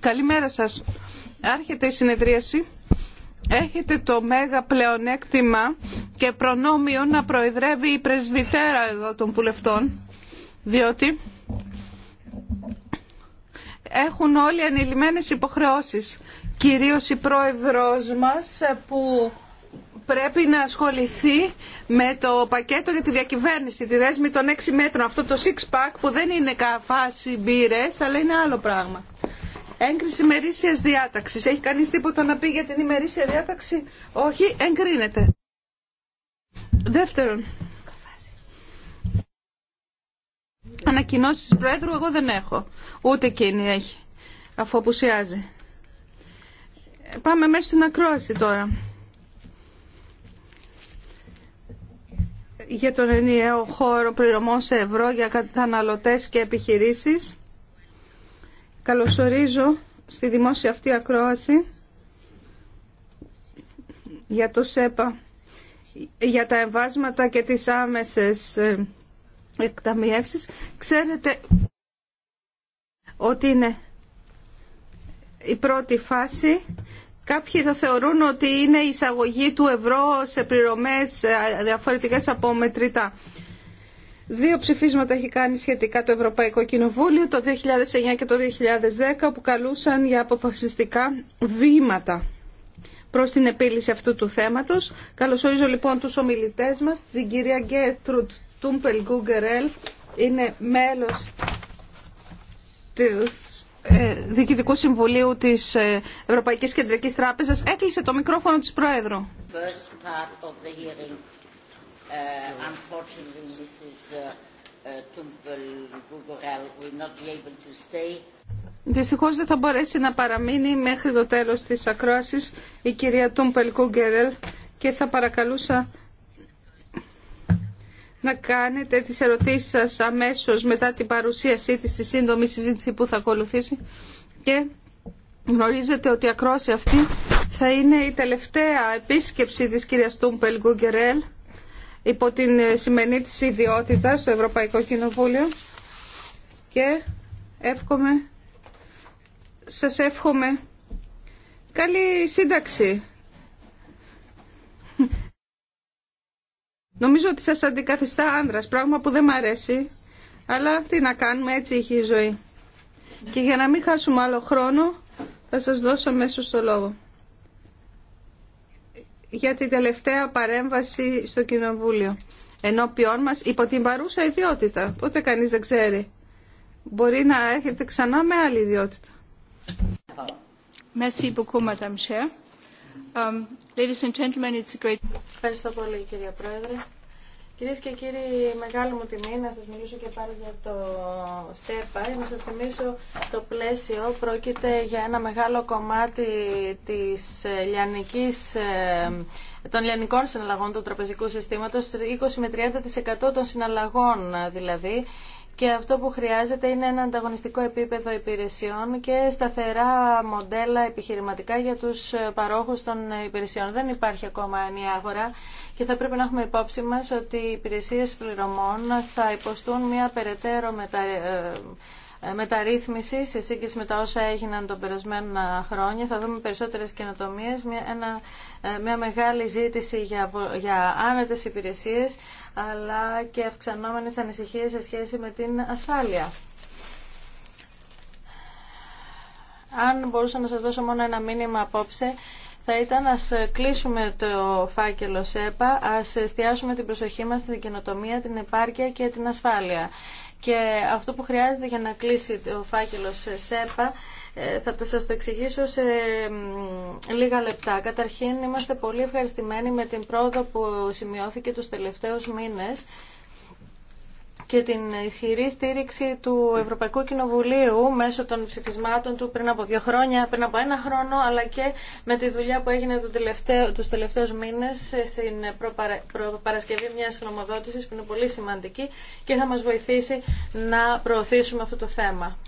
Καλημέρα σας. Άρχεται η συνεδρίαση. Έχετε το μέγα πλεονέκτημα και προνόμιο να προεδρεύει η πρεσβυτέρα εδώ των βουλευτών, διότι έχουν όλοι ανηλυμένες υποχρεώσεις, κυρίως η πρόεδρος μας που πρέπει να ασχοληθεί με το πακέτο για τη διακυβέρνηση, τη δέσμη των 6 μέτρων, αυτό το six pack που δεν είναι καφάση μπύρε, αλλά είναι άλλο πράγμα. Έγκριση ημερήσια διάταξη. Έχει κανεί τίποτα να πει για την ημερήσια διάταξη. Όχι, εγκρίνεται. Δεύτερον, ανακοινώσει πρόεδρου εγώ δεν έχω. Ούτε εκείνη έχει, αφού απουσιάζει. Πάμε μέσα στην ακρόαση τώρα. για τον ενιαίο χώρο πληρωμών σε ευρώ για καταναλωτές και επιχειρήσεις. Καλωσορίζω στη δημόσια αυτή ακρόαση για το ΣΕΠΑ, για τα εμβάσματα και τις άμεσες ε, εκταμιεύσεις. Ξέρετε ότι είναι η πρώτη φάση Κάποιοι θα θεωρούν ότι είναι η εισαγωγή του ευρώ σε πληρωμές ε, διαφορετικές από μετρητά. Δύο ψηφίσματα έχει κάνει σχετικά το Ευρωπαϊκό Κοινοβούλιο το 2009 και το 2010 που καλούσαν για αποφασιστικά βήματα προς την επίλυση αυτού του θέματος. Καλωσορίζω λοιπόν τους ομιλητές μας, την κυρία Γκέτρουτ Τούμπελ Γκούγκερελ, είναι μέλος του ε, Διοικητικού Συμβουλίου της ε, Ευρωπαϊκής Κεντρικής Τράπεζας έκλεισε το μικρόφωνο τη Πρόεδρου. Uh, uh, uh, Δυστυχώ δεν θα μπορέσει να παραμείνει μέχρι το τέλος της ακρόασης η κυρία Τούμπελ Κούγκερελ και θα παρακαλούσα να κάνετε τις ερωτήσεις σας αμέσως μετά την παρουσίασή της στη σύντομη συζήτηση που θα ακολουθήσει και γνωρίζετε ότι η ακρόση αυτή θα είναι η τελευταία επίσκεψη της κυρίας Τούμπελ Γκουγκερέλ υπό την σημερινή της ιδιότητα στο Ευρωπαϊκό Κοινοβούλιο και εύχομαι, σας εύχομαι καλή σύνταξη Νομίζω ότι σας αντικαθιστά άνδρας, πράγμα που δεν μ' αρέσει. Αλλά τι να κάνουμε, έτσι είχε η ζωή. Και για να μην χάσουμε άλλο χρόνο, θα σας δώσω μέσω στο λόγο. Για την τελευταία παρέμβαση στο Κοινοβούλιο. ποιόν μας, υπό την παρούσα ιδιότητα, ούτε κανείς δεν ξέρει. Μπορεί να έρχεται ξανά με άλλη ιδιότητα. Merci beaucoup, Madame Um, κυρία Πρόεδρε. Κυρίες και κύριοι, μεγάλη μου τιμή να σας μιλήσω και πάλι για το ΣΕΠΑ. Να σας θυμίσω το πλαίσιο. Πρόκειται για ένα μεγάλο κομμάτι της ε, λιανικής ε, των λιανικών συναλλαγών του τραπεζικού συστήματος, 20 με 30% των συναλλαγών ε, δηλαδή, και αυτό που χρειάζεται είναι ένα ανταγωνιστικό επίπεδο υπηρεσιών και σταθερά μοντέλα επιχειρηματικά για τους παρόχους των υπηρεσιών. Δεν υπάρχει ακόμα ενιαία αγορά και θα πρέπει να έχουμε υπόψη μας ότι οι υπηρεσίες πληρωμών θα υποστούν μια περαιτέρω μετα... Ε, ε, μεταρρύθμιση σε σύγκριση με τα όσα έγιναν τα περασμένα χρόνια. Θα δούμε περισσότερες καινοτομίες, μια, ε, μια μεγάλη ζήτηση για, για άνετες υπηρεσίες, αλλά και αυξανόμενες ανησυχίες σε σχέση με την ασφάλεια. Αν μπορούσα να σας δώσω μόνο ένα μήνυμα απόψε, θα ήταν να κλείσουμε το φάκελο ΣΕΠΑ, ας εστιάσουμε την προσοχή μας στην καινοτομία, την επάρκεια και την ασφάλεια. Και αυτό που χρειάζεται για να κλείσει ο φάκελος ΣΕΠΑ ε, θα το σας το εξηγήσω σε λίγα λεπτά. Καταρχήν είμαστε πολύ ευχαριστημένοι με την πρόοδο που σημειώθηκε τους τελευταίους μήνες και την ισχυρή στήριξη του Ευρωπαϊκού Κοινοβουλίου μέσω των ψηφισμάτων του πριν από δύο χρόνια, πριν από ένα χρόνο, αλλά και με τη δουλειά που έγινε του τελευταίο, τους τελευταίους μήνες στην προπαρασκευή μιας νομοδότησης που είναι πολύ σημαντική και θα μας βοηθήσει να προωθήσουμε αυτό το θέμα.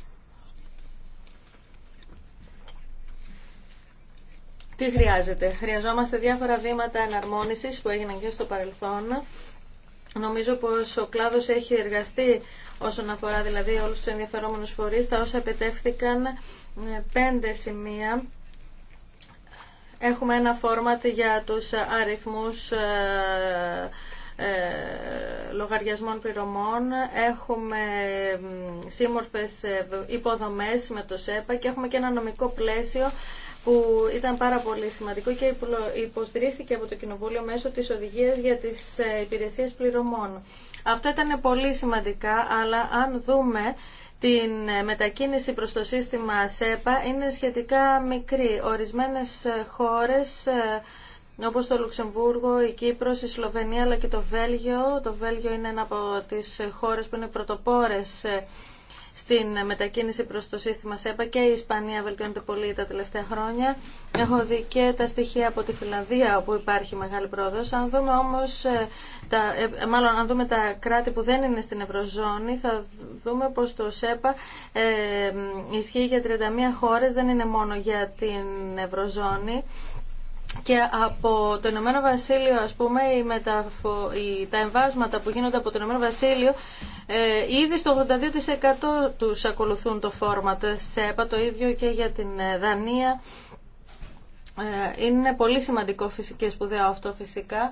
Τι χρειάζεται. Χρειαζόμαστε διάφορα βήματα εναρμόνισης που έγιναν και στο παρελθόν Νομίζω πως ο κλάδος έχει εργαστεί όσον αφορά δηλαδή όλους τους ενδιαφερόμενους φορείς. Τα όσα επιτεύχθηκαν ε, πέντε σημεία. Έχουμε ένα φόρματ για τους αριθμούς ε, ε, λογαριασμών πληρωμών, έχουμε σύμμορφες υποδομές με το ΣΕΠΑ και έχουμε και ένα νομικό πλαίσιο που ήταν πάρα πολύ σημαντικό και υποστηρίχθηκε από το Κοινοβούλιο μέσω της οδηγίας για τις ε, υπηρεσίες πληρωμών. Αυτό ήταν πολύ σημαντικά, αλλά αν δούμε την ε, μετακίνηση προς το σύστημα ΣΕΠΑ είναι σχετικά μικρή. Ορισμένες ε, χώρες όπως το Λουξεμβούργο, η Κύπρος, η Σλοβενία αλλά και το Βέλγιο. Το Βέλγιο είναι ένα από τις χώρες που είναι πρωτοπόρες στην μετακίνηση προς το σύστημα ΣΕΠΑ και η Ισπανία βελτιώνεται πολύ τα τελευταία χρόνια. Έχω δει και τα στοιχεία από τη Φιλανδία όπου υπάρχει μεγάλη πρόοδο. Αν δούμε όμως, ε, τα, ε, μάλλον αν δούμε τα κράτη που δεν είναι στην Ευρωζώνη θα δούμε πως το ΣΕΠΑ ε, ισχύει για 31 χώρε, δεν είναι μόνο για την Ευρωζώνη και από το Ηνωμένο Βασίλειο, ας πούμε, τα εμβάσματα που γίνονται από το Ηνωμένο Βασίλειο, ε, ήδη στο 82% τους ακολουθούν το φόρματ ΕΠΑ το ίδιο και για την ε, Δανία. Ε, είναι πολύ σημαντικό φυσικά, σπουδαίο αυτό φυσικά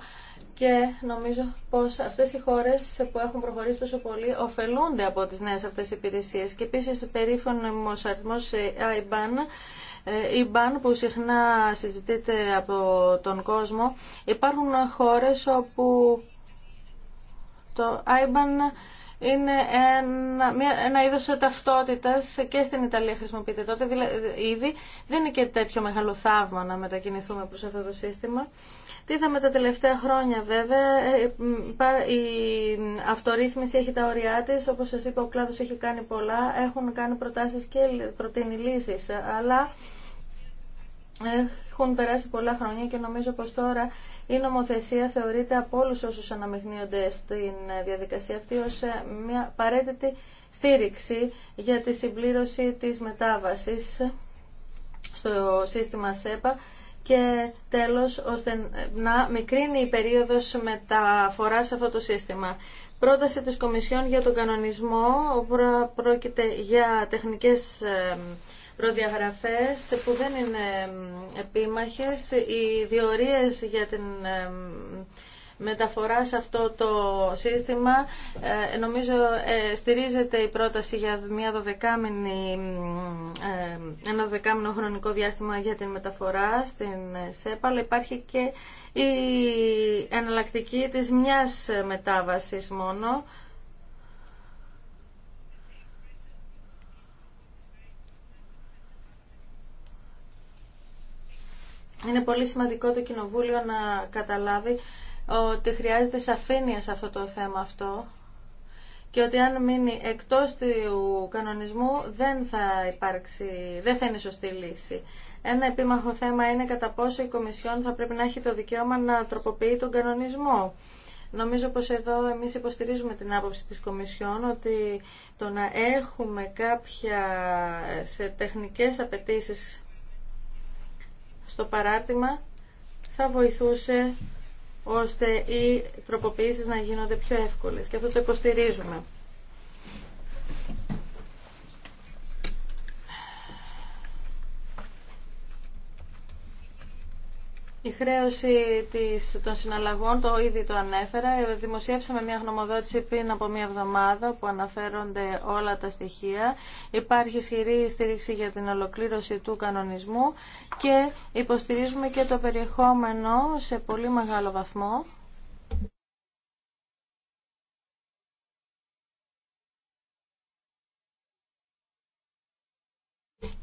και νομίζω πως αυτές οι χώρες που έχουν προχωρήσει τόσο πολύ ωφελούνται από τις νέες αυτές υπηρεσίες και επίσης περίφωνος αριθμός IBAN ε, η μπαν ε, που συχνά συζητείται από τον κόσμο υπάρχουν χώρες όπου το IBAN είναι ένα, μια, ένα είδος ταυτότητας και στην Ιταλία χρησιμοποιείται τότε δηλαδή, ήδη. Δεν είναι και τέτοιο μεγάλο θαύμα να μετακινηθούμε προς αυτό το σύστημα. Τι είδαμε τα τελευταία χρόνια βέβαια, ε, ε, η αυτορύθμιση έχει τα ωριά της, όπως σας είπα ο κλάδος έχει κάνει πολλά, έχουν κάνει προτάσεις και προτείνει λύσεις, αλλά έχουν περάσει πολλά χρόνια και νομίζω πως τώρα η νομοθεσία θεωρείται από όλους όσους αναμειγνύονται στην διαδικασία αυτή ως ε, μια απαραίτητη στήριξη για τη συμπλήρωση της μετάβασης στο σύστημα ΣΕΠΑ και τέλος ώστε να μικρύνει η περίοδος μεταφοράς σε αυτό το σύστημα. Πρόταση της Κομισιόν για τον κανονισμό πρόκειται για τεχνικές ε, προδιαγραφές που δεν είναι επίμαχες, οι διορίες για την μεταφορά σε αυτό το σύστημα. Ε, νομίζω ε, στηρίζεται η πρόταση για μια δωδεκάμινη, ε, ένα δωδεκάμινο χρονικό διάστημα για την μεταφορά στην ΣΕΠΑ, αλλά υπάρχει και η εναλλακτική της μιας μετάβασης μόνο. Είναι πολύ σημαντικό το Κοινοβούλιο να καταλάβει ότι χρειάζεται σαφήνεια σε αυτό το θέμα αυτό και ότι αν μείνει εκτός του κανονισμού δεν θα υπάρξει, δεν θα είναι σωστή λύση. Ένα επίμαχο θέμα είναι κατά πόσο η Κομισιόν θα πρέπει να έχει το δικαίωμα να τροποποιεί τον κανονισμό. Νομίζω πως εδώ εμείς υποστηρίζουμε την άποψη της Κομισιόν ότι το να έχουμε κάποια σε τεχνικές απαιτήσεις στο παράρτημα θα βοηθούσε ώστε οι τροποποιήσεις να γίνονται πιο εύκολες και αυτό το υποστηρίζουμε. Η χρέωση της, των συναλλαγών, το ήδη το ανέφερα. Δημοσιεύσαμε μια γνωμοδότηση πριν από μια εβδομάδα που αναφέρονται όλα τα στοιχεία. Υπάρχει ισχυρή στήριξη για την ολοκλήρωση του κανονισμού και υποστηρίζουμε και το περιεχόμενο σε πολύ μεγάλο βαθμό.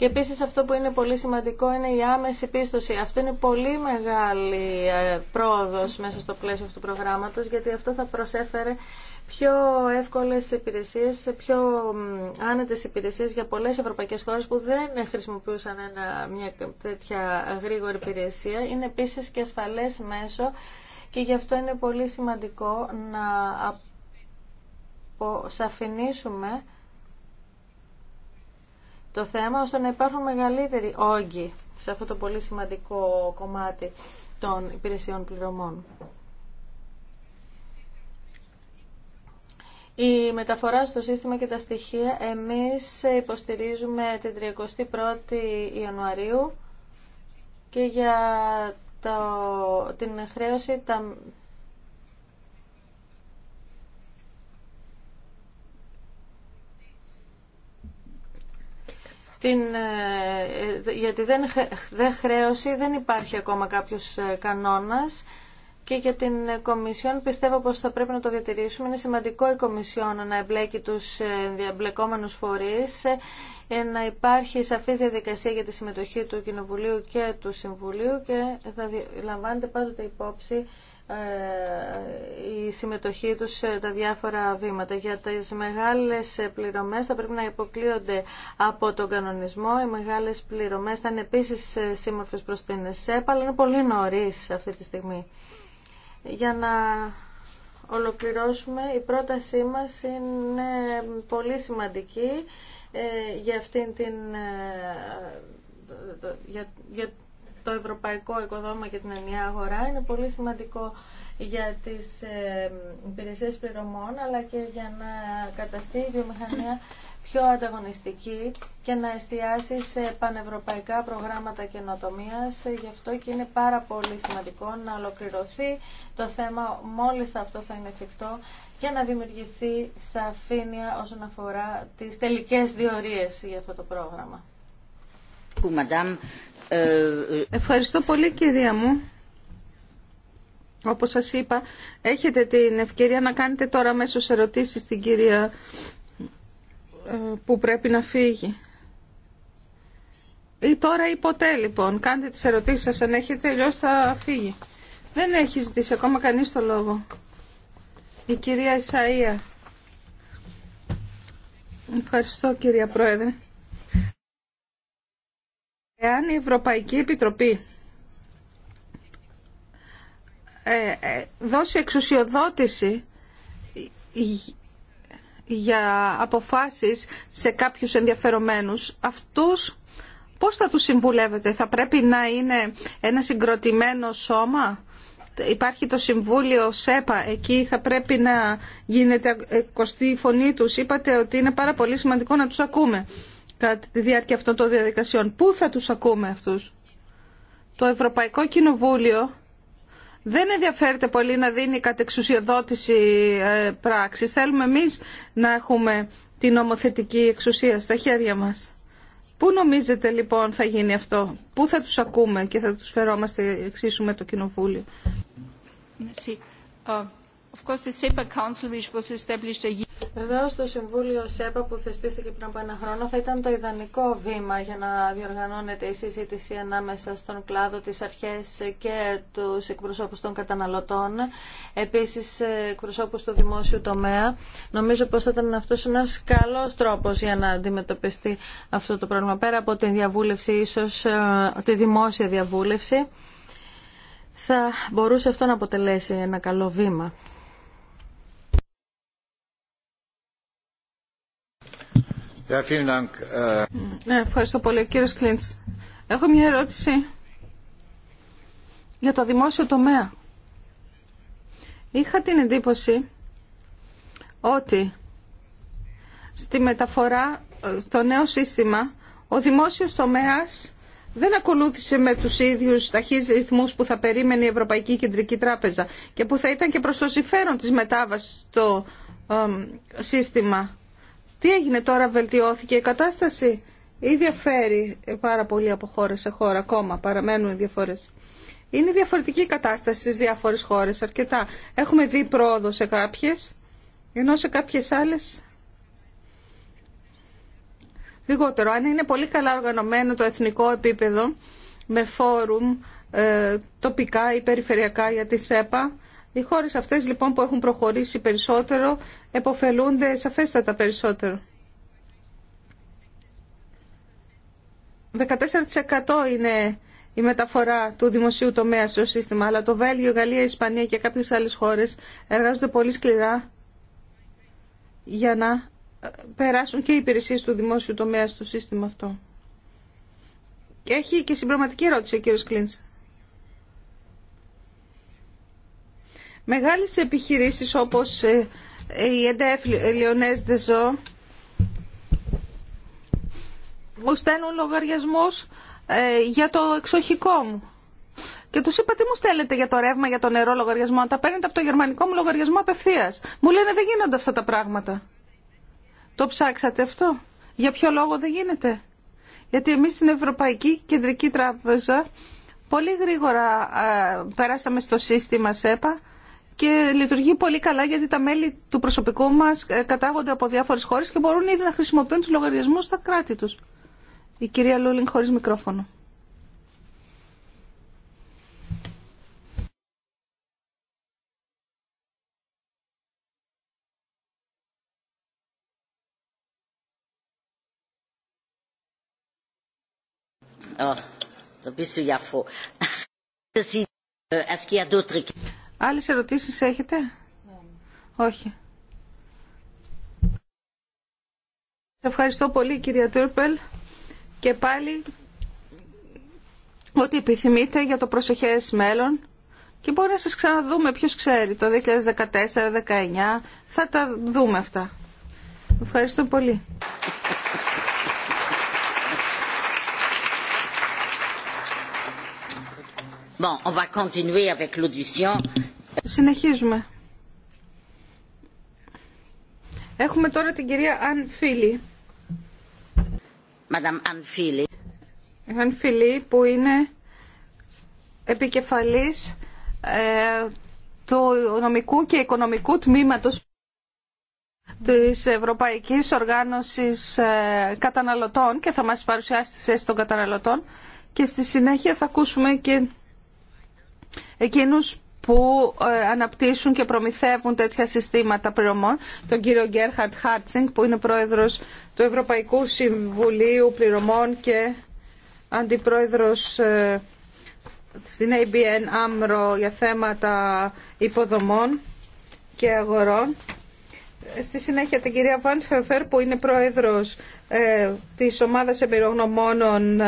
Και επίσης αυτό που είναι πολύ σημαντικό είναι η άμεση πίστοση. Αυτό είναι πολύ μεγάλη ε, πρόοδος μέσα στο πλαίσιο αυτού του προγράμματος, γιατί αυτό θα προσέφερε πιο εύκολες υπηρεσίες, πιο άνετες υπηρεσίες για πολλές ευρωπαϊκές χώρες που δεν χρησιμοποιούσαν ένα, μια τέτοια γρήγορη υπηρεσία. Είναι επίσης και ασφαλές μέσο και γι' αυτό είναι πολύ σημαντικό να αποσαφηνίσουμε το θέμα ώστε να υπάρχουν μεγαλύτεροι όγκοι σε αυτό το πολύ σημαντικό κομμάτι των υπηρεσιών πληρωμών. Η μεταφορά στο σύστημα και τα στοιχεία εμείς υποστηρίζουμε την 31η Ιανουαρίου και για το, την χρέωση τα, την, ε, γιατί δεν, δεν χρέωση δεν υπάρχει ακόμα κάποιος ε, κανόνας και για την Κομισιόν πιστεύω πως θα πρέπει να το διατηρήσουμε. Είναι σημαντικό η Κομισιόν να εμπλέκει τους διαμπλεκόμενους ε, φορείς, να υπάρχει σαφής διαδικασία για τη συμμετοχή του Κοινοβουλίου και του Συμβουλίου και θα λαμβάνεται πάντοτε υπόψη ε, η συμμετοχή τους σε τα διάφορα βήματα. Για τις μεγάλες πληρωμές θα πρέπει να υποκλείονται από τον κανονισμό. Οι μεγάλες πληρωμές θα είναι επίσης σύμμορφες προς την ΕΣΕΠ, αλλά είναι πολύ νωρίς αυτή τη στιγμή. Για να ολοκληρώσουμε, η πρότασή μας είναι πολύ σημαντική ε, για αυτήν την ε, το ευρωπαϊκό οικοδόμημα και την ενιαία αγορά είναι πολύ σημαντικό για τις ε, υπηρεσίες πληρωμών αλλά και για να καταστεί η βιομηχανία πιο ανταγωνιστική και να εστιάσει σε πανευρωπαϊκά προγράμματα καινοτομία. Γι' αυτό και είναι πάρα πολύ σημαντικό να ολοκληρωθεί το θέμα μόλις αυτό θα είναι εφικτό και να δημιουργηθεί σαφήνεια όσον αφορά τις τελικές διορίες για αυτό το πρόγραμμα. Ε, ε, Ευχαριστώ πολύ κυρία μου. Όπως σας είπα, έχετε την ευκαιρία να κάνετε τώρα μέσω ερωτήσεις την κυρία ε, που πρέπει να φύγει. Ή τώρα ή ποτέ λοιπόν. Κάντε τις ερωτήσεις σας. Αν έχετε τελειώσει θα φύγει. Δεν έχει ζητήσει ακόμα κανείς το λόγο. Η κυρία Ισαΐα. Ευχαριστώ κυρία Πρόεδρε. Εάν η Ευρωπαϊκή Επιτροπή ε, ε, δώσει εξουσιοδότηση για αποφάσεις σε κάποιους ενδιαφερομένους, αυτούς πώς θα τους συμβουλεύετε, θα πρέπει να είναι ένα συγκροτημένο σώμα, υπάρχει το Συμβούλιο ΣΕΠΑ, εκεί θα πρέπει να γίνεται κοστή η φωνή τους, είπατε ότι είναι πάρα πολύ σημαντικό να τους ακούμε κατά τη διάρκεια αυτών των διαδικασιών. Πού θα τους ακούμε αυτούς. Το Ευρωπαϊκό Κοινοβούλιο δεν ενδιαφέρεται πολύ να δίνει κατεξουσιοδότηση ε, πράξης. Θέλουμε εμείς να έχουμε την νομοθετική εξουσία στα χέρια μας. Πού νομίζετε λοιπόν θα γίνει αυτό, πού θα τους ακούμε και θα τους φερόμαστε εξίσου με το Κοινοβούλιο. Βεβαίω το Συμβούλιο ΣΕΠΑ που θεσπίστηκε πριν από ένα χρόνο θα ήταν το ιδανικό βήμα για να διοργανώνεται η συζήτηση ανάμεσα στον κλάδο, τι αρχές και του εκπροσώπους των καταναλωτών, επίσης ε, εκπροσώπους του δημόσιου τομέα. Νομίζω πως θα ήταν αυτός ένας καλός τρόπος για να αντιμετωπιστεί αυτό το πρόβλημα. Πέρα από τη διαβούλευση, ε, τη δημόσια διαβούλευση, θα μπορούσε αυτό να αποτελέσει ένα καλό βήμα. Äh, ναι, ευχαριστώ πολύ. Κύριε Σκλίντς. έχω μια ερώτηση για το δημόσιο τομέα. Είχα την εντύπωση ότι στη μεταφορά στο νέο σύστημα ο δημόσιος τομέας δεν ακολούθησε με τους ίδιους ταχύς ρυθμούς που θα περίμενε η Ευρωπαϊκή Κεντρική Τράπεζα και που θα ήταν και προς το συμφέρον της μετάβασης στο σύστημα τι έγινε τώρα, βελτιώθηκε η κατάσταση ή διαφέρει πάρα πολύ από χώρα σε χώρα ακόμα, παραμένουν οι διαφορές. Είναι διαφορετική η κατάσταση στις διάφορες χώρες αρκετά. Έχουμε δει πρόοδο σε κάποιες, ενώ σε κάποιες άλλες λιγότερο. Αν είναι πολύ καλά οργανωμένο το εθνικό επίπεδο, με φόρουμ ε, τοπικά ή περιφερειακά για τη ΣΕΠΑ, οι χώρες αυτές λοιπόν που έχουν προχωρήσει περισσότερο εποφελούνται σαφέστατα περισσότερο. 14% είναι η μεταφορά του δημοσίου τομέα στο σύστημα, αλλά το Βέλγιο, η Γαλλία, η Ισπανία και κάποιες άλλες χώρες εργάζονται πολύ σκληρά για να ε, περάσουν και οι υπηρεσίες του δημόσιου τομέα στο σύστημα αυτό. Και έχει και συμπληρωματική ερώτηση ο κύριος Κλίντς. Μεγάλες επιχειρήσεις όπως ε, η ΕΝΤΕΦ Λιονές Δεζό μου στέλνουν λογαριασμούς ε, για το εξοχικό μου. Και του είπα τι μου στέλνετε για το ρεύμα, για το νερό λογαριασμό. Αν τα παίρνετε από το γερμανικό μου λογαριασμό απευθεία. Μου λένε δεν γίνονται αυτά τα πράγματα. Το ψάξατε αυτό. Για ποιο λόγο δεν γίνεται. Γιατί εμεί στην Ευρωπαϊκή Κεντρική Τράπεζα πολύ γρήγορα ε, περάσαμε στο σύστημα ΣΕΠΑ και λειτουργεί πολύ καλά γιατί τα μέλη του προσωπικού μα ε, κατάγονται από διάφορε χώρε και μπορούν ήδη να χρησιμοποιούν του λογαριασμού στα κράτη του. Η κυρία Λούλινγκ χωρί μικρόφωνο. Oh, äh, Άλλες ερωτήσεις έχετε? Ναι. Όχι. Σας ευχαριστώ πολύ κυρία Τούρπελ και πάλι ό,τι επιθυμείτε για το προσεχές μέλλον και μπορεί να σας ξαναδούμε ποιος ξέρει το 2014-2019 θα τα δούμε αυτά. Ευχαριστώ πολύ. Bon, on va continuer Συνεχίζουμε. Έχουμε τώρα την κυρία Αν Φίλη. Αν Φίλη. που είναι επικεφαλής ε, του νομικού και οικονομικού τμήματος της Ευρωπαϊκής Οργάνωσης ε, Καταναλωτών και θα μας παρουσιάσει τη θέση των καταναλωτών και στη συνέχεια θα ακούσουμε και εκείνους που ε, αναπτύσσουν και προμηθεύουν τέτοια συστήματα πληρωμών, τον κύριο Γκέρχαρτ Χάρτσινγκ που είναι πρόεδρος του Ευρωπαϊκού Συμβουλίου Πληρωμών και αντιπρόεδρος ε, στην ABN Άμρο για θέματα υποδομών και αγορών. Στη συνέχεια την κυρία Βαντχεφέρ που είναι πρόεδρος ε, της ομάδας εμπειρογνωμόνων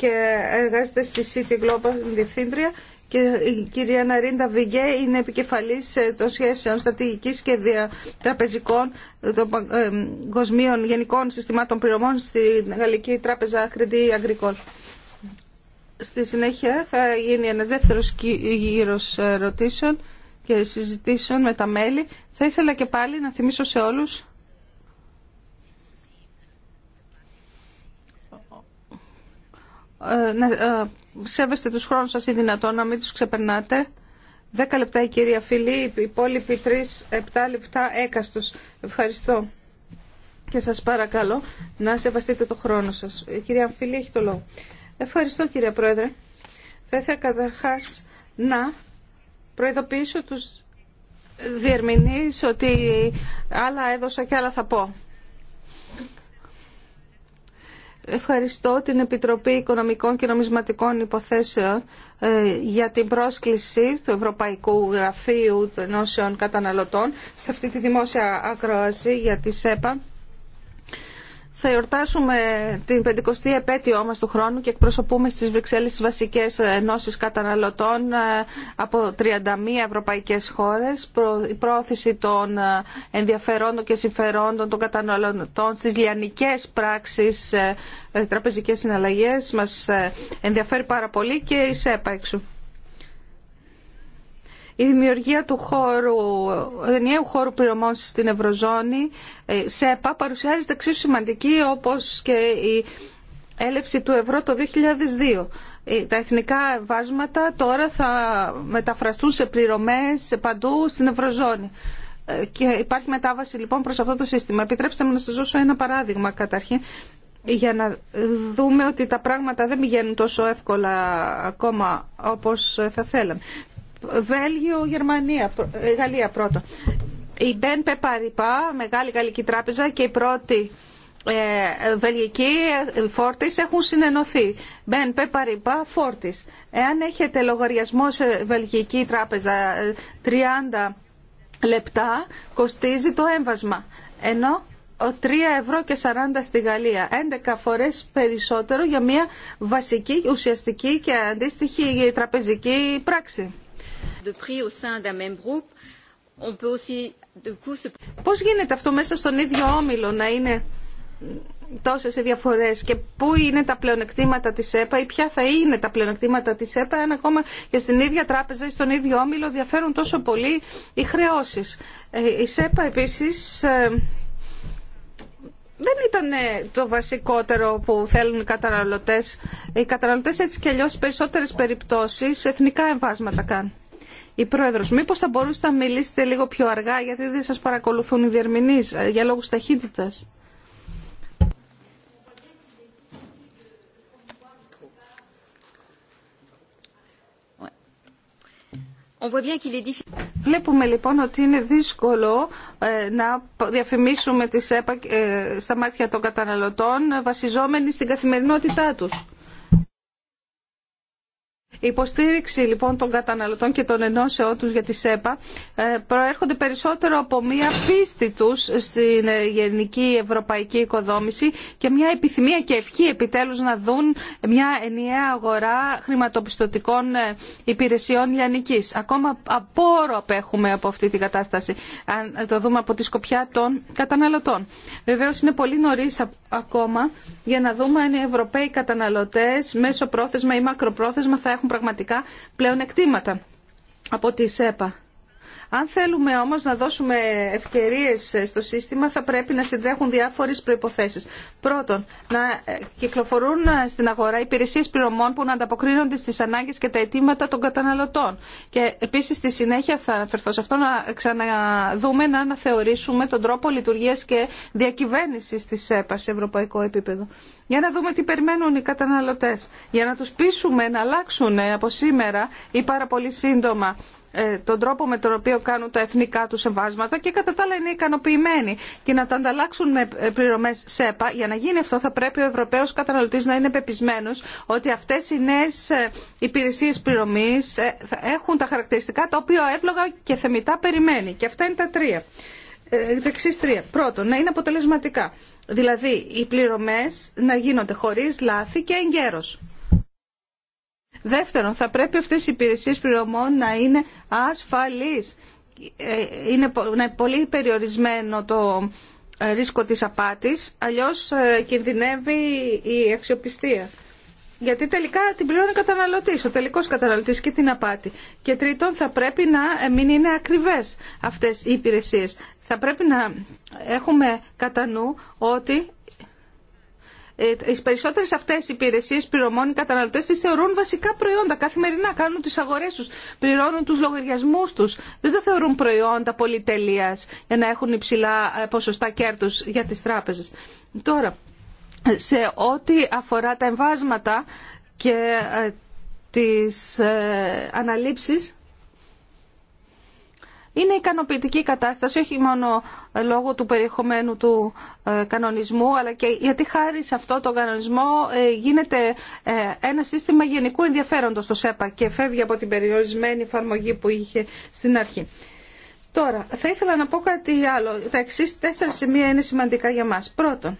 και εργάζεται στη City Global Διευθύντρια και η κυρία Ναρίντα Βιγέ είναι επικεφαλής ε, των σχέσεων στρατηγικής και διατραπεζικών ε, των ε, κοσμίων γενικών συστημάτων πληρωμών στη Γαλλική Τράπεζα Κρεντή Αγρικόλ. Στη συνέχεια θα γίνει ένας δεύτερος γύρος ερωτήσεων και συζητήσεων με τα μέλη. Θα ήθελα και πάλι να θυμίσω σε όλους Ε, να ε, σέβεστε τους χρόνους σας ή δυνατόν να μην τους ξεπερνάτε. Δέκα λεπτά η κυρία Φιλή, οι υπόλοιποι τρεις, επτά λεπτά έκαστος. Ευχαριστώ. Και σας παρακαλώ να σεβαστείτε το χρόνο σας. Η κυρία Φιλή έχει το λόγο. Ευχαριστώ κυρία Πρόεδρε. Θα ήθελα καταρχάς να προειδοποιήσω τους διερμηνείς ότι άλλα έδωσα και άλλα θα πω. Ευχαριστώ την Επιτροπή Οικονομικών και Νομισματικών Υποθέσεων ε, για την πρόσκληση του Ευρωπαϊκού Γραφείου των Ενώσεων Καταναλωτών σε αυτή τη δημόσια ακρόαση για τη ΣΕΠΑ θα εορτάσουμε την 50η επέτειό μας του χρόνου και εκπροσωπούμε στις Βρυξέλλες τις βασικές ενώσεις καταναλωτών ε, από 31 ευρωπαϊκές χώρες. Η πρόθεση των ε, ενδιαφερόντων και συμφερόντων των καταναλωτών στις λιανικές πράξεις ε, τραπεζικές συναλλαγές μας ενδιαφέρει πάρα πολύ και η ΣΕΠΑ η δημιουργία του χώρου, ενιαίου χώρου πληρωμών στην Ευρωζώνη, ε, ΣΕΠΑ, παρουσιάζεται εξίσου σημαντική όπως και η έλευση του ευρώ το 2002. Ε, τα εθνικά βάσματα τώρα θα μεταφραστούν σε πληρωμές παντού στην Ευρωζώνη. Ε, και υπάρχει μετάβαση λοιπόν προς αυτό το σύστημα. Επιτρέψτε μου να σας δώσω ένα παράδειγμα καταρχήν για να δούμε ότι τα πράγματα δεν πηγαίνουν τόσο εύκολα ακόμα όπως θα θέλαμε. Βέλγιο, Γερμανία, ε, Γαλλία πρώτα. Η Μπεν Πεπαριπά, μεγάλη γαλλική τράπεζα και η πρώτη ε, βελγική ε, φόρτις έχουν συνενωθεί. Μπεν Πεπαριπά φόρτις. Εάν έχετε λογαριασμό σε βελγική τράπεζα 30 ε, λεπτά κοστίζει το έμβασμα. Ενώ 3 ευρώ και 40 στη Γαλλία. 11 φορές περισσότερο για μια βασική, ουσιαστική και αντίστοιχη τραπεζική πράξη de Πώς γίνεται αυτό μέσα στον ίδιο όμιλο να είναι τόσες οι διαφορές και πού είναι τα πλεονεκτήματα της ΕΠΑ ή ποια θα είναι τα πλεονεκτήματα της ΕΠΑ αν ακόμα και στην ίδια τράπεζα ή στον ίδιο όμιλο διαφέρουν τόσο πολύ οι χρεώσεις. Ε, η ΣΕΠΑ επίσης ε, δεν ήταν ε, το βασικότερο που θέλουν οι καταναλωτές. Οι καταναλωτές έτσι κι αλλιώς σε περισσότερες περιπτώσεις εθνικά εμβάσματα κάνουν. Η πρόεδρο, μήπω θα μπορούσατε να μιλήσετε λίγο πιο αργά γιατί δεν σα παρακολουθούν οι διερμηνείς ε, για λόγου ταχύτητα. Βλέπουμε λοιπόν ότι είναι δύσκολο ε, να διαφημίσουμε τις ΕΠΑ ε, στα μάτια των καταναλωτών βασιζόμενοι στην καθημερινότητά τους. Η υποστήριξη λοιπόν των καταναλωτών και των ενώσεών τους για τη ΣΕΠΑ ε, προέρχονται περισσότερο από μία πίστη τους στην ε, γενική ευρωπαϊκή οικοδόμηση και μια επιθυμία και ευχή επιτέλους να δουν μια ενιαία αγορά χρηματοπιστωτικών ε, υπηρεσιών νικής. Ακόμα απόρο απέχουμε από αυτή την κατάσταση, αν το δούμε από τη σκοπιά των καταναλωτών. Βεβαίως είναι πολύ νωρίς ακόμα για να δούμε αν οι Ευρωπαίοι καταναλωτές μέσω πρόθεσμα ή μακροπρόθεσμα θα έχουν πραγματικά πλέον εκτήματα από τη ΣΕΠΑ. Αν θέλουμε όμω να δώσουμε ευκαιρίε ε, στο σύστημα θα πρέπει να συντρέχουν διάφορε προποθέσει. Πρώτον, να ε, κυκλοφορούν ε, στην αγορά υπηρεσίε πληρωμών που να ανταποκρίνονται στις ανάγκε και τα αιτήματα των καταναλωτών. Και επίση στη συνέχεια θα αναφερθώ σε αυτό να ξαναδούμε, να αναθεωρήσουμε τον τρόπο λειτουργία και διακυβέρνηση τη ΕΠΑ σε ευρωπαϊκό επίπεδο. Για να δούμε τι περιμένουν οι καταναλωτέ, Για να του πείσουμε να αλλάξουν από σήμερα ή πάρα πολύ σύντομα ε, τον τρόπο με τον οποίο κάνουν τα εθνικά του εμβάσματα και κατά τα άλλα είναι ικανοποιημένοι και να τα ανταλλάξουν με ε, πληρωμέ ΣΕΠΑ. Για να γίνει αυτό θα πρέπει ο Ευρωπαίο καταναλωτή να είναι πεπισμένο ότι αυτέ οι νέε υπηρεσίε πληρωμή ε, έχουν τα χαρακτηριστικά τα οποία εύλογα και θεμητά περιμένει. Και αυτά είναι τα τρία. Ε, τρία. Πρώτον, να είναι αποτελεσματικά. Δηλαδή, οι πληρωμέ να γίνονται χωρί λάθη και εγκαίρω. Δεύτερον, θα πρέπει αυτές οι υπηρεσίες πληρωμών να είναι ασφαλείς. Ε, είναι πολύ περιορισμένο το ε, ρίσκο της απάτης, αλλιώς ε, κινδυνεύει η αξιοπιστία. Γιατί τελικά την πληρώνει ο καταναλωτή, ο τελικό καταναλωτή και την απάτη. Και τρίτον, θα πρέπει να μην είναι ακριβέ αυτέ οι υπηρεσίε. Θα πρέπει να έχουμε κατά νου ότι οι ε, περισσότερε αυτέ οι υπηρεσίε πληρωμών οι καταναλωτέ τι θεωρούν βασικά προϊόντα. Καθημερινά κάνουν τι αγορέ του, πληρώνουν του λογαριασμού του. Δεν τα θεωρούν προϊόντα πολυτελείας για να έχουν υψηλά ε, ποσοστά κέρδου για τι τράπεζε. Τώρα, σε ό,τι αφορά τα εμβάσματα και ε, τις αναλήψεις είναι ικανοποιητική η κατάσταση όχι μόνο λόγω του περιεχομένου του ε, κανονισμού αλλά και γιατί χάρη σε αυτό τον κανονισμό ε, γίνεται ε, ένα σύστημα γενικού ενδιαφέροντος στο ΣΕΠΑ και φεύγει από την περιορισμένη εφαρμογή που είχε στην αρχή. Τώρα, θα ήθελα να πω κάτι άλλο. Τα εξή τέσσερα σημεία είναι σημαντικά για μας. Πρώτον,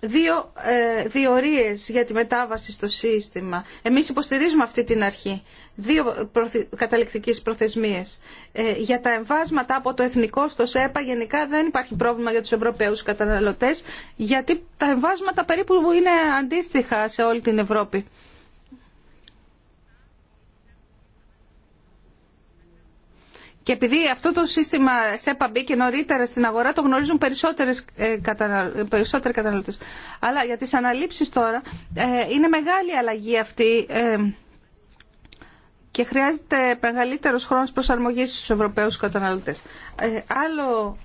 δύο ε, διορίες για τη μετάβαση στο σύστημα. Εμείς υποστηρίζουμε αυτή την αρχή δύο καταληκτικές προθεσμίες. Ε, για τα εμβάσματα από το εθνικό στο ΣΕΠΑ γενικά δεν υπάρχει πρόβλημα για τους Ευρωπαίους καταναλωτές, γιατί τα εμβάσματα περίπου είναι αντίστοιχα σε όλη την Ευρώπη. Και επειδή αυτό το σύστημα ΣΕΠΑ μπήκε νωρίτερα στην αγορά, το γνωρίζουν περισσότερες, ε, περισσότεροι καταναλωτές. Αλλά για τις αναλήψεις τώρα, ε, είναι μεγάλη αλλαγή αυτή και χρειάζεται μεγαλύτερο χρόνος προσαρμογής στους Ευρωπαίους καταναλωτές. Ε, άλλο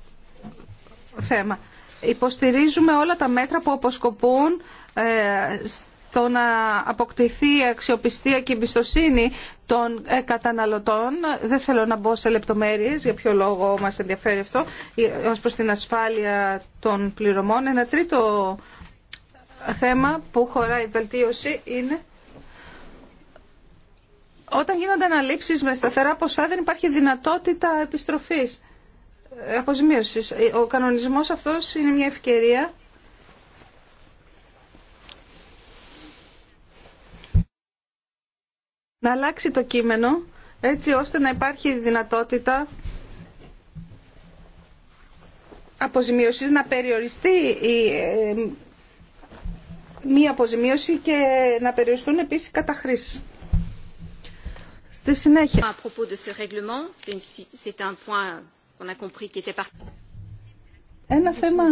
θέμα. Υποστηρίζουμε όλα τα μέτρα που αποσκοπούν ε, στο να αποκτηθεί αξιοπιστία και εμπιστοσύνη των ε, καταναλωτών. Δεν θέλω να μπω σε λεπτομέρειες για ποιο λόγο μας ενδιαφέρει αυτό ως προς την ασφάλεια των πληρωμών. Ένα τρίτο θέμα που χωράει η βελτίωση είναι όταν γίνονται αναλήψει με σταθερά ποσά δεν υπάρχει δυνατότητα επιστροφής, ε, αποζημίωση. Ο κανονισμός αυτός είναι μια ευκαιρία να αλλάξει το κείμενο έτσι ώστε να υπάρχει δυνατότητα αποζημίωσης να περιοριστεί η ε, μία αποζημίωση και να περιοριστούν επίσης καταχρήσεις συνέχεια. Ένα θέμα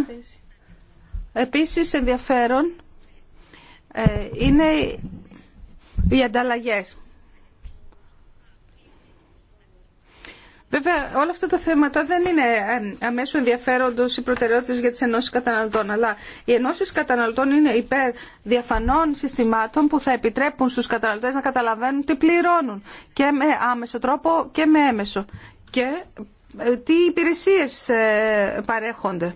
επίσης ενδιαφέρον ε, είναι οι ανταλλαγές. Βέβαια, όλα αυτά τα θέματα δεν είναι ε, αμέσω ενδιαφέροντο ή προτεραιότητε για τι ενώσει καταναλωτών, αλλά οι ενώσει καταναλωτών είναι υπέρ διαφανών συστημάτων που θα επιτρέπουν στου καταναλωτέ να καταλαβαίνουν τι πληρώνουν και με άμεσο τρόπο και με έμεσο και ε, τι υπηρεσίε ε, παρέχονται.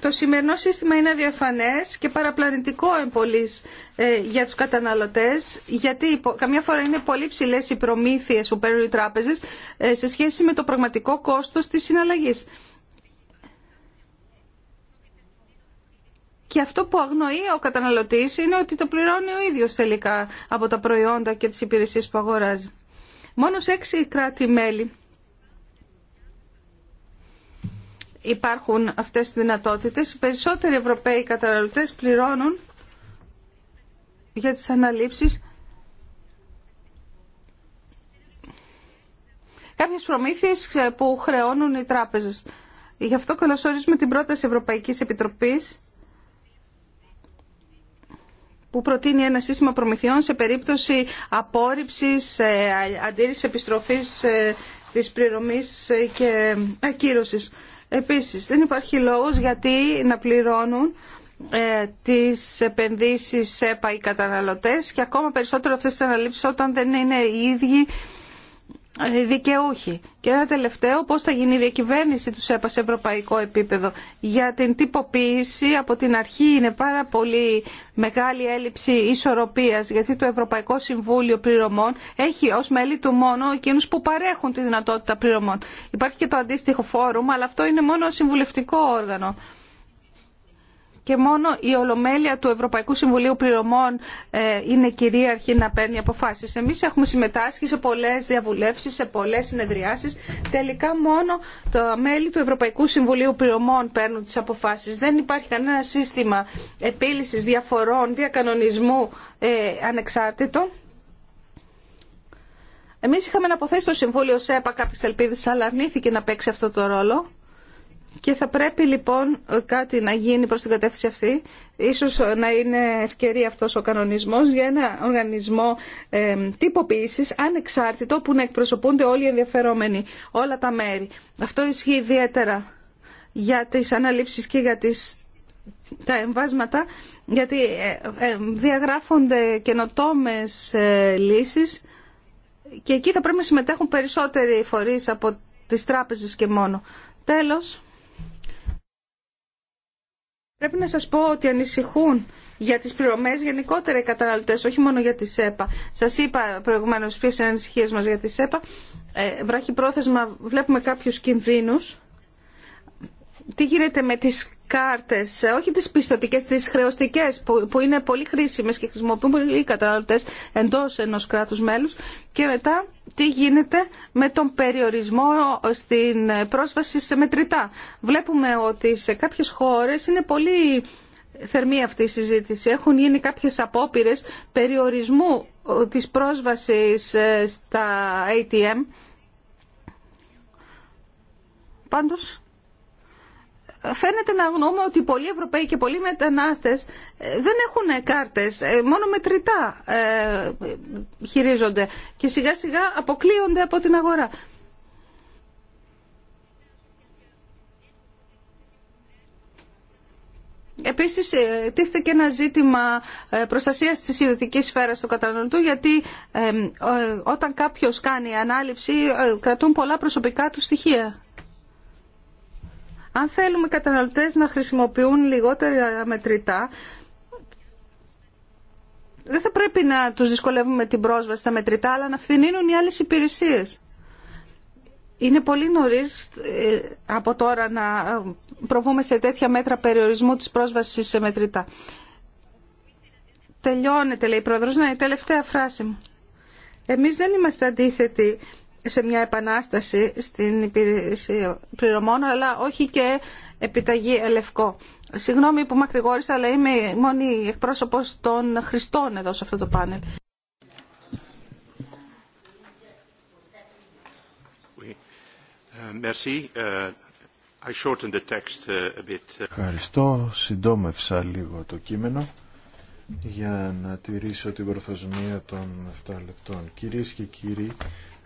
Το σημερινό σύστημα είναι διαφανές και παραπλανητικό εμπολής ε, για τους καταναλωτές γιατί καμιά φορά είναι πολύ ψηλές οι προμήθειες που παίρνουν οι τράπεζες ε, σε σχέση με το πραγματικό κόστος της συναλλαγής. Και αυτό που αγνοεί ο καταναλωτής είναι ότι το πληρώνει ο ίδιος τελικά από τα προϊόντα και τις υπηρεσίες που αγοράζει. Μόνο σε έξι κράτη-μέλη υπάρχουν αυτές οι δυνατότητες. Οι περισσότεροι Ευρωπαίοι καταναλωτές πληρώνουν για τις αναλήψεις κάποιες προμήθειες που χρεώνουν οι τράπεζες. Γι' αυτό καλωσορίζουμε την πρόταση Ευρωπαϊκής Επιτροπής που προτείνει ένα σύστημα προμηθειών σε περίπτωση απόρριψης, αντίρρησης επιστροφής της πληρωμής και ακύρωσης. Επίσης, δεν υπάρχει λόγος γιατί να πληρώνουν ε, τις επενδύσεις ΕΠΑ οι καταναλωτές και ακόμα περισσότερο αυτές τις αναλήψεις όταν δεν είναι οι ίδιοι ε, δικαιούχοι. Και ένα τελευταίο, πώς θα γίνει η διακυβέρνηση του ΣΕΠΑ σε ευρωπαϊκό επίπεδο. Για την τυποποίηση από την αρχή είναι πάρα πολύ μεγάλη έλλειψη ισορροπίας, γιατί το Ευρωπαϊκό Συμβούλιο Πληρωμών έχει ως μέλη του μόνο εκείνους που παρέχουν τη δυνατότητα πληρωμών. Υπάρχει και το αντίστοιχο φόρουμ, αλλά αυτό είναι μόνο συμβουλευτικό όργανο και μόνο η Ολομέλεια του Ευρωπαϊκού Συμβουλίου Πληρωμών ε, είναι κυρίαρχη να παίρνει αποφάσεις. Εμείς έχουμε συμμετάσχει σε πολλές διαβουλεύσεις, σε πολλές συνεδριάσεις. Τελικά μόνο τα μέλη του Ευρωπαϊκού Συμβουλίου Πληρωμών παίρνουν τις αποφάσεις. Δεν υπάρχει κανένα σύστημα επίλυσης διαφορών, διακανονισμού ε, ανεξάρτητο. Εμείς είχαμε να αποθέσει το Συμβούλιο ΣΕΠΑ κάποιες ελπίδες, αλλά αρνήθηκε να παίξει αυτό το ρόλο. Και θα πρέπει λοιπόν κάτι να γίνει προς την κατεύθυνση αυτή. Ίσως να είναι ευκαιρία αυτός ο κανονισμός για ένα οργανισμό ε, τυποποίησης ανεξάρτητο που να εκπροσωπούνται όλοι οι ενδιαφερόμενοι, όλα τα μέρη. Αυτό ισχύει ιδιαίτερα για τις αναλήψεις και για τις, τα εμβάσματα, γιατί ε, ε, διαγράφονται καινοτόμες ε, λύσεις και εκεί θα πρέπει να συμμετέχουν περισσότεροι φορείς από τις τράπεζες και μόνο. Τέλος, Πρέπει να σας πω ότι ανησυχούν για τις πληρωμές γενικότερα οι καταναλωτές, όχι μόνο για τη ΣΕΠΑ. Σας είπα προηγουμένως ποιες είναι ανησυχίες μας για τη ΣΕΠΑ. Ε, βράχει πρόθεσμα, βλέπουμε κάποιους κινδύνους τι γίνεται με τις κάρτες, ε, όχι τις πιστοτικές, τις χρεωστικές που, που είναι πολύ χρήσιμες και χρησιμοποιούν πολλοί καταναλωτές εντός ενός κράτους μέλους και μετά τι γίνεται με τον περιορισμό στην πρόσβαση σε μετρητά. Βλέπουμε ότι σε κάποιες χώρες είναι πολύ θερμή αυτή η συζήτηση. Έχουν γίνει κάποιες απόπειρες περιορισμού ε, της πρόσβασης ε, στα ATM. Πάντως, φαίνεται να αγνοούμε ότι πολλοί Ευρωπαίοι και πολλοί μετανάστες ε, δεν έχουν κάρτες, ε, μόνο μετρητά ε, χειρίζονται και σιγά σιγά αποκλείονται από την αγορά. Επίσης, τίθεται και ένα ζήτημα προστασίας της ιδιωτικής σφαίρας του καταναλωτού, γιατί όταν κάποιος κάνει ανάληψη, κρατούν πολλά προσωπικά του στοιχεία. Αν θέλουμε οι καταναλωτές να χρησιμοποιούν λιγότερα μετρητά, δεν θα πρέπει να τους δυσκολεύουμε την πρόσβαση στα μετρητά, αλλά να φθηνίνουν οι άλλες υπηρεσίες. Είναι πολύ νωρί ε, από τώρα να ε, προβούμε σε τέτοια μέτρα περιορισμού της πρόσβασης σε μετρητά. Τελειώνεται, λέει η Πρόεδρος. Ναι, η τελευταία φράση μου. Εμείς δεν είμαστε αντίθετοι σε μια επανάσταση στην υπηρεσία πληρωμών, αλλά όχι και επιταγή ελευκό. Συγγνώμη που μακρηγόρησα, αλλά είμαι μόνη εκπρόσωπος των Χριστών εδώ σε αυτό το πάνελ. Ευχαριστώ. Συντόμευσα λίγο το κείμενο για να τηρήσω την προθοσμία των 7 λεπτών. Κυρίες και κύριοι,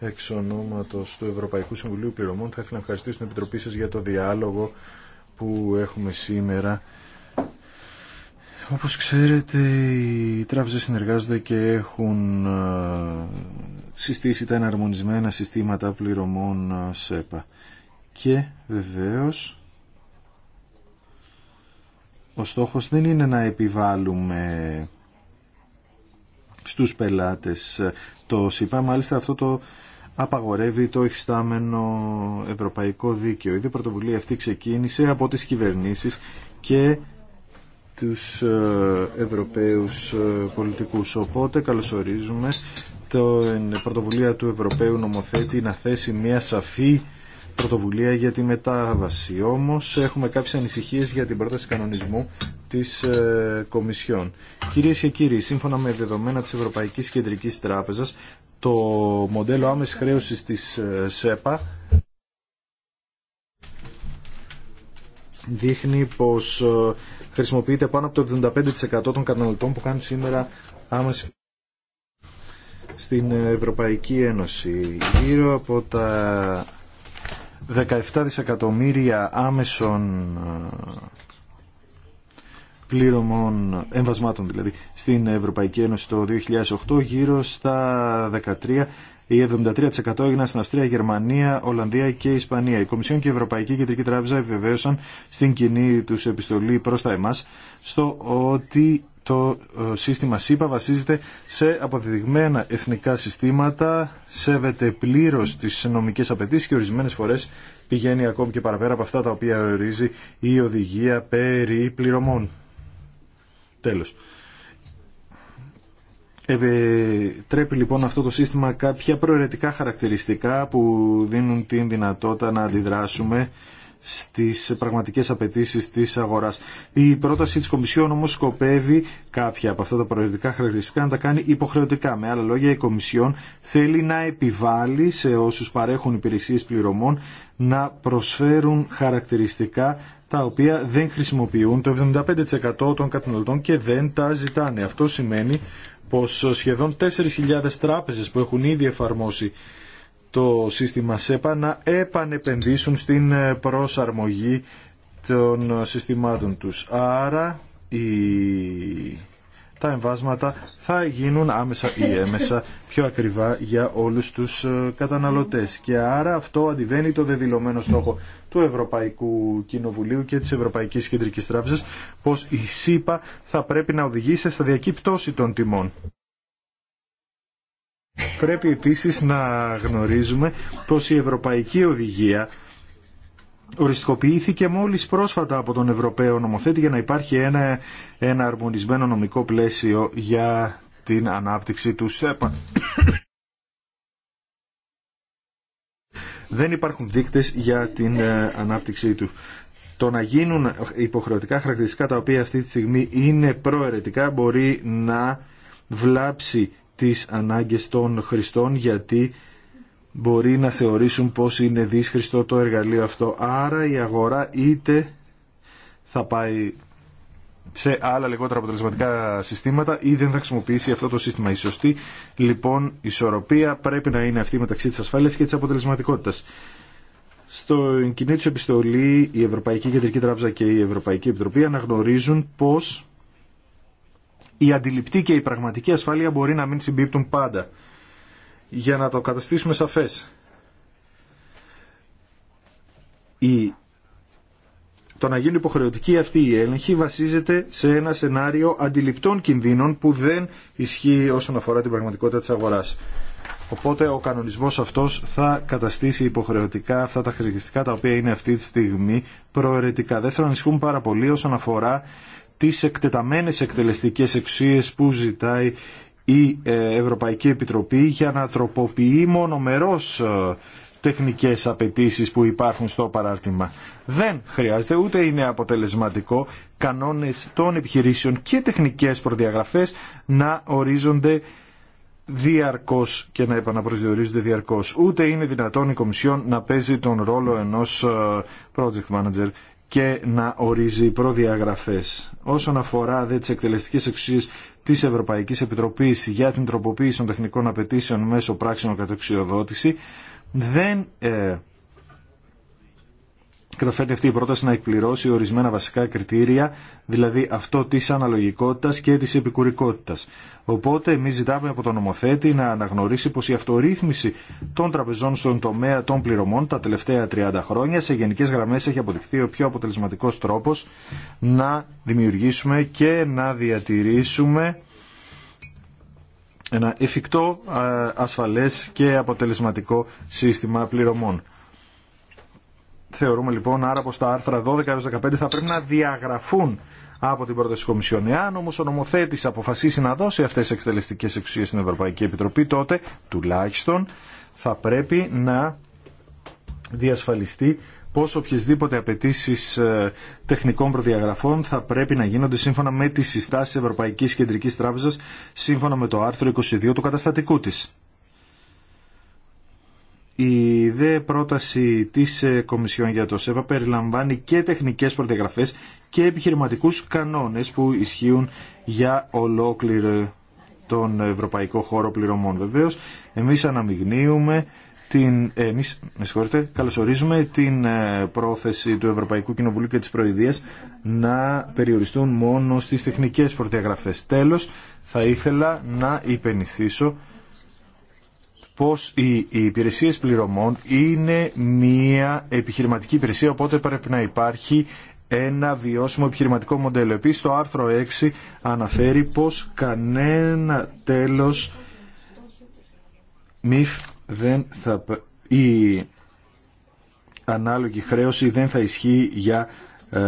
Εξ ονόματος του Ευρωπαϊκού Συμβουλίου Πληρωμών θα ήθελα να ευχαριστήσω την Επιτροπή σας για το διάλογο που έχουμε σήμερα. Όπως ξέρετε οι τράπεζες συνεργάζονται και έχουν συστήσει τα εναρμονισμένα συστήματα πληρωμών ΣΕΠΑ. Και βεβαίως ο στόχος δεν είναι να επιβάλλουμε στους πελάτες ε, το ΣΥΠΑ. Μάλιστα αυτό το απαγορεύει το υφιστάμενο ευρωπαϊκό δίκαιο. Η πρωτοβουλία αυτή ξεκίνησε από τις κυβερνήσεις και τους ε, Ευρωπαίους ε, πολιτικούς. Οπότε καλωσορίζουμε την πρωτοβουλία του Ευρωπαίου νομοθέτη να θέσει μια σαφή πρωτοβουλία για τη μετάβαση. Όμως έχουμε κάποιες ανησυχίες για την πρόταση κανονισμού της ε, Κομισιόν. Κυρίες και κύριοι, σύμφωνα με δεδομένα της Ευρωπαϊκής Κεντρικής Τράπεζας, το μοντέλο άμεσης χρέωσης της ε, ΣΕΠΑ δείχνει πως ε, χρησιμοποιείται πάνω από το 75% των καταναλωτών που κάνουν σήμερα άμεση στην Ευρωπαϊκή Ένωση. Γύρω από τα 17 δισεκατομμύρια άμεσων ε, πλήρωμων εμβασμάτων δηλαδή στην Ευρωπαϊκή Ένωση το 2008 γύρω στα 13 η 73% έγιναν στην Αυστρία, Γερμανία, Ολλανδία και Ισπανία. Η Κομισιόν και η Ευρωπαϊκή Κεντρική Τράπεζα επιβεβαίωσαν στην κοινή του επιστολή προ τα εμά στο ότι το ε, σύστημα ΣΥΠΑ βασίζεται σε αποδεδειγμένα εθνικά συστήματα, σέβεται πλήρω τι νομικέ απαιτήσει και ορισμένε φορέ πηγαίνει ακόμη και παραπέρα από αυτά τα οποία ορίζει η οδηγία περί πληρωμών. Τέλος. τρέπει ε, λοιπόν αυτό το σύστημα κάποια προαιρετικά χαρακτηριστικά που δίνουν την δυνατότητα να αντιδράσουμε στις πραγματικές απαιτήσεις της αγοράς. Η πρόταση της Κομισιόν όμως σκοπεύει κάποια από αυτά τα προαιρετικά χαρακτηριστικά να τα κάνει υποχρεωτικά. Με άλλα λόγια η Κομισιόν θέλει να επιβάλλει σε όσους παρέχουν υπηρεσίες πληρωμών να προσφέρουν χαρακτηριστικά τα οποία δεν χρησιμοποιούν το 75% των καταναλωτών και δεν τα ζητάνε. Αυτό σημαίνει πως σχεδόν 4.000 τράπεζες που έχουν ήδη εφαρμόσει το σύστημα ΣΕΠΑ να επανεπενδύσουν στην ε, προσαρμογή των ε, συστημάτων τους. Άρα η τα εμβάσματα θα γίνουν άμεσα ή έμεσα πιο ακριβά για όλους τους ε, καταναλωτές. Και άρα αυτό αντιβαίνει το δεδηλωμένο στόχο του Ευρωπαϊκού Κοινοβουλίου και της Ευρωπαϊκής Κεντρικής Τράπεζας πως η ΣΥΠΑ θα πρέπει να οδηγεί σε σταδιακή πτώση των τιμών. Πρέπει επίσης να γνωρίζουμε πως η Ευρωπαϊκή Οδηγία οριστικοποιήθηκε μόλις πρόσφατα από τον Ευρωπαίο νομοθέτη για να υπάρχει ένα, ένα αρμονισμένο νομικό πλαίσιο για την ανάπτυξη του ΣΕΠΑ. Δεν υπάρχουν δείκτες για την ε, ανάπτυξή του. Το να γίνουν υποχρεωτικά χαρακτηριστικά τα οποία αυτή τη στιγμή είναι προαιρετικά μπορεί να βλάψει τις ανάγκες των χρηστών γιατί μπορεί να θεωρήσουν πως είναι δύσχριστο το εργαλείο αυτό. Άρα η αγορά είτε θα πάει σε άλλα λιγότερα αποτελεσματικά συστήματα ή δεν θα χρησιμοποιήσει αυτό το σύστημα. Η σωστή λοιπόν ισορροπία πρέπει να είναι αυτή μεταξύ της ασφάλειας και της αποτελεσματικότητας. Στο κοινή του επιστολή η Ευρωπαϊκή Κεντρική Τράπεζα και η Ευρωπαϊκή Επιτροπή αναγνωρίζουν πως η αντιληπτή και η πραγματική ασφάλεια μπορεί να μην συμπίπτουν πάντα για να το καταστήσουμε σαφές. Το να γίνει υποχρεωτική αυτή η έλεγχη βασίζεται σε ένα σενάριο αντιληπτών κινδύνων που δεν ισχύει όσον αφορά την πραγματικότητα της αγοράς. Οπότε ο κανονισμός αυτός θα καταστήσει υποχρεωτικά αυτά τα χαρακτηριστικά τα οποία είναι αυτή τη στιγμή προαιρετικά. Δεύτερον, ανησυχούν πάρα πολύ όσον αφορά τις εκτεταμένες εκτελεστικές εξουσίες που ζητάει η ε, Ευρωπαϊκή Επιτροπή για να τροποποιεί μονομερώς ε, τεχνικές απαιτήσεις που υπάρχουν στο παράρτημα. Δεν χρειάζεται ούτε είναι αποτελεσματικό κανόνες των επιχειρήσεων και τεχνικές προδιαγραφές να ορίζονται διαρκώς και να επαναπροσδιορίζονται διαρκώς. Ούτε είναι δυνατόν η Κομισιόν να παίζει τον ρόλο ενός ε, project manager και να ορίζει προδιαγραφές. Όσον αφορά δε τις εκτελεστικές εξουσίες της Ευρωπαϊκής Επιτροπής για την τροποποίηση των τεχνικών απαιτήσεων μέσω πράξεων κατεξιοδότηση, δεν ε, καταφέρνει αυτή η πρόταση να εκπληρώσει ορισμένα βασικά κριτήρια, δηλαδή αυτό τη αναλογικότητας και της επικούρικότητα. Οπότε εμεί ζητάμε από τον νομοθέτη να αναγνωρίσει πως η αυτορύθμιση των τραπεζών στον τομέα των πληρωμών τα τελευταία 30 χρόνια σε γενικές γραμμές έχει αποδειχθεί ο πιο αποτελεσματικό τρόπο να δημιουργήσουμε και να διατηρήσουμε ένα εφικτό, ασφαλές και αποτελεσματικό σύστημα πληρωμών. Θεωρούμε λοιπόν άρα πως τα άρθρα 12 έως 15 θα πρέπει να διαγραφούν από την πρόταση της Κομισιόν. Εάν όμω ο νομοθέτη αποφασίσει να δώσει αυτέ τι εκτελεστικέ εξουσίε στην Ευρωπαϊκή Επιτροπή, τότε τουλάχιστον θα πρέπει να διασφαλιστεί πως οποιασδήποτε απαιτήσει ε, τεχνικών προδιαγραφών θα πρέπει να γίνονται σύμφωνα με τι συστάσει Ευρωπαϊκή Κεντρική Τράπεζα, σύμφωνα με το άρθρο 22 του καταστατικού τη. Η δε πρόταση της ε, Κομισιόν για το ΣΕΠΑ περιλαμβάνει και τεχνικές προδιαγραφές και επιχειρηματικούς κανόνες που ισχύουν για ολόκληρο τον ευρωπαϊκό χώρο πληρωμών. Βεβαίως, εμείς αναμειγνύουμε την, ε, εμείς, με καλωσορίζουμε την ε, πρόθεση του Ευρωπαϊκού Κοινοβουλίου και της Προεδρία να περιοριστούν μόνο στις τεχνικές προδιαγραφές. Τέλος, θα ήθελα να υπενηθήσω πως οι, υπηρεσίες πληρωμών είναι μια επιχειρηματική υπηρεσία, οπότε πρέπει να υπάρχει ένα βιώσιμο επιχειρηματικό μοντέλο. Επίσης το άρθρο 6 αναφέρει πως κανένα τέλος μυφ δεν η ανάλογη χρέωση δεν θα ισχύει για ε,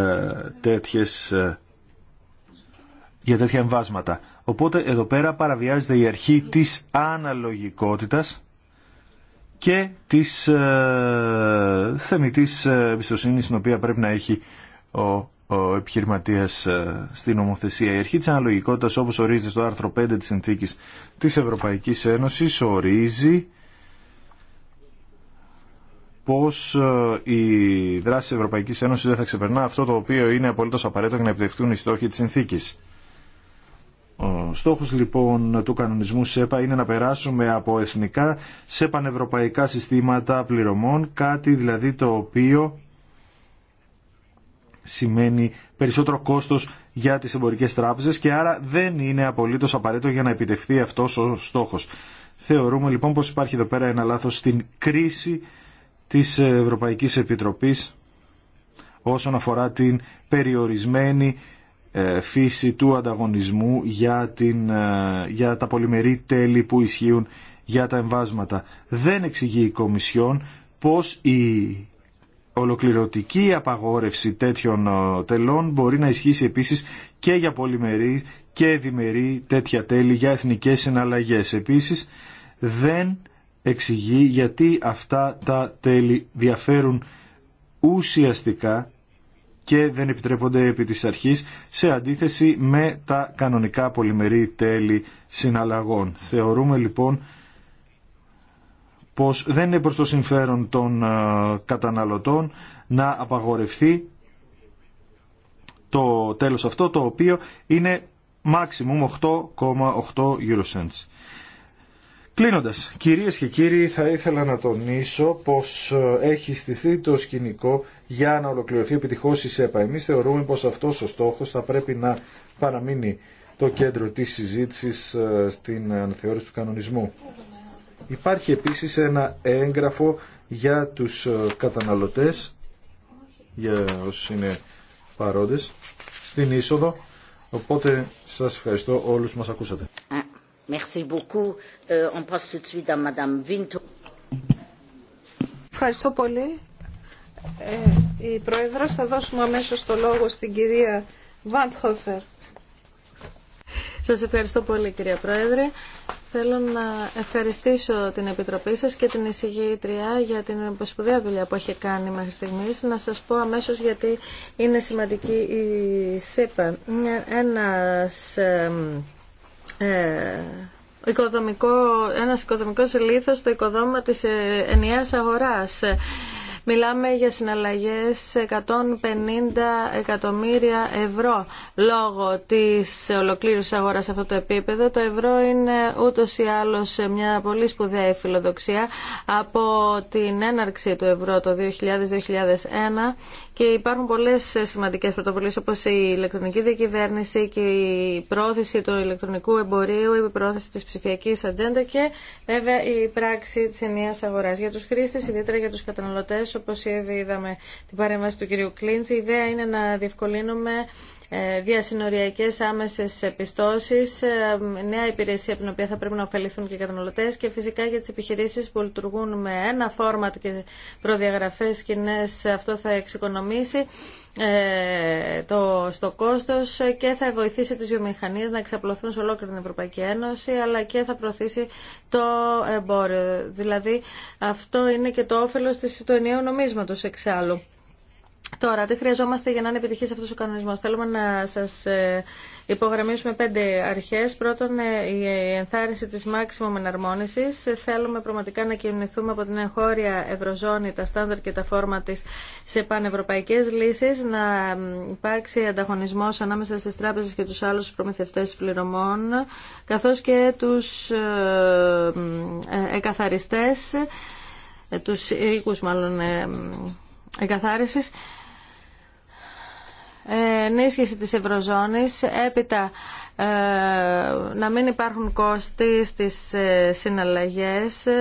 τέτοιες ε, για τέτοια εμβάσματα. Οπότε εδώ πέρα παραβιάζεται η αρχή της αναλογικότητας και της ε, θεμητής ε, εμπιστοσύνη την οποία πρέπει να έχει ο ο επιχειρηματία ε, στην νομοθεσία. Η αρχή τη αναλογικότητα, όπω ορίζεται στο άρθρο 5 τη συνθήκη τη Ευρωπαϊκή Ένωση, ορίζει πω ε, η δράση τη Ευρωπαϊκή Ένωση δεν θα ξεπερνά αυτό το οποίο είναι απολύτω απαραίτητο για να επιτευχθούν οι στόχοι τη συνθήκη. Ο στόχος λοιπόν του κανονισμού ΣΕΠΑ είναι να περάσουμε από εθνικά σε πανευρωπαϊκά συστήματα πληρωμών, κάτι δηλαδή το οποίο σημαίνει περισσότερο κόστος για τις εμπορικές τράπεζες και άρα δεν είναι απολύτως απαραίτητο για να επιτευχθεί αυτός ο στόχος. Θεωρούμε λοιπόν πως υπάρχει εδώ πέρα ένα λάθος στην κρίση της Ευρωπαϊκής Επιτροπής όσον αφορά την περιορισμένη ε, φύση του ανταγωνισμού για, την, ε, για τα πολυμερή τέλη που ισχύουν για τα εμβάσματα. Δεν εξηγεί η Κομισιόν πώς η ολοκληρωτική απαγόρευση τέτοιων ε, τελών μπορεί να ισχύσει επίσης και για πολυμερή και διμερή τέτοια τέλη για εθνικές συναλλαγές. Επίσης δεν εξηγεί γιατί αυτά τα τέλη διαφέρουν ουσιαστικά και δεν επιτρέπονται επί της αρχής σε αντίθεση με τα κανονικά πολυμερή τέλη συναλλαγών. Θεωρούμε λοιπόν πως δεν είναι προς το συμφέρον των ε, καταναλωτών να απαγορευτεί το τέλος αυτό το οποίο είναι maximum 8,8 Eurocents. Κλείνοντα, κυρίε και κύριοι, θα ήθελα να τονίσω πως ε, έχει στηθεί το σκηνικό για να ολοκληρωθεί επιτυχώς η ΣΕΠΑ. Εμείς θεωρούμε πως αυτό ο στόχο θα πρέπει να παραμείνει το κέντρο της συζήτησης ε, στην αναθεώρηση του κανονισμού. Υπάρχει επίσης ένα έγγραφο για τους ε, καταναλωτές, για όσου είναι παρόντες, στην είσοδο. Οπότε σας ευχαριστώ όλους που μας ακούσατε. Merci beaucoup. Euh, on passe tout de suite Ευχαριστώ πολύ. Ε, η Πρόεδρος θα δώσουμε αμέσως το λόγο στην κυρία Βαντχόφερ. Σας ευχαριστώ πολύ κυρία Πρόεδρε. Θέλω να ευχαριστήσω την Επιτροπή σας και την εισηγήτρια για την σπουδαία δουλειά που έχει κάνει μέχρι στιγμής. Να σας πω αμέσως γιατί είναι σημαντική η ΣΥΠΑ. Ένας ε, οικοδομικό, ένας οικοδομικός λίθος στο οικοδόμημα της ε, ενιαίας αγοράς. Μιλάμε για συναλλαγές 150 εκατομμύρια ευρώ. Λόγω της ολοκλήρωσης αγοράς σε αυτό το επίπεδο, το ευρώ είναι ούτως ή άλλως μια πολύ σπουδαία φιλοδοξία από την έναρξη του ευρώ το 2000-2001 και υπάρχουν πολλές σημαντικές πρωτοβουλίες όπως η ηλεκτρονική διακυβέρνηση και η πρόθεση του ηλεκτρονικού εμπορίου, η πρόθεση της ψηφιακής ατζέντα και βέβαια η πράξη της ενιαίας αγοράς. Για τους χρήστες, ιδιαίτερα για τους καταναλωτές, όπως ήδη είδαμε την παρέμβαση του κυρίου Κλίντς. Η ιδέα είναι να διευκολύνουμε ε, διασυνοριακέ άμεσε επιστώσει, ε, νέα υπηρεσία από την οποία θα πρέπει να ωφεληθούν και οι καταναλωτέ, και φυσικά για τι επιχειρήσει που λειτουργούν με ένα φόρματ και προδιαγραφέ κοινέ αυτό θα εξοικονομήσει ε, το, στο κόστο και θα βοηθήσει τι βιομηχανίε να εξαπλωθούν σε ολόκληρη την Ευρωπαϊκή Ένωση αλλά και θα προωθήσει το εμπόριο. Δηλαδή αυτό είναι και το όφελο του ενιαίου νομίσματος εξάλλου. Τώρα, τι χρειαζόμαστε για να είναι επιτυχής αυτός ο κανονισμός. Θέλουμε να σας ε, υπογραμμίσουμε πέντε αρχές. Πρώτον, ε, η ενθάρρυνση της maximum εναρμόνισης. Θέλουμε πραγματικά να κινηθούμε από την εγχώρια ευρωζώνη, τα στάνταρ και τα φόρμα της σε πανευρωπαϊκές λύσεις, να υπάρξει ανταγωνισμός ανάμεσα στις τράπεζες και τους άλλους προμηθευτές πληρωμών, καθώς και τους ε, εκαθαριστές, τους οίκους μάλλον εγκαθάρισης ε, ενίσχυση της Ευρωζώνης, έπειτα ε, να μην υπάρχουν κόστη στις ε, συναλλαγές, ε,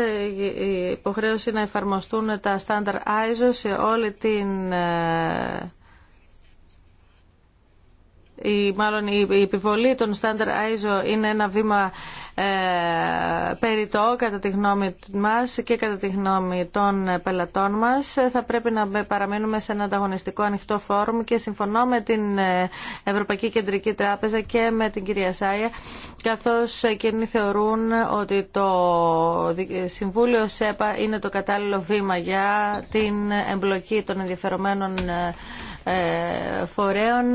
η υποχρέωση να εφαρμοστούν τα στάνταρ ISO σε όλη την η, μάλλον η επιβολή των στάνταρ ISO είναι ένα βήμα ε, περιττό κατά τη γνώμη μας και κατά τη γνώμη των πελατών μας. Θα πρέπει να παραμείνουμε σε ένα ανταγωνιστικό ανοιχτό φόρουμ και συμφωνώ με την ε, Ευρωπαϊκή Κεντρική Τράπεζα και με την κυρία Σάια καθώς εκείνοι θεωρούν ότι το Συμβούλιο ΣΕΠΑ είναι το κατάλληλο βήμα για την εμπλοκή των ενδιαφερομένων ε, φορέων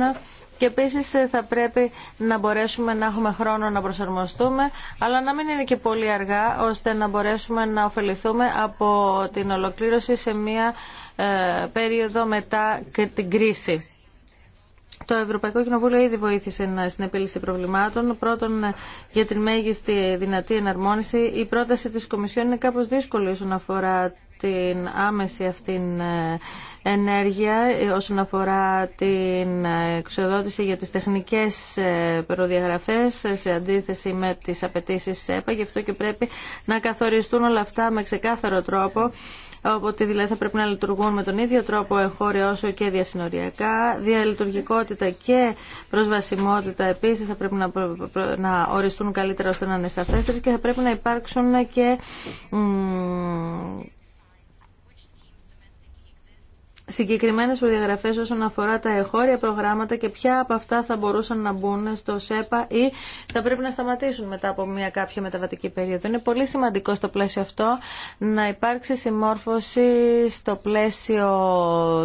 και επίση ε, θα πρέπει να μπορέσουμε να έχουμε χρόνο να προσαρμοστούμε αλλά να μην είναι και πολύ αργά ώστε να μπορέσουμε να ωφεληθούμε από την ολοκλήρωση σε μια ε, περίοδο μετά και την κρίση. Το Ευρωπαϊκό Κοινοβούλιο ήδη βοήθησε στην επίλυση προβλημάτων. Πρώτον, ε, για την μέγιστη δυνατή εναρμόνιση, η πρόταση της Κομισιόν είναι κάπως δύσκολη όσον αφορά την άμεση αυτήν ε, ενέργεια ε, όσον αφορά την ε, εξοδότηση για τις τεχνικές προδιαγραφές σε αντίθεση με τις απαιτήσει της ΕΠΑ. Γι' αυτό και πρέπει να καθοριστούν όλα αυτά με ξεκάθαρο τρόπο οπότε δηλαδή θα πρέπει να λειτουργούν με τον ίδιο τρόπο εγχώρια όσο και διασυνοριακά. Διαλειτουργικότητα και προσβασιμότητα επίσης θα πρέπει να, να οριστούν καλύτερα ώστε να είναι σαφέστερες και θα πρέπει να υπάρξουν και Συγκεκριμένε προδιαγραφέ όσον αφορά τα εγχώρια προγράμματα και ποια από αυτά θα μπορούσαν να μπουν στο ΣΕΠΑ ή θα πρέπει να σταματήσουν μετά από μια κάποια μεταβατική περίοδο. Είναι πολύ σημαντικό στο πλαίσιο αυτό να υπάρξει συμμόρφωση στο πλαίσιο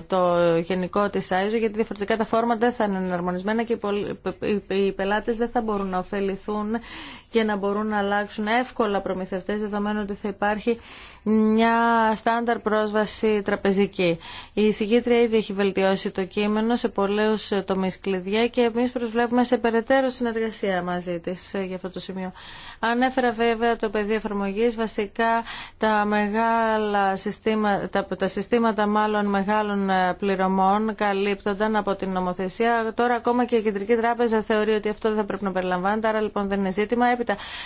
το γενικό τη ΆΙΖΟ γιατί διαφορετικά τα φόρμα δεν θα είναι εναρμονισμένα και οι πελάτε δεν θα μπορούν να ωφεληθούν και να μπορούν να αλλάξουν εύκολα προμηθευτές δεδομένου ότι θα υπάρχει μια στάνταρ πρόσβαση τραπεζική. Η συγκήτρια ήδη έχει βελτιώσει το κείμενο σε πολλούς τομείς κλειδιά και εμείς προσβλέπουμε σε περαιτέρω συνεργασία μαζί της για αυτό το σημείο. Ανέφερα βέβαια το πεδίο εφαρμογή βασικά τα, μεγάλα συστήματα, τα, τα συστήματα μάλλον μεγάλων ε, πληρωμών καλύπτονταν από την νομοθεσία. Τώρα ακόμα και η Κεντρική Τράπεζα θεωρεί ότι αυτό δεν θα πρέπει να περιλαμβάνεται, άρα λοιπόν δεν είναι ζήτημα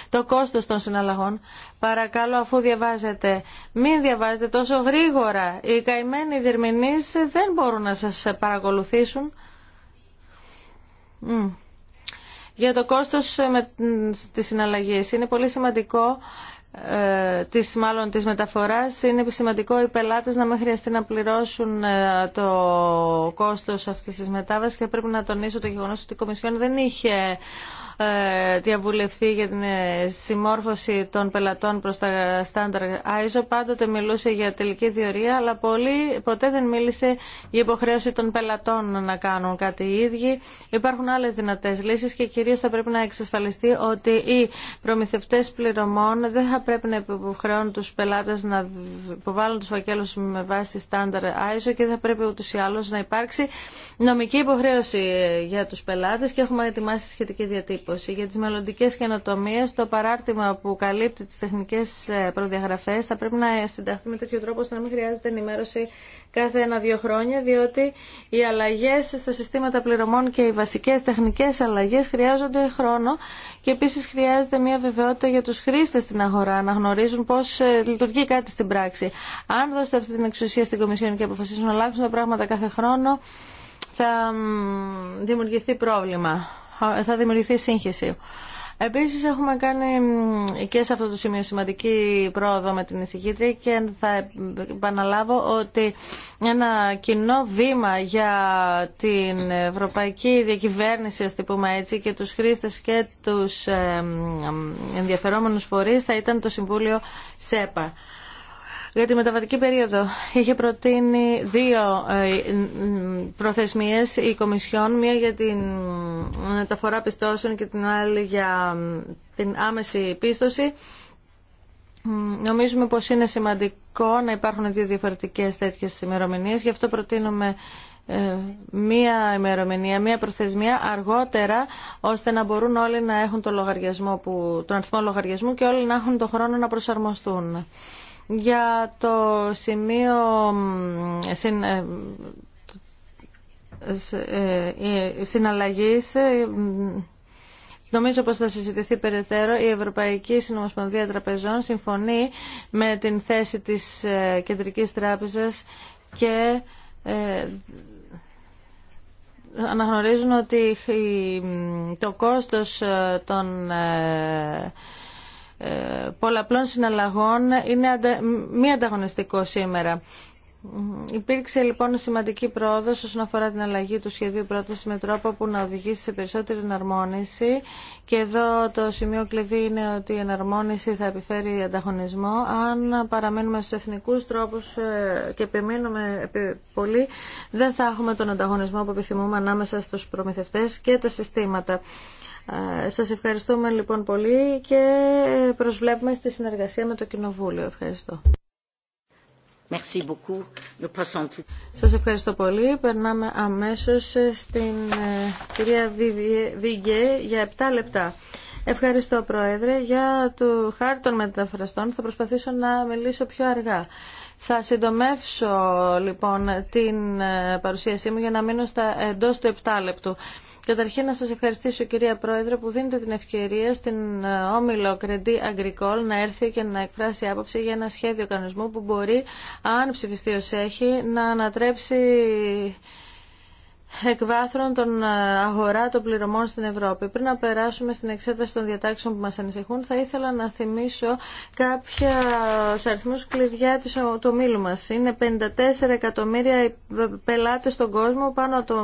το κόστος των συναλλαγών. Παρακαλώ αφού διαβάζετε, μην διαβάζετε τόσο γρήγορα. Οι καημένοι δερμηνείς δεν μπορούν να σας παρακολουθήσουν. Για το κόστος ε, με, της συναλλαγής είναι πολύ σημαντικό ε, της, μάλλον της μεταφοράς είναι σημαντικό οι πελάτες να μην χρειαστεί να πληρώσουν ε, το κόστος αυτής της μετάβασης και πρέπει να τονίσω το γεγονός ότι η Κομισιόν δεν είχε ε, διαβουλευτεί για την ε, συμμόρφωση των πελατών προς τα στάνταρ ISO πάντοτε μιλούσε για τελική διορία αλλά πολύ, ποτέ δεν μίλησε η υποχρέωση των πελατών να κάνουν κάτι οι ίδιοι. Υπάρχουν άλλες δυνατές λύσεις και κυρίως θα πρέπει να εξασφαλιστεί ότι οι προμηθευτές πληρωμών δεν θα πρέπει να υποχρεώνουν τους πελάτες να υποβάλουν τους φακέλους με βάση στάνταρ ISO και θα πρέπει ούτως ή άλλως να υπάρξει νομική υποχρέωση για τους πελάτες και έχουμε ετοιμάσει σχετική διατύπωση. Για τις μελλοντικέ καινοτομίε, το παράρτημα που καλύπτει τις τεχνικές ε, προδιαγραφές θα πρέπει να συνταχθεί με τέτοιο τρόπο ώστε να μην χρειάζεται ενημέρωση κάθε ένα-δύο χρόνια, διότι οι αλλαγές στα συστήματα πληρωμών και οι βασικές τεχνικές αλλαγές χρειάζονται χρόνο και επίσης χρειάζεται μια βεβαιότητα για τους χρήστες στην αγορά να γνωρίζουν πώς ε, λειτουργεί κάτι στην πράξη. Αν δώσετε αυτή την εξουσία στην Κομισιόν και αποφασίσουν να αλλάξουν τα πράγματα κάθε χρόνο, θα δημιουργηθεί πρόβλημα θα δημιουργηθεί σύγχυση. Επίσης έχουμε κάνει και σε αυτό το σημείο σημαντική πρόοδο με την εισηγήτρια και θα επαναλάβω ότι ένα κοινό βήμα για την ευρωπαϊκή διακυβέρνηση ας πούμε έτσι και τους χρήστες και τους ε, ενδιαφερόμενους φορείς θα ήταν το Συμβούλιο ΣΕΠΑ για τη μεταβατική περίοδο. Είχε προτείνει δύο ε, προθεσμίες η Κομισιόν, μία για την μεταφορά πιστώσεων και την άλλη για την άμεση πίστοση. Νομίζουμε πως είναι σημαντικό να υπάρχουν δύο διαφορετικές τέτοιες ημερομηνίες, γι' αυτό προτείνουμε ε, μία ημερομηνία, μία προθεσμία αργότερα, ώστε να μπορούν όλοι να έχουν τον αριθμό λογαριασμού και όλοι να έχουν τον χρόνο να προσαρμοστούν για το σημείο ε, ε, ε, συναλλαγής Νομίζω πως θα συζητηθεί περαιτέρω. Η Ευρωπαϊκή Συνομοσπονδία Τραπεζών συμφωνεί με την θέση της Κεντρικής Τράπεζας και αναγνωρίζουν ότι το κόστος των ε, πολλαπλών συναλλαγών είναι μη ανταγωνιστικό σήμερα. Υπήρξε λοιπόν σημαντική πρόοδο όσον αφορά την αλλαγή του σχεδίου πρόταση με τρόπο που να οδηγήσει σε περισσότερη εναρμόνιση. Και εδώ το σημείο κλειδί είναι ότι η εναρμόνιση θα επιφέρει ανταγωνισμό. Αν παραμείνουμε στου εθνικού τρόπου ε, και επιμείνουμε πολύ, δεν θα έχουμε τον ανταγωνισμό που επιθυμούμε ανάμεσα στου προμηθευτέ και τα συστήματα. Ε, σας ευχαριστούμε λοιπόν πολύ και προσβλέπουμε στη συνεργασία με το Κοινοβούλιο. Ευχαριστώ. Merci beaucoup. Nous Σας ευχαριστώ πολύ. Περνάμε αμέσως στην ε, κυρία για 7 λεπτά. Ευχαριστώ Πρόεδρε. Για το χάρτη των μεταφραστών θα προσπαθήσω να μιλήσω πιο αργά. Θα συντομεύσω λοιπόν την ε, παρουσίασή μου για να μείνω στα εντός του 7 λεπτού. Καταρχήν να σας ευχαριστήσω κυρία Πρόεδρε που δίνετε την ευκαιρία στην ε, Όμιλο Κρεντή Αγκρικόλ να έρθει και να εκφράσει άποψη για ένα σχέδιο κανονισμού που μπορεί, αν ψηφιστεί ως έχει, να ανατρέψει εκβάθρων των ε, αγορά των πληρωμών στην Ευρώπη. Πριν να περάσουμε στην εξέταση των διατάξεων που μας ανησυχούν, θα ήθελα να θυμίσω κάποια αριθμούς κλειδιά της του μήλου μας. Είναι 54 εκατομμύρια ε, πελάτες στον κόσμο, πάνω από το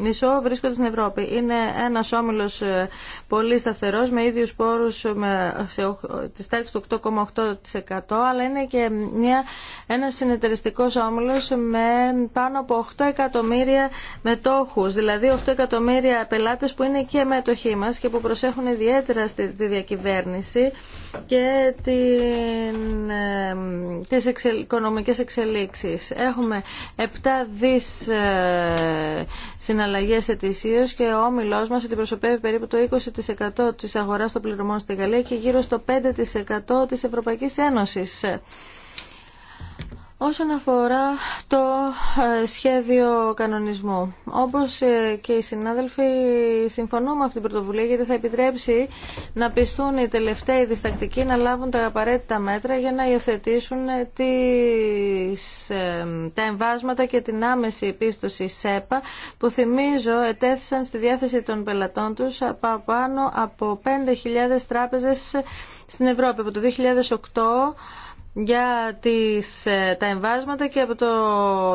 μισό βρίσκονται στην Ευρώπη. Είναι ένας όμιλος ε, πολύ σταθερός, με ίδιους πόρους με, σε, της τάξης του 8,8%, αλλά είναι και μια, ένας συνεταιριστικός όμιλος με πάνω από 8 εκατομμύρια μετόχους, δηλαδή 8 εκατομμύρια πελάτες που είναι και μέτοχοί μας και που προσέχουν ιδιαίτερα τη διακυβέρνηση και την, ε, τις οικονομικές εξελίξεις. Έχουμε 7 δις ε, συναλλαγές ετησίως και ο όμιλός μας αντιπροσωπεύει περίπου το 20% της αγοράς των πληρωμών στη Γαλλία και γύρω στο 5% της Ευρωπαϊκής Ένωσης. Όσον αφορά το ε, σχέδιο κανονισμού, όπως ε, και οι συνάδελφοι συμφωνώ με αυτή την πρωτοβουλία γιατί θα επιτρέψει να πιστούν οι τελευταίοι διστακτικοί να λάβουν τα απαραίτητα μέτρα για να υιοθετήσουν ε, τις, τα εμβάσματα και την άμεση επίστοση ΣΕΠΑ που θυμίζω ετέθησαν στη διάθεση των πελατών τους πάνω από 5.000 τράπεζες στην Ευρώπη από το 2008 για τις, ε, τα εμβάσματα και από το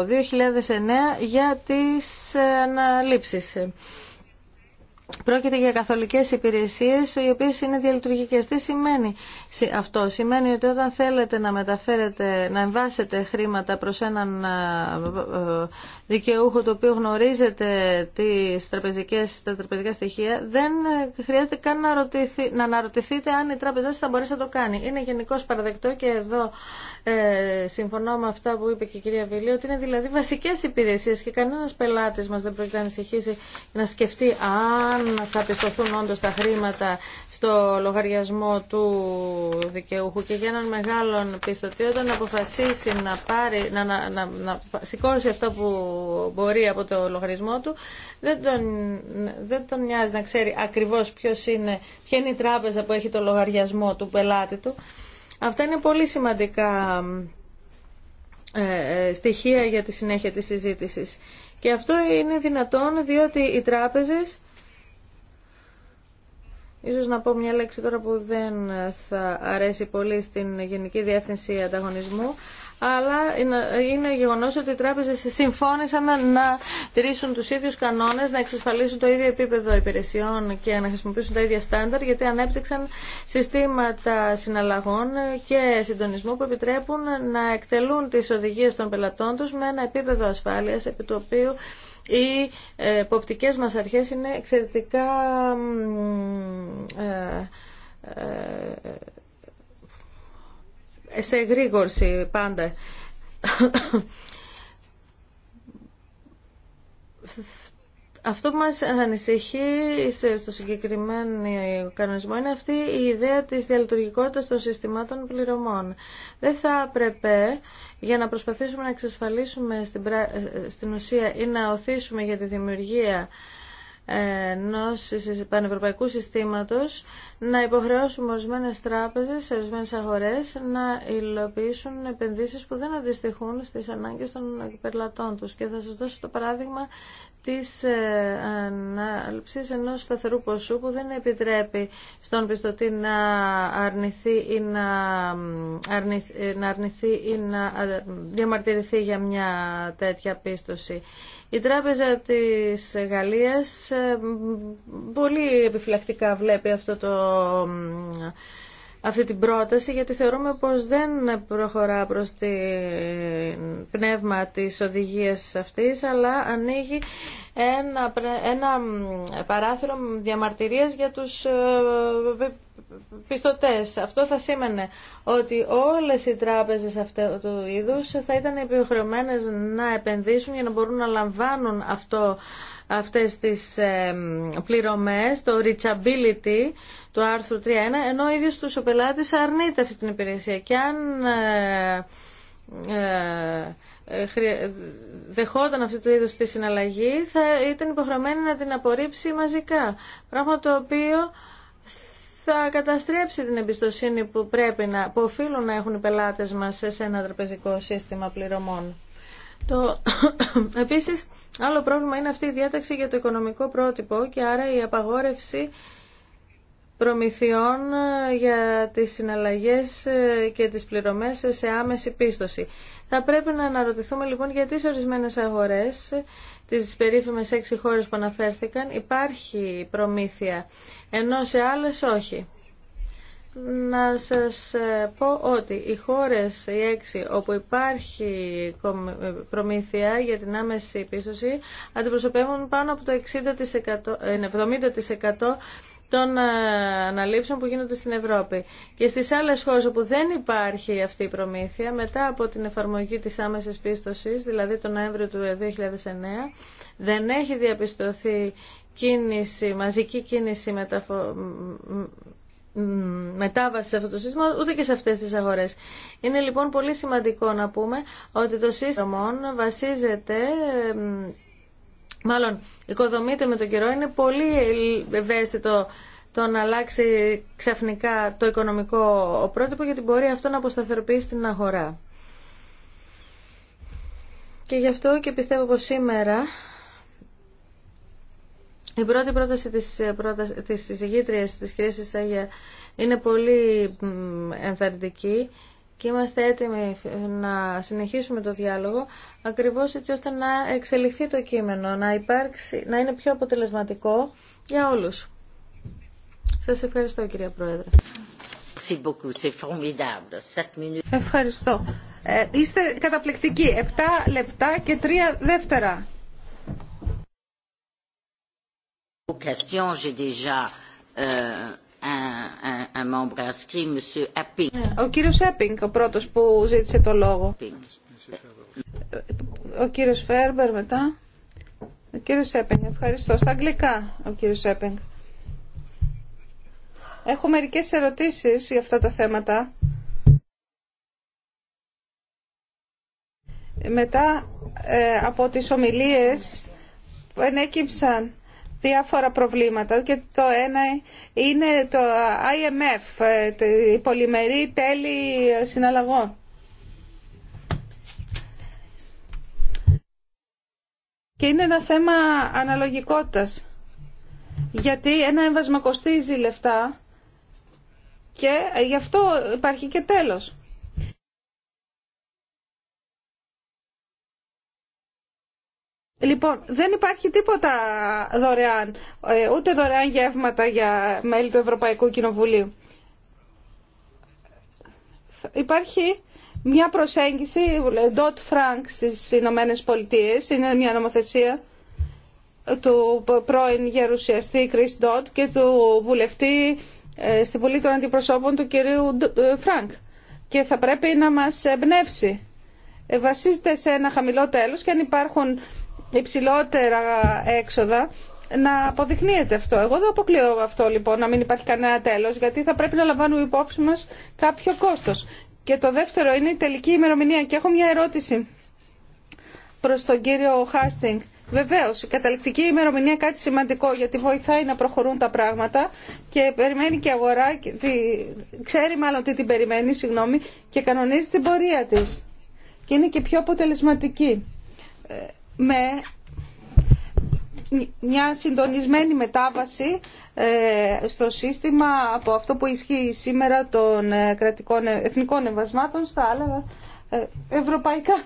2009 για τις ε, αναλήψεις. Πρόκειται για καθολικές υπηρεσίες οι οποίες είναι διαλειτουργικές. Τι σημαίνει αυτό. Σημαίνει ότι όταν θέλετε να μεταφέρετε, να εμβάσετε χρήματα προς έναν ε, ε, δικαιούχο το οποίο γνωρίζετε τις τραπεζικές, τα τραπεζικά στοιχεία δεν χρειάζεται καν να, ρωτηθεί, αναρωτηθείτε αν η τράπεζά σας θα μπορέσει να το κάνει. Είναι γενικώ παραδεκτό και εδώ ε, συμφωνώ με αυτά που είπε και η κυρία Βιλή ότι είναι δηλαδή βασικές υπηρεσίες και κανένας πελάτης μας δεν πρόκειται να ανησυχήσει να σκεφτεί αν αν θα πιστωθούν όντω τα χρήματα στο λογαριασμό του δικαιούχου και για έναν μεγάλο πιστωτή όταν αποφασίσει να, πάρει, να, να, σηκώσει αυτό που μπορεί από το λογαριασμό του δεν τον, δεν τον νοιάζει να ξέρει ακριβώς ποιος είναι, ποια είναι η τράπεζα που έχει το λογαριασμό του πελάτη του. Αυτά είναι πολύ σημαντικά ε, ε, στοιχεία για τη συνέχεια της συζήτησης. Και αυτό είναι δυνατόν διότι οι τράπεζες Ίσως να πω μια λέξη τώρα που δεν θα αρέσει πολύ στην Γενική Διεύθυνση Ανταγωνισμού, αλλά είναι γεγονός ότι οι τράπεζες συμφώνησαν να τηρήσουν τους ίδιους κανόνες, να εξασφαλίσουν το ίδιο επίπεδο υπηρεσιών και να χρησιμοποιήσουν τα ίδια στάνταρ, γιατί ανέπτυξαν συστήματα συναλλαγών και συντονισμού που επιτρέπουν να εκτελούν τις οδηγίες των πελατών τους με ένα επίπεδο ασφάλειας, επί του οποίου οι ποπτικές μας αρχές είναι εξαιρετικά ε, ε, ε, σε γρήγορση πάντα αυτό που μας ανησυχεί στο συγκεκριμένο κανονισμό είναι αυτή η ιδέα της διαλειτουργικότητας των συστημάτων πληρωμών. Δεν θα έπρεπε για να προσπαθήσουμε να εξασφαλίσουμε στην, ε, στην ουσία ή να οθήσουμε για τη δημιουργία ε, ενό πανευρωπαϊκού συστήματος να υποχρεώσουμε ορισμένε τράπεζε, ορισμένε αγορέ να υλοποιήσουν επενδύσει που δεν αντιστοιχούν στι ανάγκε των πελατών του. Και θα σα δώσω το παράδειγμα τη ε, ανάληψη ενό σταθερού ποσού που δεν επιτρέπει στον πιστωτή να αρνηθεί ή να, ε, να αρνηθεί ή να ε, διαμαρτυρηθεί για μια τέτοια πίστοση. Η Τράπεζα της Γαλλίας πολύ επιφυλακτικά βλέπει αυτό το αυτή την πρόταση γιατί θεωρούμε πως δεν προχωρά προς το πνεύμα της οδηγίας αυτής αλλά ανοίγει ένα, ένα παράθυρο διαμαρτυρίας για τους ε, πιστωτές. Αυτό θα σήμαινε ότι όλες οι τράπεζες αυτού του είδους θα ήταν υποχρεωμένες να επενδύσουν για να μπορούν να λαμβάνουν αυτό, αυτές τις ε, πληρωμές, το reachability, του άρθρου 3.1, ενώ ο ίδιος τους ο πελάτης αρνείται αυτή την υπηρεσία. Και αν ε, ε, ε δεχόταν αυτή του είδους τη συναλλαγή θα ήταν υποχρεωμένη να την απορρίψει μαζικά. Πράγμα το οποίο θα καταστρέψει την εμπιστοσύνη που, πρέπει να, που οφείλουν να έχουν οι πελάτες μας σε ένα τραπεζικό σύστημα πληρωμών. Το... Επίσης, άλλο πρόβλημα είναι αυτή η διάταξη για το οικονομικό πρότυπο και άρα η απαγόρευση προμηθειών ε, για τις συναλλαγές ε, και τις πληρωμές σε άμεση πίστοση. Θα πρέπει να αναρωτηθούμε λοιπόν γιατί σε ορισμένες αγορές, ε, τις περίφημες έξι χώρες που αναφέρθηκαν, υπάρχει προμήθεια, ενώ σε άλλες όχι. Να σας πω ότι οι χώρες, οι έξι, όπου υπάρχει προμήθεια για την άμεση πίστοση, αντιπροσωπεύουν πάνω από το 60%, 70% των ε, αναλήψεων που γίνονται στην Ευρώπη. Και στις άλλες χώρες όπου δεν υπάρχει αυτή η προμήθεια, μετά από την εφαρμογή της άμεσης πίστοσης, δηλαδή τον Νοέμβριο του 2009, ε, δεν έχει διαπιστωθεί κίνηση, μαζική κίνηση μεταφο... μετάβαση σε αυτό το σύστημα, ούτε και σε αυτές τις αγορές. Είναι λοιπόν πολύ σημαντικό να πούμε ότι το σύστημα βασίζεται ε, μάλλον οικοδομείται με τον καιρό, είναι πολύ ευαίσθητο το να αλλάξει ξαφνικά το οικονομικό πρότυπο γιατί μπορεί αυτό να αποσταθεροποιήσει την αγορά. Και γι' αυτό και πιστεύω πως σήμερα η πρώτη πρόταση της, της εισηγήτριας της κυρίας είναι πολύ ενθαρρυντική και είμαστε έτοιμοι να συνεχίσουμε το διάλογο ακριβώς έτσι ώστε να εξελιχθεί το κείμενο, να, υπάρξει, να είναι πιο αποτελεσματικό για όλους. Σας ευχαριστώ κυρία Πρόεδρε. Ευχαριστώ. Ε, είστε καταπληκτικοί. Επτά λεπτά και τρία δεύτερα. Euh, ο κύριος Έπινγκ, ο πρώτος που ζήτησε το λόγο. Ο κύριος Φέρμπερ μετά. Ο κύριος Σέπινγκ, ευχαριστώ. Στα αγγλικά ο κύριος Σέπινγκ. Έχω μερικές ερωτήσεις για αυτά τα θέματα. Μετά ε, από τις ομιλίες που ενέκυψαν διάφορα προβλήματα και το ένα είναι το IMF, ε, η πολυμερή τέλη συναλλαγών. Και είναι ένα θέμα αναλογικότητας. Γιατί ένα έμβασμα κοστίζει λεφτά και γι' αυτό υπάρχει και τέλος. Λοιπόν, δεν υπάρχει τίποτα δωρεάν, ε, ούτε δωρεάν γεύματα για μέλη του Ευρωπαϊκού Κοινοβουλίου. Υπάρχει μια προσέγγιση, ε, Dot Frank στις Ηνωμένε Πολιτείε, είναι μια νομοθεσία του πρώην γερουσιαστή Κρίς Dot και του βουλευτή ε, στη Βουλή των Αντιπροσώπων του κυρίου Φρανκ. Ε, και θα πρέπει να μας εμπνεύσει. Βασίζεται σε ένα χαμηλό τέλος και αν υπάρχουν υψηλότερα έξοδα να αποδεικνύεται αυτό. Εγώ δεν αποκλείω αυτό λοιπόν να μην υπάρχει κανένα τέλος γιατί θα πρέπει να λαμβάνουμε υπόψη μας κάποιο κόστος. Και το δεύτερο είναι η τελική ημερομηνία. Και έχω μια ερώτηση προς τον κύριο Χάστινγκ. Βεβαίω, η καταληκτική ημερομηνία είναι κάτι σημαντικό γιατί βοηθάει να προχωρούν τα πράγματα και περιμένει και αγορά, ξέρει μάλλον τι την περιμένει, συγγνώμη, και κανονίζει την πορεία τη. Και είναι και πιο αποτελεσματική. Ε, με μια συντονισμένη μετάβαση ε, στο σύστημα από αυτό που ισχύει σήμερα των ε, κρατικών ε, εθνικών εμβασμάτων στα άλλα ευρωπαϊκά.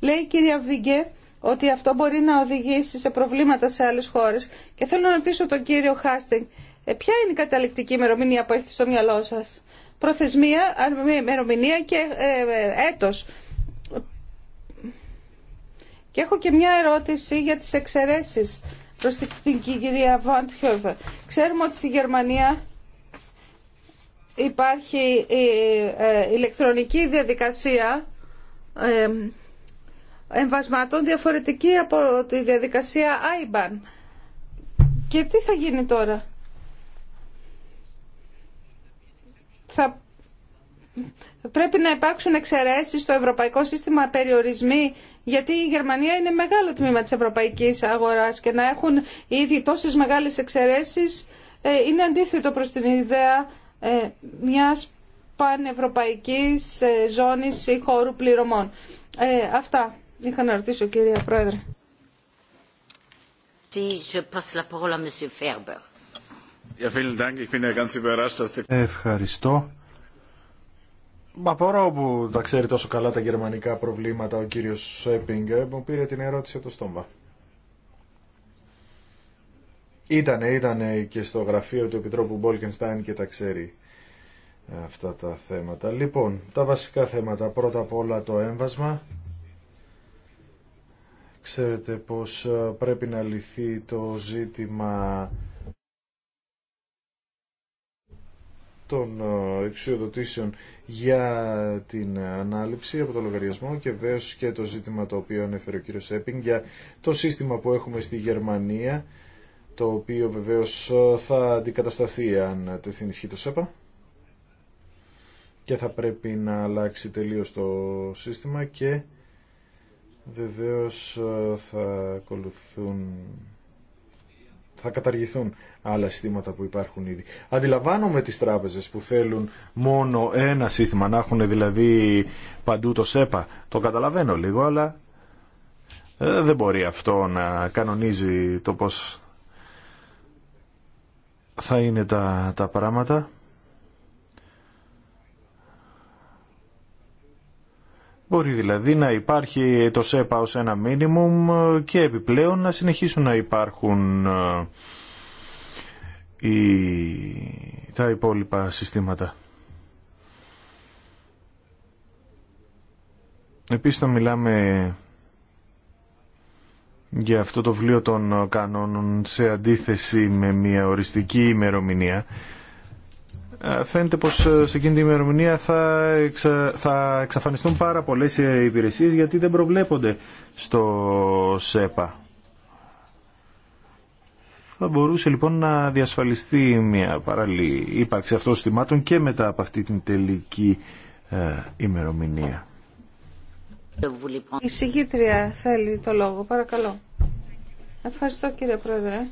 Λέει η κυρία Βίγκε ότι αυτό μπορεί να οδηγήσει σε προβλήματα σε άλλες χώρες και θέλω να ρωτήσω τον κύριο Χάστινγκ ποια είναι η καταληκτική ημερομηνία που έχετε στο μυαλό σας. Προθεσμία, ημερομηνία και έτος. Και έχω και μια ερώτηση για τις εξαιρέσεις προς την κυρία Βαντχιόβερ. Ξέρουμε ότι στη Γερμανία υπάρχει η ε, ηλεκτρονική διαδικασία εμβασμάτων διαφορετική από τη διαδικασία IBAN. Και τι θα γίνει τώρα. Θα Πρέπει να υπάρξουν εξαιρέσεις στο ευρωπαϊκό σύστημα περιορισμοί, γιατί η Γερμανία είναι μεγάλο τμήμα της ευρωπαϊκής αγοράς και να έχουν ήδη τόσες μεγάλες εξαιρέσεις ε, είναι αντίθετο προς την ιδέα ε, μιας πανευρωπαϊκής ε, ζώνης ή χώρου πληρωμών. Αυτά είχα να ρωτήσω, κυρία Πρόεδρε. Ευχαριστώ. Μα μπορώ που τα ξέρει τόσο καλά τα γερμανικά προβλήματα ο κύριος Σέπινγκ, μου πήρε την ερώτηση από το στόμα. Ήτανε, ήτανε και στο γραφείο του Επιτρόπου Μπόλκενστάιν και τα ξέρει ε, αυτά τα θέματα. Λοιπόν, τα βασικά θέματα. Πρώτα απ' όλα το έμβασμα. Ξέρετε πως ε, πρέπει να λυθεί το ζήτημα των ε, εξουσιοδοτήσεων για την ανάληψη από το λογαριασμό και βέβαια και το ζήτημα το οποίο ανέφερε ο κύριο Σέπινγκ για το σύστημα που έχουμε στη Γερμανία το οποίο βεβαίως ε, θα αντικατασταθεί αν τεθεί το ΣΕΠΑ και θα πρέπει να αλλάξει τελείως το σύστημα και βεβαίως ε, θα ακολουθούν θα καταργηθούν άλλα συστήματα που υπάρχουν ήδη. Αντιλαμβάνομαι τις τράπεζες που θέλουν μόνο ένα σύστημα, να έχουν δηλαδή παντού το ΣΕΠΑ. Το καταλαβαίνω λίγο, αλλά ε, δεν μπορεί αυτό να κανονίζει το πώς θα είναι τα, τα πράγματα. Μπορεί δηλαδή να υπάρχει το ΣΕΠΑ ως ένα μίνιμουμ και επιπλέον να συνεχίσουν να υπάρχουν ε, οι... τα υπόλοιπα συστήματα. Επίσης θα μιλάμε για αυτό το βιβλίο των κανόνων σε αντίθεση με μια οριστική ημερομηνία ε, φαίνεται πως ε, σε εκείνη την ημερομηνία θα, θα εξαφανιστούν πάρα πολλές ε, υπηρεσίες γιατί δεν προβλέπονται στο ΣΕΠΑ. Θα μπορούσε λοιπόν να διασφαλιστεί μια παράλληλη ύπαρξη αυτών των συστημάτων και μετά από αυτή την τελική ημερομηνία. Η συγκήτρια θέλει το λόγο, παρακαλώ. Ευχαριστώ κύριε Πρόεδρε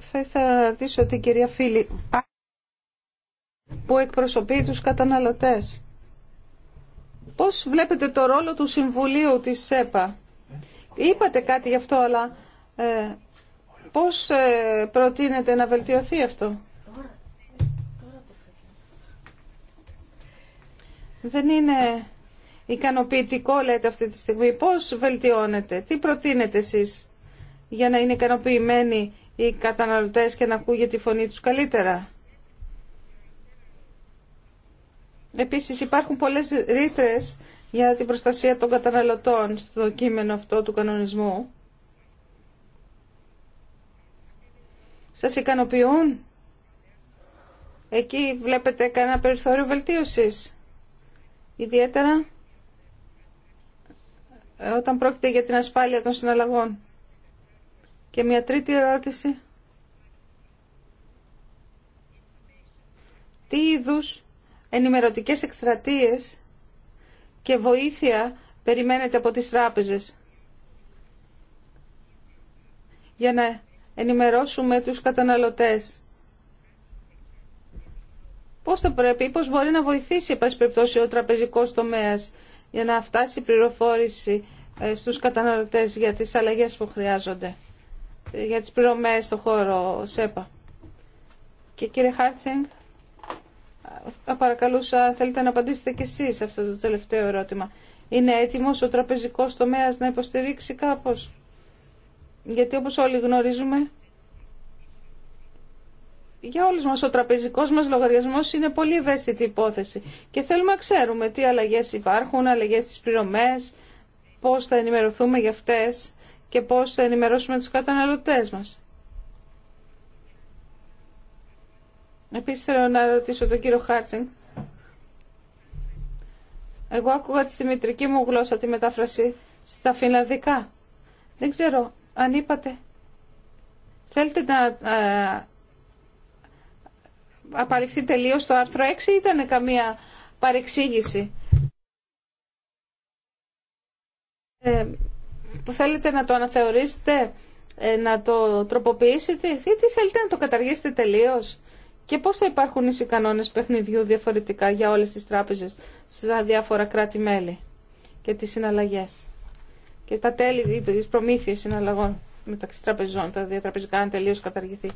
θα ήθελα να ρωτήσω την κυρία Φίλη που εκπροσωπεί τους καταναλωτές. Πώς βλέπετε το ρόλο του Συμβουλίου της ΣΕΠΑ. Είπατε κάτι γι' αυτό, αλλά ε, πώς ε, προτείνετε να βελτιωθεί αυτό. Δεν είναι ικανοποιητικό, λέτε αυτή τη στιγμή. Πώς βελτιώνετε, τι προτείνετε εσείς για να είναι ικανοποιημένοι οι καταναλωτές και να ακούγεται τη φωνή τους καλύτερα. Επίσης υπάρχουν πολλές ρήτρε για την προστασία των καταναλωτών στο κείμενο αυτό του κανονισμού. Σας ικανοποιούν. Εκεί βλέπετε κανένα περιθώριο βελτίωσης. Ιδιαίτερα ε, όταν πρόκειται για την ασφάλεια των συναλλαγών. Και μια τρίτη ερώτηση. Τι είδους ενημερωτικές εκστρατείες και βοήθεια περιμένετε από τις τράπεζες για να ενημερώσουμε τους καταναλωτές. Πώς θα πρέπει ή πώς μπορεί να βοηθήσει πάση περιπτώσει ο τραπεζικός τομέας για να φτάσει η πληροφόρηση ε, στους καταναλωτές για τις αλλαγές που χρειάζονται για τις πληρωμές στο χώρο ΣΕΠΑ. Και κύριε Χάρτσινγκ, παρακαλούσα, θέλετε να απαντήσετε κι εσείς σε αυτό το τελευταίο ερώτημα. Είναι έτοιμος ο τραπεζικός τομέας να υποστηρίξει κάπως. Γιατί όπως όλοι γνωρίζουμε, για όλους μας ο τραπεζικός μας λογαριασμός είναι πολύ ευαίσθητη υπόθεση και θέλουμε να ξέρουμε τι αλλαγές υπάρχουν, αλλαγές στις πληρωμές, πώς θα ενημερωθούμε για αυτές και πώς θα ενημερώσουμε τους καταναλωτές μας. Επίσης θέλω να ρωτήσω τον κύριο Χάρτσινγκ. Εγώ άκουγα τη μητρική μου γλώσσα τη μετάφραση στα φιλανδικά. Δεν ξέρω αν είπατε. Θέλετε να α, ε, απαλληφθεί τελείως το άρθρο 6 ή ήταν καμία παρεξήγηση. Ε, που θέλετε να το αναθεωρήσετε, ε, να το τροποποιήσετε ή τι θέλετε να το καταργήσετε τελείως. Και πώς θα υπάρχουν οι κανόνες παιχνιδιού διαφορετικά για όλες τις τράπεζες σε διάφορα κράτη-μέλη και τις συναλλαγές και τα τέλη της προμήθειας συναλλαγών μεταξύ τραπεζών, τα διατραπεζικά αν τελείως καταργηθεί.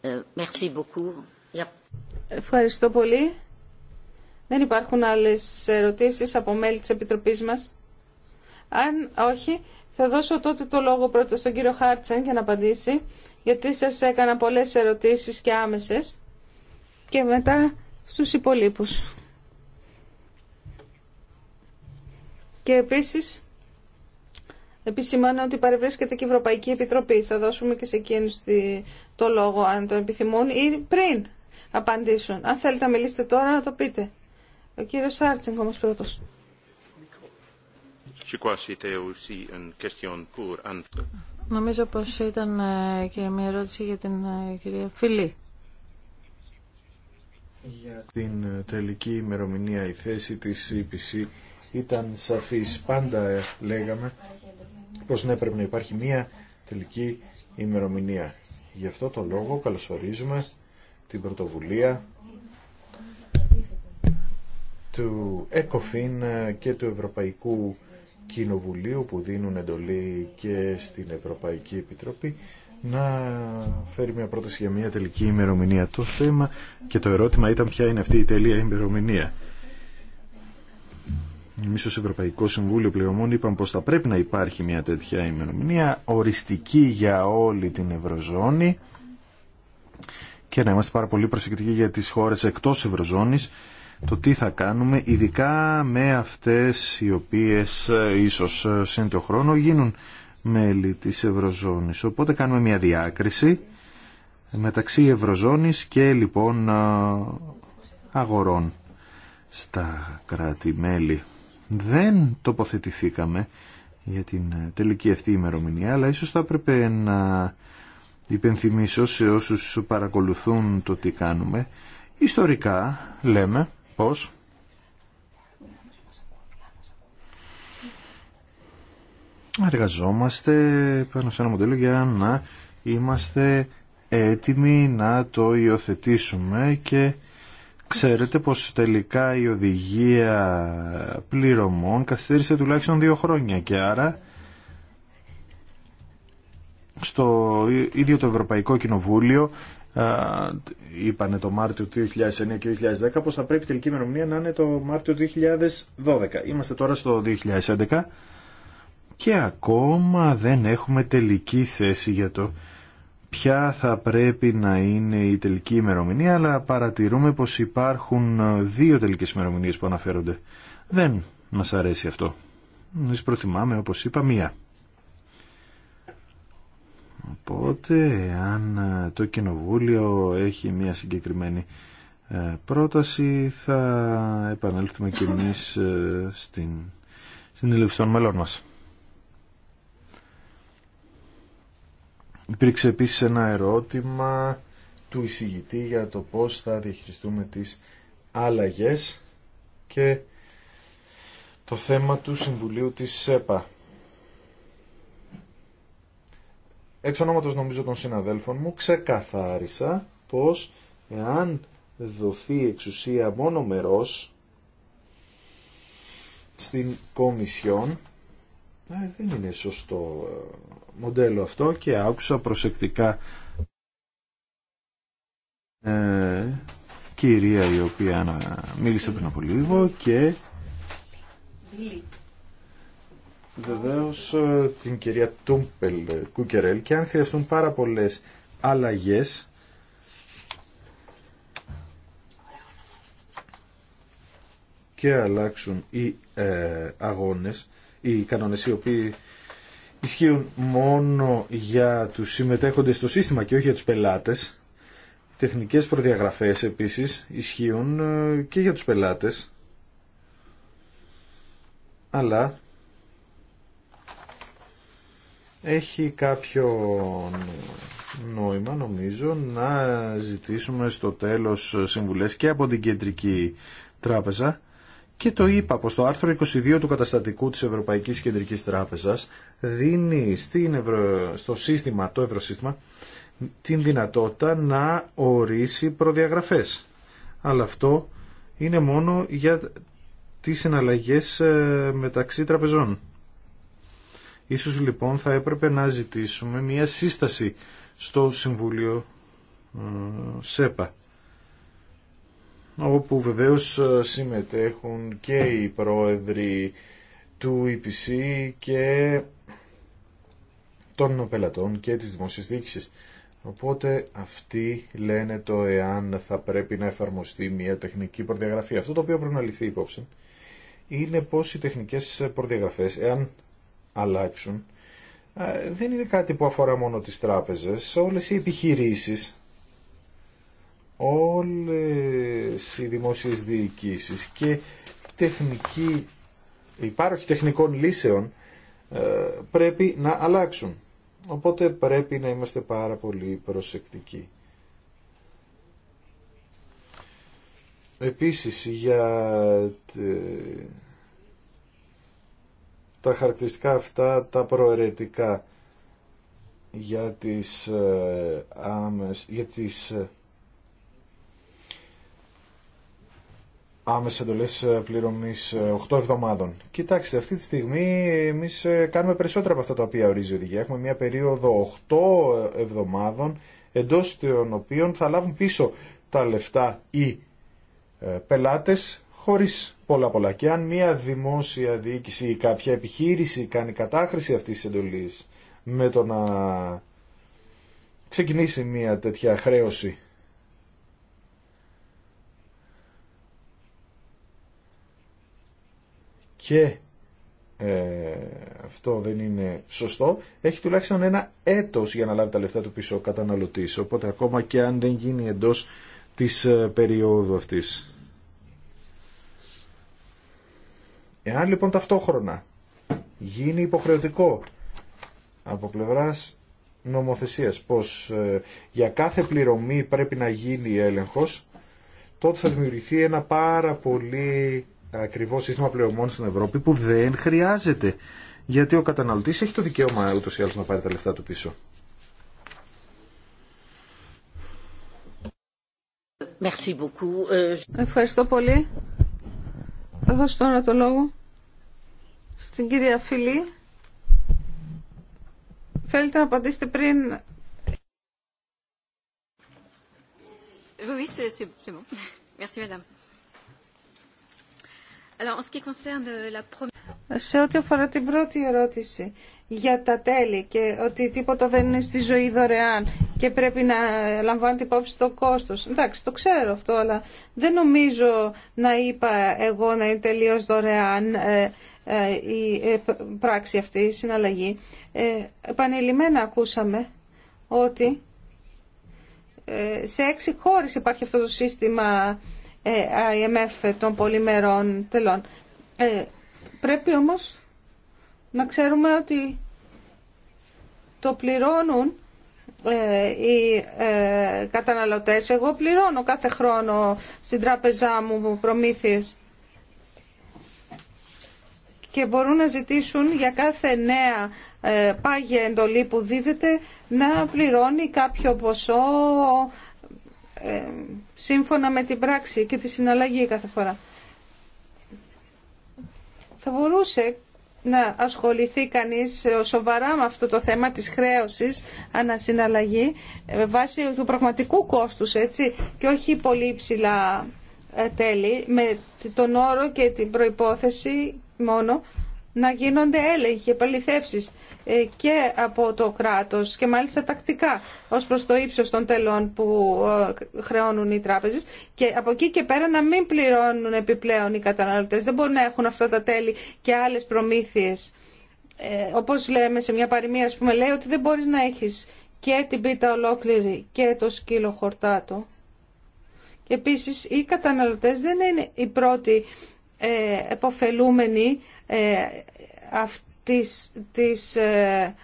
Ε, merci Ευχαριστώ πολύ. Δεν υπάρχουν άλλες ερωτήσεις από μέλη της Επιτροπής μας. Αν όχι, θα δώσω τότε το λόγο πρώτα στον κύριο Χάρτσεν για να απαντήσει, γιατί σας έκανα πολλές ερωτήσεις και άμεσες και μετά στους υπολείπους. Και επίσης, επισημάνω ότι παρευρίσκεται και η Ευρωπαϊκή Επιτροπή. Θα δώσουμε και σε εκείνους το λόγο, αν το επιθυμούν, ή πριν απαντήσουν. Αν θέλετε να μιλήσετε τώρα, να το πείτε. Ο κύριος Χάρτσεν όμως πρώτος. Νομίζω πως ήταν ε, και μια ερώτηση για την ε, κυρία Φιλή. Για την ε, τελική ημερομηνία η θέση της EPC ήταν σαφής. Πάντα λέγαμε πως ναι πρέπει να υπάρχει μια τελική ημερομηνία. Γι' αυτό το λόγο καλωσορίζουμε την πρωτοβουλία του ΕΚΟΦΗΝ και του Ευρωπαϊκού Κοινοβουλίου που δίνουν εντολή και στην Ευρωπαϊκή Επιτροπή να φέρει μια πρόταση για μια τελική ημερομηνία. Το θέμα και το ερώτημα ήταν ποια είναι αυτή η τελεία ημερομηνία. Εμεί ω Ευρωπαϊκό Συμβούλιο Πληρωμών είπαμε πω θα πρέπει να υπάρχει μια τέτοια ημερομηνία οριστική για όλη την Ευρωζώνη και να είμαστε πάρα πολύ προσεκτικοί για τι χώρε εκτό Ευρωζώνη το τι θα κάνουμε, ειδικά με αυτές οι οποίες ε, ίσως σε γίνουν μέλη της Ευρωζώνης. Οπότε κάνουμε μια διάκριση μεταξύ Ευρωζώνης και λοιπόν ε, αγορών στα κράτη-μέλη. Δεν τοποθετηθήκαμε για την ε, τελική αυτή ημερομηνία, αλλά ίσως θα έπρεπε να υπενθυμίσω σε όσους παρακολουθούν το τι κάνουμε. Ιστορικά λέμε Πώς? Εργαζόμαστε πάνω σε ένα μοντέλο για να είμαστε έτοιμοι να το υιοθετήσουμε και ξέρετε πως τελικά η οδηγία πληρωμών καθυστέρησε τουλάχιστον δύο χρόνια και άρα στο ίδιο το Ευρωπαϊκό Κοινοβούλιο είπανε το Μάρτιο του 2009 και 2010 πως θα πρέπει η τελική ημερομηνία να είναι το Μάρτιο 2012. Είμαστε τώρα στο 2011 και ακόμα δεν έχουμε τελική θέση για το ποια θα πρέπει να είναι η τελική ημερομηνία αλλά παρατηρούμε πως υπάρχουν δύο τελικές ημερομηνίες που αναφέρονται. Δεν μας αρέσει αυτό. Εμείς προτιμάμε όπως είπα μία. Οπότε, αν ε, το Κοινοβούλιο έχει μια συγκεκριμένη ε, πρόταση, θα επανέλθουμε κι εμείς ε, στην συνέλευση των μελών μας. Υπήρξε επίσης ένα ερώτημα του εισηγητή για το πώς θα διαχειριστούμε τις άλλαγες και το θέμα του Συμβουλίου της ΣΕΠΑ. εξ ονόματος νομίζω των συναδέλφων μου, ξεκαθάρισα πως εάν δοθεί εξουσία μόνο μερός στην Κομισιόν, ε, δεν είναι σωστό ε, μοντέλο αυτό και άκουσα προσεκτικά ε, κυρία η οποία μίλησε πριν από λίγο και Βεβαίω ε, την κυρία Τούμπελ Κουκερέλ και αν χρειαστούν πάρα πολλέ αλλαγές και αλλάξουν οι ε, αγώνες, οι κανόνες οι οποίοι ισχύουν μόνο για τους συμμετέχοντες στο σύστημα και όχι για τους πελάτες. Τεχνικές προδιαγραφές επίσης ισχύουν ε, και για τους πελάτες. Αλλά έχει κάποιο νόημα νομίζω να ζητήσουμε στο τέλος συμβουλές και από την Κεντρική Τράπεζα και το είπα πως το άρθρο 22 του καταστατικού της Ευρωπαϊκής Κεντρικής Τράπεζας δίνει στην στο σύστημα, το ευρωσύστημα την δυνατότητα να ορίσει προδιαγραφές. Αλλά αυτό είναι μόνο για τις συναλλαγές ε, μεταξύ τραπεζών. Ίσως λοιπόν θα έπρεπε να ζητήσουμε μια σύσταση στο Συμβούλιο ε, ΣΕΠΑ όπου βεβαίως ε, συμμετέχουν και οι πρόεδροι του EPC και των πελατών και της δημόσιας διοίκησης. Οπότε αυτοί λένε το εάν θα πρέπει να εφαρμοστεί μια τεχνική προδιαγραφή. Αυτό το οποίο πρέπει να ληφθεί υπόψη είναι πως οι τεχνικές προδιαγραφές, εάν αλλάξουν δεν είναι κάτι που αφορά μόνο τις τράπεζες, όλες οι επιχειρήσεις, όλες οι δημόσιες διοικήσεις και τεχνική, υπάρχει τεχνικών λύσεων ε, πρέπει να αλλάξουν. Οπότε πρέπει να είμαστε πάρα πολύ προσεκτικοί. Επίσης για τα χαρακτηριστικά αυτά τα προαιρετικά για τις, ε, άμεσ, για τις ε, άμεσες εντολές ε, πληρωμής 8 εβδομάδων. Κοιτάξτε, αυτή τη στιγμή εμείς κάνουμε περισσότερα από αυτά τα οποία ορίζει η οδηγία. Έχουμε μια περίοδο 8 εβδομάδων εντός των οποίων θα λάβουν πίσω τα λεφτά οι πελάτες χωρίς πολλά πολλά. Και αν μια δημόσια διοίκηση ή κάποια επιχείρηση κάνει κατάχρηση αυτής της εντολής με το να ξεκινήσει μια τέτοια χρέωση και ε, αυτό δεν είναι σωστό, έχει τουλάχιστον ένα έτος για να λάβει τα λεφτά του πίσω ο καταναλωτής. Οπότε ακόμα και αν δεν γίνει εντός της ε, περίοδου αυτής. Εάν λοιπόν ταυτόχρονα γίνει υποχρεωτικό από πλευράς νομοθεσίας πως ε, για κάθε πληρωμή πρέπει να γίνει έλεγχος, τότε θα δημιουργηθεί ένα πάρα πολύ ακριβό σύστημα πληρωμών στην Ευρώπη που δεν χρειάζεται. Γιατί ο καταναλωτής έχει το δικαίωμα ούτως ή άλλως να πάρει τα λεφτά του πίσω. Ε, Ευχαριστώ πολύ. Θα δώσω τώρα το λόγο στην κυρία Φιλή. Θέλετε να απαντήσετε πριν... Oui, c'est bon. Merci, madame. Alors, en ce qui concerne la première... Σε ό,τι αφορά την πρώτη ερώτηση για τα τέλη και ότι τίποτα δεν είναι στη ζωή δωρεάν και πρέπει να την υπόψη το κόστος. Εντάξει, το ξέρω αυτό, αλλά δεν νομίζω να είπα εγώ να είναι τελείως δωρεάν ε, ε, η ε, πράξη αυτή, η συναλλαγή. Επανειλημμένα ακούσαμε ότι σε έξι χώρες υπάρχει αυτό το σύστημα IMF των πολυμερών τελών. Πρέπει όμως να ξέρουμε ότι το πληρώνουν ε, οι ε, καταναλωτές. Εγώ πληρώνω κάθε χρόνο στην τράπεζά μου προμήθειες και μπορούν να ζητήσουν για κάθε νέα ε, πάγια εντολή που δίδεται να πληρώνει κάποιο ποσό σύμφωνα με την πράξη και τη συναλλαγή κάθε φορά. Θα μπορούσε να ασχοληθεί κανείς ε, σοβαρά με αυτό το θέμα της χρέωσης ανασυναλλαγή με βάση του πραγματικού κόστους έτσι και όχι πολύ υψηλά ε, τέλη με τον όρο και την προϋπόθεση μόνο να γίνονται έλεγχοι, επαληθεύσεις ε, και από το κράτος και μάλιστα τακτικά ως προς το ύψος των τελών που ε, χρεώνουν οι τράπεζες και από εκεί και πέρα να μην πληρώνουν επιπλέον οι καταναλωτές. Δεν μπορούν να έχουν αυτά τα τέλη και άλλες προμήθειες. Ε, όπως λέμε σε μια παροιμία, ας πούμε, λέει ότι δεν μπορείς να έχεις και την πίτα ολόκληρη και το σκύλο χορτάτο. Επίσης, οι καταναλωτές δεν είναι οι πρώτοι ε, εποφελούμενοι ε, αυτής της ε,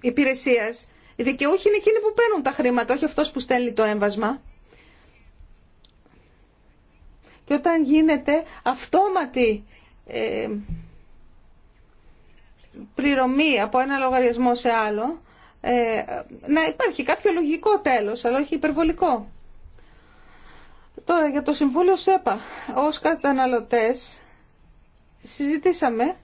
υπηρεσίας. Οι δικαιούχοι είναι εκείνοι που παίρνουν τα χρήματα, όχι αυτός που στέλνει το έμβασμα. Και όταν γίνεται αυτόματη πληρωμή από ένα λογαριασμό σε άλλο, να υπάρχει κάποιο λογικό τέλος, αλλά όχι υπερβολικό. Τώρα για το Συμβούλιο ΣΕΠΑ. Ως καταναλωτές συζητήσαμε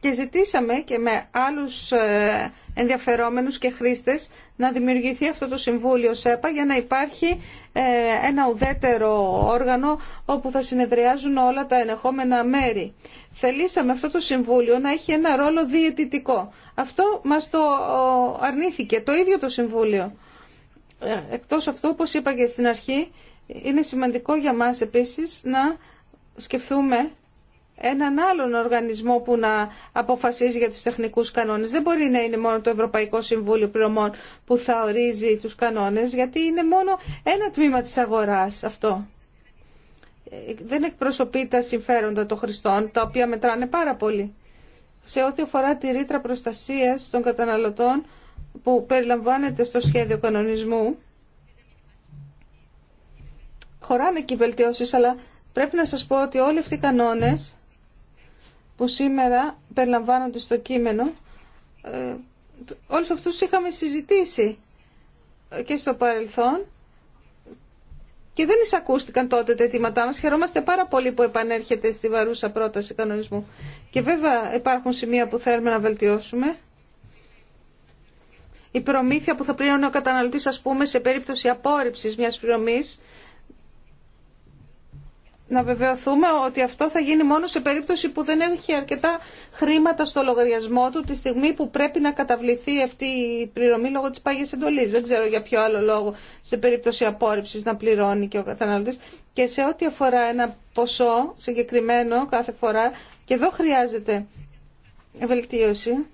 και ζητήσαμε και με άλλους ε, ενδιαφερόμενους και χρήστες να δημιουργηθεί αυτό το Συμβούλιο ΣΕΠΑ για να υπάρχει ε, ένα ουδέτερο όργανο όπου θα συνεδριάζουν όλα τα ενεχόμενα μέρη. Θελήσαμε αυτό το Συμβούλιο να έχει ένα ρόλο διαιτητικό. Αυτό μας το αρνήθηκε το ίδιο το Συμβούλιο. Ε, εκτός αυτού, όπως είπα και στην αρχή, είναι σημαντικό για μας επίσης να σκεφτούμε έναν άλλον οργανισμό που να αποφασίζει για τους τεχνικούς κανόνες. Δεν μπορεί να είναι μόνο το Ευρωπαϊκό Συμβούλιο Πληρωμών που θα ορίζει τους κανόνες, γιατί είναι μόνο ένα τμήμα της αγοράς αυτό. Δεν εκπροσωπεί τα συμφέροντα των χρηστών, τα οποία μετράνε πάρα πολύ. Σε ό,τι αφορά τη ρήτρα προστασίας των καταναλωτών, που περιλαμβάνεται στο σχέδιο κανονισμού χωράνε και οι βελτιώσεις, αλλά πρέπει να σας πω ότι όλοι αυτοί οι κανόνες που σήμερα περιλαμβάνονται στο κείμενο, ε, όλους αυτούς είχαμε συζητήσει και στο παρελθόν και δεν εισακούστηκαν τότε τα αιτήματά μας. Χαιρόμαστε πάρα πολύ που επανέρχεται στη βαρούσα πρόταση κανονισμού. Και βέβαια υπάρχουν σημεία που θέλουμε να βελτιώσουμε η προμήθεια που θα πληρώνει ο καταναλωτής ας πούμε σε περίπτωση απόρριψης μιας πληρωμής να βεβαιωθούμε ότι αυτό θα γίνει μόνο σε περίπτωση που δεν έχει αρκετά χρήματα στο λογαριασμό του τη στιγμή που πρέπει να καταβληθεί αυτή η πληρωμή λόγω της πάγιας εντολής. Δεν ξέρω για ποιο άλλο λόγο σε περίπτωση απόρριψης να πληρώνει και ο καταναλωτής. Και σε ό,τι αφορά ένα ποσό συγκεκριμένο κάθε φορά, και εδώ χρειάζεται βελτίωση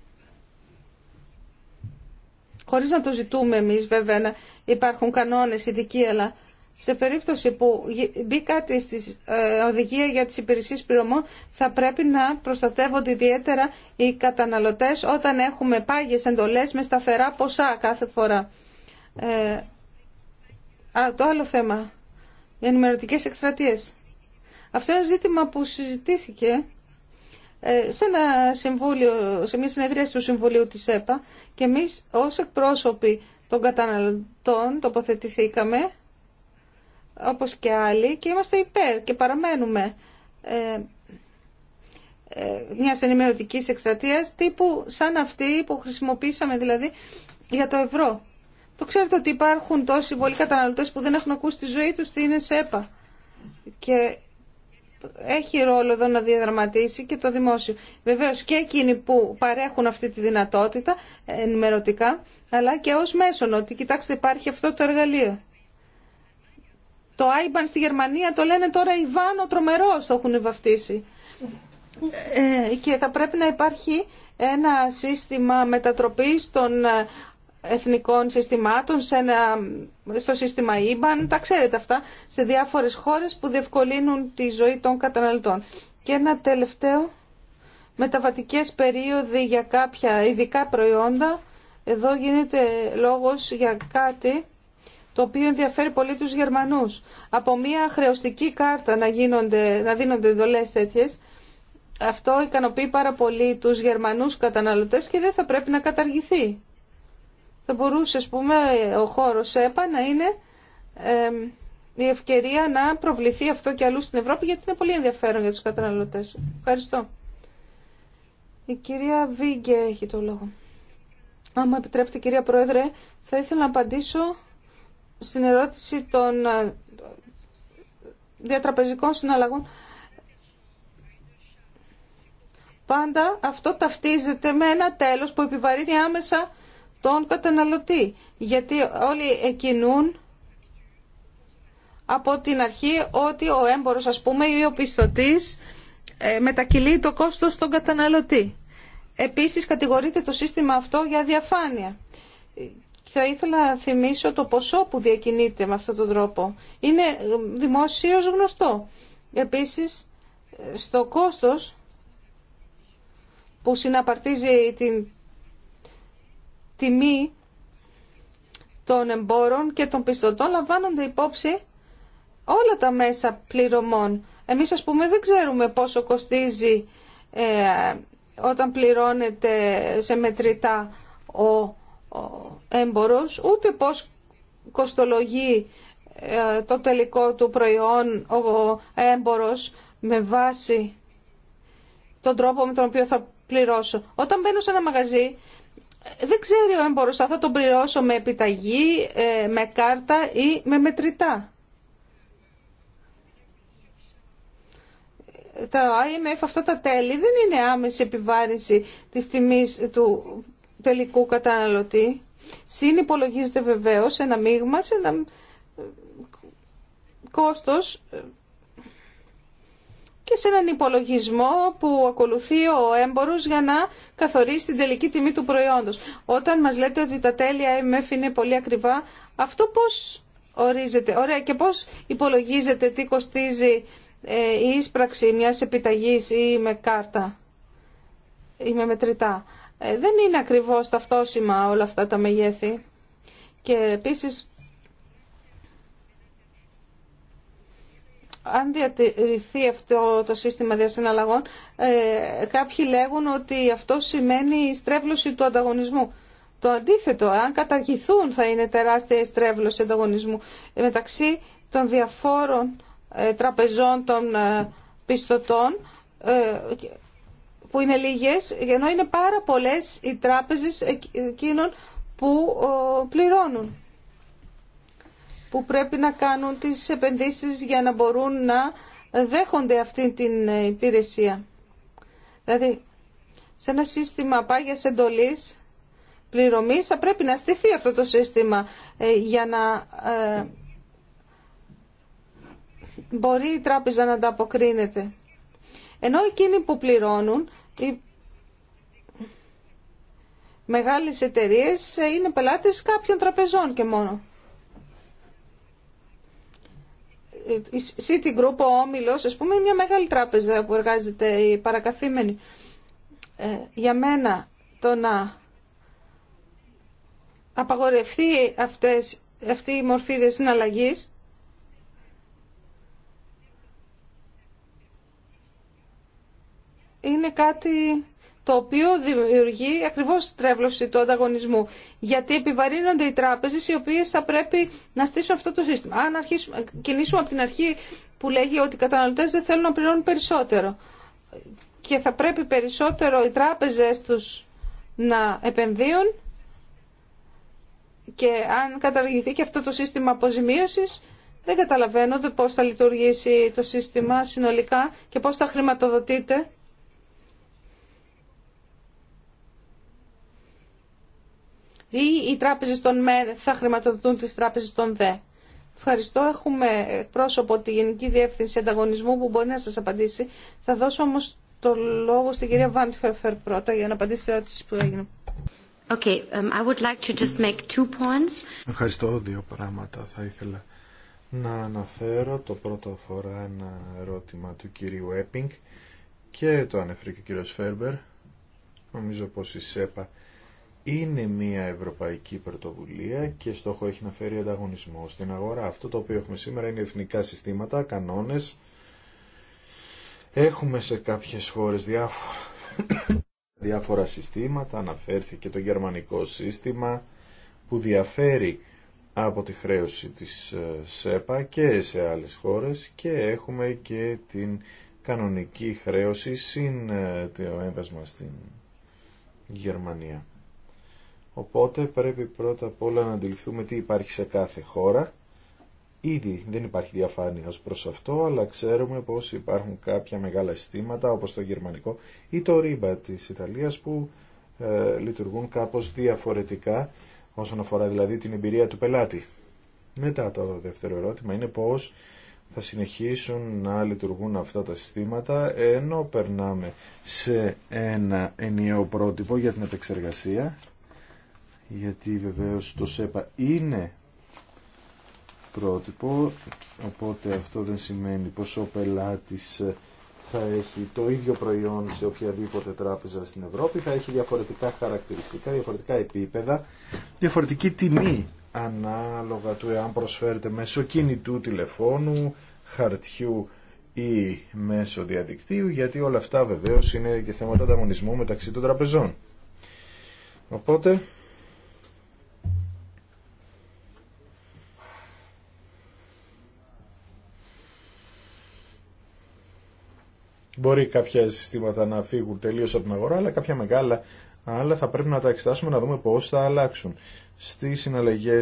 χωρίς να το ζητούμε εμείς βέβαια να υπάρχουν κανόνες ειδικοί, αλλά σε περίπτωση που μπει κάτι στη ε, οδηγία για τις υπηρεσίες πληρωμών θα πρέπει να προστατεύονται ιδιαίτερα οι καταναλωτές όταν έχουμε πάγιες εντολές με σταθερά ποσά κάθε φορά. Ε, το άλλο θέμα, οι ενημερωτικές εκστρατείες. Αυτό είναι ένα ζήτημα που συζητήθηκε ε, σε ένα συμβούλιο, σε μια συνεδρία του Συμβουλίου της ΕΠΑ και εμείς ως εκπρόσωποι των καταναλωτών τοποθετηθήκαμε όπως και άλλοι και είμαστε υπέρ και παραμένουμε μια ε, ε, μιας ενημερωτικής τύπου σαν αυτή που χρησιμοποίησαμε δηλαδή για το ευρώ. Το ξέρετε ότι υπάρχουν τόσοι πολλοί καταναλωτές που δεν έχουν ακούσει τη ζωή τους στην ΣΕΠΑ και έχει ρόλο εδώ να διαδραματίσει και το δημόσιο. Βεβαίως και εκείνοι που παρέχουν αυτή τη δυνατότητα ε, ενημερωτικά, αλλά και ως μέσον ότι κοιτάξτε υπάρχει αυτό το εργαλείο. Το Άιμπαν στη Γερμανία το λένε τώρα Ιβάνο Τρομερός το έχουν βαφτίσει. Ε, και θα πρέπει να υπάρχει ένα σύστημα μετατροπής των εθνικών συστημάτων, σε ένα, στο σύστημα IBAN, τα ξέρετε αυτά, σε διάφορες χώρες που διευκολύνουν τη ζωή των καταναλωτών. Και ένα τελευταίο, μεταβατικές περίοδοι για κάποια ειδικά προϊόντα. Εδώ γίνεται λόγος για κάτι το οποίο ενδιαφέρει πολύ τους Γερμανούς. Από μια χρεωστική κάρτα να, γίνονται, να δίνονται εντολές τέτοιες, αυτό ικανοποιεί πάρα πολύ τους Γερμανούς καταναλωτές και δεν θα πρέπει να καταργηθεί. Θα μπορούσε, ας πούμε, ο χώρος ΕΠΑ να είναι η ευκαιρία να προβληθεί αυτό και αλλού στην Ευρώπη, γιατί είναι πολύ ενδιαφέρον για τους καταναλωτές. Ευχαριστώ. Η κυρία Βίγκε έχει το λόγο. Άμα επιτρέπετε, κυρία Πρόεδρε, θα ήθελα να απαντήσω στην ερώτηση των ε, διατραπεζικών συναλλαγών. Πάντα αυτό ταυτίζεται με ένα τέλος που επιβαρύνει άμεσα τον καταναλωτή, γιατί όλοι εκινούν από την αρχή ότι ο έμπορος ας πούμε ή ο πιστωτής ε, μετακυλεί το κόστος στον καταναλωτή. Επίσης κατηγορείται το σύστημα αυτό για διαφάνεια. Θα ήθελα να θυμίσω το ποσό που διακινείται με αυτόν τον τρόπο. Είναι ε, δημοσίως γνωστό. Επίσης, ε, στο κόστος που συναπαρτίζει την τιμή των εμπόρων και των πιστωτών λαμβάνονται υπόψη όλα τα μέσα πληρωμών. Εμείς ας πούμε δεν ξέρουμε πόσο κοστίζει ε, όταν πληρώνεται σε μετρητά ο, ο έμπορος, ούτε πώς κοστολογεί ε, το τελικό του προϊόν ο έμπορος με βάση τον τρόπο με τον οποίο θα πληρώσω. Όταν μπαίνω σε ένα μαγαζί ε, δεν ξέρει αν θα τον πληρώσω με επιταγή, ε, με κάρτα ή με μετρητά. Τα IMF αυτά τα τέλη δεν είναι άμεση επιβάρυνση της τιμής του τελικού καταναλωτή. Συνυπολογίζεται βεβαίως ένα μείγμα σε ένα κόστος και σε έναν υπολογισμό που ακολουθεί ο έμπορος για να καθορίσει την τελική τιμή του προϊόντος. Όταν μας λέτε ότι τα τέλεια είναι πολύ ακριβά, αυτό πώς ορίζεται, ωραία, και πώς υπολογίζεται τι κοστίζει ε, η ίσπραξη μιας επιταγής ή με κάρτα ή με μετρητά. Ε, δεν είναι ακριβώς ταυτόσημα όλα αυτά τα μεγέθη. Και επίσης αν διατηρηθεί αυτό το σύστημα διασυναλλαγών, ε, κάποιοι λέγουν ότι αυτό σημαίνει στρέβλωση του ανταγωνισμού. Το αντίθετο, αν καταργηθούν θα είναι τεράστια η στρέβλωση ανταγωνισμού μεταξύ των διαφόρων ε, τραπεζών των ε, πιστωτών που είναι λίγες, ενώ είναι πάρα πολλές οι τράπεζες εκείνων που πληρώνουν που πρέπει να κάνουν τις επενδύσεις για να μπορούν να δέχονται αυτή την υπηρεσία. Δηλαδή, σε ένα σύστημα πάγιας εντολής πληρωμής θα πρέπει να στηθεί αυτό το σύστημα ε, για να ε, μπορεί η τράπεζα να τα αποκρίνεται. Ενώ εκείνοι που πληρώνουν, οι μεγάλες εταιρείες ε, είναι πελάτες κάποιων τραπεζών και μόνο. η City Group, ο Όμιλος, ας πούμε, είναι μια μεγάλη τράπεζα που εργάζεται η παρακαθήμενη. Ε, για μένα το να απαγορευτεί αυτές, αυτή η μορφή της είναι κάτι το οποίο δημιουργεί ακριβώς τρέβλωση του ανταγωνισμού. Γιατί επιβαρύνονται οι τράπεζες οι οποίες θα πρέπει να στήσουν αυτό το σύστημα. Αν αρχίσουμε, κινήσουμε από την αρχή που λέγει ότι οι καταναλωτές δεν θέλουν να πληρώνουν περισσότερο και θα πρέπει περισσότερο οι τράπεζες τους να επενδύουν και αν καταργηθεί και αυτό το σύστημα αποζημίωσης δεν καταλαβαίνω πώς θα λειτουργήσει το σύστημα συνολικά και πώς θα χρηματοδοτείται ή οι τράπεζες των ΜΕ θα χρηματοδοτούν τις τράπεζες των ΔΕ. Ευχαριστώ. Έχουμε πρόσωπο τη Γενική Διεύθυνση Ανταγωνισμού που μπορεί να σας απαντήσει. Θα δώσω όμως το λόγο στην κυρία Βαντφέφερ πρώτα για να απαντήσει σε ερώτηση που έγινε. Okay, um, I would like to just make two points. Ευχαριστώ. Δύο πράγματα θα ήθελα να αναφέρω. Το πρώτο αφορά ένα ερώτημα του κυρίου Έπινγκ και το ανέφερε και ο κύριος Φέρμπερ. Νομίζω πως η ΣΕΠΑ είναι μια ευρωπαϊκή πρωτοβουλία και στόχο έχει να φέρει ανταγωνισμό στην αγορά. Αυτό το οποίο έχουμε σήμερα είναι εθνικά συστήματα, κανόνες. Έχουμε σε κάποιες χώρες διάφορα, διάφορα συστήματα, αναφέρθηκε το γερμανικό σύστημα που διαφέρει από τη χρέωση της ε, ΣΕΠΑ και σε άλλες χώρες και έχουμε και την κανονική χρέωση συν ε, το έμβασμα στην Γερμανία. Οπότε πρέπει πρώτα απ' όλα να αντιληφθούμε τι υπάρχει σε κάθε χώρα. Ήδη δεν υπάρχει διαφάνεια ως προς αυτό, αλλά ξέρουμε πως υπάρχουν κάποια μεγάλα συστήματα, όπως το γερμανικό ή το ρίμπα της Ιταλίας, που ε, λειτουργούν κάπως διαφορετικά, όσον αφορά δηλαδή την εμπειρία του πελάτη. Μετά το δεύτερο ερώτημα είναι πως θα συνεχίσουν να λειτουργούν αυτά τα συστήματα ενώ περνάμε σε ένα ενιαίο πρότυπο για την επεξεργασία γιατί βεβαίως το ΣΕΠΑ είναι πρότυπο οπότε αυτό δεν σημαίνει πως ο πελάτης ε, θα έχει το ίδιο προϊόν σε οποιαδήποτε τράπεζα στην Ευρώπη, θα έχει διαφορετικά χαρακτηριστικά, διαφορετικά επίπεδα, διαφορετική τιμή ανάλογα του εάν προσφέρεται μέσω κινητού τηλεφώνου, χαρτιού ή μέσω διαδικτύου, γιατί όλα αυτά βεβαίως είναι και θέματα ανταγωνισμού μεταξύ των τραπεζών. Οπότε, Μπορεί κάποια συστήματα να φύγουν τελείω από την αγορά, αλλά κάποια μεγάλα αλλά θα πρέπει να τα εξετάσουμε να δούμε πώς θα αλλάξουν. Στις συναλλαγέ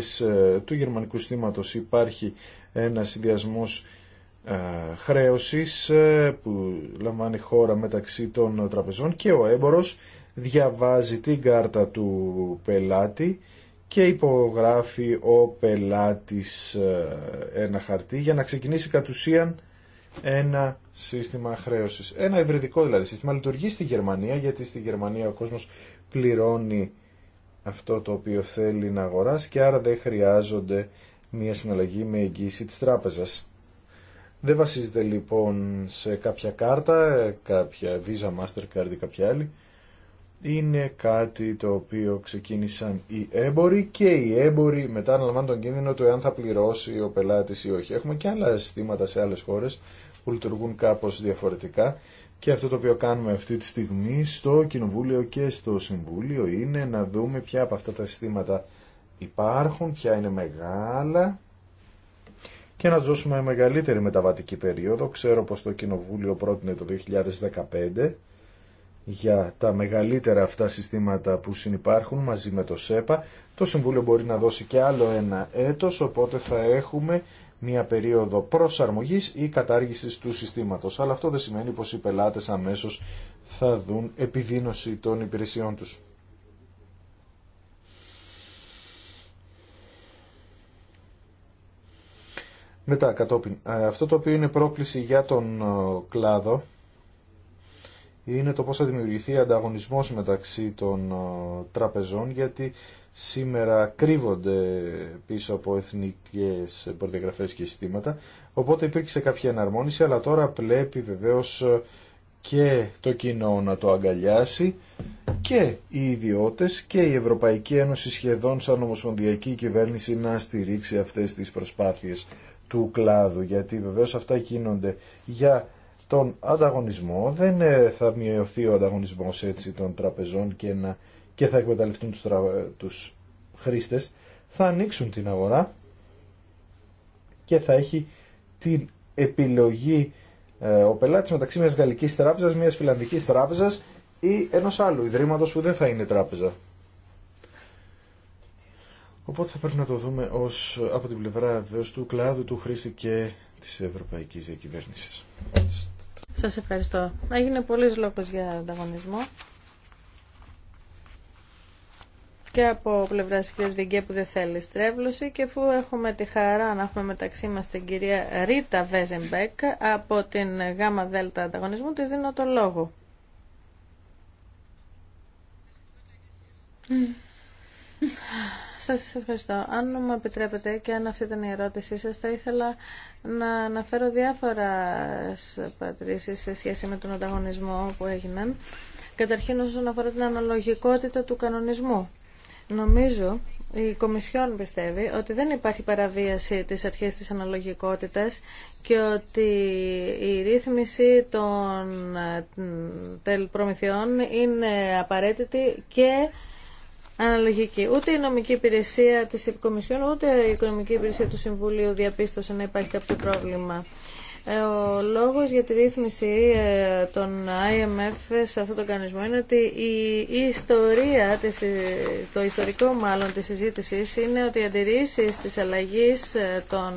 ε, του γερμανικού συστήματος υπάρχει ένα συνδυασμό ε, χρέωσης ε, που λαμβάνει χώρα μεταξύ των τραπεζών και ο έμπορος διαβάζει την κάρτα του πελάτη και υπογράφει ο πελάτης ένα χαρτί για να ξεκινήσει κατ' ουσίαν ένα σύστημα χρέωσης. Ένα ευρετικό δηλαδή σύστημα λειτουργεί στη Γερμανία γιατί στη Γερμανία ο κόσμος πληρώνει αυτό το οποίο θέλει να αγοράσει και άρα δεν χρειάζονται μια συναλλαγή με εγγύηση της τράπεζας. Δεν βασίζεται λοιπόν σε κάποια κάρτα, κάποια Visa, Mastercard ή κάποια άλλη. Είναι κάτι το οποίο ξεκίνησαν οι έμποροι και οι έμποροι μετά αναλαμβάνουν τον κίνδυνο του εάν θα πληρώσει ο πελάτης ή όχι. Έχουμε και άλλα συστήματα σε άλλες χώρες που λειτουργούν κάπως διαφορετικά και αυτό το οποίο κάνουμε αυτή τη στιγμή στο Κοινοβούλιο και στο Συμβούλιο είναι να δούμε ποια από αυτά τα συστήματα υπάρχουν, ποια είναι μεγάλα και να δώσουμε μεγαλύτερη μεταβατική περίοδο. Ξέρω πως το Κοινοβούλιο πρότεινε το 2015 για τα μεγαλύτερα αυτά συστήματα που συνεπάρχουν μαζί με το ΣΕΠΑ. Το Συμβούλιο μπορεί να δώσει και άλλο ένα έτος, οπότε θα έχουμε μία περίοδο προσαρμογής ή κατάργησης του συστήματος. Αλλά αυτό δεν σημαίνει πως οι πελάτες αμέσως θα δουν επιδείνωση των υπηρεσιών τους. Μετά, κατόπιν, ε, αυτό το οποίο είναι πρόκληση για τον ε, κλάδο είναι το πώς θα δημιουργηθεί ανταγωνισμός μεταξύ των ε, τραπεζών γιατί σήμερα κρύβονται πίσω από εθνικές προδιαγραφές και συστήματα οπότε υπήρξε κάποια εναρμόνιση αλλά τώρα πλέπει βεβαίως ε, και το κοινό να το αγκαλιάσει και οι ιδιώτες και η Ευρωπαϊκή Ένωση σχεδόν σαν ομοσπονδιακή κυβέρνηση να στηρίξει αυτές τις προσπάθειες του κλάδου γιατί βεβαίως αυτά γίνονται για τον ανταγωνισμό, δεν ε, θα μειωθεί ο ανταγωνισμός έτσι των τραπεζών και, να, και θα εκμεταλλευτούν τους, τους χρήστες, θα ανοίξουν την αγορά και θα έχει την επιλογή ε, ο πελάτης μεταξύ μιας γαλλικής τράπεζας, μιας φιλανδικής τράπεζας ή ενός άλλου ιδρύματος που δεν θα είναι τράπεζα. Οπότε θα πρέπει να το δούμε ως, από την πλευρά του κλάδου, του χρήστη και της Ευρωπαϊκής Διακυβέρνησης. Σας ευχαριστώ. Έγινε πολλής λόγος για ανταγωνισμό. Και από πλευρά τη κυρία Βιγκέ που δεν θέλει στρέβλωση και αφού έχουμε τη χαρά να έχουμε μεταξύ μας την κυρία Ρίτα Βέζεμπεκ από την ΓΑΜΑ ΔΕΛΤΑ ανταγωνισμού, της δίνω το λόγο. Σα ευχαριστώ. Αν μου επιτρέπετε και αν αυτή ήταν η ερώτησή σας, θα ήθελα να αναφέρω διάφορα πατρίσει σε σχέση με τον ανταγωνισμό που έγιναν. Καταρχήν όσον αφορά την αναλογικότητα του κανονισμού. Νομίζω η Κομισιόν πιστεύει ότι δεν υπάρχει παραβίαση της αρχής της αναλογικότητας και ότι η ρύθμιση των ε, προμηθειών είναι απαραίτητη και αναλογική. Ούτε η νομική υπηρεσία της Επικομισιόν, ούτε η οικονομική υπηρεσία του Συμβουλίου διαπίστωσε να υπάρχει κάποιο πρόβλημα. Ε, ο λόγος για τη ρύθμιση ε, των IMF σε αυτό το κανονισμό είναι ότι η ιστορία, της ε, το ιστορικό μάλλον της συζήτηση είναι ότι οι αντιρρήσεις της αλλαγής των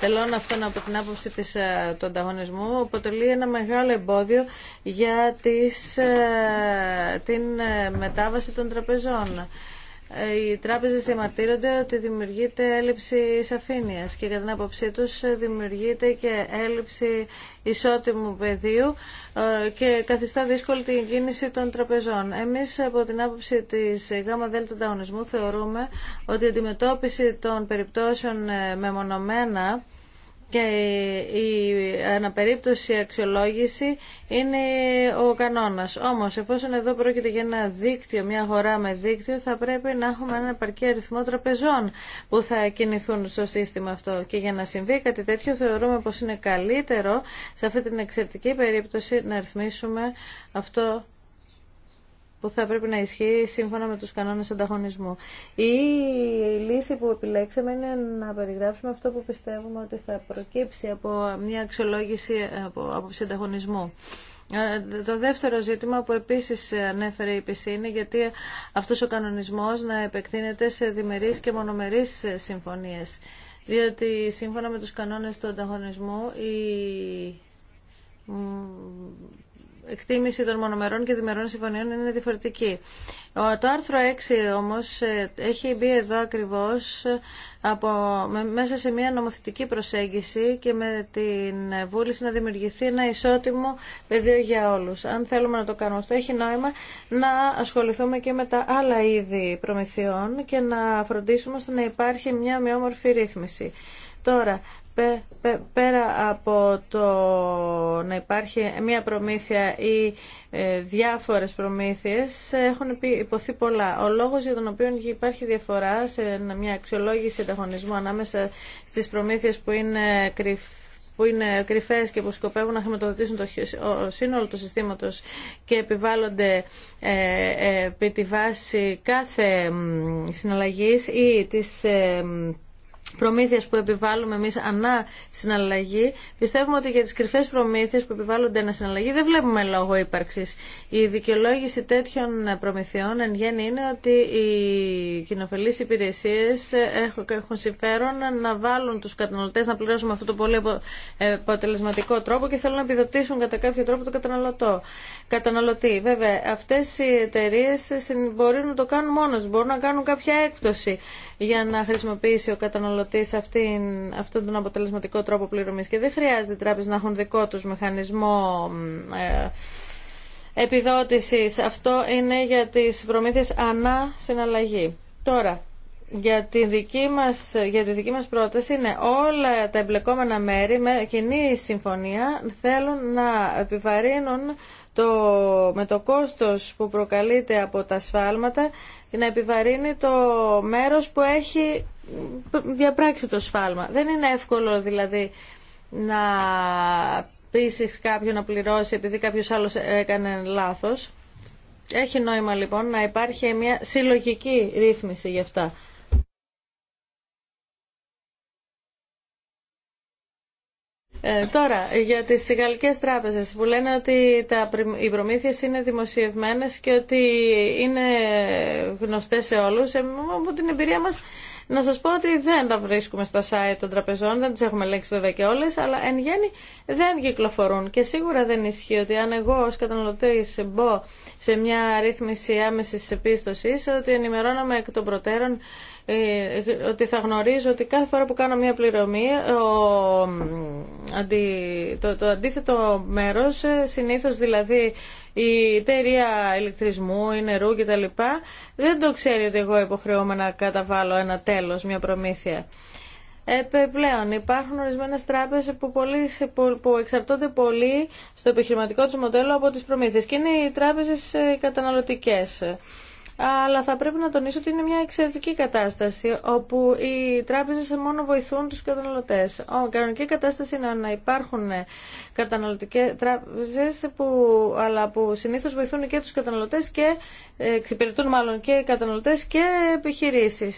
τελών αυτών από την άποψη της, του ανταγωνισμού αποτελεί ένα μεγάλο εμπόδιο για τις, την μετάβαση των τραπεζών οι Τράπεζε διαμαρτύρονται ότι δημιουργείται έλλειψη σαφήνεια και κατά την άποψή του δημιουργείται και έλλειψη ισότιμου πεδίου ε, και καθιστά δύσκολη την κίνηση των τραπεζών. Εμείς από την άποψη της ΓΔ Ταγωνισμού θεωρούμε ότι η αντιμετώπιση των περιπτώσεων ε, μεμονωμένα και η αναπερίπτωση αξιολόγηση είναι ο κανόνας. Όμως, εφόσον εδώ πρόκειται για ένα δίκτυο, μια αγορά με δίκτυο, θα πρέπει να έχουμε ένα επαρκή αριθμό τραπεζών που θα κινηθούν στο σύστημα αυτό. Και για να συμβεί κάτι τέτοιο, θεωρούμε πως είναι καλύτερο σε αυτή την εξαιρετική περίπτωση να ρυθμίσουμε αυτό που θα πρέπει να ισχύει σύμφωνα με τους κανόνες ανταγωνισμού. Η λύση που επιλέξαμε είναι να περιγράψουμε αυτό που πιστεύουμε ότι θα προκύψει από μια αξιολόγηση από τον ανταγωνισμού. Ε, το δεύτερο ζήτημα που επίσης ανέφερε η ΠΣ είναι γιατί αυτός ο κανονισμός να επεκτείνεται σε διμερείς και μονομερείς συμφωνίες. Διότι σύμφωνα με τους κανόνες του ανταγωνισμού η εκτίμηση των μονομερών και διμερών συμφωνιών είναι διαφορετική. Το άρθρο 6 όμως ε, έχει μπει εδώ ακριβώς ε, από, μέσα σε μια νομοθετική προσέγγιση και με την βούληση να δημιουργηθεί ένα ισότιμο πεδίο για όλους. Αν θέλουμε να το κάνουμε αυτό έχει νόημα να ασχοληθούμε και με τα άλλα είδη προμηθειών και να φροντίσουμε ώστε να υπάρχει μια μειόμορφη ρύθμιση. Τώρα, πέρα από το να υπάρχει μία προμήθεια ή ε, διάφορες προμήθειες έχουν υποθεί πολλά. Ο λόγος για τον οποίο υπάρχει διαφορά σε μια αξιολόγηση ανταγωνισμού ανάμεσα στις προμήθειες που είναι κρυφ και που σκοπεύουν να χρηματοδοτήσουν το σύνολο του συστήματος και επιβάλλονται ε, επί τη βάση κάθε συναλλαγής ή της ε, προμήθειας που επιβάλλουμε εμείς ανά συναλλαγή, πιστεύουμε ότι για τις κρυφές προμήθειες που επιβάλλονται ένα συναλλαγή δεν βλέπουμε λόγο ύπαρξης. Η δικαιολόγηση τέτοιων προμηθειών εν γέννη είναι ότι οι κοινοφελείς υπηρεσίες έχουν συμφέρον να βάλουν τους καταναλωτές να πληρώσουν αυτό το πολύ ε, αποτελεσματικό τρόπο και θέλουν να επιδοτήσουν κατά κάποιο τρόπο το καταναλωτό. Καταναλωτή. Βέβαια, αυτές οι εταιρείε μπορούν να το κάνουν μόνος, μπορούν να κάνουν κάποια έκπτωση για να χρησιμοποιήσει ο καταναλωτής αυτήν αυτόν τον αποτελεσματικό τρόπο πληρωμής και δεν χρειάζεται οι τράπεζες να έχουν δικό τους μηχανισμό ε, επιδότησης. Αυτό είναι για τις προμήθειες ανά συναλλαγή. Τώρα, για τη δική μας, για τη δική μας πρόταση είναι όλα τα εμπλεκόμενα μέρη με κοινή συμφωνία θέλουν να επιβαρύνουν το, με το κόστος που προκαλείται από τα σφάλματα να επιβαρύνει το μέρος που έχει διαπράξει το σφάλμα. Δεν είναι εύκολο δηλαδή να πείσεις κάποιον να πληρώσει επειδή κάποιος άλλος έκανε λάθος. Έχει νόημα λοιπόν να υπάρχει μια συλλογική ρύθμιση γι' αυτά. Ε, τώρα, για τις γαλλικές τράπεζες που λένε ότι τα, οι προμήθειες είναι δημοσιευμένες και ότι είναι γνωστές σε όλους, ε, από την εμπειρία μας να σας πω ότι δεν τα βρίσκουμε στα site των τραπεζών, δεν τις έχουμε λέξει βέβαια και όλες, αλλά εν γέννη δεν κυκλοφορούν και σίγουρα δεν ισχύει ότι αν εγώ ως καταναλωτής μπω σε μια ρύθμιση άμεσης επίστοσης, ότι ενημερώνομαι εκ των προτέρων ε, ότι θα γνωρίζω ότι κάθε φορά που κάνω μια πληρωμή το, το αντίθετο μέρος, ε, συνήθως δηλαδή η εταιρεία ηλεκτρισμού ή νερού κτλ. δεν το ξέρει ότι εγώ υποχρεώμαι να καταβάλω ένα τέλος, μια προμήθεια. Επιπλέον, υπάρχουν ορισμένε τράπεζες που, που, εξαρτώνται πολύ στο επιχειρηματικό του μοντέλο από τι προμήθειε και είναι οι τράπεζε καταναλωτικέ αλλά θα πρέπει να τονίσω ότι είναι μια εξαιρετική κατάσταση όπου οι τράπεζες μόνο βοηθούν τους καταναλωτές. Ο κανονική κατάσταση είναι να υπάρχουν καταναλωτικές τράπεζες που, αλλά που συνήθως βοηθούν και τους καταναλωτές και ε, εξυπηρετούν μάλλον και καταναλωτές και επιχειρήσει.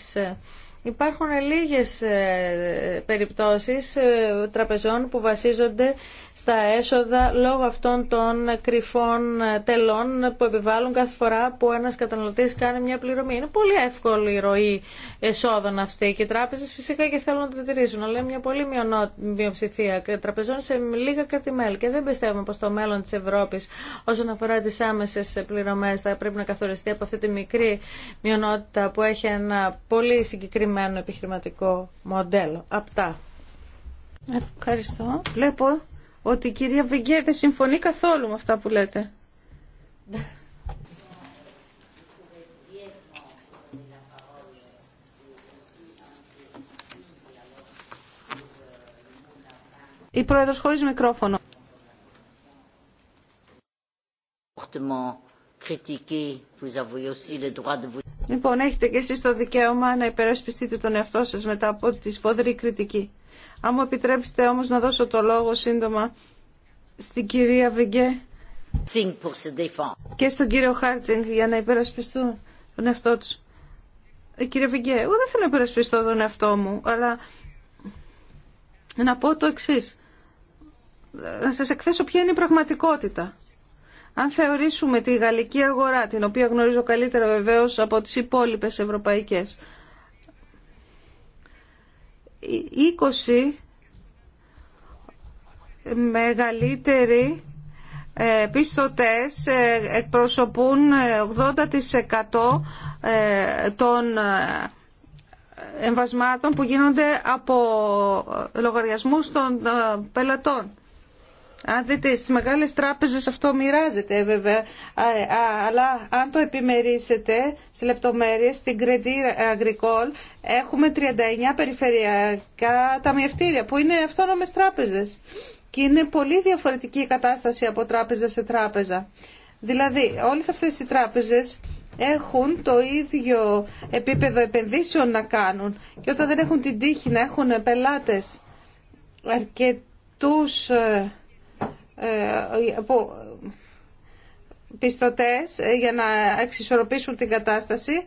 Υπάρχουν λίγες ε, περιπτώσεις ε, τραπεζών που βασίζονται στα έσοδα λόγω αυτών των κρυφών ε, τελών που επιβάλλουν κάθε φορά που ένας καταναλωτής κάνει μια πληρωμή. Είναι πολύ εύκολη η ροή εσόδων αυτή και οι τράπεζες φυσικά και θέλουν να τα τηρήσουν. Αλλά είναι μια πολύ μειοψηφία τραπεζών σε λίγα κατημέλια και δεν πιστεύουμε πως το μέλλον της Ευρώπης όσον αφορά τις άμεσες πληρωμές θα πρέπει να καθοριστεί από αυτή τη μικρή μειονότητα που έχει ένα πολύ συγκεκριμένο συγκεκριμένο επιχειρηματικό μοντέλο. Απτά. Ευχαριστώ. Βλέπω ότι η κυρία Βεγγέ δεν συμφωνεί καθόλου με αυτά που λέτε. Η πρόεδρος χωρίς μικρόφωνο. Λοιπόν, έχετε και εσείς το δικαίωμα να υπερασπιστείτε τον εαυτό σας μετά από τη σφόδρη κριτική. Αν μου επιτρέψετε όμως να δώσω το λόγο σύντομα στην κυρία Βεγγέ και στον κύριο Χάρτσινγκ για να υπερασπιστούν τον εαυτό τους. Ε, κύριε Βιγκέ, εγώ δεν θέλω να υπερασπιστώ τον εαυτό μου, αλλά να πω το εξή. Να σας εκθέσω ποια είναι η πραγματικότητα. Αν θεωρήσουμε τη γαλλική αγορά, την οποία γνωρίζω καλύτερα βεβαίως από τις υπόλοιπες ευρωπαϊκές, 20 μεγαλύτεροι ε, πιστωτές ε, εκπροσωπούν 80% ε, των εμβασμάτων που γίνονται από λογαριασμούς των πελατών. Αν δείτε, στις μεγάλες τράπεζες αυτό μοιράζεται ε, βέβαια, ε, αλλά αν το επιμερίσετε σε λεπτομέρειες, στην Credit Agricole έχουμε 39 περιφερειακά ταμιευτήρια που είναι αυτόνομες τράπεζες και είναι πολύ διαφορετική η κατάσταση από τράπεζα σε τράπεζα. Δηλαδή, όλες αυτές οι τράπεζες έχουν το ίδιο επίπεδο επενδύσεων να κάνουν και όταν δεν έχουν την τύχη να έχουν πελάτες αρκετούς ε, από ε, πιστωτές ε, για να εξισορροπήσουν την κατάσταση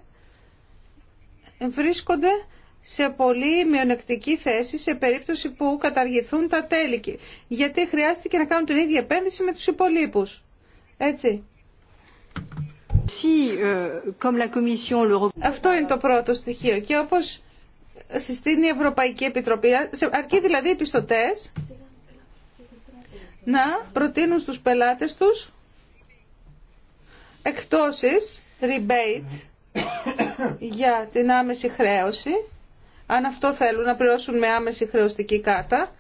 βρίσκονται σε πολύ μειονεκτική θέση σε περίπτωση που καταργηθούν τα τέλη γιατί χρειάστηκε να κάνουν την ίδια επένδυση με τους υπολείπους. Έτσι. Euh, Αυτό είναι το πρώτο στοιχείο και όπως συστήνει η Ευρωπαϊκή Επιτροπή αρκεί δηλαδή οι πιστωτές να προτείνουν στους πελάτες τους εκτόσεις, rebate, για την άμεση χρέωση, αν αυτό θέλουν να πληρώσουν με άμεση χρεωστική κάρτα.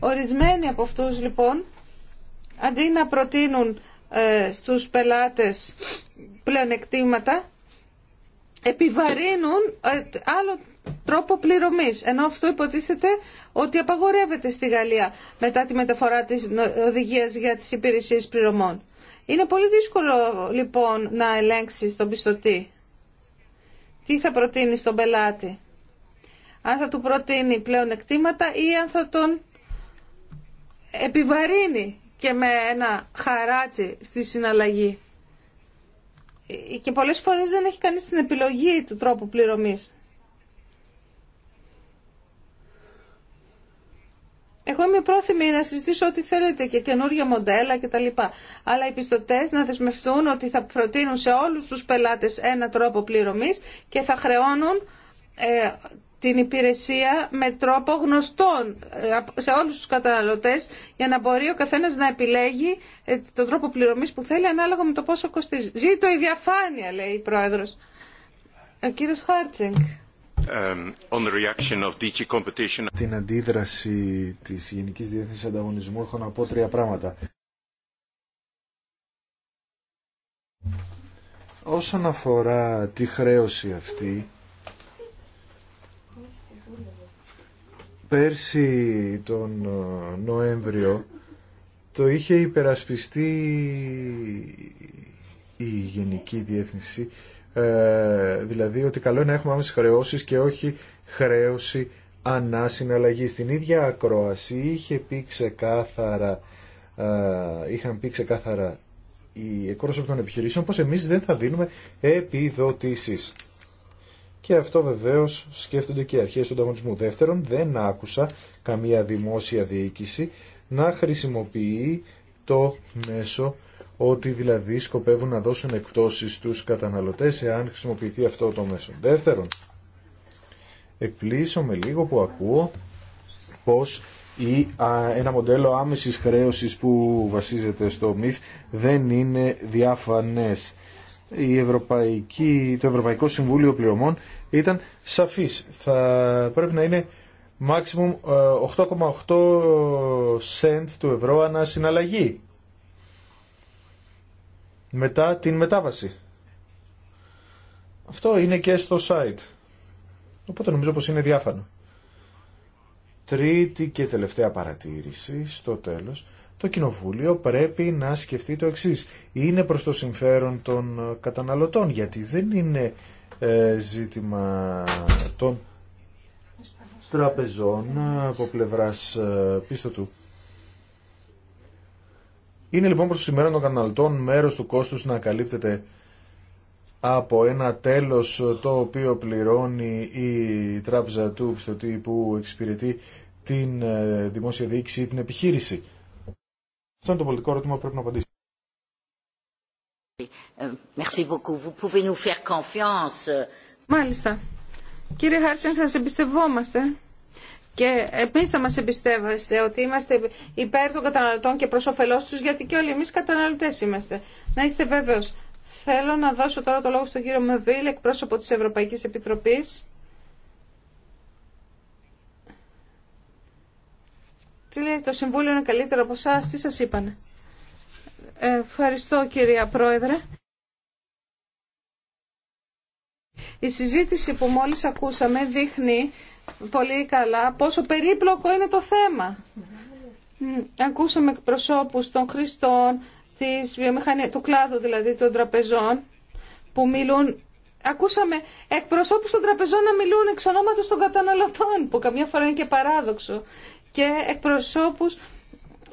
Ορισμένοι από αυτούς λοιπόν, αντί να προτείνουν ε, στους πελάτες πλεονεκτήματα, επιβαρύνουν ε, άλλο τρόπο πληρωμής, ενώ αυτό υποτίθεται ότι απαγορεύεται στη Γαλλία μετά τη μεταφορά της οδηγίας για τις υπηρεσίες πληρωμών. Είναι πολύ δύσκολο λοιπόν να ελέγξεις τον πιστωτή. Τι θα προτείνει στον πελάτη. Αν θα του προτείνει πλέον εκτήματα ή αν θα τον επιβαρύνει και με ένα χαράτσι στη συναλλαγή. Ε, και πολλές φορές δεν έχει κανείς την επιλογή του τρόπου πληρωμής. Εγώ είμαι πρόθυμη να συζητήσω ό,τι θέλετε και καινούργια μοντέλα κτλ. Αλλά οι πιστωτέ να δεσμευτούν ότι θα προτείνουν σε όλου του πελάτε ένα τρόπο πληρωμή και θα χρεώνουν ε, την υπηρεσία με τρόπο γνωστό ε, σε όλους τους καταναλωτές για να μπορεί ο καθένας να επιλέγει ε, τον τρόπο πληρωμής που θέλει ανάλογα με το πόσο κοστίζει. Ζήτω η διαφάνεια, λέει η Πρόεδρος. Ο κύριος Χάρτσινγκ. Um, Την αντίδραση της Γενικής Διεθνής Ανταγωνισμού έχω να πω τρία πράγματα. Όσον αφορά τη χρέωση αυτή, πέρσι τον ε, Νοέμβριο το είχε υπερασπιστεί η Γενική Διεύθυνση ε, δηλαδή ότι καλό είναι να έχουμε άμεση χρεώσεις και όχι χρέωση ανά συναλλαγή. Στην ίδια ακρόαση είχε πει ξεκάθαρα, ε, είχαν πει ξεκάθαρα οι εκπρόσωποι των επιχειρήσεων πως εμείς δεν θα δίνουμε επιδοτήσεις. Και αυτό βεβαίω σκέφτονται και οι αρχέ του ανταγωνισμού. Δεύτερον, δεν άκουσα καμία δημόσια διοίκηση να χρησιμοποιεί το μέσο ότι δηλαδή σκοπεύουν να δώσουν εκπτώσεις στους καταναλωτές εάν χρησιμοποιηθεί αυτό το μέσο. Δεύτερον, εκπλήσω με λίγο που ακούω πως ή ένα μοντέλο άμεσης χρέωσης που βασίζεται στο ΜΙΦ δεν είναι διαφανές. Η Ευρωπαϊκή, το Ευρωπαϊκό Συμβούλιο Πληρωμών ήταν σαφής. Θα πρέπει να είναι maximum 8,8 ε, cents του ευρώ ανά συναλλαγή μετά την μετάβαση. Αυτό είναι και στο site. Οπότε νομίζω πως είναι διάφανο. Τρίτη και τελευταία παρατήρηση στο τέλος. Το Κοινοβούλιο πρέπει να σκεφτεί το εξής. Είναι προς το συμφέρον των ε, καταναλωτών γιατί δεν είναι ε, ζήτημα των τραπεζών ε, από πλευράς του. Είναι λοιπόν προς το σημερινό των καταναλωτών μέρος του κόστους να καλύπτεται από ένα τέλος το οποίο πληρώνει η τράπεζα του πιστωτή που εξυπηρετεί την ε, δημόσια διοίκηση ή την επιχείρηση. Αυτό είναι το πολιτικό ερώτημα που πρέπει να απαντήσει. Ε, Μάλιστα. Κύριε Χάρτσεν, σε εμπιστευόμαστε. Και εμεί θα μα εμπιστεύεστε ότι είμαστε υπέρ των καταναλωτών και προ όφελό του, γιατί και όλοι εμεί καταναλωτέ είμαστε. Να είστε βέβαιος. Θέλω να δώσω τώρα το λόγο στον κύριο Μεβίλ, εκπρόσωπο τη Ευρωπαϊκή Επιτροπή. Τι λέει, το Συμβούλιο είναι καλύτερο από εσά, τι σα είπανε. ευχαριστώ κυρία Πρόεδρε. Η συζήτηση που μόλις ακούσαμε δείχνει πολύ καλά πόσο περίπλοκο είναι το θέμα. Ακούσαμε εκπροσώπους των χρηστών, της βιομηχανίας, του κλάδου δηλαδή των τραπεζών που μιλούν Ακούσαμε εκπροσώπους των τραπεζών να μιλούν εξ ονόματος των καταναλωτών, που καμιά φορά είναι και παράδοξο, και εκπροσώπους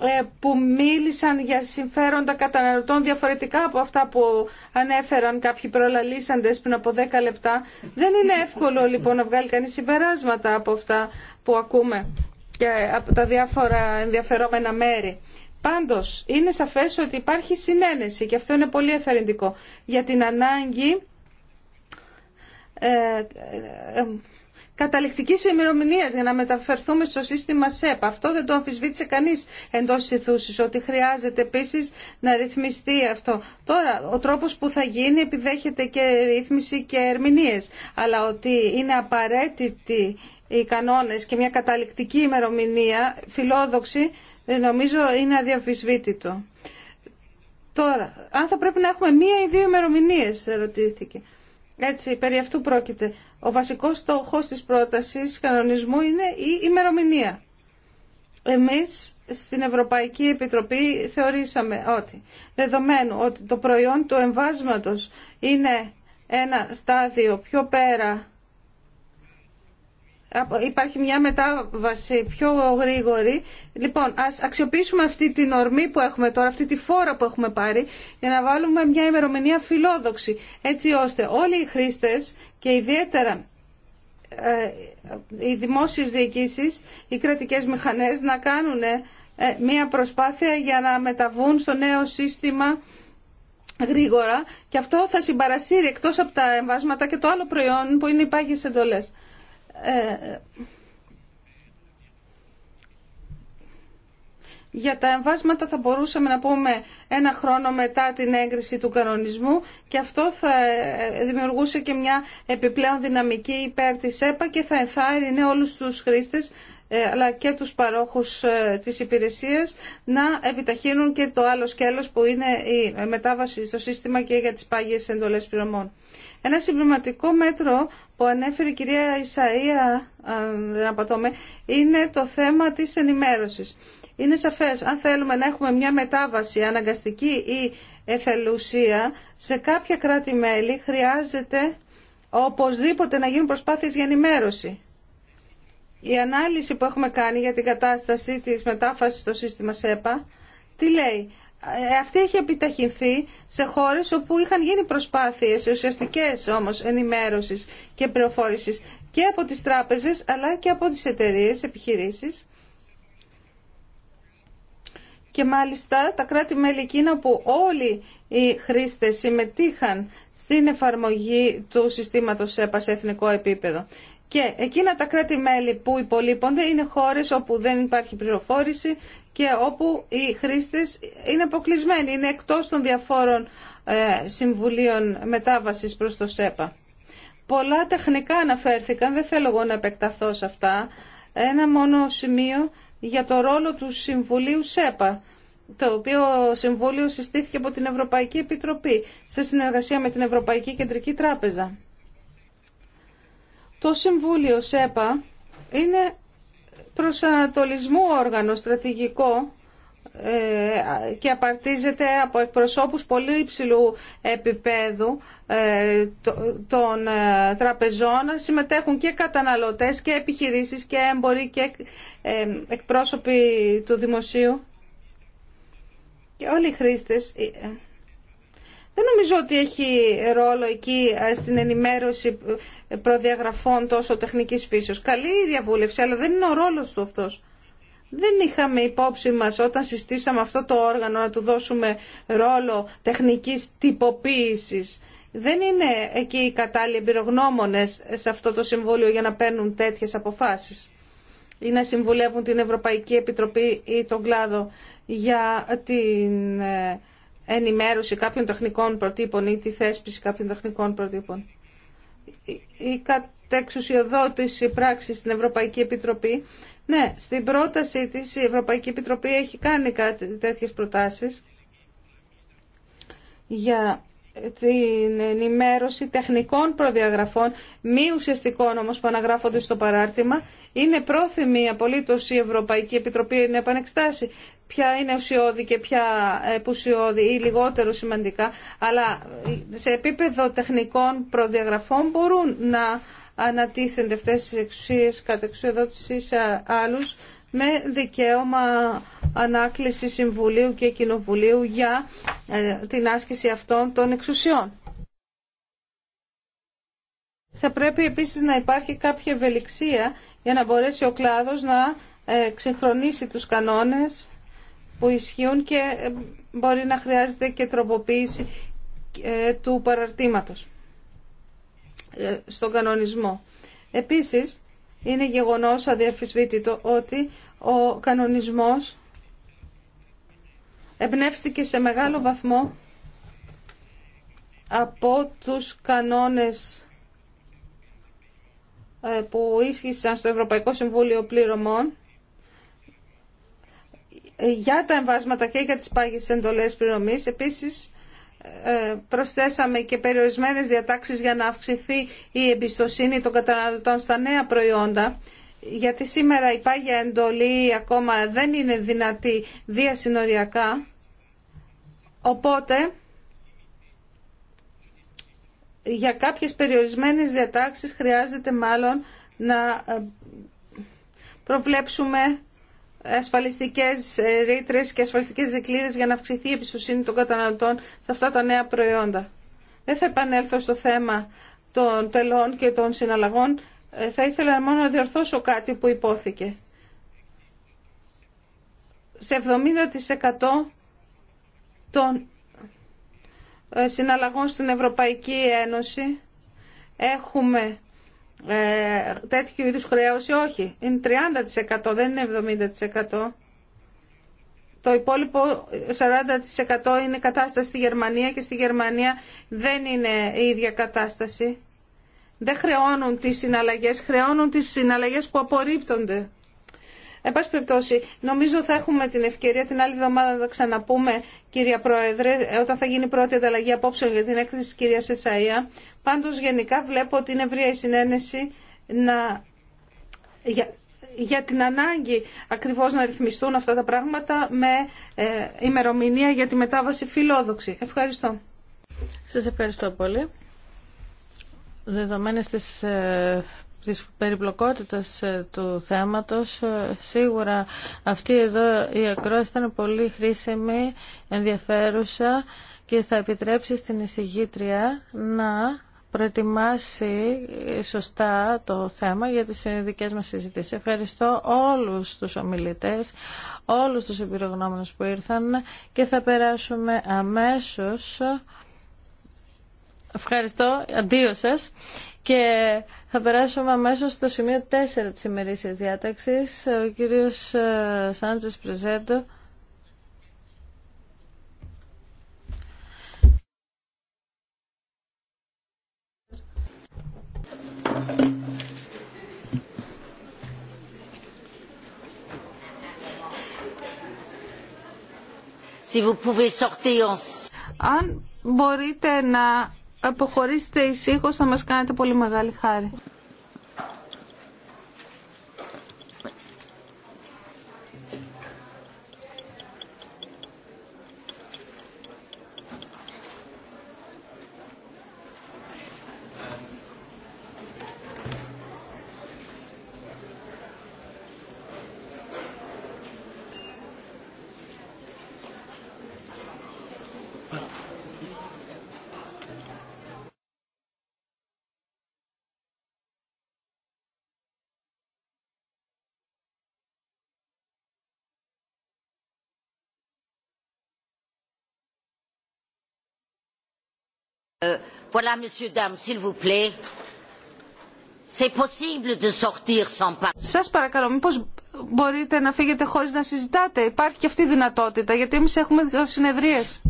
ε, που μίλησαν για συμφέροντα καταναλωτών διαφορετικά από αυτά που ανέφεραν κάποιοι προλαλήσαντες πριν από 10 λεπτά. Δεν είναι εύκολο λοιπόν να βγάλει κανείς συμπεράσματα από αυτά που ακούμε και από τα διάφορα ενδιαφερόμενα μέρη. Πάντως, είναι σαφές ότι υπάρχει συνένεση και αυτό είναι πολύ ευθαρρυντικό για την ανάγκη ε, ε, καταληκτικής ημερομηνία για να μεταφερθούμε στο σύστημα ΣΕΠ. Αυτό δεν το αμφισβήτησε κανείς εντός ηθούσης, ότι χρειάζεται επίσης να ρυθμιστεί αυτό. Τώρα, ο τρόπος που θα γίνει επιδέχεται και ρύθμιση και ερμηνείε, αλλά ότι είναι απαραίτητοι οι κανόνες και μια καταληκτική ημερομηνία φιλόδοξη, νομίζω είναι αδιαφυσβήτητο. Τώρα, αν θα πρέπει να έχουμε μία ή δύο ημερομηνίε, ρωτήθηκε. Έτσι, περί αυτού πρόκειται. Ο βασικός στόχος της πρότασης κανονισμού είναι η ημερομηνία. Εμείς στην Ευρωπαϊκή Επιτροπή θεωρήσαμε ότι δεδομένου ότι το προϊόν του εμβάσματος είναι ένα στάδιο πιο πέρα υπάρχει μια μετάβαση πιο γρήγορη. Λοιπόν, ας αξιοποιήσουμε αυτή την ορμή που έχουμε τώρα, αυτή τη φόρα που έχουμε πάρει, για να βάλουμε μια ημερομηνία φιλόδοξη, έτσι ώστε όλοι οι χρήστες και ιδιαίτερα ε, οι δημόσιες διοικήσεις, οι κρατικές μηχανές να κάνουν ε, ε, μια προσπάθεια για να μεταβούν στο νέο σύστημα γρήγορα και αυτό θα συμπαρασύρει εκτός από τα εμβάσματα και το άλλο προϊόν που είναι οι πάγιες εντολές. Ε, για τα εμβάσματα θα μπορούσαμε να πούμε ένα χρόνο μετά την έγκριση του κανονισμού και αυτό θα δημιουργούσε και μια επιπλέον δυναμική υπέρ της ΕΠΑ και θα ενθάρρυνε όλους τους χρήστες ε, αλλά και τους παρόχους ε, της υπηρεσίας να επιταχύνουν και το άλλο σκέλος που είναι η μετάβαση στο σύστημα και για τις πάγιες εντολές πληρωμών. Ένα συμπληρωματικό μέτρο που ανέφερε η κυρία Ισαΐα, δεν απατώμε, είναι το θέμα της ενημέρωσης. Είναι σαφές, αν θέλουμε να έχουμε μια μετάβαση αναγκαστική ή εθελουσία, σε κάποια κράτη-μέλη χρειάζεται οπωσδήποτε να γίνουν προσπάθειες για ενημέρωση. Η ανάλυση που έχουμε κάνει για την κατάσταση της μετάφασης στο σύστημα ΣΕΠΑ, τι λέει. Ε, αυτή έχει επιταχυνθεί σε χώρες όπου είχαν γίνει προσπάθειες ουσιαστικές όμως ενημέρωσης και πληροφόρηση και από τις τράπεζες αλλά και από τις εταιρείες, επιχειρήσεις. Και μάλιστα τα κράτη-μέλη εκείνα που όλοι οι χρήστες συμμετείχαν στην εφαρμογή του συστήματος ΣΕΠΑ σε εθνικό επίπεδο. Και εκείνα τα κράτη-μέλη που υπολείπονται είναι χώρες όπου δεν υπάρχει πληροφόρηση και όπου οι χρήστες είναι αποκλεισμένοι, είναι εκτός των διαφόρων ε, συμβουλίων μετάβασης προς το ΣΕΠΑ. Πολλά τεχνικά αναφέρθηκαν, δεν θέλω εγώ να επεκταθώ σε αυτά. Ένα μόνο σημείο για το ρόλο του Συμβουλίου ΣΕΠΑ, το οποίο Συμβούλιο συστήθηκε από την Ευρωπαϊκή Επιτροπή, σε συνεργασία με την Ευρωπαϊκή Κεντρική Τράπεζα. Το Συμβούλιο ΣΕΠΑ είναι προσανατολισμού όργανο στρατηγικό ε, και απαρτίζεται από εκπροσώπους πολύ υψηλού επίπεδου ε, των ε, τραπεζών. Συμμετέχουν και καταναλωτές και επιχειρήσεις και έμποροι και εκπρόσωποι του δημοσίου και όλοι οι χρήστες δεν νομίζω ότι έχει ρόλο εκεί ε, στην ενημέρωση ε, προδιαγραφών τόσο τεχνικής φύσεως. Καλή η διαβούλευση, αλλά δεν είναι ο ρόλος του αυτός. Δεν είχαμε υπόψη μας όταν συστήσαμε αυτό το όργανο να του δώσουμε ρόλο τεχνικής τυποποίησης. Δεν είναι εκεί οι κατάλληλοι εμπειρογνώμονε σε αυτό το Συμβούλιο για να παίρνουν τέτοιες αποφάσεις ή να συμβουλεύουν την Ευρωπαϊκή Επιτροπή ή τον κλάδο για την ε, ενημέρωση κάποιων τεχνικών προτύπων ή τη θέσπιση κάποιων τεχνικών προτύπων. Η κατεξουσιοδότηση πράξη στην Ευρωπαϊκή Επιτροπή. Ναι, στην πρόταση της η Ευρωπαϊκή Επιτροπή έχει κάνει κάτι, τέτοιες προτάσεις για την ενημέρωση τεχνικών προδιαγραφών, μη ουσιαστικών όμως που αναγράφονται στο παράρτημα, είναι πρόθυμη απολύτως η Ευρωπαϊκή Επιτροπή να επανεξτάσει ποια είναι ουσιώδη και ποια επουσιώδη ή λιγότερο σημαντικά, αλλά σε επίπεδο τεχνικών προδιαγραφών μπορούν να ανατίθενται αυτές τις εξουσίες κατά εξουσιοδότηση σε άλλους με δικαίωμα ανάκληση Συμβουλίου και Κοινοβουλίου για ε, την άσκηση αυτών των εξουσιών. Θα πρέπει επίσης να υπάρχει κάποια ευελιξία για να μπορέσει ο κλάδος να ε, ξεχρονίσει τους κανόνες που ισχύουν και ε, μπορεί να χρειάζεται και τροποποίηση του παραρτήματος στον κανονισμό. Επίσης, είναι γεγονός αδιαφυσβήτητο ότι ο κανονισμός εμπνεύστηκε σε μεγάλο βαθμό από τους κανόνες ε, που ίσχυσαν στο Ευρωπαϊκό Συμβούλιο Πληρωμών ε, για τα εμβάσματα και για τις πάγιες εντολές πληρωμής. Επίσης, ε, προσθέσαμε και περιορισμένες διατάξεις για να αυξηθεί η εμπιστοσύνη των καταναλωτών στα νέα προϊόντα γιατί σήμερα η πάγια εντολή ακόμα δεν είναι δυνατή διασυνοριακά, οπότε για κάποιες περιορισμένες διατάξεις χρειάζεται μάλλον να ε, προβλέψουμε ασφαλιστικές ε, ρήτρε και ασφαλιστικές δικλείδες για να αυξηθεί η εμπιστοσύνη των καταναλωτών σε αυτά τα νέα προϊόντα. Δεν θα επανέλθω στο θέμα των τελών και των συναλλαγών. Ε, θα ήθελα μόνο να διορθώσω κάτι που υπόθηκε. Σε 70% των ε, συναλλαγών στην Ευρωπαϊκή Ένωση έχουμε ε, τέτοιου είδους χρέωση. Όχι, είναι 30%, δεν είναι 70%. Το υπόλοιπο 40% είναι κατάσταση στη Γερμανία και στη Γερμανία δεν είναι η ίδια κατάσταση. Δεν χρεώνουν τις συναλλαγές, χρεώνουν τις συναλλαγές που απορρίπτονται. Εν πάση περιπτώσει, νομίζω θα έχουμε την ευκαιρία την άλλη εβδομάδα να τα ξαναπούμε, κυρία Πρόεδρε, όταν θα γίνει η πρώτη ανταλλαγή απόψεων για την έκθεση τη κυρία Εσαία. Πάντω, γενικά βλέπω ότι είναι ευρία η συνένεση να... για... την ανάγκη ακριβώς να ρυθμιστούν αυτά τα πράγματα με ε, ημερομηνία για τη μετάβαση φιλόδοξη. Ευχαριστώ. Σας ευχαριστώ πολύ δεδομένες της ε, της περιπλοκότητας ε, του θέματος ε, σίγουρα αυτή εδώ η ακρόαση ήταν πολύ χρήσιμη ενδιαφέρουσα και θα επιτρέψει στην εισηγήτρια να προετοιμάσει σωστά το θέμα για τις δικές μας συζητήσεις. Ευχαριστώ όλους τους ομιλητές, όλους τους εμπειρογνώμενους που ήρθαν και θα περάσουμε αμέσως Ευχαριστώ. Αντίο σα Και θα περάσουμε αμέσω στο σημείο 4 τη ημερήσια διάταξη. Ο κύριο ε, Σάντζες Πρεζέντο. Αν μπορείτε να Αποχωρήστε ησύχως, θα μας κάνετε πολύ μεγάλη χάρη. Euh, voilà, messieurs, dames, s'il vous plaît. C'est possible de sortir sans Σας παρακαλώ, μήπως μπορείτε να φύγετε χωρίς να συζητάτε. Υπάρχει και αυτή η δυνατότητα, γιατί εμείς έχουμε συνεδρίες.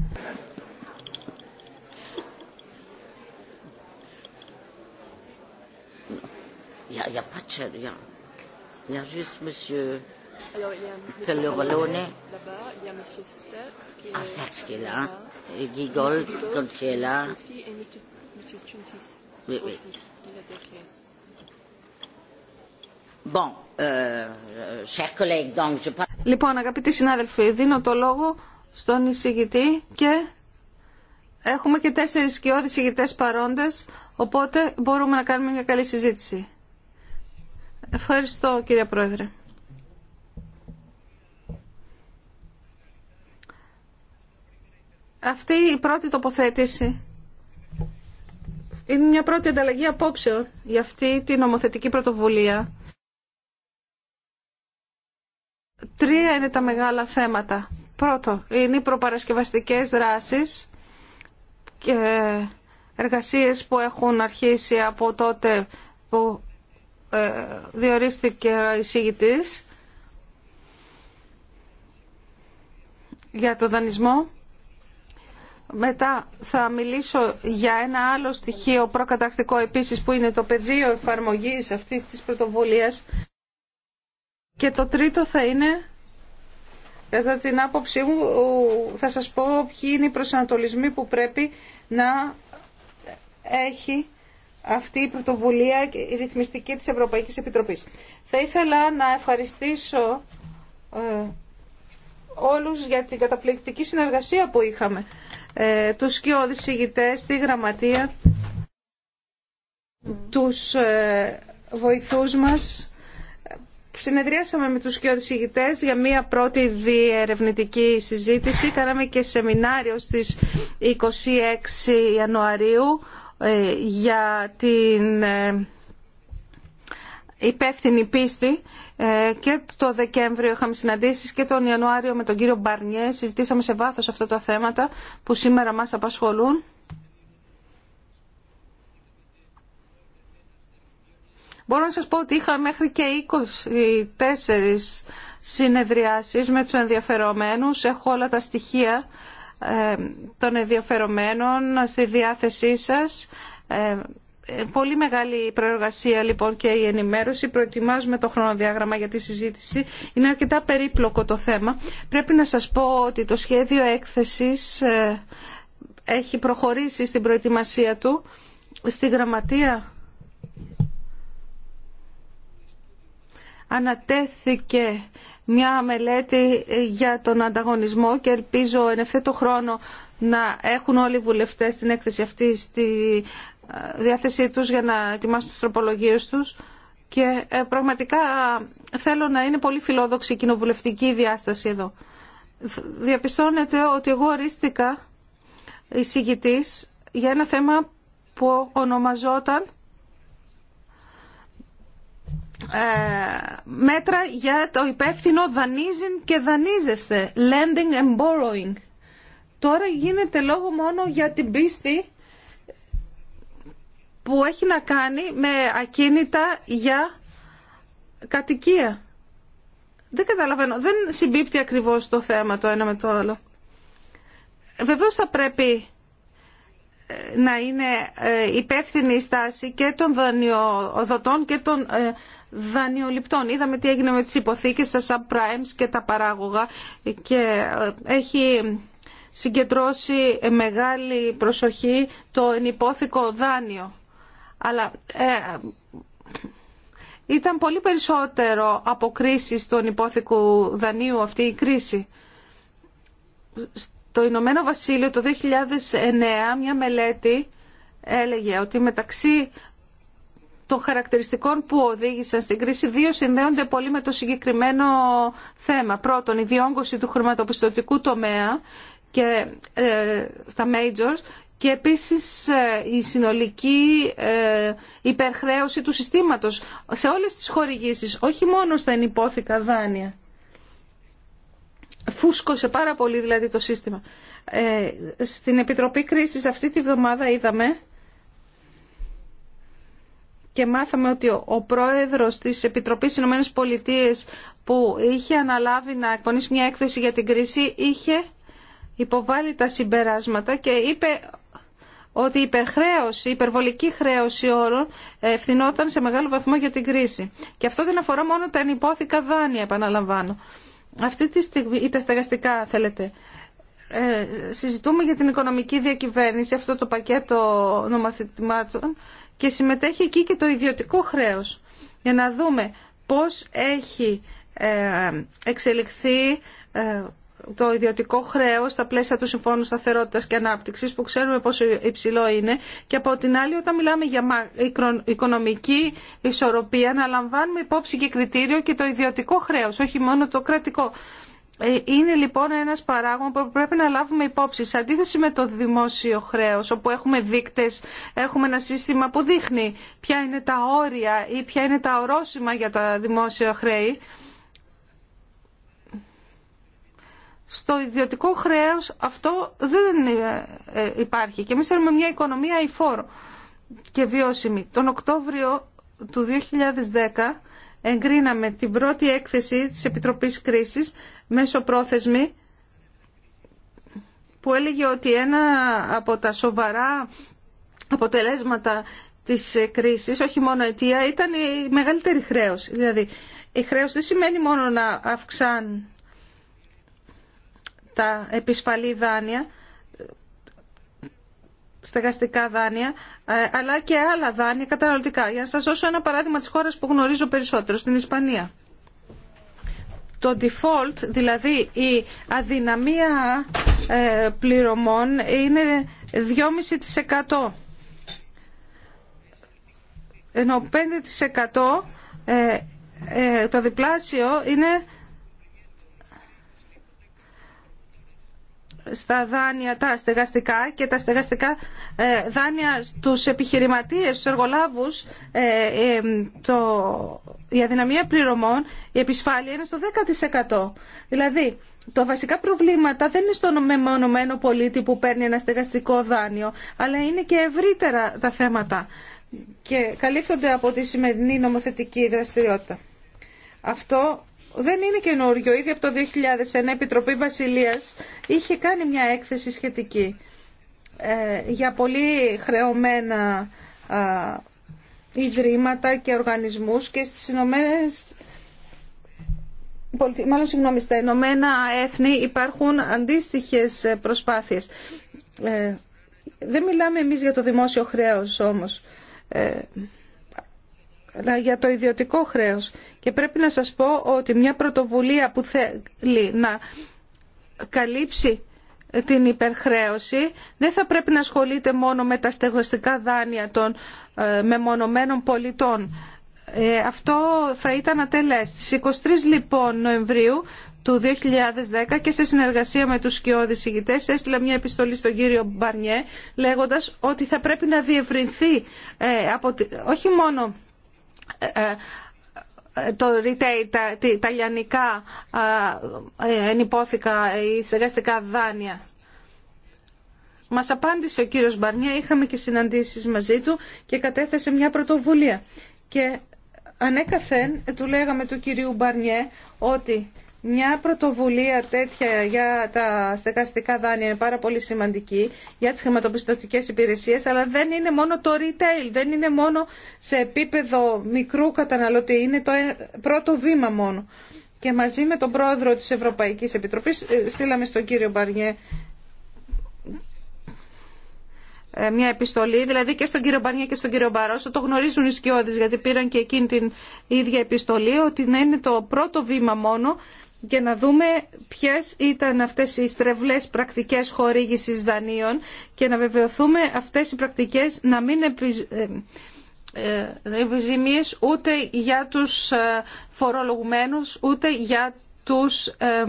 Il Euh, λοιπόν, αγαπητοί συνάδελφοι, δίνω το λόγο στον εισηγητή και έχουμε και τέσσερις σκιώδεις εισηγητές παρόντες, οπότε μπορούμε να κάνουμε μια καλή συζήτηση. Ευχαριστώ, κύριε Πρόεδρε. Αυτή η πρώτη τοποθέτηση είναι μια πρώτη ανταλλαγή απόψεων για αυτή την νομοθετική πρωτοβουλία. Τρία είναι τα μεγάλα θέματα. Πρώτο, είναι οι προπαρασκευαστικές δράσεις και εργασίες που έχουν αρχίσει από τότε που ε, διορίστηκε ο εισηγητής για το δανεισμό μετά θα μιλήσω για ένα άλλο στοιχείο προκατακτικό επίσης που είναι το πεδίο εφαρμογής αυτής της πρωτοβουλίας. Και το τρίτο θα είναι, κατά την άποψή μου, θα σας πω ποιοι είναι οι προσανατολισμοί που πρέπει να έχει αυτή η πρωτοβουλία η ρυθμιστική της Ευρωπαϊκής Επιτροπής. Θα ήθελα να ευχαριστήσω ε, όλους για την καταπληκτική συνεργασία που είχαμε ε, τους σκιώδης ηγητές, τη γραμματεία, τους ε, βοηθούς μας. Συνεδριάσαμε με τους σκιώδης ηγητές για μία πρώτη διερευνητική συζήτηση. Κάναμε και σεμινάριο στις 26 Ιανουαρίου ε, για την ε, υπεύθυνη πίστη ε, και το Δεκέμβριο είχαμε συναντήσεις και τον Ιανουάριο με τον κύριο Μπαρνιέ. Συζητήσαμε σε βάθος αυτά τα θέματα που σήμερα μας απασχολούν. Μπορώ να σας πω ότι είχα μέχρι και 24 συνεδριάσεις με τους ενδιαφερομένους. Έχω όλα τα στοιχεία ε, των ενδιαφερομένων στη διάθεσή σας ε, ε, πολύ μεγάλη προεργασία λοιπόν και η ενημέρωση. Προετοιμάζουμε το χρονοδιάγραμμα για τη συζήτηση. Είναι αρκετά περίπλοκο το θέμα. Πρέπει να σας πω ότι το σχέδιο έκθεσης ε, έχει προχωρήσει στην προετοιμασία του. Στη γραμματεία ανατέθηκε μια μελέτη για τον ανταγωνισμό και ελπίζω εν ευθέτω χρόνο να έχουν όλοι οι βουλευτές την έκθεση αυτή στη διάθεσή τους για να ετοιμάσουν τις τροπολογίες τους και ε, πραγματικά θέλω να είναι πολύ φιλόδοξη η κοινοβουλευτική διάσταση εδώ. Διαπιστώνεται ότι εγώ ορίστηκα εισηγητής για ένα θέμα που ονομαζόταν ε, μέτρα για το υπεύθυνο δανείζει και δανείζεστε, lending and borrowing. Τώρα γίνεται λόγο μόνο για την πίστη που έχει να κάνει με ακίνητα για κατοικία. Δεν καταλαβαίνω. Δεν συμπίπτει ακριβώς το θέμα το ένα με το άλλο. Βεβαίως θα πρέπει ε, να είναι ε, υπεύθυνη η στάση και των δανειοδοτών και των ε, δανειοληπτών. Είδαμε τι έγινε με τις υποθήκες, τα subprimes και τα παράγωγα και έχει συγκεντρώσει μεγάλη προσοχή το ενυπόθηκο δάνειο. Αλλά ε, ήταν πολύ περισσότερο από κρίση των υπόθηκου δανείου αυτή η κρίση. Στο Ηνωμένο Βασίλειο το 2009 μια μελέτη έλεγε ότι μεταξύ των χαρακτηριστικών που οδήγησαν στην κρίση δύο συνδέονται πολύ με το συγκεκριμένο θέμα. Πρώτον, η διόγκωση του χρηματοπιστωτικού τομέα και ε, στα majors και επίσης ε, η συνολική ε, υπερχρέωση του συστήματος σε όλες τις χορηγήσεις, όχι μόνο στα ενυπόθηκα δάνεια. Φούσκωσε πάρα πολύ δηλαδή το σύστημα. Ε, στην Επιτροπή Κρίσης αυτή τη βδομάδα είδαμε και μάθαμε ότι ο πρόεδρος της Επιτροπής Ηνωμένες Πολιτείες που είχε αναλάβει να εκπονήσει μια έκθεση για την κρίση είχε υποβάλει τα συμπεράσματα και είπε ότι η υπερχρέωση, η υπερβολική χρέωση όρων ευθυνόταν σε μεγάλο βαθμό για την κρίση. Και αυτό δεν αφορά μόνο τα ενυπόθηκα δάνεια, επαναλαμβάνω. Αυτή τη στιγμή, ή τα στεγαστικά θέλετε. Ε, συζητούμε για την οικονομική διακυβέρνηση, αυτό το πακέτο νομοθετημάτων και συμμετέχει εκεί και το ιδιωτικό χρέος για να δούμε πώς έχει ε, εξελιχθεί ε, το ιδιωτικό χρέος στα πλαίσια του Συμφώνου σταθερότητα και ανάπτυξη που ξέρουμε πόσο υψηλό είναι και από την άλλη όταν μιλάμε για οικονομική ισορροπία να λαμβάνουμε υπόψη και κριτήριο και το ιδιωτικό χρέος, όχι μόνο το κρατικό. Ε, είναι λοιπόν ένας παράγον που πρέπει να λάβουμε υπόψη. Σε αντίθεση με το δημόσιο χρέο, όπου έχουμε δείκτε, έχουμε ένα σύστημα που δείχνει ποια είναι τα όρια ή ποια είναι τα ορόσημα για τα δημόσια χρέη, στο ιδιωτικό χρέος αυτό δεν ε, ε, υπάρχει. Και εμείς έχουμε μια οικονομία υφόρο και βιώσιμη. Τον Οκτώβριο του 2010 εγκρίναμε την πρώτη έκθεση της Επιτροπής Κρίσης μέσω πρόθεσμη που έλεγε ότι ένα από τα σοβαρά αποτελέσματα της κρίσης, όχι μόνο αιτία, ήταν η μεγαλύτερη χρέωση. Δηλαδή, η χρέος δεν σημαίνει μόνο να αυξάνει τα επισφαλή δάνεια, στεγαστικά δάνεια, ε, αλλά και άλλα δάνεια καταναλωτικά. Για να σας δώσω ένα παράδειγμα της χώρας που γνωρίζω περισσότερο, στην Ισπανία. Το default, δηλαδή η αδυναμία ε, πληρωμών, είναι 2,5%. Ενώ 5% ε, το διπλάσιο είναι στα δάνεια τα στεγαστικά και τα στεγαστικά ε, δάνεια στους επιχειρηματίες, στους εργολάβους ε, ε, το, η αδυναμία πληρωμών, η επισφάλεια είναι στο 10%. Δηλαδή, τα βασικά προβλήματα δεν είναι στον μεμονωμένο πολίτη που παίρνει ένα στεγαστικό δάνειο, αλλά είναι και ευρύτερα τα θέματα και καλύπτονται από τη σημερινή νομοθετική δραστηριότητα. Αυτό δεν είναι καινούριο. Ήδη από το 2001 η Επιτροπή Βασιλείας είχε κάνει μια έκθεση σχετική ε, για πολύ χρεωμένα ιδρύματα και οργανισμούς και στις Ηνωμένες μάλλον συγγνώμη, στα Ηνωμένα Έθνη υπάρχουν αντίστοιχες προσπάθειες. Ε, δεν μιλάμε εμείς για το δημόσιο χρέος όμως. Ε, για το ιδιωτικό χρέος. Και πρέπει να σας πω ότι μια πρωτοβουλία που θέλει να καλύψει την υπερχρέωση δεν θα πρέπει να ασχολείται μόνο με τα στεγοστικά δάνεια των ε, μεμονωμένων πολιτών. Ε, αυτό θα ήταν ατελές. Στις 23 λοιπόν Νοεμβρίου του 2010 και σε συνεργασία με τους σκιώδεις ηγητές έστειλα μια επιστολή στον κύριο Μπαρνιέ λέγοντας ότι θα πρέπει να διευρυνθεί ε, όχι μόνο το retail, τα ιταλιανικά ενυπόθηκα ή στεγαστικά δάνεια. Μας απάντησε ο κύριος Μπαρνιά, είχαμε και συναντήσεις μαζί του και κατέθεσε μια πρωτοβουλία. Και ανέκαθεν του λέγαμε του κυρίου Μπαρνιέ ότι μια πρωτοβουλία τέτοια για τα στεγαστικά δάνεια είναι πάρα πολύ σημαντική για τις χρηματοπιστωτικές υπηρεσίες, αλλά δεν είναι μόνο το retail, δεν είναι μόνο σε επίπεδο μικρού καταναλωτή, είναι το ε, πρώτο βήμα μόνο. Και μαζί με τον πρόεδρο της Ευρωπαϊκής Επιτροπής ε, στείλαμε στον κύριο Μπαρνιέ ε, μια επιστολή, δηλαδή και στον κύριο Μπαρνιέ και στον κύριο Μπαρόσο, το γνωρίζουν οι σκιώδεις γιατί πήραν και εκείνη την ίδια επιστολή, ότι να είναι το πρώτο βήμα μόνο και να δούμε ποιες ήταν αυτές οι στρεβλές πρακτικές χορήγησης δανείων και να βεβαιωθούμε αυτές οι πρακτικές να μην επιζημίε ε, επιζημίες ούτε για τους ε, φορολογουμένους ούτε για τους ε,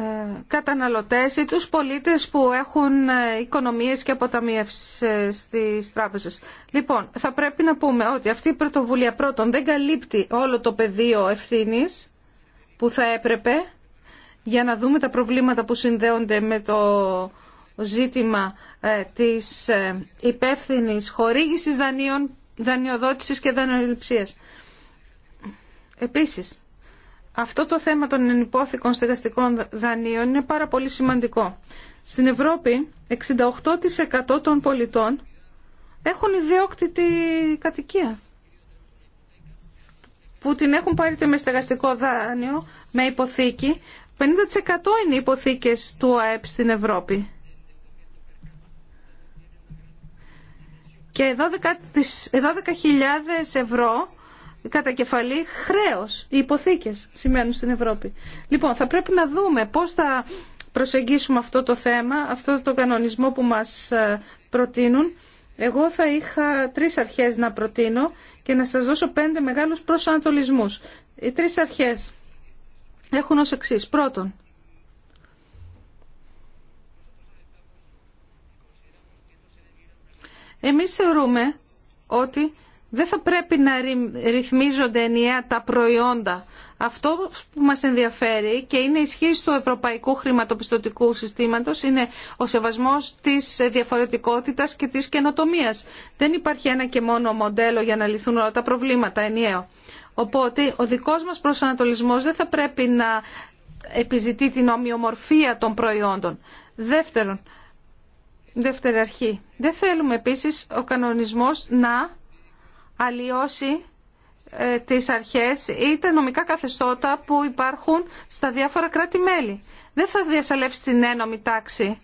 Ε, καταναλωτές ή τους πολίτες που έχουν ε, οικονομίες και αποταμίευσεις στις τράπεζες. Λοιπόν, θα πρέπει να πούμε ότι αυτή η πρωτοβουλία πρώτον δεν καλύπτει όλο το πεδίο ευθύνης που θα έπρεπε για να δούμε τα προβλήματα που συνδέονται με το ζήτημα ε, της υπεύθυνης χορήγησης δανείων, δανειοδότησης και δανειοληψίας. Επίσης, αυτό το θέμα των ενυπόθηκων στεγαστικών δανείων είναι πάρα πολύ σημαντικό. Στην Ευρώπη 68% των πολιτών έχουν ιδιόκτητη κατοικία που την έχουν πάρει με στεγαστικό δάνειο, με υποθήκη. 50% είναι οι υποθήκες του ΑΕΠ στην Ευρώπη. Και 12.000 ευρώ κατά κεφαλή χρέος, οι υποθήκες σημαίνουν στην Ευρώπη. Λοιπόν, θα πρέπει να δούμε πώς θα προσεγγίσουμε αυτό το θέμα, αυτό το κανονισμό που μας ε, προτείνουν. Εγώ θα είχα τρεις αρχές να προτείνω και να σας δώσω πέντε μεγάλους προσανατολισμούς. Οι τρεις αρχές έχουν ως εξή. Πρώτον, εμείς θεωρούμε ότι δεν θα πρέπει να ρυθμίζονται ενιαία τα προϊόντα. Αυτό που μας ενδιαφέρει και είναι ισχύ του ευρωπαϊκού χρηματοπιστωτικού συστήματος είναι ο σεβασμός της διαφορετικότητας και της καινοτομίας. Δεν υπάρχει ένα και μόνο μοντέλο για να λυθούν όλα τα προβλήματα ενιαίο. Οπότε ο δικός μας προσανατολισμός δεν θα πρέπει να επιζητεί την ομοιομορφία των προϊόντων. Δεύτερον, δεύτερη αρχή. Δεν θέλουμε επίσης ο κανονισμός να αλλοιώσει ε, τις αρχές ή τα νομικά καθεστώτα που υπάρχουν στα διάφορα κράτη-μέλη. Δεν θα διασαλεύσει την ένομη τάξη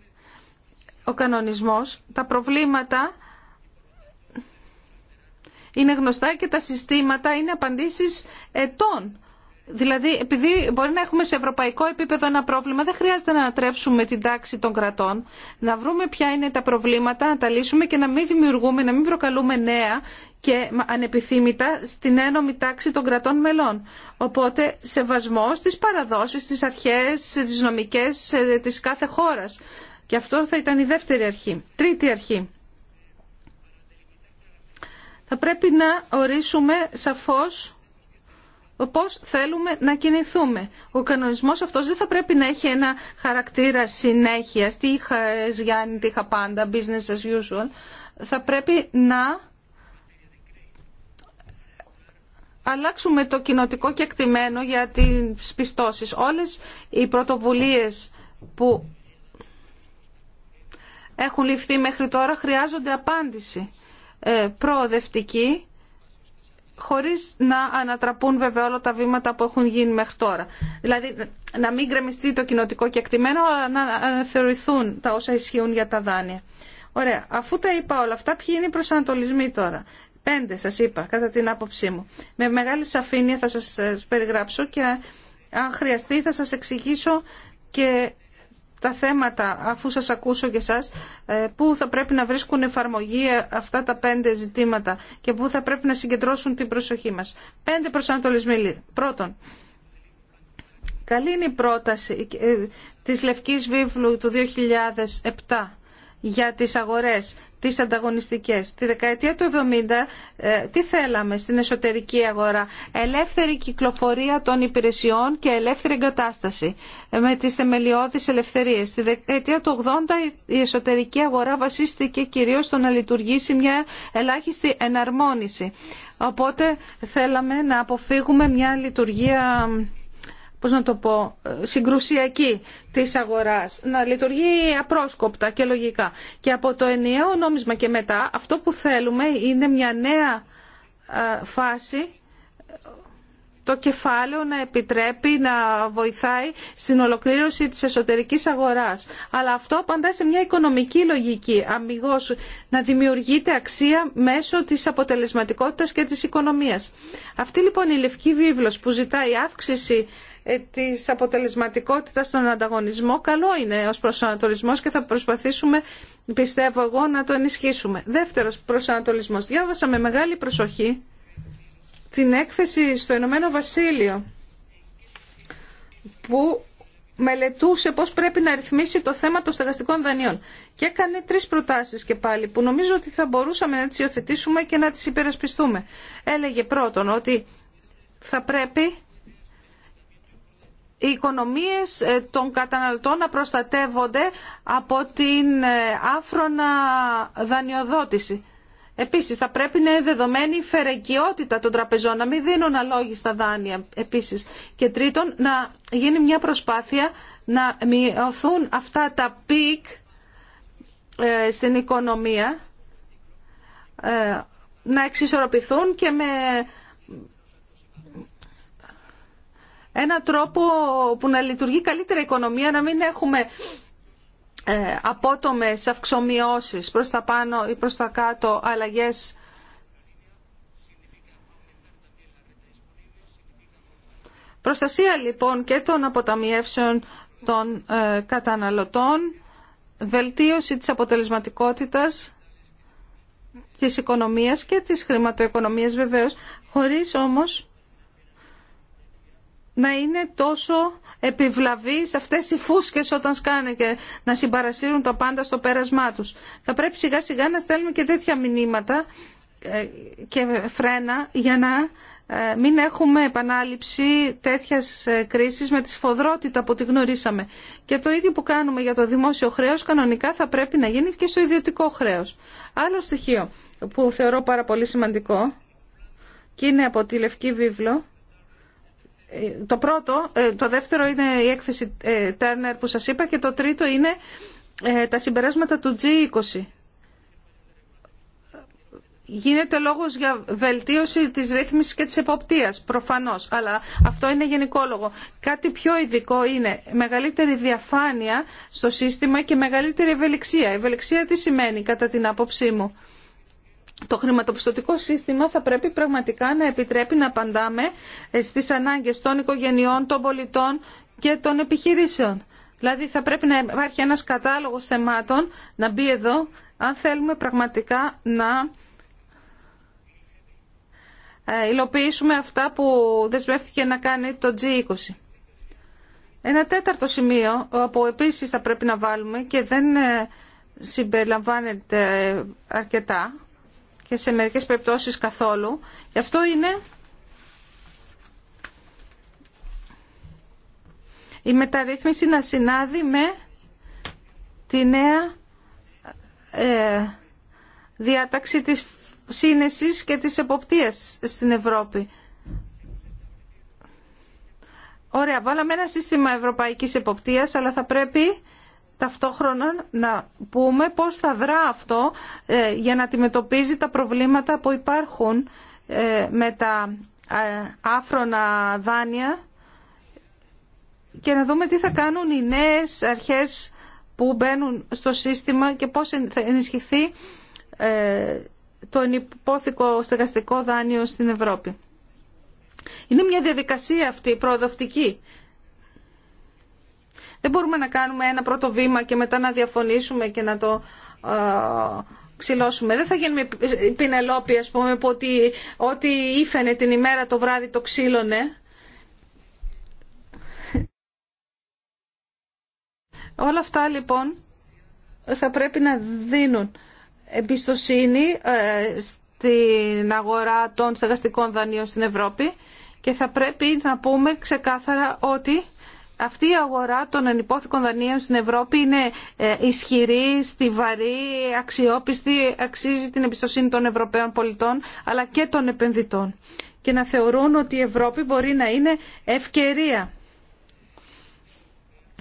ο κανονισμός. Τα προβλήματα είναι γνωστά και τα συστήματα είναι απαντήσεις ετών. Δηλαδή, επειδή μπορεί να έχουμε σε ευρωπαϊκό επίπεδο ένα πρόβλημα, δεν χρειάζεται να ανατρέψουμε την τάξη των κρατών, να βρούμε ποια είναι τα προβλήματα, να τα λύσουμε και να μην δημιουργούμε, να μην προκαλούμε νέα και ανεπιθύμητα στην ένωμη τάξη των κρατών μελών. Οπότε σεβασμό στις παραδόσεις, στις αρχές, στις νομικές ε, της κάθε χώρας. Και αυτό θα ήταν η δεύτερη αρχή. Τρίτη αρχή. Θα πρέπει να ορίσουμε σαφώς πώς θέλουμε να κινηθούμε. Ο κανονισμός αυτός δεν θα πρέπει να έχει ένα χαρακτήρα συνέχεια. Τι είχα, Γιάννη, τι είχα πάντα, business as usual. Θα πρέπει να αλλάξουμε το κοινοτικό κεκτημένο για τις πιστώσεις. Όλες οι πρωτοβουλίες που έχουν ληφθεί μέχρι τώρα χρειάζονται απάντηση ε, προοδευτική χωρίς να ανατραπούν βέβαια όλα τα βήματα που έχουν γίνει μέχρι τώρα. Δηλαδή να μην γκρεμιστεί το κοινοτικό κεκτημένο αλλά να θεωρηθούν τα όσα ισχύουν για τα δάνεια. Ωραία. Αφού τα είπα όλα αυτά, ποιοι είναι οι προσανατολισμοί τώρα. Πέντε σας είπα, κατά την άποψή μου. Με μεγάλη σαφήνεια θα σας ε, περιγράψω και ε, αν χρειαστεί θα σας εξηγήσω και τα θέματα, αφού σας ακούσω και σας ε, πού θα πρέπει να βρίσκουν εφαρμογή αυτά τα πέντε ζητήματα και πού θα πρέπει να συγκεντρώσουν την προσοχή μας. Πέντε προσανατολισμοί. Πρώτον, καλή είναι η πρόταση της Λευκής Βίβλου του 2007 για τις αγορές τις ανταγωνιστικές. Τη δεκαετία του 70 ε, τι θέλαμε στην εσωτερική αγορά. Ελεύθερη κυκλοφορία των υπηρεσιών και ελεύθερη εγκατάσταση ε, με τις θεμελιώδεις ελευθερίες. Στη δεκαετία του 80 η εσωτερική αγορά βασίστηκε κυρίως στο να λειτουργήσει μια ελάχιστη εναρμόνιση. Οπότε θέλαμε να αποφύγουμε μια λειτουργία πώς να το πω, ε, συγκρουσιακή της αγοράς, να λειτουργεί απρόσκοπτα και λογικά. Και από το ενιαίο νόμισμα και μετά, αυτό που θέλουμε είναι μια νέα ε, φάση το κεφάλαιο να επιτρέπει να βοηθάει στην ολοκλήρωση της εσωτερικής αγοράς. Αλλά αυτό απαντά σε μια οικονομική λογική, αμυγός να δημιουργείται αξία μέσω της αποτελεσματικότητας και της οικονομίας. Αυτή λοιπόν η λευκή βίβλος που ζητάει αύξηση ε, τη αποτελεσματικότητα στον ανταγωνισμό καλό είναι ως προσανατολισμός και θα προσπαθήσουμε πιστεύω εγώ να το ενισχύσουμε. Δεύτερος προσανατολισμός. Διάβασα με μεγάλη προσοχή την έκθεση στο Ηνωμένο Βασίλειο που μελετούσε πώς πρέπει να ρυθμίσει το θέμα των στεγαστικών δανείων. Και έκανε τρεις προτάσεις και πάλι που νομίζω ότι θα μπορούσαμε να τις υιοθετήσουμε και να τις υπερασπιστούμε. Έλεγε πρώτον ότι θα πρέπει οι οικονομίες ε, των καταναλωτών να προστατεύονται από την ε, άφρονα δανειοδότηση. Επίσης θα πρέπει να είναι δεδομένη η φερεγκιότητα των τραπεζών, να μην δίνουν αλόγιστα δάνεια επίσης. Και τρίτον να γίνει μια προσπάθεια να μειωθούν αυτά τα πικ ε, στην οικονομία, ε, να εξισορροπηθούν και με ένα τρόπο που να λειτουργεί καλύτερα η οικονομία, να μην έχουμε ε, απότομες αυξομοιώσεις προς τα πάνω ή προς τα κάτω, αλλαγές Προστασία λοιπόν και των αποταμιεύσεων των ε, καταναλωτών, βελτίωση της αποτελεσματικότητας της οικονομίας και της χρηματοοικονομίας βεβαίως, χωρίς όμως να είναι τόσο σε αυτές οι φούσκες όταν σκάνε και να συμπαρασύρουν τα πάντα στο πέρασμά τους. Θα πρέπει σιγά σιγά να στέλνουμε και τέτοια μηνύματα ε, και φρένα για να ε, μην έχουμε επανάληψη τέτοιας ε, κρίσης με τη σφοδρότητα που τη γνωρίσαμε. Και το ίδιο που κάνουμε για το δημόσιο χρέος κανονικά θα πρέπει να γίνει και στο ιδιωτικό χρέος. Άλλο στοιχείο που θεωρώ πάρα πολύ σημαντικό και είναι από τη Λευκή Βίβλο ε, το πρώτο, ε, το δεύτερο είναι η έκθεση ε, Turner που σας είπα και το τρίτο είναι τα συμπεράσματα του G20. Γίνεται λόγος για βελτίωση της ρύθμισης και της εποπτείας, προφανώς, αλλά αυτό είναι γενικό λόγο. Κάτι πιο ειδικό είναι μεγαλύτερη διαφάνεια στο σύστημα και μεγαλύτερη ευελιξία. Ευελιξία τι σημαίνει κατά την άποψή μου το χρηματοπιστωτικό σύστημα θα πρέπει πραγματικά να επιτρέπει να απαντάμε ε, στις ανάγκες των οικογενειών, των πολιτών και των επιχειρήσεων. Δηλαδή θα πρέπει να υπάρχει ένας κατάλογος θεμάτων να μπει εδώ αν θέλουμε πραγματικά να ε, υλοποιήσουμε αυτά που δεσμεύτηκε να κάνει το G20. Ένα τέταρτο σημείο που επίσης θα πρέπει να βάλουμε και δεν ε, συμπεριλαμβάνεται αρκετά και σε μερικές περιπτώσεις καθόλου. Γι' αυτό είναι η μεταρρύθμιση να συνάδει με τη νέα ε, διάταξη της σύνεσης και της εποπτείας στην Ευρώπη. Ωραία, βάλαμε ένα σύστημα ευρωπαϊκής εποπτείας, αλλά θα πρέπει ταυτόχρονα να πούμε πώς θα δρά αυτό ε, για να αντιμετωπίζει τα προβλήματα που υπάρχουν ε, με τα ε, άφρονα δάνεια και να δούμε τι θα κάνουν οι νέες αρχές που μπαίνουν στο σύστημα και πώς θα ενισχυθεί το ενυπόθηκο στεγαστικό δάνειο στην Ευρώπη. Είναι μια διαδικασία αυτή προοδευτική δεν μπορούμε να κάνουμε ένα πρώτο βήμα και μετά να διαφωνήσουμε και να το ε, ξυλώσουμε. Δεν θα γίνουμε ε, πινελόποι, ας πούμε, που ότι, ότι ήφαινε την ημέρα το βράδυ το ξύλωνε. Όλα αυτά, λοιπόν, θα πρέπει να δίνουν εμπιστοσύνη ε, στην αγορά των στεγαστικών δανείων στην Ευρώπη και θα πρέπει να πούμε ξεκάθαρα ότι αυτή η αγορά των ανυπόθηκων δανείων στην Ευρώπη είναι ε, ισχυρή, στιβαρή, αξιόπιστη, αξίζει την εμπιστοσύνη των Ευρωπαίων πολιτών αλλά και των επενδυτών και να θεωρούν ότι η Ευρώπη μπορεί να είναι ευκαιρία.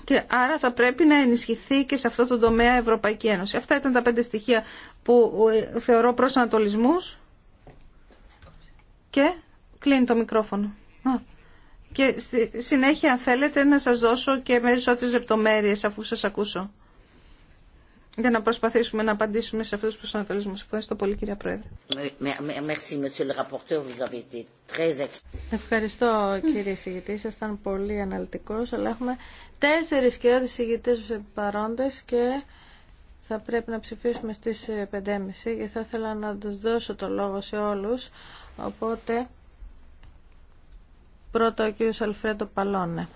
Και άρα θα πρέπει να ενισχυθεί και σε αυτό το τομέα η Ευρωπαϊκή Ένωση. Αυτά ήταν τα πέντε στοιχεία που ε, θεωρώ προσανατολισμούς. Και κλείνει το μικρόφωνο. Και στη συνέχεια, αν θέλετε, να σας δώσω και περισσότερες λεπτομέρειες αφού σας ακούσω. Για να προσπαθήσουμε να απαντήσουμε σε αυτούς τους προσανατολισμούς. Ευχαριστώ πολύ, κυρία Πρόεδρε. Ευχαριστώ, κύριε συγητή. Ήσασταν πολύ αναλυτικός, αλλά έχουμε τέσσερις και τι συγητές παρόντες και θα πρέπει να ψηφίσουμε στις 5.30 και θα ήθελα να τους δώσω το λόγο σε όλους. Οπότε... Πρώτα ο κύριος Αλφρέντο Παλώνε.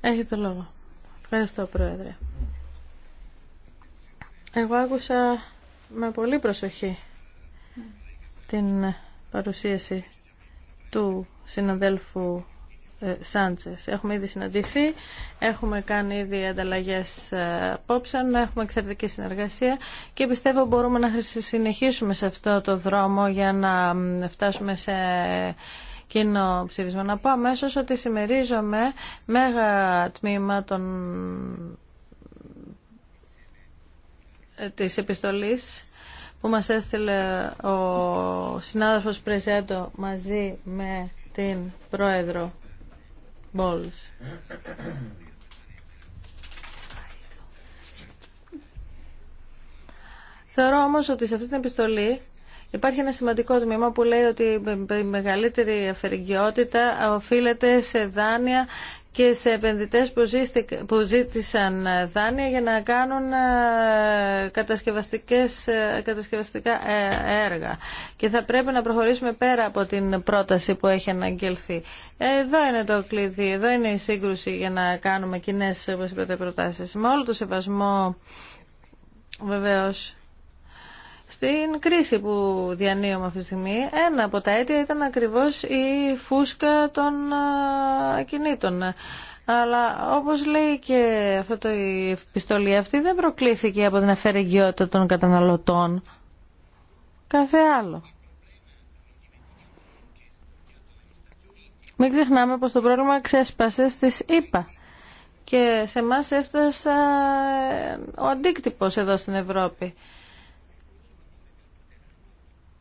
Έχει το λόγο. Ευχαριστώ, Πρόεδρε. Εγώ άκουσα με πολύ προσοχή την παρουσίαση του συναδέλφου ε, Σάντσες. Έχουμε ήδη συναντηθεί, έχουμε κάνει ήδη ανταλλαγές ε, απόψεων, έχουμε εξαιρετική συνεργασία και πιστεύω μπορούμε να συνεχίσουμε σε αυτό το δρόμο για να φτάσουμε σε κοινό ψήφισμα. Να πω αμέσως ότι συμμερίζομαι μέγα τμήμα των... Ε, της επιστολής που μας έστειλε ο συνάδελφος Πρεζέντο μαζί με την Πρόεδρο Θεωρώ όμως ότι σε αυτή την επιστολή Υπάρχει ένα σημαντικό τμήμα που λέει ότι η μεγαλύτερη αφαιρεγγιότητα οφείλεται σε δάνεια και σε επενδυτές που ζήτησαν ε, δάνεια για να κάνουν ε, κατασκευαστικές, ε, κατασκευαστικά έργα. Και θα πρέπει να προχωρήσουμε πέρα από την πρόταση που έχει αναγγελθεί. Εδώ είναι το κλειδί, εδώ είναι η σύγκρουση για να κάνουμε κοινέ προτάσει. Με όλο το σεβασμό βεβαίως στην κρίση που διανύουμε αυτή τη στιγμή, ένα από τα αίτια ήταν ακριβώς η φούσκα των ακινήτων. Αλλά όπως λέει και αυτό το η επιστολή αυτή δεν προκλήθηκε από την αφαιρεγγιότητα των καταναλωτών. Κάθε άλλο. Μην ξεχνάμε πως το πρόγραμμα ξέσπασε στις ΗΠΑ και σε μας έφτασε ο αντίκτυπος εδώ στην Ευρώπη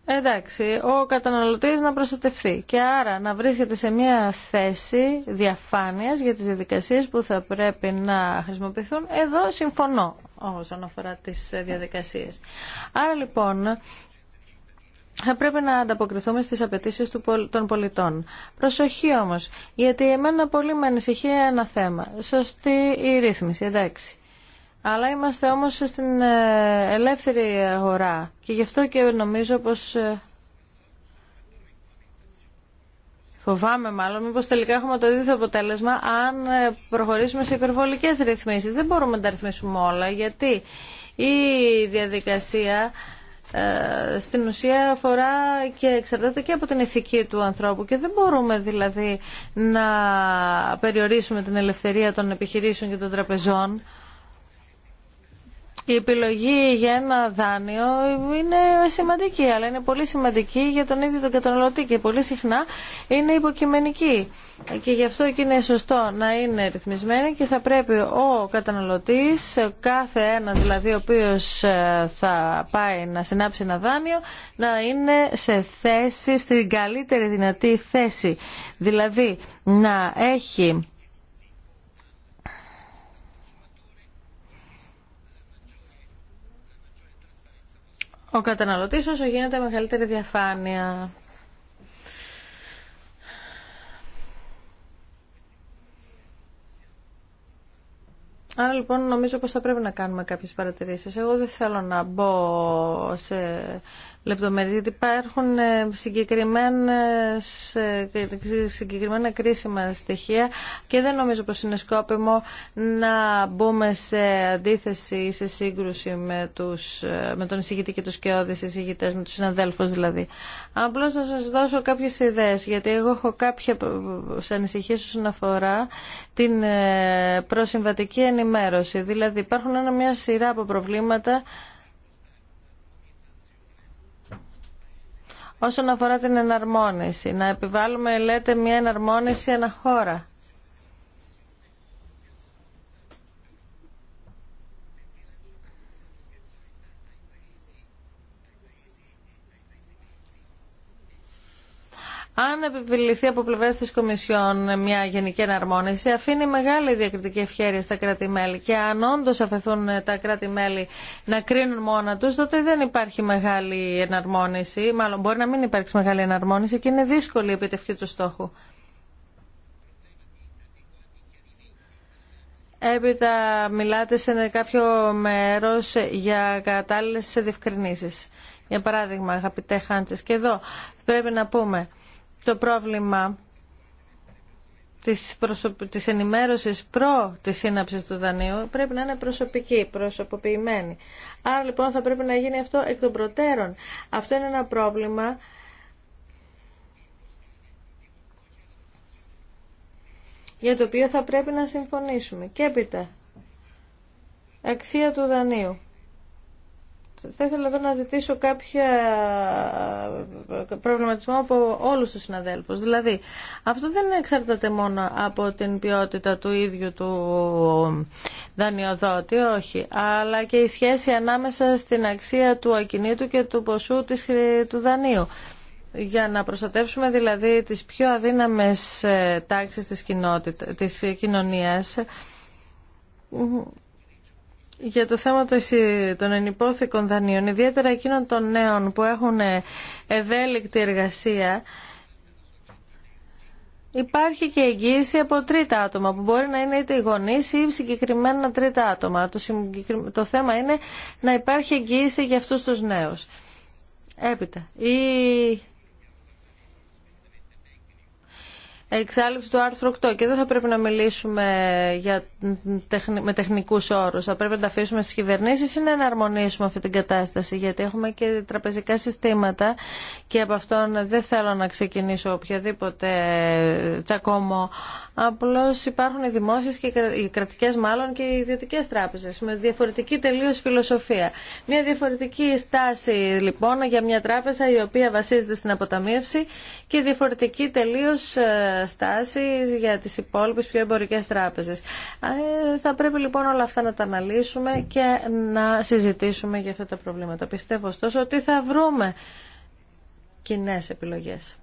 εντάξει, ο καταναλωτής να προστατευτεί και άρα να βρίσκεται σε μια θέση διαφάνειας για τις διαδικασίες που θα πρέπει να χρησιμοποιηθούν. Εδώ συμφωνώ όσον αφορά τις διαδικασίες. Άρα λοιπόν θα πρέπει να ανταποκριθούμε στις απαιτήσεις των πολιτών. Προσοχή όμως, γιατί εμένα πολύ με ανησυχεί ένα θέμα. Σωστή η ρύθμιση, εντάξει. Αλλά είμαστε όμως στην ε, ελεύθερη αγορά και γι' αυτό και νομίζω πως ε, Φοβάμαι μάλλον μήπως τελικά έχουμε το ίδιο αποτέλεσμα αν ε, προχωρήσουμε σε υπερβολικές ρυθμίσεις. Δεν μπορούμε να τα ρυθμίσουμε όλα γιατί η διαδικασία στην ουσία αφορά και εξαρτάται και από την ηθική του ανθρώπου και δεν μπορούμε δηλαδή να περιορίσουμε την ελευθερία των επιχειρήσεων και των τραπεζών η επιλογή για ένα δάνειο είναι σημαντική, αλλά είναι πολύ σημαντική για τον ίδιο τον καταναλωτή και πολύ συχνά είναι υποκειμενική. Και γι' αυτό και είναι σωστό να είναι ρυθμισμένη και θα πρέπει ο καταναλωτής, κάθε ένας δηλαδή ο οποίος ε, θα πάει να συνάψει ένα δάνειο, να είναι σε θέση, στην καλύτερη δυνατή θέση. Δηλαδή να έχει ο καταναλωτής όσο γίνεται μεγαλύτερη διαφάνεια. Άρα λοιπόν νομίζω πως θα πρέπει να κάνουμε κάποιες παρατηρήσεις. Εγώ δεν θέλω να μπω σε λεπτομέρειες, γιατί υπάρχουν ε, ε, συγκεκριμένα κρίσιμα στοιχεία και δεν νομίζω πως είναι σκόπιμο να μπούμε σε αντίθεση ή σε σύγκρουση με, τους, ε, με τον εισηγητή και τους σκιώδεις εισηγητές, με τους συναδέλφους δηλαδή. Απλώς να σας δώσω κάποιες ιδέες, γιατί εγώ έχω κάποια ανησυχίες όσον αφορά την προσυμβατική ενημέρωση. Δηλαδή υπάρχουν μια σειρά από προβλήματα Όσον αφορά την εναρμόνιση, να επιβάλλουμε, λέτε, μια εναρμόνιση χώρα. Αν επιβληθεί από πλευρά τη Κομισιόν μια γενική εναρμόνιση, αφήνει μεγάλη διακριτική ευχαίρεια στα κράτη-μέλη. Και αν όντω αφαιθούν τα κράτη-μέλη να κρίνουν μόνα του, τότε δεν υπάρχει μεγάλη εναρμόνιση. Μάλλον μπορεί να μην υπάρξει μεγάλη εναρμόνιση και είναι δύσκολη η επιτευχή του στόχου. Έπειτα μιλάτε σε κάποιο μέρος για κατάλληλες διευκρινήσεις. Για παράδειγμα, αγαπητέ Χάντσες, και εδώ πρέπει να πούμε το πρόβλημα της, ενημέρωση ενημέρωσης προ τη σύναψη του δανείου πρέπει να είναι προσωπική, προσωποποιημένη. Άρα λοιπόν θα πρέπει να γίνει αυτό εκ των προτέρων. Αυτό είναι ένα πρόβλημα για το οποίο θα πρέπει να συμφωνήσουμε. Και έπειτα, αξία του δανείου. Θα ήθελα εδώ να ζητήσω κάποια προβληματισμό από όλους τους συναδέλφους. Δηλαδή, αυτό δεν εξαρτάται μόνο από την ποιότητα του ίδιου του δανειοδότη, όχι, αλλά και η σχέση ανάμεσα στην αξία του ακινήτου και του ποσού της, του δανείου. Για να προστατεύσουμε δηλαδή τις πιο αδύναμες ε, τάξεις της, κοινότητα, της κοινωνίας, για το θέμα των ενυπόθηκων δανείων, ιδιαίτερα εκείνων των νέων που έχουν ε, ευέλικτη εργασία, Υπάρχει και εγγύηση από τρίτα άτομα που μπορεί να είναι είτε οι γονεί ή συγκεκριμένα τρίτα άτομα. Το, το θέμα είναι να υπάρχει εγγύηση για αυτούς τους νέους. Έπειτα, η εξάλληψη του άρθρου 8 και δεν θα πρέπει να μιλήσουμε για, με τεχνικούς όρους. Θα πρέπει να τα αφήσουμε στις κυβερνήσεις ή να εναρμονίσουμε αυτή την κατάσταση γιατί έχουμε και τραπεζικά συστήματα και από αυτόν δεν θέλω να ξεκινήσω οποιαδήποτε τσακόμο. Απλώς υπάρχουν οι δημόσιες και οι κρατικές μάλλον και οι ιδιωτικές τράπεζες με διαφορετική τελείως φιλοσοφία. Μια διαφορετική στάση λοιπόν για μια τράπεζα η οποία βασίζεται στην αποταμίευση και διαφορετική τελείως ε, για τις υπόλοιπε πιο εμπορικές τράπεζες. Ε, θα πρέπει λοιπόν όλα αυτά να τα αναλύσουμε και να συζητήσουμε για αυτά τα προβλήματα. Πιστεύω ωστόσο ότι θα βρούμε κοινέ επιλογές.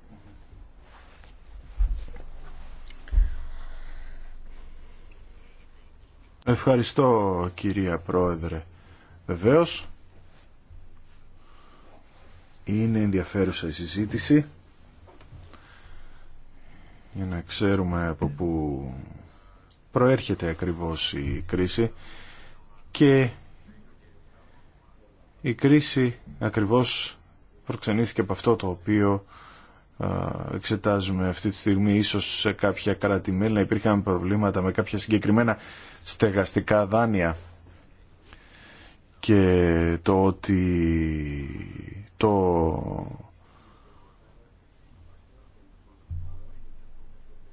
Ευχαριστώ κυρία Πρόεδρε. Βεβαίως είναι ενδιαφέρουσα η συζήτηση για να ξέρουμε από πού προέρχεται ακριβώς η κρίση και η κρίση ακριβώς προξενήθηκε από αυτό το οποίο εξετάζουμε αυτή τη στιγμή ίσως σε κάποια να υπήρχαν προβλήματα με κάποια συγκεκριμένα στεγαστικά δάνεια και το ότι το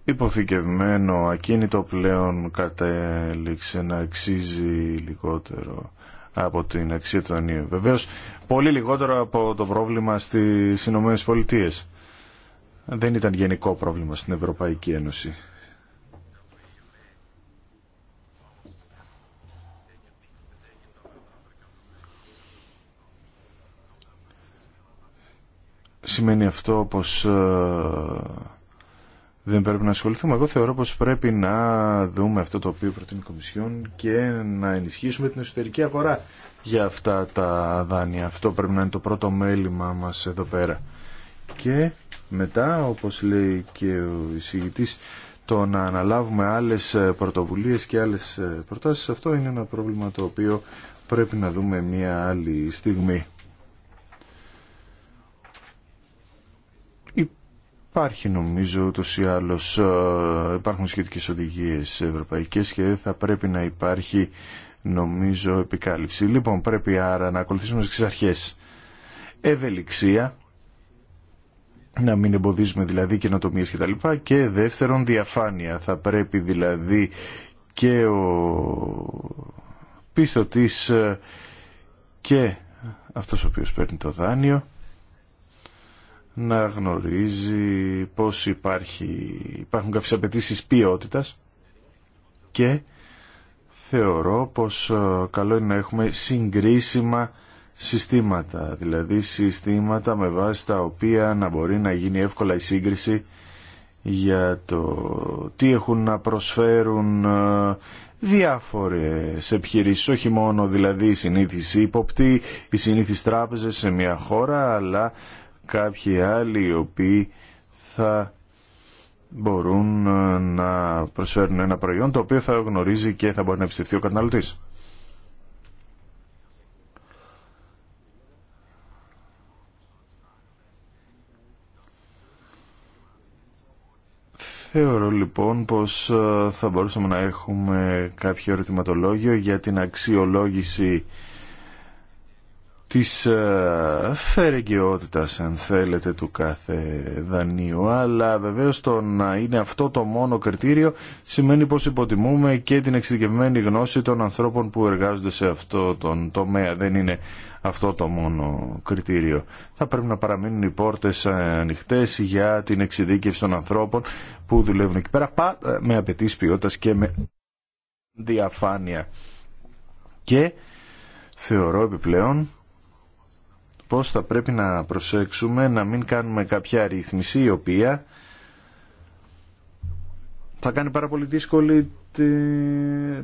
υποθηκευμένο ακίνητο πλέον κατέληξε να αξίζει λιγότερο από την αξία του δανείου. Βεβαίως, πολύ λιγότερο από το πρόβλημα στις Ηνωμένες Πολιτείες. Δεν ήταν γενικό πρόβλημα στην Ευρωπαϊκή Ένωση. Σημαίνει αυτό πως ε, δεν πρέπει να ασχοληθούμε. Εγώ θεωρώ πως πρέπει να δούμε αυτό το οποίο προτείνει η Κομισιόν και να ενισχύσουμε την εσωτερική αγορά για αυτά τα δάνεια. Αυτό πρέπει να είναι το πρώτο μέλημά μας εδώ πέρα. Και μετά, όπως λέει και ο εισηγητής, το να αναλάβουμε άλλες πρωτοβουλίες και άλλες προτάσεις, αυτό είναι ένα πρόβλημα το οποίο πρέπει να δούμε μια άλλη στιγμή. υπάρχει νομίζω ούτως ή ε, υπάρχουν σχετικές οδηγίες ευρωπαϊκές και θα πρέπει να υπάρχει νομίζω επικάλυψη. Λοιπόν πρέπει άρα να ακολουθήσουμε τις αρχές. Ευελιξία, να μην εμποδίζουμε δηλαδή καινοτομίε κτλ. Και, και δεύτερον διαφάνεια. Θα πρέπει δηλαδή και ο πίστοτης ε, και αυτός ο οποίος παίρνει το δάνειο να γνωρίζει πώς υπάρχει, υπάρχουν κάποιες απαιτήσει ποιότητας και θεωρώ πως υπαρχει υπαρχουν καποιες απαιτησει ποιοτητα είναι να έχουμε συγκρίσιμα συστήματα, δηλαδή συστήματα με βάση τα οποία να μπορεί να γίνει εύκολα η σύγκριση για το τι έχουν να προσφέρουν ε, διάφορες επιχειρήσεις, όχι μόνο δηλαδή η συνήθιση υποπτή, οι συνήθιες τράπεζες σε μια χώρα, αλλά κάποιοι άλλοι οι οποίοι θα μπορούν ε, να προσφέρουν ένα προϊόν το οποίο θα γνωρίζει και θα μπορεί να ευστηθεί ο καταναλωτής. Θεωρώ λοιπόν πως ε, θα μπορούσαμε να έχουμε κάποιο ερωτηματολόγιο για την αξιολόγηση της ε, φερεγγιότητας αν θέλετε του κάθε δανείου αλλά βεβαίως το να είναι αυτό το μόνο κριτήριο σημαίνει πως υποτιμούμε και την εξειδικευμένη γνώση των ανθρώπων που εργάζονται σε αυτό τον τομέα δεν είναι αυτό το μόνο κριτήριο θα πρέπει να παραμείνουν οι πόρτες ανοιχτές για την εξειδίκευση των ανθρώπων που δουλεύουν εκεί πέρα ε, με απαιτήσει ποιότητας και με διαφάνεια και θεωρώ επιπλέον πως θα πρέπει να προσέξουμε να μην κάνουμε κάποια ρύθμιση η οποία θα κάνει πάρα πολύ δύσκολη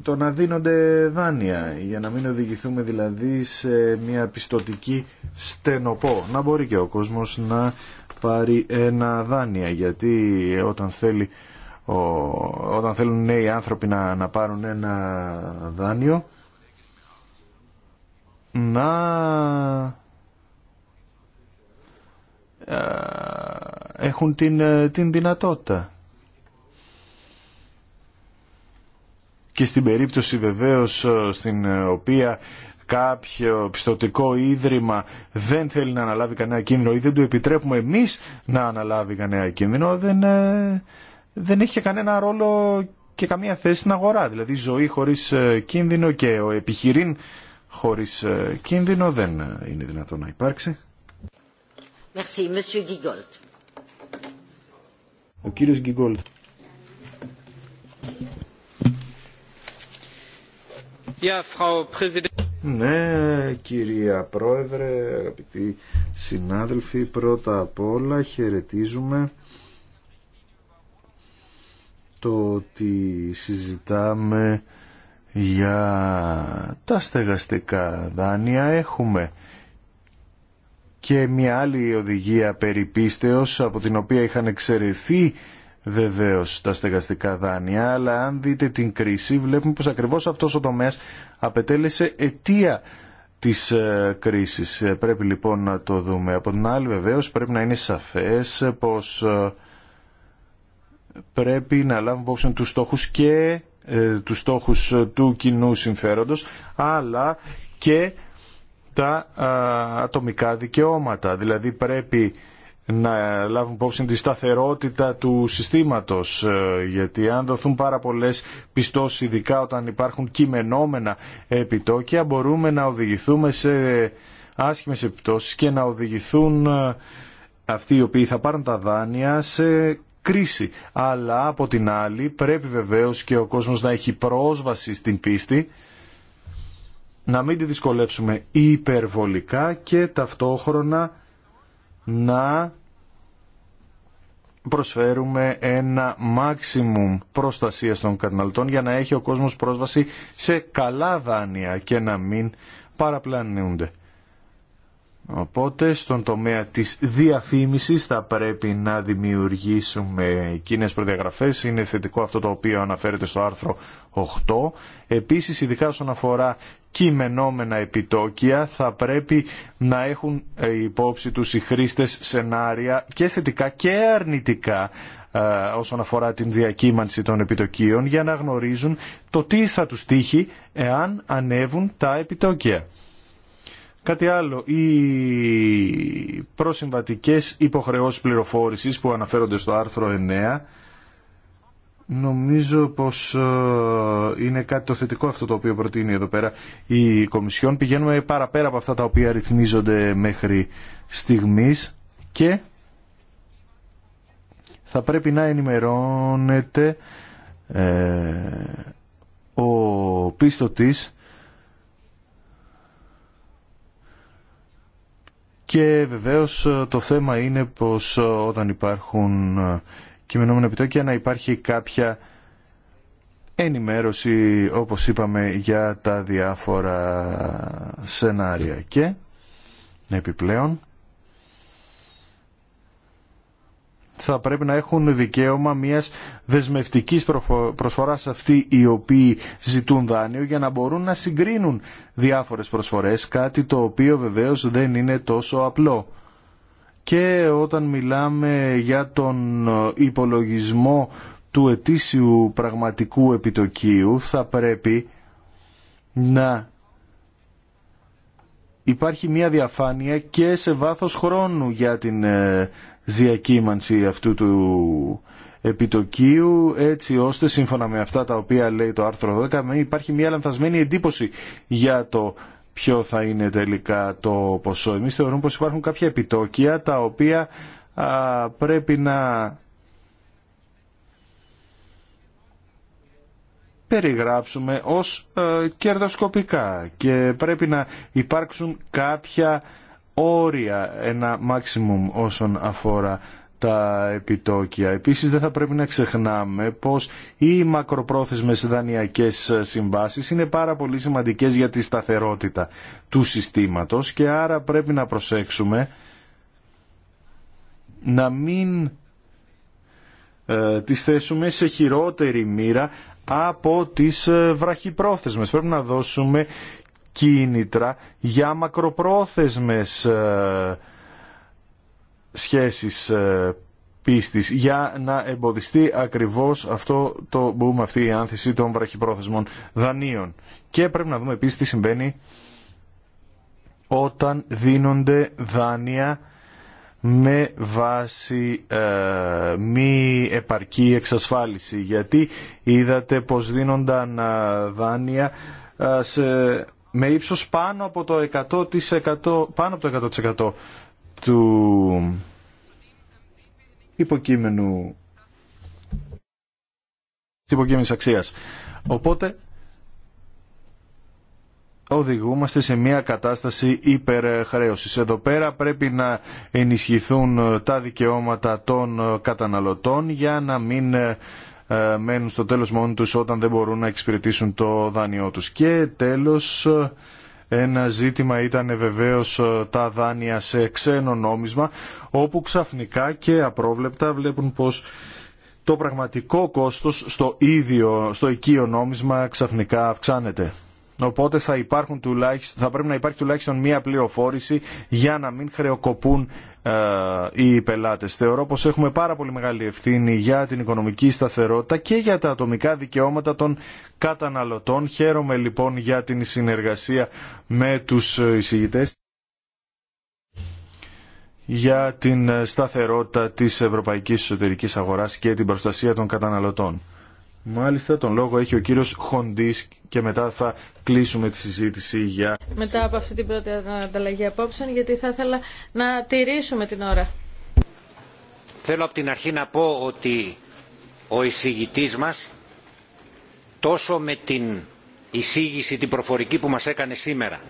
το να δίνονται δάνεια για να μην οδηγηθούμε δηλαδή σε μια πιστοτική στενοπό να μπορεί και ο κόσμος να πάρει ένα δάνεια γιατί όταν θέλει όταν θέλουν νέοι άνθρωποι να, να πάρουν ένα δάνειο να ε, έχουν την, ε, την δυνατότητα. Και στην περίπτωση βεβαίως ε, στην οποία κάποιο πιστοτικό ίδρυμα δεν θέλει να αναλάβει κανένα κίνδυνο ή δεν του επιτρέπουμε εμείς να αναλάβει κανένα κίνδυνο, δεν, δεν έχει κανένα ρόλο και καμία θέση στην αγορά. Δηλαδή ζωή χωρίς κίνδυνο και ο επιχειρήν χωρίς κίνδυνο δεν είναι δυνατόν να υπάρξει. Ναι, κυρία Πρόεδρε, αγαπητοί συνάδελφοι, πρώτα απ' όλα χαιρετίζουμε το ότι συζητάμε για τα στεγαστικά δάνεια. Έχουμε και μια άλλη οδηγία περί από την οποία είχαν εξαιρεθεί βεβαίως τα στεγαστικά δάνεια, αλλά αν δείτε την κρίση βλέπουμε πως ακριβώς αυτός ο τομέας απετέλεσε αιτία της ε, κρίσης. Ε, πρέπει λοιπόν να το δούμε. Από την άλλη βεβαίως πρέπει να είναι σαφές πως ε, πρέπει να λάβουμε υπόψη τους στόχους και τους στόχους του κοινού συμφέροντος αλλά και τα ατομικά δικαιώματα. Δηλαδή πρέπει να λάβουν υπόψη τη σταθερότητα του συστήματος ε, γιατί αν δοθούν πάρα πολλές πιστώσεις ειδικά όταν υπάρχουν κειμενόμενα επιτόκια μπορούμε να οδηγηθούμε σε άσχημες επιπτώσεις και να οδηγηθούν ε, αυτοί οι οποίοι θα πάρουν τα δάνεια σε κρίση. Αλλά από την άλλη πρέπει βεβαίως και ο κόσμος να έχει πρόσβαση στην πίστη να μην τη δυσκολεύσουμε υπερβολικά και ταυτόχρονα να προσφέρουμε ένα μάξιμουμ προστασία των καταναλωτών για να έχει ο κόσμος πρόσβαση σε καλά δάνεια και να μην παραπλανούνται. Οπότε στον τομέα της διαφήμισης θα πρέπει να δημιουργήσουμε εκείνες προδιαγραφές. Είναι θετικό αυτό το οποίο αναφέρεται στο άρθρο 8. Επίσης ειδικά όσον αφορά κειμενόμενα επιτόκια θα πρέπει να έχουν ε, υπόψη τους οι χρήστες σενάρια και θετικά και αρνητικά ε, όσον αφορά την διακύμανση των επιτοκίων για να γνωρίζουν το τι θα τους τύχει εάν ανέβουν τα επιτόκια. Κάτι άλλο, οι προσυμβατικές υποχρεώσεις πληροφόρησης που αναφέρονται στο άρθρο 9 Νομίζω πως ε, είναι κάτι το θετικό αυτό το οποίο προτείνει εδώ πέρα η Κομισιόν. Πηγαίνουμε παραπέρα από αυτά τα οποία ρυθμίζονται μέχρι στιγμής και θα πρέπει να ενημερώνεται ε, ο πίστοτης και βεβαίως ε, το θέμα είναι πως όταν υπάρχουν κειμενόμενα επιτόκια να υπάρχει κάποια ενημέρωση όπως είπαμε για τα διάφορα σενάρια και επιπλέον θα πρέπει να έχουν δικαίωμα μιας δεσμευτικής προσφοράς αυτοί οι οποίοι ζητούν δάνειο για να μπορούν να συγκρίνουν διάφορες προσφορές, κάτι το οποίο βεβαίως δεν είναι τόσο απλό και όταν μιλάμε για τον υπολογισμό του ετήσιου πραγματικού επιτοκίου θα πρέπει να υπάρχει μια διαφάνεια και σε βάθος χρόνου για την ε, διακύμανση αυτού του επιτοκίου έτσι ώστε σύμφωνα με αυτά τα οποία λέει το άρθρο 12 υπάρχει μια λανθασμένη εντύπωση για το ποιο θα είναι τελικά το ποσό. Εμείς θεωρούμε πως υπάρχουν κάποια επιτόκια τα οποία πρέπει να περιγράψουμε ως ε, κερδοσκοπικά και πρέπει να υπάρξουν κάποια όρια, ένα maximum όσον αφορά τα επιτόκια. Επίσης δεν θα πρέπει να ξεχνάμε πως οι μακροπρόθεσμες δανειακές συμβάσεις είναι πάρα πολύ σημαντικές για τη σταθερότητα του συστήματος και άρα πρέπει να προσέξουμε να μην ε, τις θέσουμε σε χειρότερη μοίρα από τις ε, βραχυπρόθεσμες. Πρέπει να δώσουμε κίνητρα για μακροπρόθεσμες ε, σχέσεις ε, πίστης για να εμποδιστεί ακριβώς αυτό το boom, αυτή η άνθηση των βραχυπρόθεσμων δανείων. Και πρέπει να δούμε επίσης τι συμβαίνει όταν δίνονται δάνεια με βάση ε, μη επαρκή εξασφάλιση. Γιατί είδατε πως δίνονταν ε, δάνεια σε, με ύψος πάνω από το 100%, πάνω από το 100% του υποκείμενου της υποκείμενης αξίας. Οπότε οδηγούμαστε σε μια κατάσταση υπερχρέωσης. Εδώ πέρα πρέπει να ενισχυθούν ε, τα δικαιώματα των ε, καταναλωτών για να μην ε, μένουν στο τέλος μόνοι τους όταν δεν μπορούν να εξυπηρετήσουν το δάνειό τους. Και τέλος ένα ζήτημα ήταν βεβαίως ε, τα δάνεια σε ξένο νόμισμα, όπου ξαφνικά και απρόβλεπτα βλέπουν πως το πραγματικό κόστος στο, ίδιο, στο οικείο νόμισμα ξαφνικά αυξάνεται. Οπότε θα, υπάρχουν τουλάχιστον, θα πρέπει να υπάρχει τουλάχιστον μία πληροφόρηση για να μην χρεοκοπούν ε, οι πελάτες. Θεωρώ πως έχουμε πάρα πολύ μεγάλη ευθύνη για την οικονομική σταθερότητα και για τα ατομικά δικαιώματα των καταναλωτών. Χαίρομαι λοιπόν για την συνεργασία με τους ε, εισηγητές για την ε, σταθερότητα της ευρωπαϊκής εσωτερικής αγοράς και την προστασία των καταναλωτών. Μάλιστα, τον λόγο έχει ο κύριος Χοντής και μετά θα κλείσουμε τη συζήτηση για... Μετά από αυτή την πρώτη ανταλλαγή απόψεων, γιατί θα ήθελα να τηρήσουμε την ώρα. Θέλω από την αρχή να πω ότι ο εισηγητής μας, τόσο με την εισήγηση την προφορική που μας έκανε σήμερα,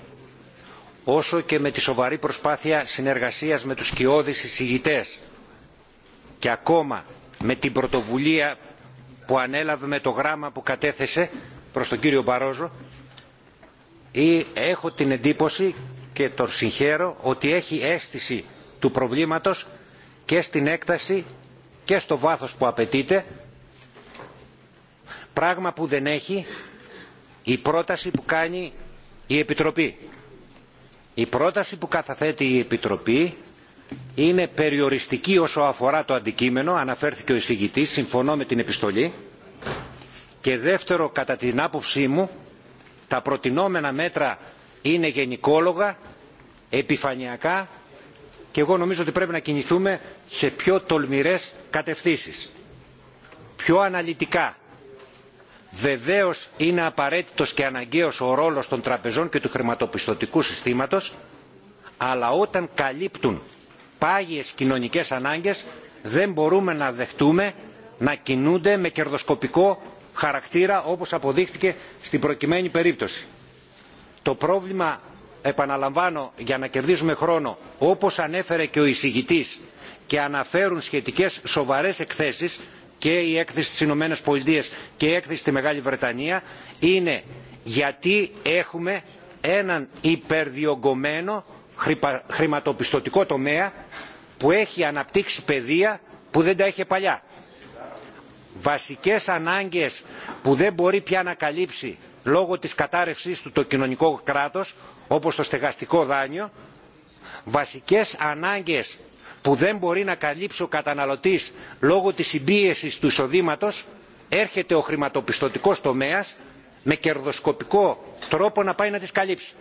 όσο και με τη σοβαρή προσπάθεια συνεργασίας με τους κοιόδης εισηγητές και ακόμα με την πρωτοβουλία που ανέλαβε με το γράμμα που κατέθεσε προς τον κύριο Μπαρόζο ή έχω την εντύπωση και τον συγχαίρω ότι έχει αίσθηση του προβλήματος και στην έκταση και στο βάθος που απαιτείται πράγμα που δεν έχει η πρόταση που κάνει η Επιτροπή. Η πρόταση που καταθέτει η Επιτροπή είναι περιοριστική όσο αφορά το αντικείμενο αναφέρθηκε ο εισηγητής συμφωνώ με την επιστολή και δεύτερο κατά την άποψή μου τα προτινόμενα μέτρα είναι γενικόλογα επιφανειακά και εγώ νομίζω ότι πρέπει να κινηθούμε σε πιο τολμηρές κατευθύνσεις πιο αναλυτικά. Βεβαίως είναι απαραίτητος και αναγκαίος ο ρόλος των τραπεζών και του χρηματοπιστωτικού συστήματος αλλά όταν καλύπτουν πάγιες κοινωνικές ανάγκες δεν μπορούμε να δεχτούμε να κινούνται με κερδοσκοπικό χαρακτήρα όπως αποδείχθηκε στην προκειμένη περίπτωση. Το πρόβλημα, επαναλαμβάνω για να κερδίζουμε χρόνο, όπως ανέφερε και ο εισηγητής και αναφέρουν σχετικές σοβαρές εκθέσεις και η έκθεση στις Ηνωμένες Πολιτείες και η έκθεση στη Μεγάλη Βρετανία είναι γιατί έχουμε έναν υπερδιωγκωμένο χρηματοπιστωτικό τομέα που έχει αναπτύξει παιδεία που δεν τα είχε παλιά. Βασικές ανάγκες που δεν μπορεί πια να καλύψει λόγω της κατάρρευσής του το κοινωνικό κράτος, όπως το στεγαστικό δάνειο. Βασικές ανάγκες που δεν μπορεί να καλύψει ο καταναλωτής λόγω της συμπίεσης του εισοδήματο έρχεται ο χρηματοπιστωτικός τομέας με κερδοσκοπικό τρόπο να πάει να τις καλύψει.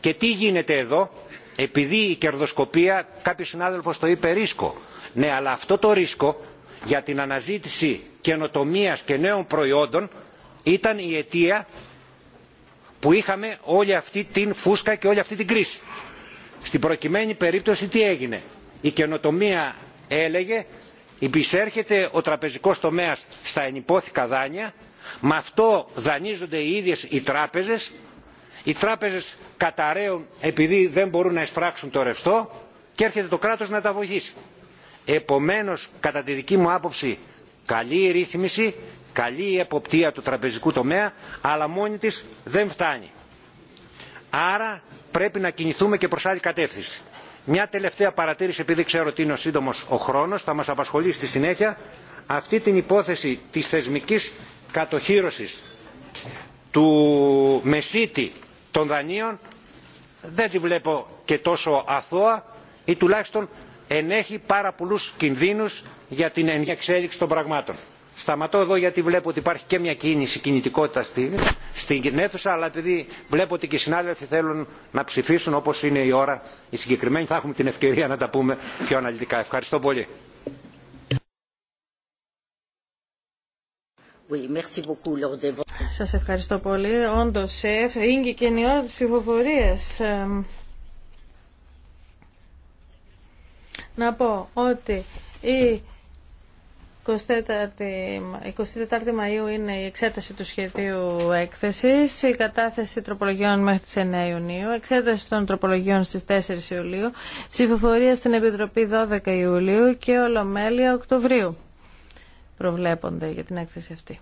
Και τι γίνεται εδώ, επειδή η κερδοσκοπία, κάποιος συνάδελφος το είπε ρίσκο. Ναι, αλλά αυτό το ρίσκο για την αναζήτηση καινοτομίας και νέων προϊόντων ήταν η αιτία που είχαμε όλη αυτή την φούσκα και όλη αυτή την κρίση. Στην προκειμένη περίπτωση τι έγινε. Η καινοτομία έλεγε υπησέρχεται ο τραπεζικός τομέας στα ενυπόθηκα δάνεια, με αυτό δανείζονται οι ίδιες οι τράπεζες οι τράπεζες καταραίουν επειδή δεν μπορούν να εισπράξουν το ρευστό και έρχεται το κράτος να τα βοηθήσει. Επομένως, κατά τη δική μου άποψη, καλή η ρύθμιση, καλή η εποπτεία του τραπεζικού τομέα, αλλά μόνη της δεν φτάνει. Άρα πρέπει να κινηθούμε και προς άλλη κατεύθυνση. Μια τελευταία παρατήρηση, επειδή ξέρω ότι είναι ο σύντομο ο χρόνος, θα μας απασχολεί στη συνέχεια, αυτή την υπόθεση της θεσμικής κατοχύρωσης του Μεσίτη των δανείων δεν τη βλέπω και τόσο αθώα ή τουλάχιστον ενέχει πάρα πολλούς κινδύνους για την εξέλιξη των πραγμάτων. Σταματώ εδώ γιατί βλέπω ότι υπάρχει και μια κίνηση κινητικότητα στην αίθουσα, αλλά επειδή βλέπω ότι και οι συνάδελφοι θέλουν να ψηφίσουν όπως είναι η ώρα η συγκεκριμένη, θα έχουμε την ευκαιρία να τα πούμε πιο αναλυτικά. Ευχαριστώ πολύ. Σας ευχαριστώ πολύ. Όντως, είναι και η ώρα της ψηφοφορίας. Να πω ότι η 24η, 24η Μαΐου είναι η εξέταση του σχεδίου έκθεσης, η κατάθεση τροπολογιών μέχρι τις 9 Ιουνίου, εξέταση των τροπολογιών στις 4 Ιουλίου, ψηφοφορία στην Επιτροπή 12 Ιουλίου και Ολομέλεια Οκτωβρίου προβλέπονται για την έκθεση αυτή.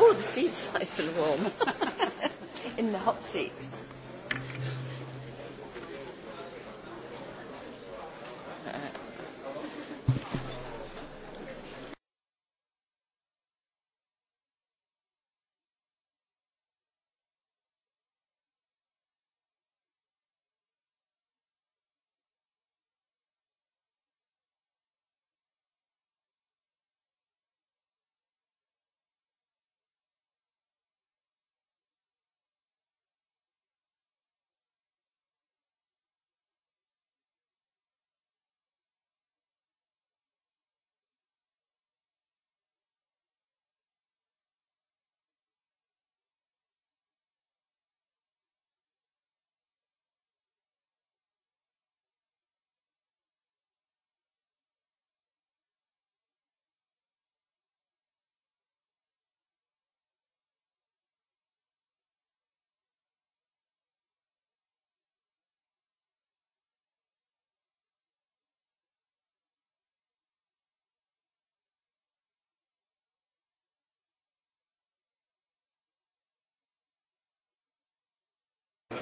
Oh, the seats nice and warm in the hot seats.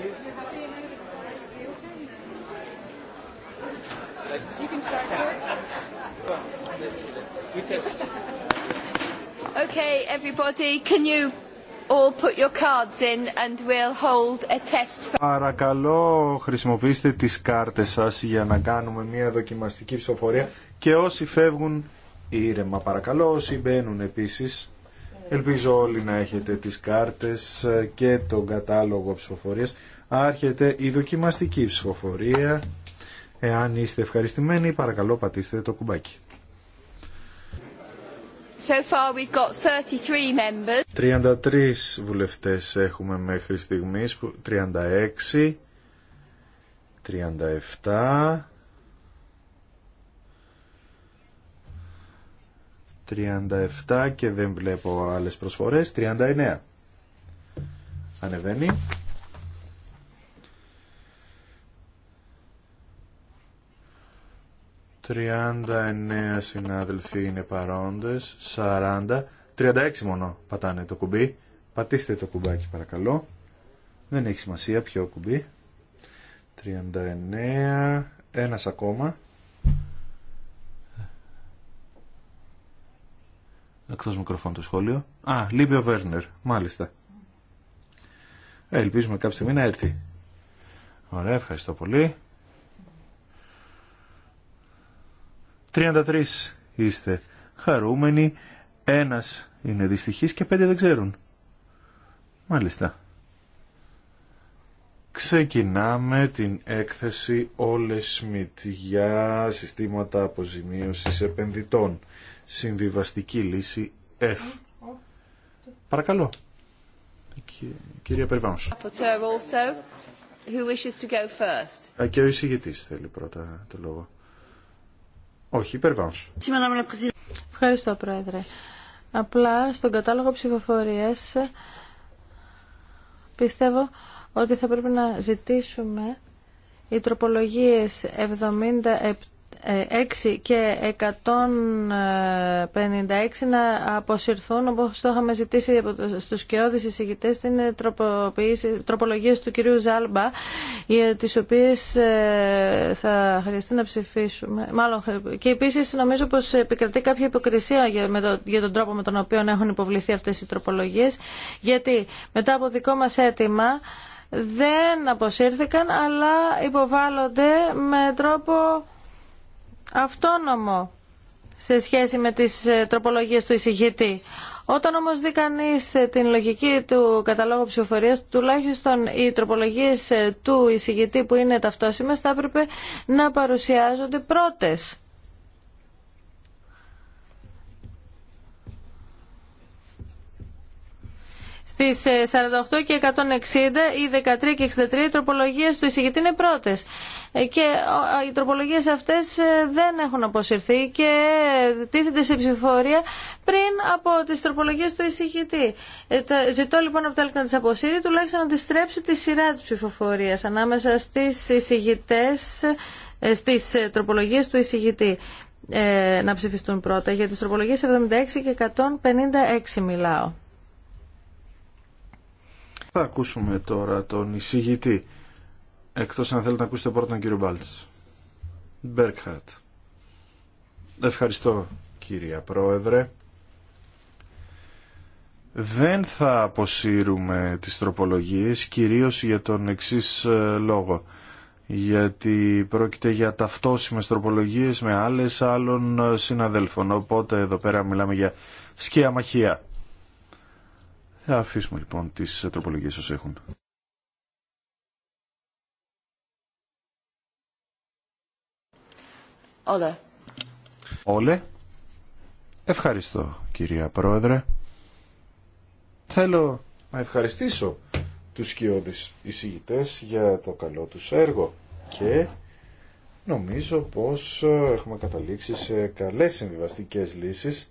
you your and Παρακαλώ, χρησιμοποιήστε τις κάρτες σας για να κάνουμε μια δοκιμαστική ψηφοφορία και όσοι φεύγουν ήρεμα παρακαλώ, όσοι μπαίνουν επίσης. Ελπίζω όλοι να έχετε τις κάρτες και τον κατάλογο ψηφοφορίας. Άρχεται η δοκιμαστική ψηφοφορία. Εάν είστε ευχαριστημένοι, παρακαλώ πατήστε το κουμπάκι. 33 members. 33 βουλευτές έχουμε μέχρι στιγμής, 36, 37, 37 και δεν βλέπω άλλες προσφορές. 39. Ανεβαίνει. 39 συνάδελφοι είναι παρόντες, 40, 36 μόνο πατάνε το κουμπί. Πατήστε το κουμπάκι παρακαλώ. Δεν έχει σημασία ποιο κουμπί. 39, ένας ακόμα. Εκτό μικροφώνου το σχόλιο. Α, λείπει ο Βέρνερ. Μάλιστα. Ε, ελπίζουμε κάποια στιγμή να έρθει. Ωραία, ευχαριστώ πολύ. 33 είστε χαρούμενοι. Ένας είναι δυστυχής και πέντε δεν ξέρουν. Μάλιστα. Ξεκινάμε την έκθεση όλες Smith για συστήματα αποζημίωσης επενδυτών συμβιβαστική λύση F. Mm, mm. Παρακαλώ. Κυρία Περιβάνος. Ε, και ο θέλει πρώτα το λόγο. Όχι, Περβάνος. Ευχαριστώ, Πρόεδρε. Απλά στον κατάλογο ψηφοφορίας πιστεύω ότι θα πρέπει να ζητήσουμε οι τροπολογίες 77 6 ε, και 156 ε, να αποσυρθούν όπως το είχαμε ζητήσει στους σκιώδεις εισηγητές στην ε, τροπολογία του κυρίου Ζάλμπα για τις οποίες θα χρειαστεί να ψηφίσουμε. Μάλλον, και επίσης νομίζω πως επικρατεί κάποια υποκρισία για τον τρόπο με τον οποίο έχουν υποβληθεί αυτές οι τροπολογίες γιατί μετά από δικό μας αίτημα δεν αποσύρθηκαν αλλά υποβάλλονται με τρόπο αυτόνομο σε σχέση με τις ε, τροπολογίες του εισηγητή. Όταν όμως δει κανεί ε, την λογική του καταλόγου ψηφοφορία, τουλάχιστον οι τροπολογίες ε, του εισηγητή που είναι ταυτόσιμες θα έπρεπε να παρουσιάζονται πρώτες. Στις 48 ε, και 160 ή 13 και 63 οι τροπολογίες του εισηγητή είναι πρώτε. Ε, και οι τροπολογίες αυτές ε, δεν έχουν αποσυρθεί και τίθενται σε ψηφοφορία πριν από τις τροπολογίες του εισηγητή. Ζητώ λοιπόν από το ΕΛΚ να τις αποσύρει, τουλάχιστον να τις στρέψει τη σειρά της ψηφοφορίας ανάμεσα στις εισηγητέ, στις τροπολογίες του εισηγητή να ψηφιστούν πρώτα. Για τις τροπολογίες 76 και 156 μιλάω. Θα ακούσουμε τώρα τον εισηγητή. Εκτός αν θέλετε να ακούσετε πρώτα τον κύριο Μπάλτς. Μπέρκχατ. Ευχαριστώ κυρία Πρόεδρε. Δεν θα αποσύρουμε τις τροπολογίες, κυρίως για τον εξής ε, λόγο. Γιατί πρόκειται για ταυτόσιμες τροπολογίες με άλλες άλλων ε, συναδέλφων. Οπότε εδώ πέρα μιλάμε για σκιαμαχία. Θα αφήσουμε λοιπόν τις τροπολογίες όσες έχουν. Όλε. Όλε. Ευχαριστώ κυρία Πρόεδρε. Θέλω να ευχαριστήσω τους σκιώδεις εισηγητές για το καλό τους έργο και νομίζω πως έχουμε καταλήξει σε καλές συμβιβαστικές λύσεις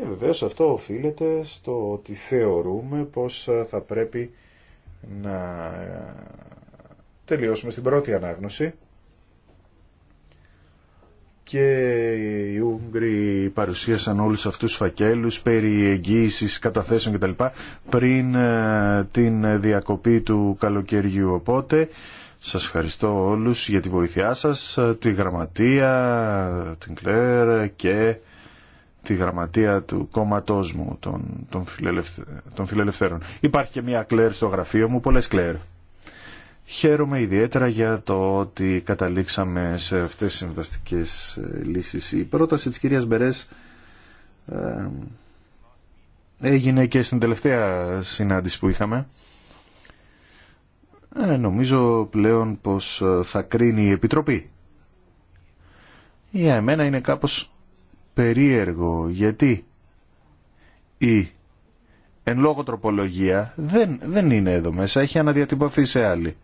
και βεβαίω αυτό οφείλεται στο ότι θεωρούμε πως θα πρέπει να τελειώσουμε στην πρώτη ανάγνωση και οι Ούγγροι παρουσίασαν όλους αυτούς τους φακέλους περί εγγύησης καταθέσεων κτλ. πριν ε, την διακοπή του καλοκαιριού. Οπότε σας ευχαριστώ όλους για τη βοήθειά σας, τη Γραμματεία, την Κλέρ και τη γραμματεία του κόμματό μου των, των, των φιλελευθέρων. Υπάρχει και μια κλέρ στο γραφείο μου, πολλές κλέρ. Χαίρομαι ιδιαίτερα για το ότι καταλήξαμε σε αυτές τις συμβαστικές ε, λύσεις. Η πρόταση της κυρίας Μπερές ε, έγινε και στην τελευταία συνάντηση που είχαμε. Ε, νομίζω πλέον πως ε, θα κρίνει η Επιτροπή. Για εμένα είναι κάπως περίεργο γιατί η εν λόγω τροπολογία δεν, δεν είναι εδώ μέσα, έχει αναδιατυπωθεί σε άλλη.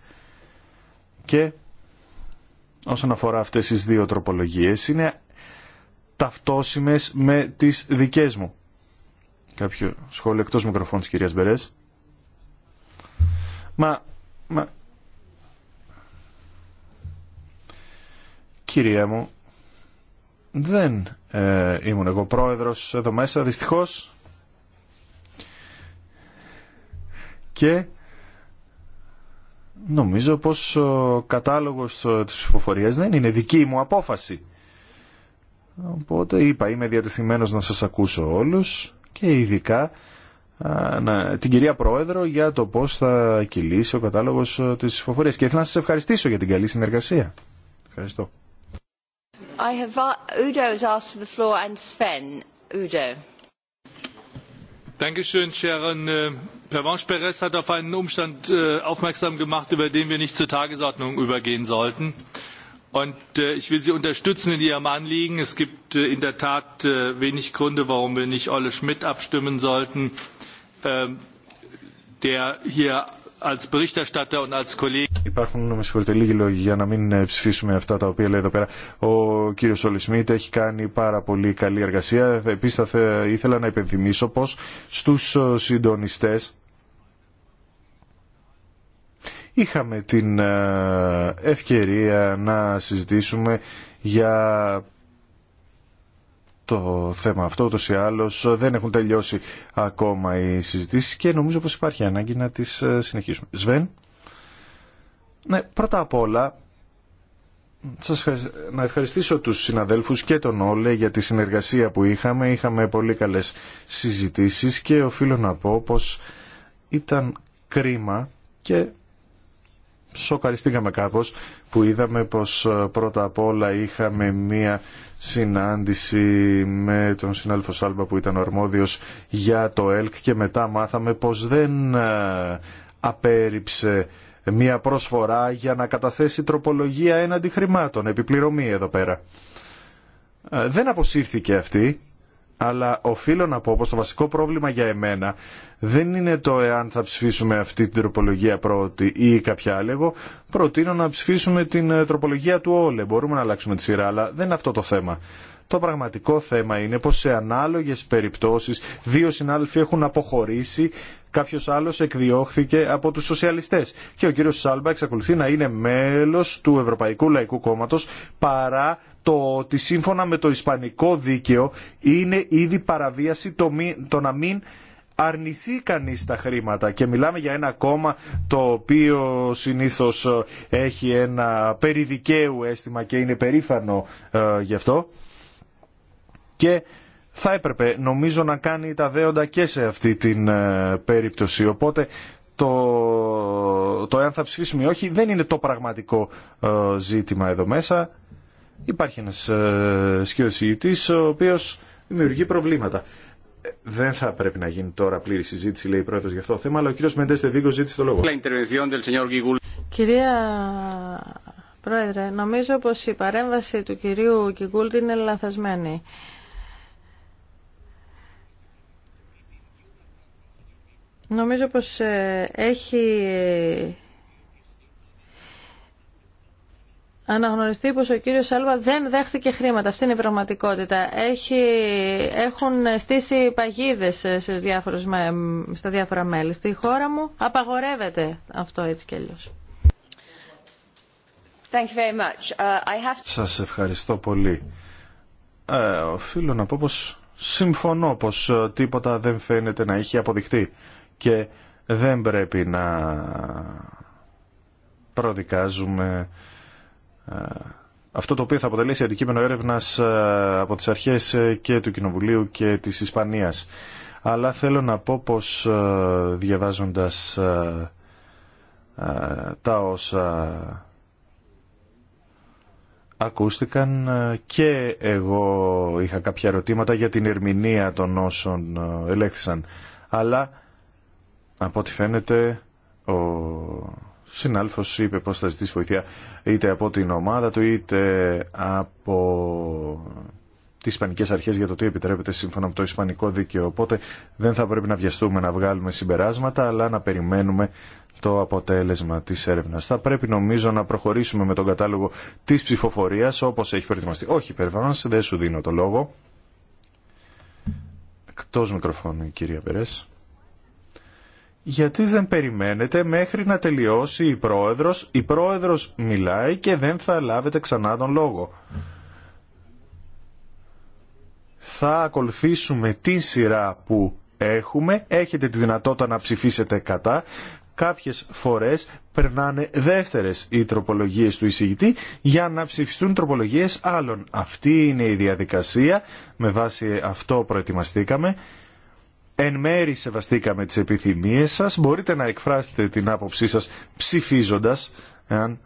Και όσον αφορά αυτές τις δύο τροπολογίες είναι ταυτόσιμες με τις δικές μου. Κάποιο σχόλιο εκτός μικροφώνου κυρίας Μπερές. Μα, μα... Κυρία μου, δεν ε, ήμουν εγώ πρόεδρος εδώ μέσα, δυστυχώς. Και νομίζω πως ο κατάλογος ε, της ψηφοφορία δεν είναι δική μου απόφαση. Οπότε είπα, είμαι διατεθειμένος να σας ακούσω όλους και ειδικά α, την κυρία Πρόεδρο για το πώς θα κυλήσει ο κατάλογος ε, της ψηφοφορία. Και ήθελα να σας ευχαριστήσω για την καλή συνεργασία. Ευχαριστώ. I have Udo has asked for the floor and Sven. Udo. Dankeschön, Sharon. Pervenche Perez hat auf einen Umstand aufmerksam gemacht, über den wir nicht zur Tagesordnung übergehen sollten. Und ich will Sie unterstützen in Ihrem Anliegen. Es gibt in der Tat wenig Gründe, warum wir nicht Olle Schmidt abstimmen sollten, der hier Υπάρχουν, με συγχωρείτε, λίγοι λόγοι για να μην ε, ψηφίσουμε αυτά τα οποία λέει εδώ πέρα. Ο κύριος Ολισμίτ έχει κάνει πάρα πολύ καλή εργασία. Επίσης θα ήθελα να υπενθυμίσω πως στους ε, συντονιστές είχαμε την ε, ευκαιρία να συζητήσουμε για το θέμα αυτό, ούτως ή άλλως δεν έχουν τελειώσει ακόμα οι συζητήσεις και νομίζω πω υπάρχει ανάγκη να τις ε, συνεχίσουμε. Σβέν, ναι, πρώτα απ' όλα σας να ευχαριστήσω τους συναδέλφους και τον Όλε για τη συνεργασία που είχαμε. Είχαμε πολύ καλές συζητήσεις και οφείλω να πω πως ήταν κρίμα και σοκαριστήκαμε κάπως που είδαμε πως ε, πρώτα απ' όλα είχαμε μία συνάντηση με τον συνάδελφο Σάλμπα που ήταν ο αρμόδιος για το ΕΛΚ και μετά μάθαμε πως δεν ε, απέρριψε μία προσφορά για να καταθέσει τροπολογία έναντι χρημάτων, επιπληρωμή εδώ πέρα. Ε, δεν αποσύρθηκε αυτή, αλλά οφείλω να πω πως το βασικό πρόβλημα για εμένα δεν είναι το εάν θα ψηφίσουμε αυτή την τροπολογία πρώτη ή κάποια άλλη. Εγώ προτείνω να ψηφίσουμε την ε, τροπολογία του όλε. Μπορούμε να αλλάξουμε τη σειρά, αλλά δεν είναι αυτό το θέμα. Το πραγματικό θέμα είναι πως σε ανάλογες περιπτώσεις δύο συνάδελφοι έχουν αποχωρήσει Κάποιο άλλος εκδιώχθηκε από τους σοσιαλιστές. Και ο κύριος Σάλμπα εξακολουθεί να είναι μέλος του Ευρωπαϊκού Λαϊκού Κόμματος παρά το ότι σύμφωνα με το ισπανικό δίκαιο είναι ήδη παραβίαση το, το να μην αρνηθεί κανείς τα χρήματα και μιλάμε για ένα κόμμα το οποίο συνήθως ε, έχει ένα περιδικαίου αίσθημα και είναι περήφανο ε, γι' αυτό και θα έπρεπε νομίζω να κάνει τα δέοντα και σε αυτή την ε, περίπτωση. Οπότε το, το εάν θα ψηφίσουμε ή όχι δεν είναι το πραγματικό ε, ζήτημα εδώ μέσα. Υπάρχει ένας ε, σκιοσυγητής ο οποίος δημιουργεί προβλήματα. Δεν θα πρέπει να γίνει τώρα πλήρη συζήτηση, λέει η πρόεδρο, για αυτό το θέμα, αλλά ο κύριο Μεντέστε Βίγκο ζήτησε το λόγο. Κυρία Πρόεδρε, νομίζω πω η παρέμβαση του κυρίου Κιγκούλτ είναι λαθασμένη. Νομίζω πως ε, έχει αναγνωριστεί πως ο κύριος Σάλβα δεν δέχτηκε χρήματα. Αυτή είναι η πραγματικότητα. Έχει, έχουν στήσει παγίδες ε, στα διάφορα μέλη. Στη χώρα μου απαγορεύεται αυτό έτσι κι αλλιώς. Thank you very much. Uh, Σας ευχαριστώ πολύ. Ε, οφείλω να πω πως συμφωνώ πως ε, τίποτα δεν φαίνεται να έχει αποδειχτεί και δεν πρέπει να προδικάζουμε ε, αυτό το οποίο θα αποτελέσει αντικείμενο έρευνας ε, από τις αρχές ε, και του Κοινοβουλίου και της Ισπανίας. Αλλά θέλω να πω πως διαβάζοντας τα όσα ακούστηκαν και εγώ είχα κάποια ερωτήματα για την ερμηνεία των όσων ελέγχθησαν. Αλλά από ό,τι φαίνεται, ο συνάλφος είπε πως θα ζητήσει βοήθεια είτε από την ομάδα του είτε από τις ισπανικές αρχές για το τι επιτρέπεται σύμφωνα με το ισπανικό δίκαιο. Οπότε δεν θα πρέπει να βιαστούμε να βγάλουμε συμπεράσματα αλλά να περιμένουμε το αποτέλεσμα της έρευνας. Θα πρέπει νομίζω να προχωρήσουμε με τον κατάλογο της ψηφοφορίας όπως έχει προετοιμαστεί. Όχι υπερβάνας, δεν σου δίνω το λόγο. Εκτός μικροφώνου κυρία Περές γιατί δεν περιμένετε μέχρι να τελειώσει η πρόεδρος, η πρόεδρος μιλάει και δεν θα λάβετε ξανά τον λόγο. Θα ακολουθήσουμε τη σειρά που έχουμε, έχετε τη δυνατότητα να ψηφίσετε κατά, κάποιες φορές περνάνε δεύτερες οι τροπολογίες του εισηγητή για να ψηφιστούν τροπολογίες άλλων. Αυτή είναι η διαδικασία, με βάση αυτό προετοιμαστήκαμε Εν μέρη σεβαστήκαμε τις επιθυμίες σας. Μπορείτε να εκφράσετε την άποψή σας ψηφίζοντας, εάν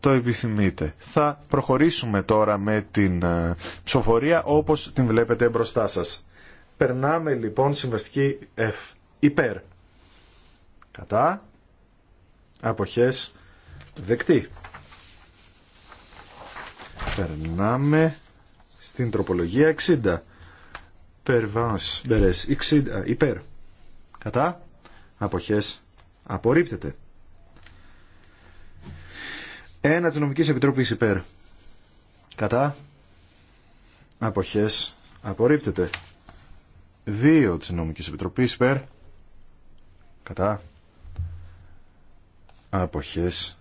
το επιθυμείτε. Θα προχωρήσουμε τώρα με την ε, ψηφοφορία όπως την βλέπετε μπροστά σας. Περνάμε λοιπόν συμβαστική F. Υπέρ. Κατά. Αποχές. Δεκτή. Περνάμε στην τροπολογία 60. Περβάς Μπερές υπέρ κατά αποχές απορρίπτεται Ένα της νομικής επιτροπής υπέρ κατά αποχές απορρίπτεται Δύο της νομικής επιτροπής υπέρ κατά αποχές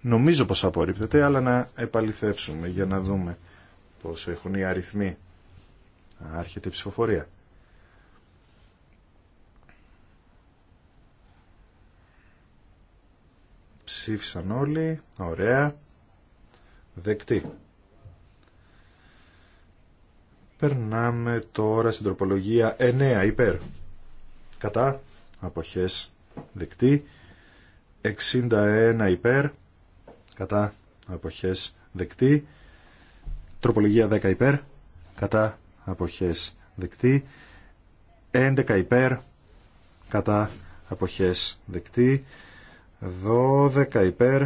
νομίζω πως απορρίπτεται αλλά να επαληθεύσουμε για να δούμε πως έχουν οι αριθμοί Άρχεται η ψηφοφορία. Ψήφισαν όλοι. Ωραία. Δεκτή. Περνάμε τώρα στην τροπολογία 9 υπέρ. Κατά. Αποχές. Δεκτή. 61 υπέρ. Κατά. Αποχές. Δεκτή. Τροπολογία 10 υπέρ. Κατά αποχές δεκτή 11 υπέρ κατά αποχές δεκτή 12 υπέρ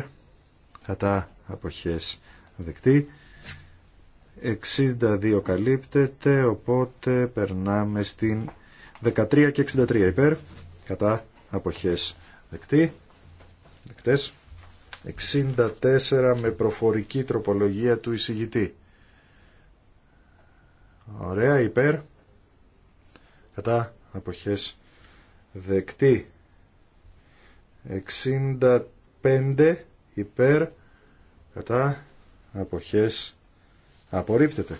κατά αποχές δεκτή 62 καλύπτεται οπότε περνάμε στην 13 και 63 υπέρ κατά αποχές δεκτή δεκτές 64 με προφορική τροπολογία του εισηγητή Ωραία, υπέρ. Κατά αποχές δεκτή. 65 υπέρ. Κατά αποχές απορρίπτεται.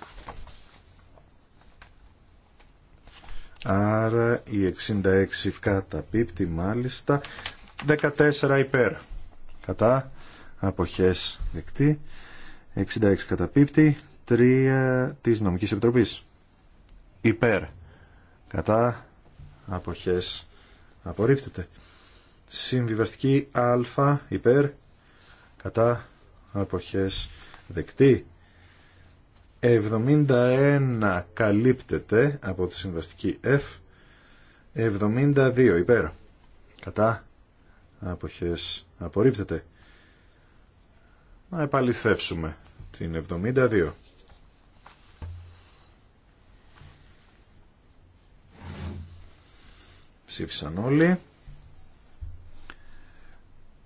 Άρα η 66 καταπίπτει μάλιστα 14 υπέρ. Κατά αποχές δεκτή. 66 καταπίπτει 3 της Νομικής Επιτροπής. Υπέρ. Κατά. Αποχές. Απορρίπτεται. Συμβιβαστική α υπέρ. Κατά. Αποχές. Δεκτή. 71 καλύπτεται από τη συμβαστική F. 72 υπέρ. Κατά. Αποχές. Απορρίπτεται. Να επαληθεύσουμε την 72. Ψήφισαν όλοι.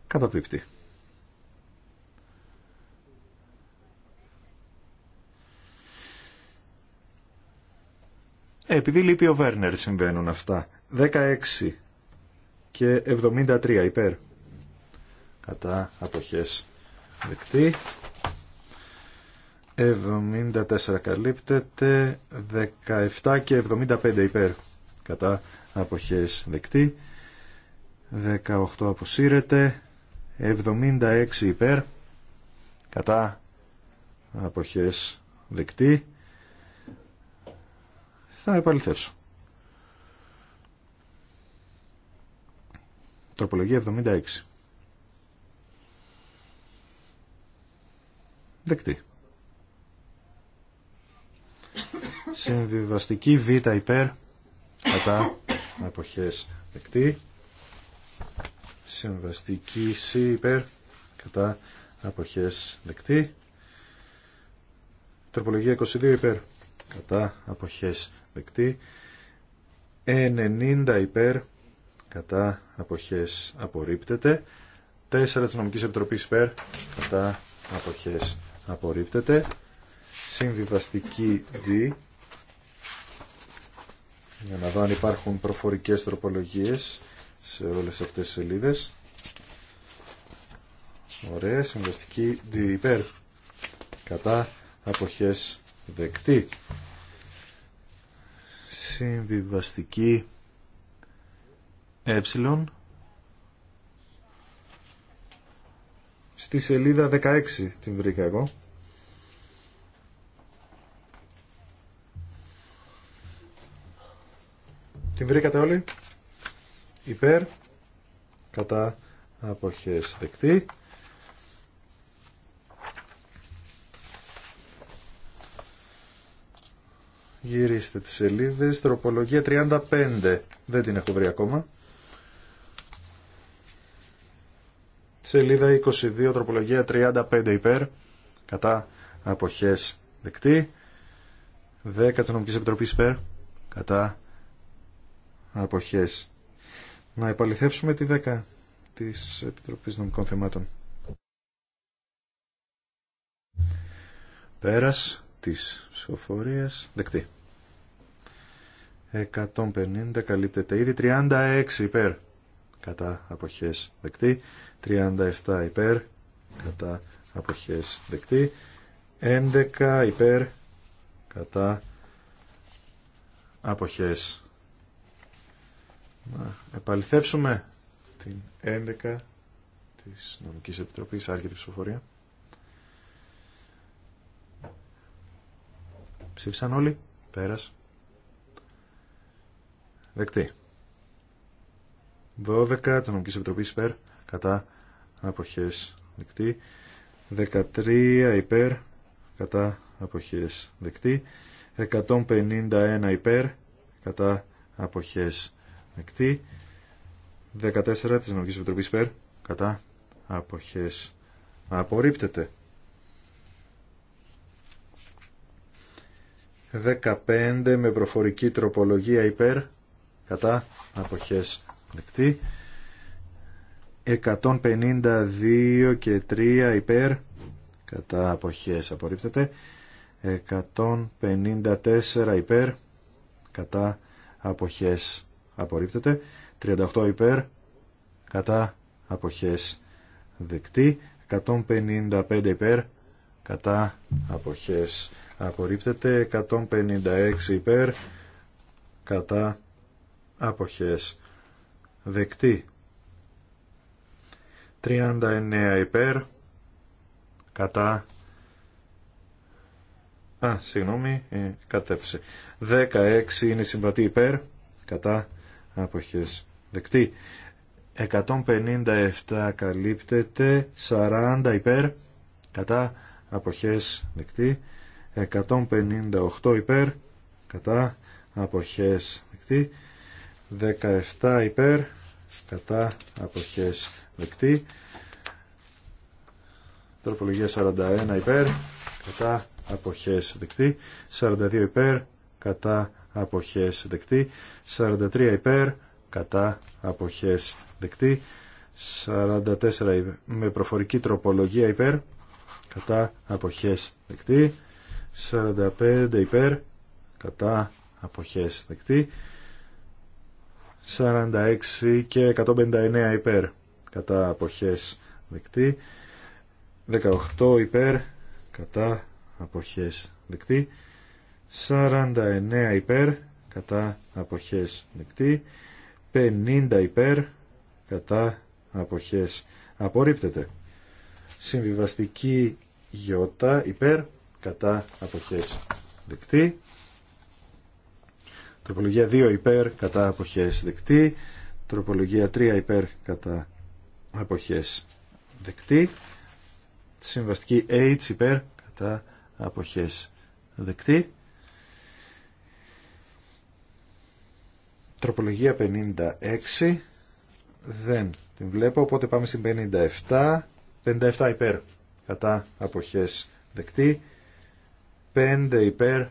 Καταπίπτει. Ε, επειδή λείπει ο Βέρνερ συμβαίνουν αυτά. 16 και 73 υπέρ. Κατά αποχές δεκτή. 74 καλύπτεται. 17 και 75 υπέρ. Κατά αποχές δεκτή 18 αποσύρεται 76 υπέρ κατά αποχές δεκτή θα επαληθεύσω τροπολογία 76 δεκτή συμβιβαστική β υπέρ κατά αποχές δεκτή συμβαστική C υπέρ κατά αποχές δεκτή τροπολογία 22 υπέρ κατά αποχές δεκτή 90 υπέρ κατά αποχές απορρίπτεται 4 της νομικής επιτροπής υπέρ κατά αποχές απορρίπτεται συμβιβαστική D για να δω αν υπάρχουν προφορικές τροπολογίες σε όλες αυτές τις σελίδες. Ωραία, συμβαστική διπερ, κατά αποχές δεκτή. Συμβιβαστική ε στη σελίδα 16 την βρήκα εγώ. Την βρήκατε όλοι. Υπέρ. Κατά αποχές δεκτή. Γυρίστε τις σελίδες. Τροπολογία 35. Δεν την έχω βρει ακόμα. Σελίδα 22, τροπολογία 35 υπέρ. Κατά αποχές δεκτή. 10 της Νομικής Επιτροπής υπέρ. Κατά αποχές. Να επαληθεύσουμε τη 10 της Επιτροπής Νομικών Θεμάτων. Πέρας της ψηφοφορίας δεκτή. 150 καλύπτεται ήδη 36 υπέρ κατά αποχές δεκτή 37 υπέρ κατά αποχές δεκτή 11 υπέρ κατά αποχές να επαληθεύσουμε την 11 της Νομικής Επιτροπής, της ψηφοφορία. Ψήφισαν όλοι, πέρας. Δεκτή. 12 της Νομικής Επιτροπής υπέρ, κατά αποχές δεκτή. 13 υπέρ, κατά αποχές δεκτή. 151 υπέρ, κατά αποχές 14 της Νομικής Επιτροπής Κατά. Αποχές. Απορρίπτεται. 15 με προφορική τροπολογία υπέρ. Κατά. Αποχές. 152 και 3 υπέρ. Κατά. Αποχές. Απορρίπτεται. 154 υπέρ. Κατά. Αποχές απορρίπτεται 38 υπέρ κατά αποχές δεκτή 155 υπέρ κατά αποχές απορρίπτεται 156 υπέρ κατά αποχές δεκτή 39 υπέρ κατά α, συγγνώμη, ε, κατέψε 16 είναι συμβατή υπέρ κατά αποχές δεκτή 157 καλύπτεται 40 υπέρ κατά αποχές δεκτή 158 υπέρ κατά αποχές δεκτή 17 υπέρ κατά αποχές δεκτή τροπολογία 41 υπέρ κατά αποχές δεκτή 42 υπέρ κατά αποχές δεκτή 43 υπέρ κατά αποχές δεκτή 44 με προφορική τροπολογία υπέρ κατά αποχές δεκτή 45 υπέρ κατά αποχές δεκτή 46 και 159 υπέρ κατά αποχές δεκτή 18 υπέρ κατά αποχές δεκτή 49 υπέρ κατά αποχές δεκτή 50 υπέρ κατά αποχές απορρίπτεται συμβιβαστική γιώτα υπέρ κατά αποχές δεκτή τροπολογία 2 υπέρ κατά αποχές δεκτή τροπολογία 3 υπέρ κατά αποχές δεκτή συμβαστική H υπέρ κατά αποχές δεκτή Τροπολογία 56 δεν την βλέπω, οπότε πάμε στην 57. 57 υπέρ κατά αποχές δεκτή. 5 υπέρ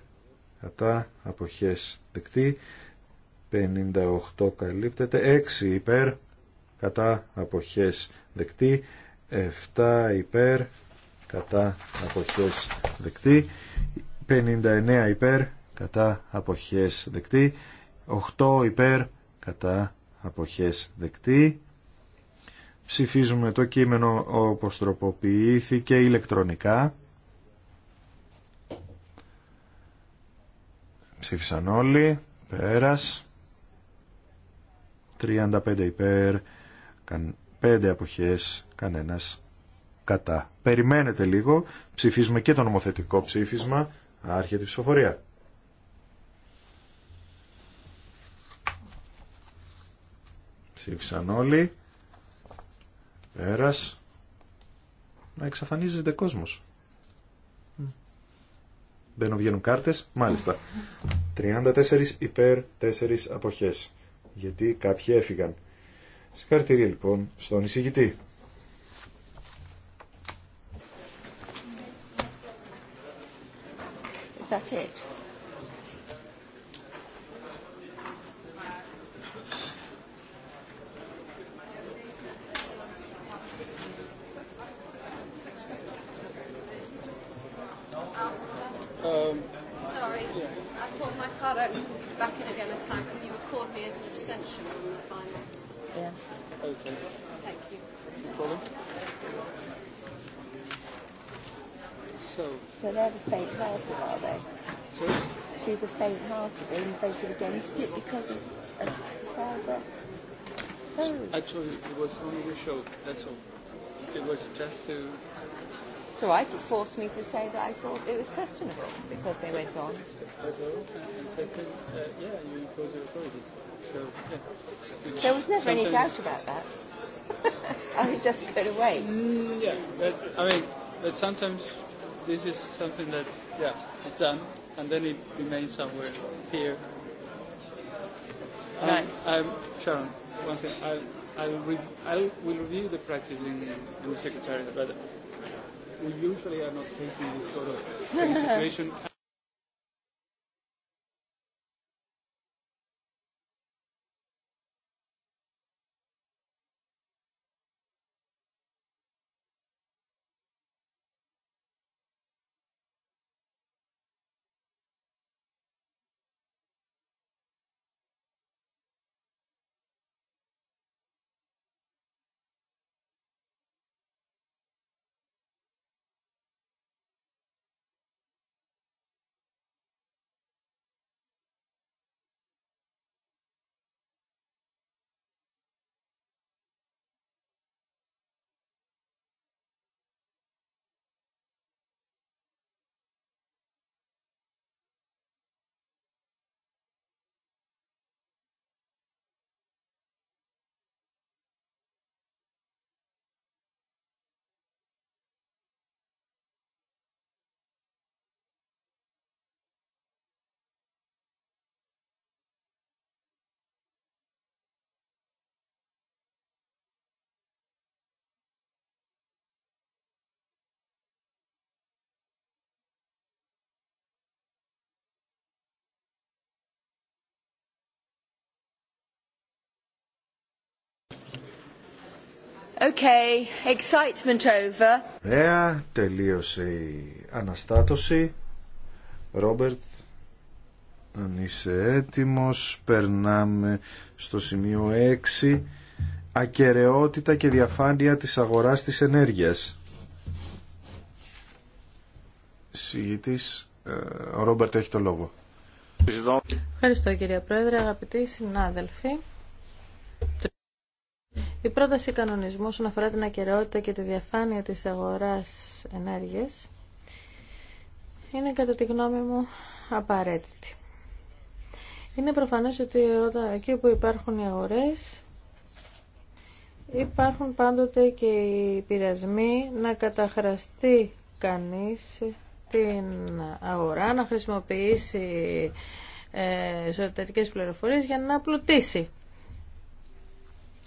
κατά αποχές δεκτή. 58 καλύπτεται. 6 υπέρ κατά αποχές δεκτή. 7 υπέρ κατά αποχές δεκτή. 59 υπέρ κατά αποχές δεκτή. 8 υπέρ κατά αποχές δεκτή. Ψηφίζουμε το κείμενο όπως τροποποιήθηκε ηλεκτρονικά. Ψήφισαν όλοι. Πέρας. 35 υπέρ. 5 αποχές. Κανένας κατά. Περιμένετε λίγο. Ψηφίζουμε και το νομοθετικό ψήφισμα. Άρχεται η ψηφοφορία. Ψήφισαν όλοι. Πέρας. Να εξαφανίζεται κόσμος. Μπαίνουν, βγαίνουν κάρτες. Μάλιστα. 34 υπέρ 4 αποχές. Γιατί κάποιοι έφυγαν. Συγχαρητήρια λοιπόν στον εισηγητή. That's it? back in again in time. Can you record me as an abstention on the final? Yeah. Okay. Thank you. problem. So. So they're the faint-hearted, are they? So. She's a faint-hearted and voted against it because of father. So. Actually, it was only a show. That's all. It was just to That's all right. It forced me to say that I thought it was questionable because they went on. There was never any doubt about that. I was just going away. yeah, I mean, but sometimes this is something that, yeah, it's done, and then it remains somewhere here. I'm Sharon. One thing, I, will, we'll review the practice in, in the secretariat, but we usually are not taking this sort of situation. Okay, excitement over. Ωραία, τελείωσε η αναστάτωση. Ρόμπερτ, αν είσαι έτοιμος, περνάμε στο σημείο 6. Ακεραιότητα και διαφάνεια της αγοράς της ενέργειας. Συγητής, ε, ο Ρόμπερτ έχει το λόγο. Ευχαριστώ κύριε Πρόεδρε, αγαπητοί συνάδελφοι. Η πρόταση κανονισμού όσον αφορά την ακαιρεότητα και τη διαφάνεια της αγοράς ενέργειας είναι κατά τη γνώμη μου απαραίτητη. Είναι προφανές ότι όταν, εκεί που υπάρχουν οι αγορές υπάρχουν πάντοτε και οι πειρασμοί να καταχραστεί κανείς την αγορά, να χρησιμοποιήσει ε, εσωτερικές πληροφορίες για να πλουτίσει.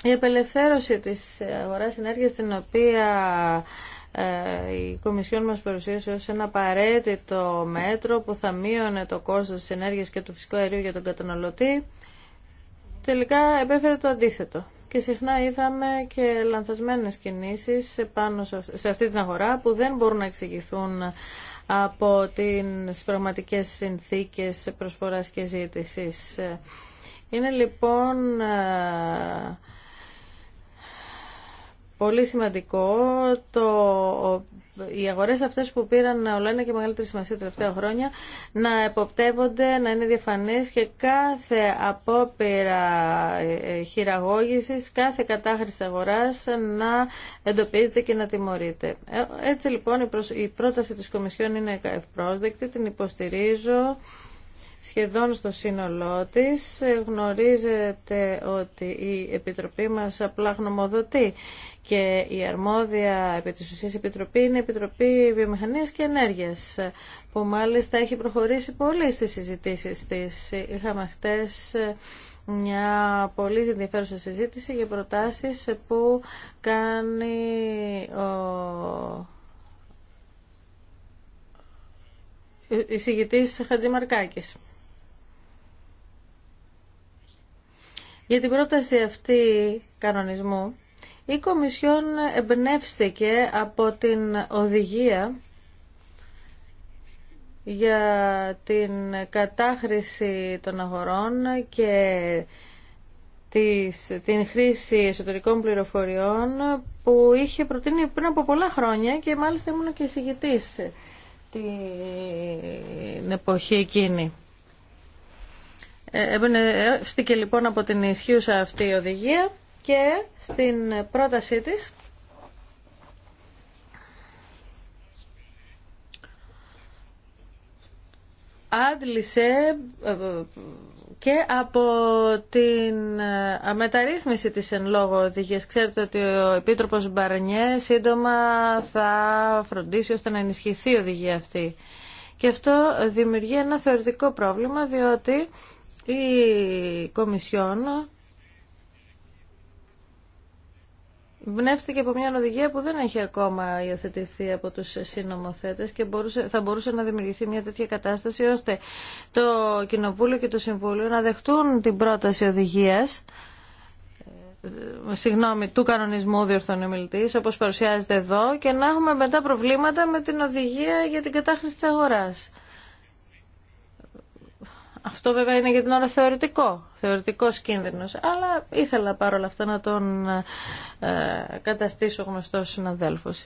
Η απελευθέρωση της αγοράς ενέργειας την οποία ε, η Κομισιόν μας παρουσίασε ως ένα απαραίτητο μέτρο που θα μείωνε το κόστος της ενέργειας και του φυσικού αερίου για τον καταναλωτή τελικά επέφερε το αντίθετο. Και συχνά είδαμε και λανθασμένες κινήσεις πάνω σε αυτή την αγορά που δεν μπορούν να εξηγηθούν από τις πραγματικές συνθήκες προσφοράς και ζήτησης. Είναι λοιπόν ε, πολύ σημαντικό το, οι αγορές αυτές που πήραν όλο ένα και μεγαλύτερη σημασία τα τελευταία χρόνια να εποπτεύονται, να είναι διαφανεί και κάθε απόπειρα ε, ε, χειραγώγησης, κάθε κατάχρηση αγοράς να εντοπίζεται και να τιμωρείται. Ε, έτσι λοιπόν η πρόταση της Κομισιόν είναι ευπρόσδεκτη, την υποστηρίζω σχεδόν στο σύνολό της. Ε, γνωρίζετε ότι η Επιτροπή μας απλά γνωμοδοτεί και η αρμόδια επί της ουσίας Επιτροπή είναι η Επιτροπή Βιομηχανίας και Ενέργειας που μάλιστα έχει προχωρήσει πολύ στις συζητήσεις της. Είχαμε χτες ε, μια πολύ ενδιαφέρουσα συζήτηση για προτάσεις που κάνει ο εισηγητής Χατζημαρκάκης. Για την πρόταση αυτή κανονισμού, η Κομισιόν εμπνεύστηκε από την οδηγία για την κατάχρηση των αγορών και την χρήση εσωτερικών πληροφοριών που είχε προτείνει πριν από πολλά χρόνια και μάλιστα ήμουν και εισηγητής την εποχή εκείνη. Ε, εμπνευστήκε λοιπόν από την ισχύουσα αυτή η οδηγία και στην πρότασή της άντλησε ε, και από την ε, μεταρρύθμιση της εν λόγω οδηγίας. Ξέρετε ότι ο Επίτροπος Μπαρνιέ σύντομα θα φροντίσει ώστε να ενισχυθεί η οδηγία αυτή. Και αυτό δημιουργεί ένα θεωρητικό πρόβλημα διότι η Κομισιόν Μπνεύστηκε από μια οδηγία που δεν έχει ακόμα υιοθετηθεί από τους συνομοθέτες και θα μπορούσε να δημιουργηθεί μια τέτοια κατάσταση ώστε το Κοινοβούλιο και το Συμβούλιο να δεχτούν την πρόταση οδηγίας ε, συγγνώμη, του κανονισμού διορθώνει ο όπως παρουσιάζεται εδώ και να έχουμε μετά προβλήματα με την οδηγία για την κατάχρηση της αγοράς. Αυτό βέβαια είναι για την ώρα θεωρητικό, θεωρητικός κίνδυνος, αλλά ήθελα παρόλα αυτά να τον ε, καταστήσω γνωστό συναδέλφος.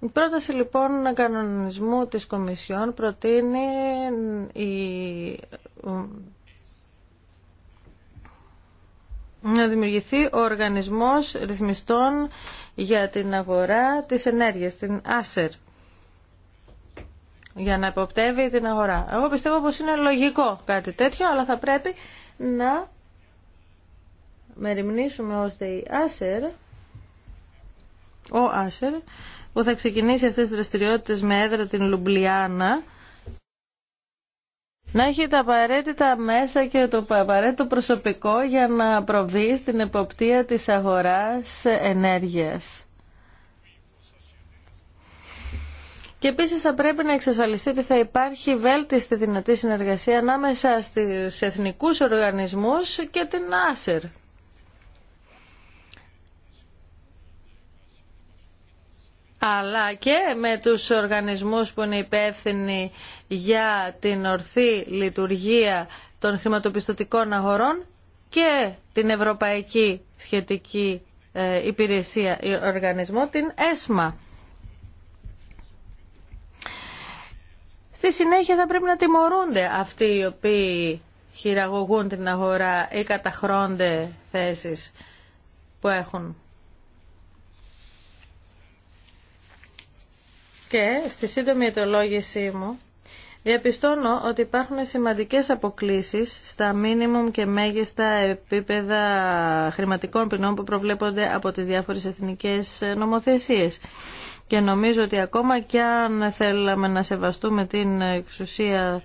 Η πρόταση λοιπόν κανονισμού της Κομισιόν προτείνει η... να δημιουργηθεί ο Οργανισμός Ρυθμιστών για την Αγορά της Ενέργειας, την ΆΣΕΡ για να υποπτεύει την αγορά. Εγώ πιστεύω πως είναι λογικό κάτι τέτοιο, αλλά θα πρέπει να μεριμνήσουμε ώστε η Άσερ, ο Άσερ, που θα ξεκινήσει αυτές τις δραστηριότητες με έδρα την Λουμπλιάνα, να έχει τα απαραίτητα μέσα και το απαραίτητο προσωπικό για να προβεί στην εποπτεία της αγοράς ενέργειας. Και επίση θα πρέπει να εξασφαλιστεί ότι θα υπάρχει βέλτιστη δυνατή συνεργασία ανάμεσα στου εθνικούς οργανισμούς και την ΆΣΕΡ. αλλά και με τους οργανισμούς που είναι υπεύθυνοι για την ορθή λειτουργία των χρηματοπιστωτικών αγορών και την Ευρωπαϊκή Σχετική ε, Υπηρεσία ε, Οργανισμό, την ΕΣΜΑ. Στη συνέχεια θα πρέπει να τιμωρούνται αυτοί οι οποίοι χειραγωγούν την αγορά ή καταχρώνται θέσεις που έχουν. Και στη σύντομη αιτολόγησή μου διαπιστώνω ότι υπάρχουν σημαντικές αποκλίσεις στα μίνιμουμ και μέγιστα επίπεδα χρηματικών ποινών που προβλέπονται από τις διάφορες εθνικές νομοθεσίες. Και νομίζω ότι ακόμα κι αν θέλαμε να σεβαστούμε την εξουσία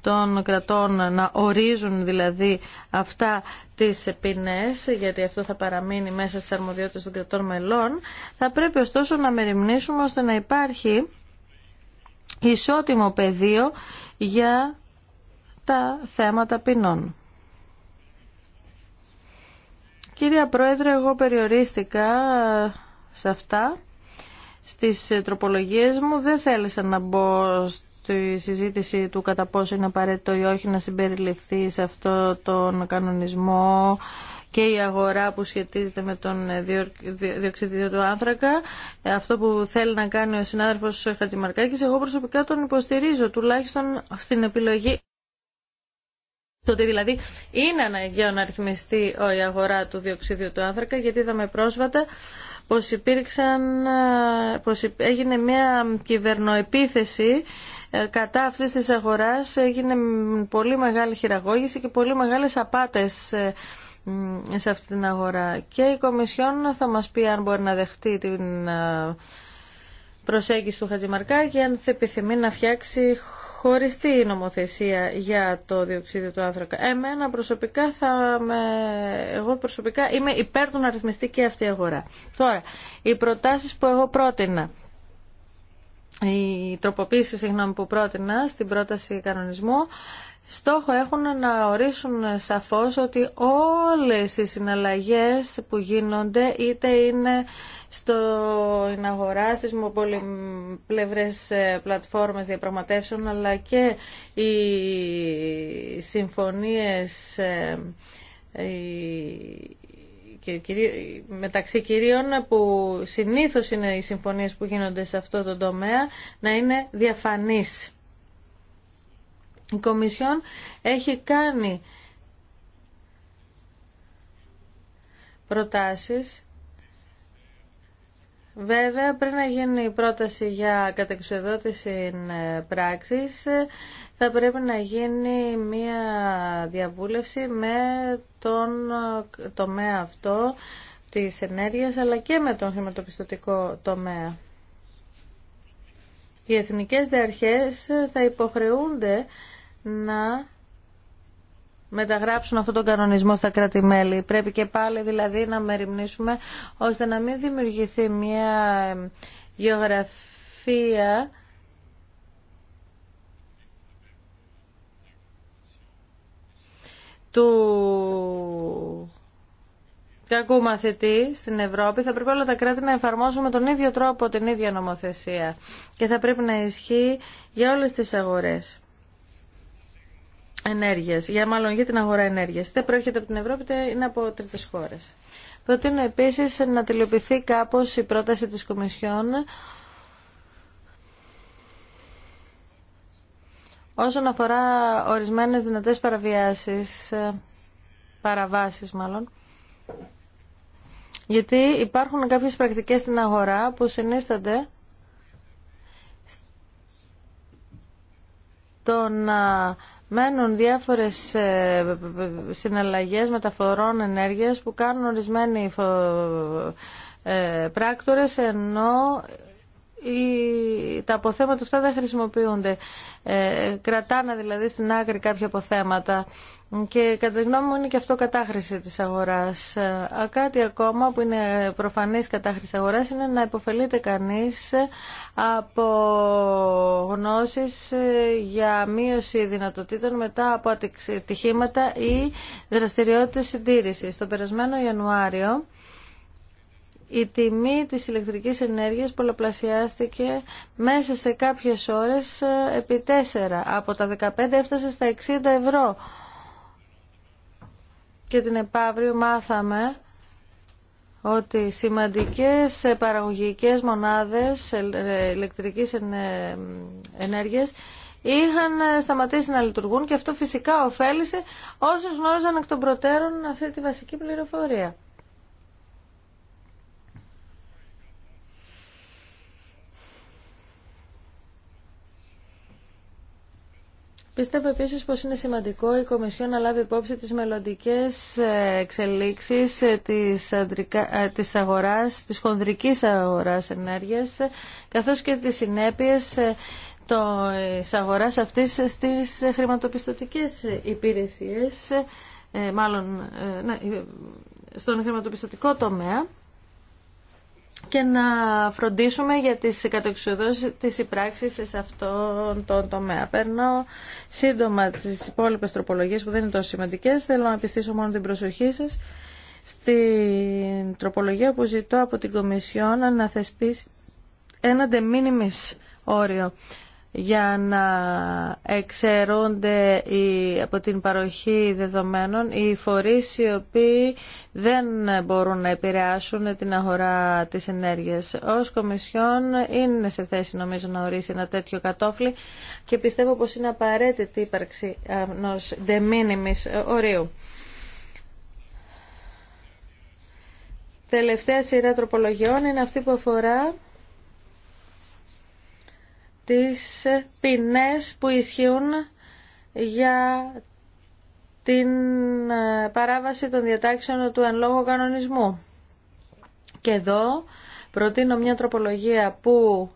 των κρατών να ορίζουν δηλαδή αυτά τις ποινές, γιατί αυτό θα παραμείνει μέσα στις αρμοδιότητες των κρατών μελών, θα πρέπει ωστόσο να μεριμνήσουμε ώστε να υπάρχει ισότιμο πεδίο για τα θέματα ποινών. Κυρία Πρόεδρε, εγώ περιορίστηκα σε αυτά στις ε, τροπολογίες μου δεν θέλησα να μπω στη συζήτηση του κατά πόσο είναι απαραίτητο ή όχι να συμπεριληφθεί σε αυτό τον κανονισμό και η αγορά που σχετίζεται με τον ε, διοξιδιο του άνθρακα. Ε, αυτό που θέλει να κάνει ο συνάδελφος Χατζημαρκάκης, εγώ προσωπικά τον υποστηρίζω, τουλάχιστον στην επιλογή στο ότι δηλαδή είναι αναγκαίο να ρυθμιστεί η αγορά του διοξίδιου του άνθρακα, γιατί είδαμε πρόσφατα πως, υπήρξαν, ε, πως έγινε μια κυβερνοεπίθεση ε, κατά αυτής της αγοράς, έγινε πολύ μεγάλη χειραγώγηση και πολύ μεγάλες απάτες ε, σε αυτή την αγορά. Και η Κομισιόν θα μας πει αν μπορεί να δεχτεί την προσέγγιση του Χατζημαρκά και αν θα επιθυμεί να φτιάξει χωριστή νομοθεσία για το διοξείδιο του άνθρακα. Εμένα προσωπικά θα με... εγώ προσωπικά είμαι υπέρ του να ρυθμιστεί και αυτή η αγορά. Τώρα, οι προτάσεις που εγώ πρότεινα, οι τροποποίησεις συγγνώμη, που πρότεινα στην πρόταση κανονισμού, στόχο έχουν να ορίσουν σαφώς ότι όλες οι συναλλαγές που γίνονται είτε είναι στο αγορά, στις πλευρές ε, πλατφόρμες διαπραγματεύσεων αλλά και οι συμφωνίες ε, και μεταξύ κυρίων που συνήθως είναι οι συμφωνίες που γίνονται σε αυτό το τομέα να είναι διαφανείς. Η Κομισιόν έχει κάνει προτάσεις Βέβαια, πριν να γίνει η πρόταση για κατεξοδότηση ε, πράξης, ε, θα πρέπει να γίνει μία διαβούλευση με τον ε, τομέα αυτό της ενέργειας, αλλά και με τον χρηματοπιστωτικό τομέα. Οι εθνικές διαρχές θα υποχρεούνται να μεταγράψουν αυτόν τον κανονισμό στα κράτη-μέλη. Πρέπει και πάλι δηλαδή να μεριμνήσουμε ώστε να μην δημιουργηθεί μια ε, γεωγραφία του κακού μαθητή στην Ευρώπη, θα πρέπει όλα τα κράτη να εφαρμόσουν με τον ίδιο τρόπο την ίδια νομοθεσία και θα πρέπει να ισχύει για όλες τις αγορές ενέργειας, για μάλλον για την αγορά ενέργειας, είτε προέρχεται από την Ευρώπη είτε είναι από τρίτες χώρε. Προτείνω επίσης να τελειοποιηθεί κάπως η πρόταση της Κομισιόν όσον αφορά ορισμένες δυνατές παραβιάσεις, παραβάσεις μάλλον, γιατί υπάρχουν κάποιες πρακτικές στην αγορά που συνίστανται τον Μένουν διάφορες ε, συναλλαγές μεταφορών ενέργειας που κάνουν ορισμένοι ε, πράκτορες ενώ τα αποθέματα αυτά δεν χρησιμοποιούνται. Ε, κρατάνε δηλαδή στην άκρη κάποια αποθέματα. Και κατά τη γνώμη μου είναι και αυτό κατάχρηση της αγοράς. Α, ε, κάτι ακόμα που είναι προφανής κατάχρηση αγοράς είναι να υποφελείται κανείς ε, από γνώσεις ε, για μείωση δυνατοτήτων μετά από ατυχήματα ή δραστηριότητες συντήρησης. Το περασμένο Ιανουάριο η τιμή της ηλεκτρικής ενέργειας πολλαπλασιάστηκε μέσα σε κάποιες ώρες ε, επί 4. Από τα 15 έφτασε στα 60 ευρώ. Και την επαύριο μάθαμε ότι σημαντικές παραγωγικές μονάδες ε, ηλεκτρικής ε, ενέργειας είχαν σταματήσει να λειτουργούν και αυτό φυσικά ωφέλησε όσους γνώριζαν εκ των προτέρων αυτή τη βασική πληροφορία. Πιστεύω επίση πως είναι σημαντικό η Κομισιόν να λάβει υπόψη τις μελλοντικέ ε, εξελίξεις ε, τη ε, της αγοράς, της χονδρικής αγοράς καθώς και τις συνέπειες τη αγορά αυτής στις χρηματοπιστωτικές υπηρεσίες, μάλλον ναι, στον χρηματοπιστωτικό τομέα και να φροντίσουμε για τις κατεξοδόσεις της υπράξης σε αυτόν τον τομέα. Παίρνω σύντομα τις υπόλοιπε τροπολογίες που δεν είναι τόσο σημαντικές. Θέλω να πιστήσω μόνο την προσοχή σας στην τροπολογία που ζητώ από την Κομισιόν να θεσπίσει έναν μήνυμης όριο για να εξαιρούνται οι, από την παροχή δεδομένων οι φορείς οι οποίοι δεν μπορούν να επηρεάσουν την αγορά της ενέργειας. Ως Κομισιόν είναι σε θέση νομίζω να ορίσει ένα τέτοιο κατόφλι και πιστεύω πως είναι απαραίτητη η ύπαρξη ενός de ορίου. Τελευταία σειρά τροπολογιών είναι αυτή που αφορά τις ποινές που ισχύουν για την ε, παράβαση των διατάξεων του εν λόγω κανονισμού. Και εδώ προτείνω μια τροπολογία που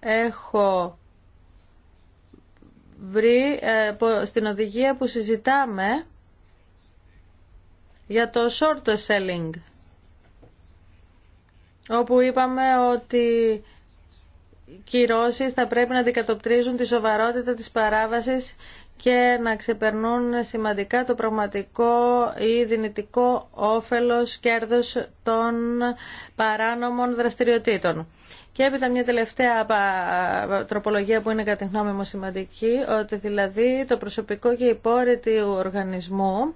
έχω βρει ε, στην οδηγία που συζητάμε για το short selling όπου είπαμε ότι κυρώσει θα πρέπει να αντικατοπτρίζουν τη σοβαρότητα τη παράβαση και να ξεπερνούν σημαντικά το πραγματικό ή δυνητικό όφελος κέρδος των παράνομων δραστηριοτήτων. Και έπειτα μια τελευταία τροπολογία που είναι κατά γνώμη μου σημαντική, ότι δηλαδή το προσωπικό και υπόρρητη οργανισμού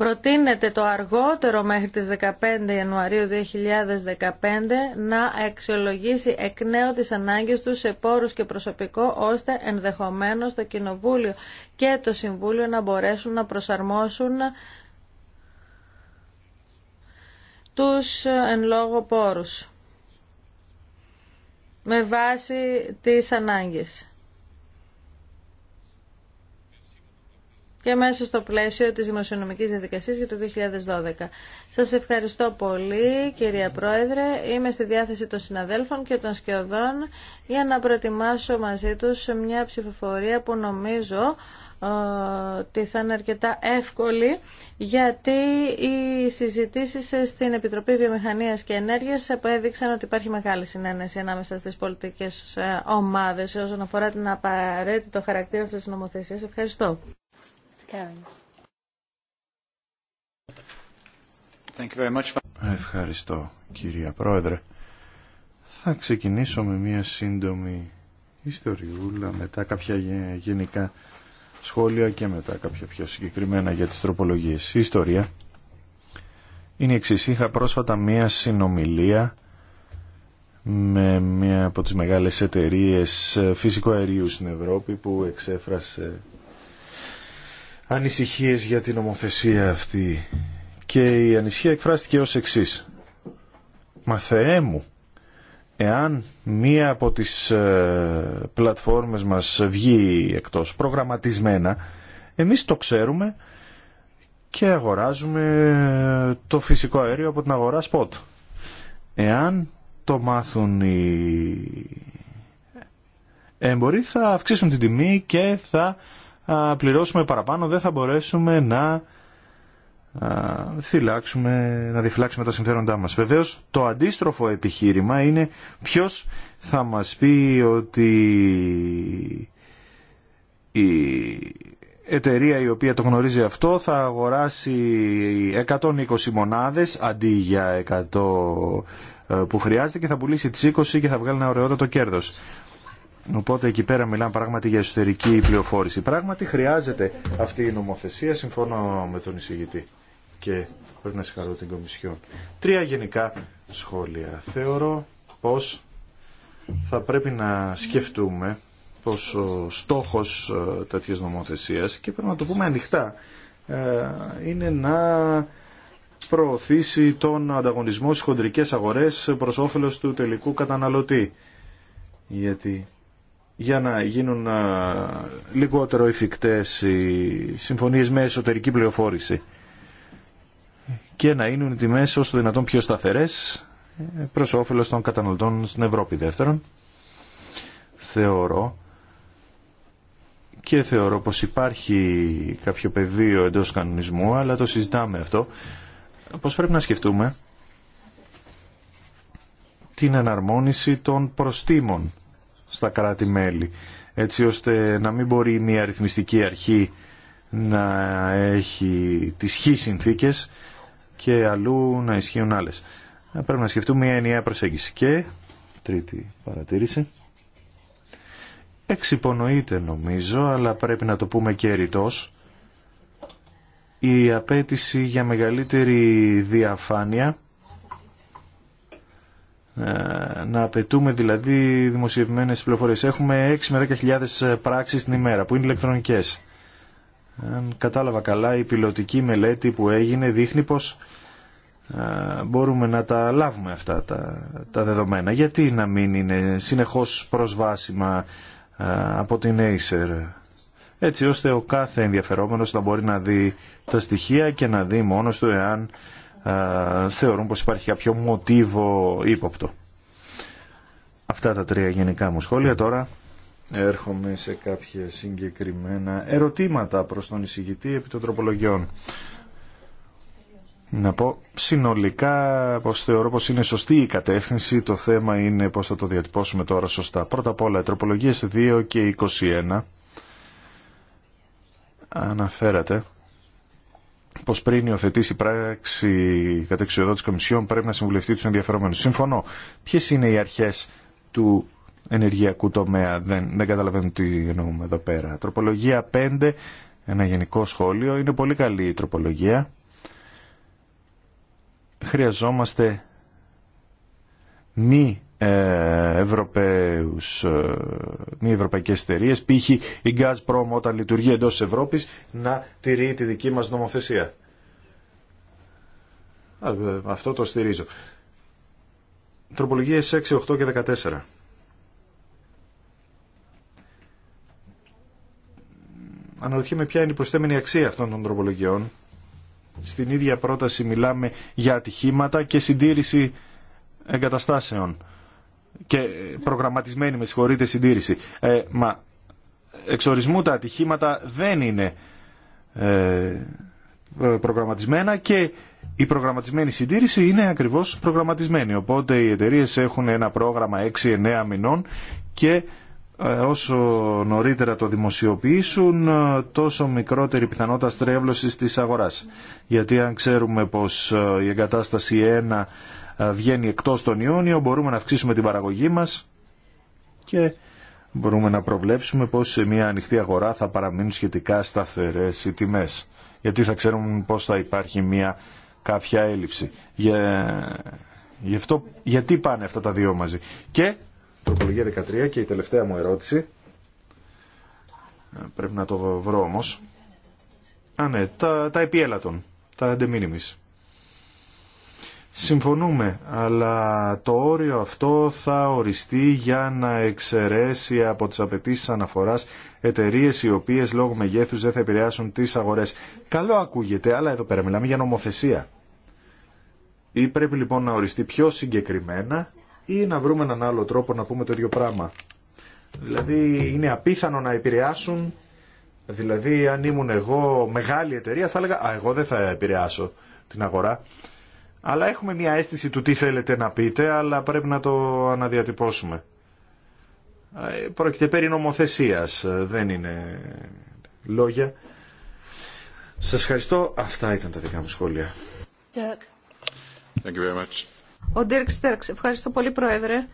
προτείνεται το αργότερο μέχρι τις 15 Ιανουαρίου 2015 να αξιολογήσει εκ νέου τις ανάγκες του σε πόρους και προσωπικό ώστε ενδεχομένως το Κοινοβούλιο και το Συμβούλιο να μπορέσουν να προσαρμόσουν τους εν λόγω πόρους με βάση τις ανάγκες. και μέσα στο πλαίσιο της δημοσιονομικής διαδικασίας για το 2012. Σας ευχαριστώ πολύ κυρία Πρόεδρε. Είμαι στη διάθεση των συναδέλφων και των σκιωδών για να προετοιμάσω μαζί τους μια ψηφοφορία που νομίζω ε, ότι θα είναι αρκετά εύκολη γιατί οι συζητήσεις στην Επιτροπή Βιομηχανίας και Ενέργειας απέδειξαν ότι υπάρχει μεγάλη συνένεση ανάμεσα στις πολιτικές ε, ομάδες όσον αφορά την απαραίτητο χαρακτήρα αυτής της νομοθεσίας. Ευχαριστώ. Ευχαριστώ κυρία Πρόεδρε. Θα ξεκινήσω με μια σύντομη ιστοριούλα, μετά κάποια γενικά σχόλια και μετά κάποια πιο συγκεκριμένα για τις τροπολογίες. Η ιστορία είναι εξή. Είχα πρόσφατα μία συνομιλία με μία από τις μεγάλες εταιρείες ε, φυσικού αερίου στην Ευρώπη που εξέφρασε ανησυχίες για την ομοθεσία αυτή και η ανησυχία εκφράστηκε ως εξής. Μα Θεέ μου, εάν μία από τις ε, πλατφόρμες μας βγει εκτός προγραμματισμένα, εμείς το ξέρουμε και αγοράζουμε ε, το φυσικό αέριο από την αγορά σποτ. Εάν το μάθουν οι έμποροι θα αυξήσουν την τιμή και θα πληρώσουμε παραπάνω δεν θα μπορέσουμε να φυλάξουμε, να διφυλάξουμε τα συμφέροντά μας. Βεβαίως το αντίστροφο επιχείρημα είναι ποιος θα μας πει ότι η εταιρεία η οποία το γνωρίζει αυτό θα αγοράσει 120 μονάδες αντί για 100 ε, που χρειάζεται και θα πουλήσει τις 20 και θα βγάλει ένα ωραιότατο κέρδος. Οπότε εκεί πέρα μιλάμε πράγματι για εσωτερική πληροφόρηση. Πράγματι χρειάζεται αυτή η νομοθεσία, συμφωνώ με τον εισηγητή και πρέπει να συγχαρώ την Κομισιόν. Τρία γενικά σχόλια. Θεωρώ πως θα πρέπει να σκεφτούμε πως ο στόχος ε, τέτοιας νομοθεσίας και πρέπει να το πούμε ανοιχτά ε, είναι να προωθήσει τον ανταγωνισμό στις χοντρικές αγορές προς όφελος του τελικού καταναλωτή. Γιατί για να γίνουν λιγότερο εφικτές οι συμφωνίες με εσωτερική πληροφόρηση και να είναι οι τιμές όσο δυνατόν πιο σταθερές ε, προς όφελος των καταναλωτών στην Ευρώπη. Δεύτερον, θεωρώ και θεωρώ πως υπάρχει κάποιο πεδίο εντός κανονισμού, αλλά το συζητάμε αυτό, πως πρέπει να σκεφτούμε την εναρμόνιση των προστήμων στα κράτη-μέλη, έτσι ώστε να μην μπορεί μια αριθμιστική αρχή να έχει τις χει συνθήκες και αλλού να ισχύουν άλλες. Πρέπει να σκεφτούμε μια ενιαία προσέγγιση. Και τρίτη παρατήρηση. Εξυπονοείται νομίζω, αλλά πρέπει να το πούμε και ρητός, η απέτηση για μεγαλύτερη διαφάνεια ε, να απαιτούμε δηλαδή δημοσιευμένες πληροφορίες. Έχουμε 6 με 10.000 ε, πράξεις την ημέρα που είναι ηλεκτρονικές. Αν κατάλαβα καλά, η πιλωτική μελέτη που έγινε δείχνει πως ε, μπορούμε να τα λάβουμε αυτά τα, τα δεδομένα. Γιατί να μην είναι συνεχώς προσβάσιμα από την Acer έτσι ώστε ο κάθε ενδιαφερόμενος να μπορεί να δει τα στοιχεία και να δει μόνος του εάν ε, θεωρούν πως υπάρχει κάποιο μοτίβο ύποπτο. Αυτά τα τρία γενικά μου σχόλια τώρα. Έρχομαι σε κάποια συγκεκριμένα ερωτήματα προς τον εισηγητή επί των τροπολογιών. Να πω συνολικά πως θεωρώ πως είναι σωστή η κατεύθυνση, το θέμα είναι πως θα το διατυπώσουμε τώρα σωστά. Πρώτα απ' όλα, οι τροπολογίες 2 και 21 αναφέρατε πω πριν υιοθετήσει πράξη τη Κομισιόν πρέπει να συμβουλευτεί του ενδιαφερόμενου. Συμφωνώ. Ποιε είναι οι αρχέ του ενεργειακού τομέα, δεν, δεν καταλαβαίνω τι εννοούμε εδώ πέρα. Τροπολογία 5, ένα γενικό σχόλιο, είναι πολύ καλή η τροπολογία. Χρειαζόμαστε μη ε, Ευρωπαίους, ε, μη ευρωπαϊκές εταιρείε, π.χ. η Gazprom όταν λειτουργεί εντός Ευρώπης να τηρεί τη δική μας νομοθεσία. Ε, αυτό το στηρίζω. Τροπολογίες 6, 8 και 14. Αναρωτιέμαι ποια είναι η προσθέμενη αξία αυτών των τροπολογιών. Στην ίδια πρόταση μιλάμε για ατυχήματα και συντήρηση εγκαταστάσεων και προγραμματισμένη, με συγχωρείτε, συντήρηση. Ε, μα εξορισμού τα ατυχήματα δεν είναι ε, προγραμματισμένα και η προγραμματισμένη συντήρηση είναι ακριβώς προγραμματισμένη. Οπότε οι εταιρείε έχουν ένα πρόγραμμα 6-9 μηνών και ε, όσο νωρίτερα το δημοσιοποιήσουν ε, τόσο μικρότερη πιθανότητα στρέβλωσης της αγοράς. Γιατί αν ξέρουμε πως ε, η εγκατάσταση 1 ε, βγαίνει εκτός τον Ιούνιο, μπορούμε να αυξήσουμε την παραγωγή μας και μπορούμε να προβλέψουμε πως σε μια ανοιχτή αγορά θα παραμείνουν σχετικά σταθερές οι τιμές. Γιατί θα ξέρουμε πως θα υπάρχει μια κάποια έλλειψη. Για... Γι αυτό... Γιατί πάνε αυτά τα δύο μαζί. Και τροπολογία 13 και η τελευταία μου ερώτηση. Ε, πρέπει να το βρω όμως. Α, ναι, τα, τα επιέλατων, τα αντεμήνυμης. Συμφωνούμε, αλλά το όριο αυτό θα οριστεί για να εξαιρέσει από τις απαιτήσει αναφοράς εταιρείε οι οποίες λόγω μεγέθους δεν θα επηρεάσουν τις αγορές. Καλό ακούγεται, αλλά εδώ πέρα μιλάμε για νομοθεσία. Ή πρέπει λοιπόν να οριστεί πιο συγκεκριμένα ή να βρούμε έναν άλλο τρόπο να πούμε το ίδιο πράγμα. Δηλαδή είναι απίθανο να επηρεάσουν, δηλαδή αν ήμουν εγώ μεγάλη εταιρεία θα έλεγα «Α, εγώ δεν θα επηρεάσω την αγορά». Αλλά έχουμε μια αίσθηση του τι θέλετε να πείτε, αλλά πρέπει να το αναδιατυπώσουμε. Ε, πρόκειται περί νομοθεσίας, ε, δεν είναι λόγια. Σας ευχαριστώ. Αυτά ήταν τα δικά μου σχόλια. Thank you very much. Ο Dirk Στέρξ, ευχαριστώ πολύ Πρόεδρε.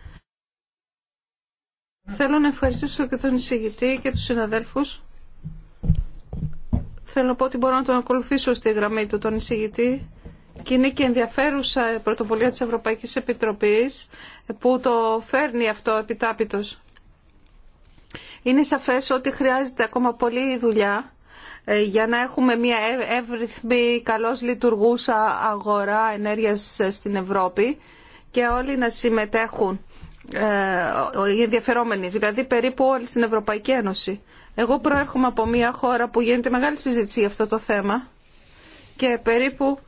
Θέλω να ευχαριστήσω και τον εισηγητή και τους συναδέλφους. Θέλω να πω ότι μπορώ να τον ακολουθήσω στη γραμμή του τον εισηγητή και είναι και ενδιαφέρουσα η πρωτοβουλία της Ευρωπαϊκής Επιτροπής που το φέρνει αυτό επιτάπητος. Είναι σαφές ότι χρειάζεται ακόμα πολύ δουλειά ε, για να έχουμε μια εύρυθμη, καλώς λειτουργούσα αγορά ενέργειας ε, στην Ευρώπη και όλοι να συμμετέχουν, ε, οι ενδιαφερόμενοι, δηλαδή περίπου όλοι στην Ευρωπαϊκή Ένωση. Εγώ προέρχομαι από μια χώρα που γίνεται μεγάλη συζήτηση για αυτό το θέμα και περίπου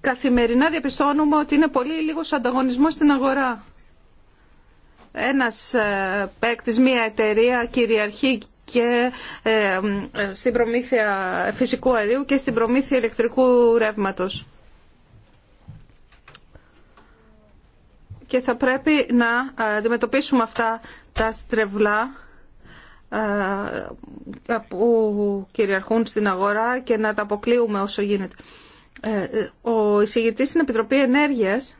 Καθημερινά διαπιστώνουμε ότι είναι πολύ λίγος ανταγωνισμός στην αγορά. Ένας ε, παίκτης, μία εταιρεία κυριαρχεί και ε, ε, στην προμήθεια φυσικού αερίου και στην προμήθεια ηλεκτρικού ρεύματος. Και θα πρέπει να αντιμετωπίσουμε αυτά τα στρεβλά που κυριαρχούν στην αγορά και να τα αποκλείουμε όσο γίνεται. Ε, ε, ο εισηγητής στην Επιτροπή Ενέργειας,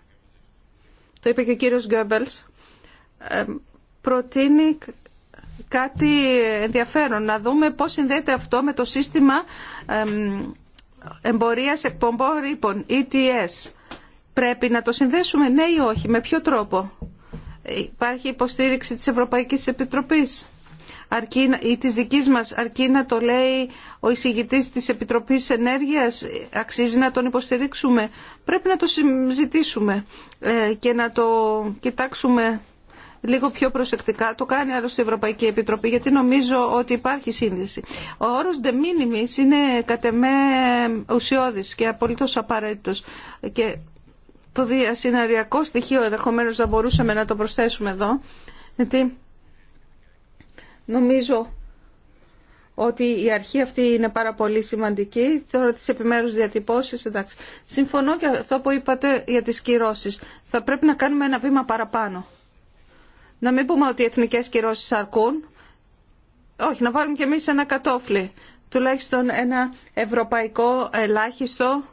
το είπε και ο κύριος Γκέμπελς, ε, προτείνει κάτι ενδιαφέρον. Να δούμε πώς συνδέεται αυτό με το σύστημα εμπορίας εκπομπών ρήπων, ETS. Πρέπει να το συνδέσουμε, ναι ή όχι, με ποιο τρόπο. Υπάρχει υποστήριξη της Ευρωπαϊκής Επιτροπής αρκεί, ή της δικής μας αρκεί να το λέει ο εισηγητής της Επιτροπής Ενέργειας αξίζει να τον υποστηρίξουμε πρέπει να το συζητήσουμε ε, και να το κοιτάξουμε λίγο πιο προσεκτικά. Το κάνει άλλωστε η Ευρωπαϊκή Επιτροπή, γιατί νομίζω ότι υπάρχει σύνδεση. Ο όρο de minimis είναι κατ' εμέ και απολύτω απαραίτητο. Και το διασυναριακό στοιχείο ενδεχομένω να μπορούσαμε να το προσθέσουμε εδώ, γιατί Νομίζω ότι η αρχή αυτή είναι πάρα πολύ σημαντική. Τώρα τις επιμέρους διατυπώσεις, εντάξει. Συμφωνώ και αυτό που είπατε για τις κυρώσεις. Θα πρέπει να κάνουμε ένα βήμα παραπάνω. Να μην πούμε ότι οι εθνικές κυρώσεις αρκούν. Όχι, να βάλουμε κι εμείς ένα κατόφλι. Τουλάχιστον ένα ευρωπαϊκό ελάχιστο.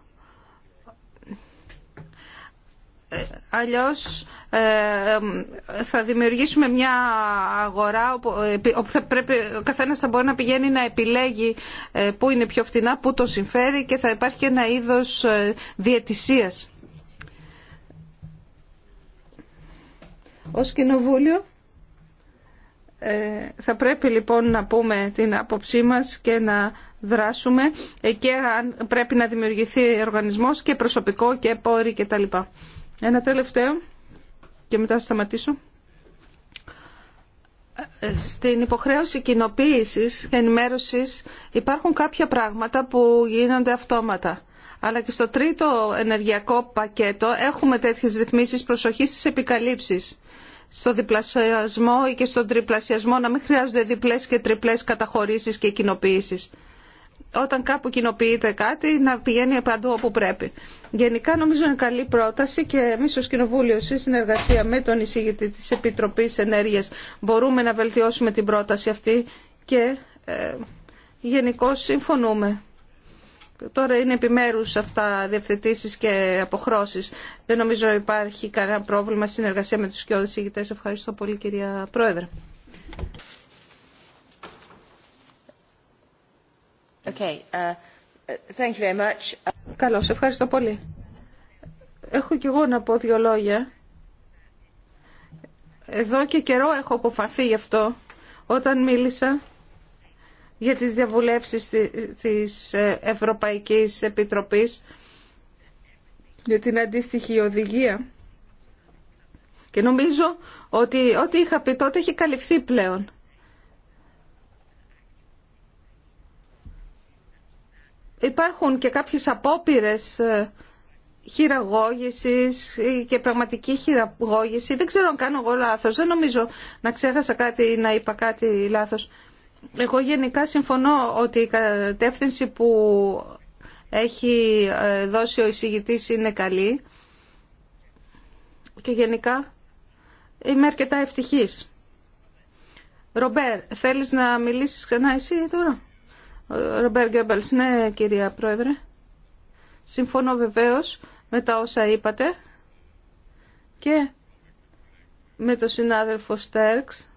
Ε, αλλιώς ε, θα δημιουργήσουμε μια αγορά όπου πρέπει, ο καθένας θα μπορεί να πηγαίνει να επιλέγει ε, πού είναι πιο φτηνά, πού το συμφέρει και θα υπάρχει ένα είδος ε, διαιτησίας. Ως κοινοβούλιο θα πρέπει λοιπόν να πούμε την άποψή μας και να δράσουμε και αν πρέπει να δημιουργηθεί οργανισμός και προσωπικό και πόροι κτλ. Ένα τελευταίο και μετά θα σταματήσω. Ε, στην υποχρέωση κοινοποίηση και ενημέρωση υπάρχουν κάποια πράγματα που γίνονται αυτόματα. Αλλά και στο τρίτο ενεργειακό πακέτο έχουμε τέτοιες ρυθμίσει προσοχής στι επικαλύψεις. Στο διπλασιασμό ή και στον τριπλασιασμό να μην χρειάζονται διπλές και τριπλές καταχωρήσεις και κοινοποίησεις όταν κάπου κοινοποιείται κάτι να πηγαίνει παντού όπου πρέπει. Γενικά νομίζω είναι καλή πρόταση και εμείς ως Κοινοβούλιο σε συνεργασία με τον εισηγητή της Επιτροπής Ενέργειας μπορούμε να βελτιώσουμε την πρόταση αυτή και ε, γενικώ συμφωνούμε. Τώρα είναι επιμέρους αυτά διευθετήσεις και αποχρώσεις. Δεν νομίζω υπάρχει κανένα πρόβλημα συνεργασία με τους κοιόδους ηγητές. Ευχαριστώ πολύ κυρία Πρόεδρε. Uh, ευχαριστώ πολύ. Έχω κι εγώ να πω δύο λόγια. Εδώ και καιρό έχω αποφαθεί γι' αυτό όταν μίλησα για τις διαβουλεύσεις της ε, Ευρωπαϊκής Επιτροπής για την αντίστοιχη οδηγία. Και νομίζω ότι ό,τι είχα πει τότε έχει καλυφθεί πλέον. υπάρχουν και κάποιες απόπειρες ε, χειραγώγησης και πραγματική χειραγώγηση. Δεν ξέρω αν κάνω εγώ λάθος. Δεν νομίζω να ξέχασα κάτι ή να είπα κάτι λάθος. Εγώ γενικά συμφωνώ ότι η κατεύθυνση που έχει ε, δώσει ο εισηγητής είναι καλή και γενικά είμαι αρκετά ευτυχής. Ρομπέρ, θέλεις να μιλήσεις ξανά εσύ τώρα? Ρομπέρ Γκέμπελς, ναι κυρία Πρόεδρε. Συμφωνώ βεβαίως με τα όσα είπατε και με τον συνάδελφο Στέρξ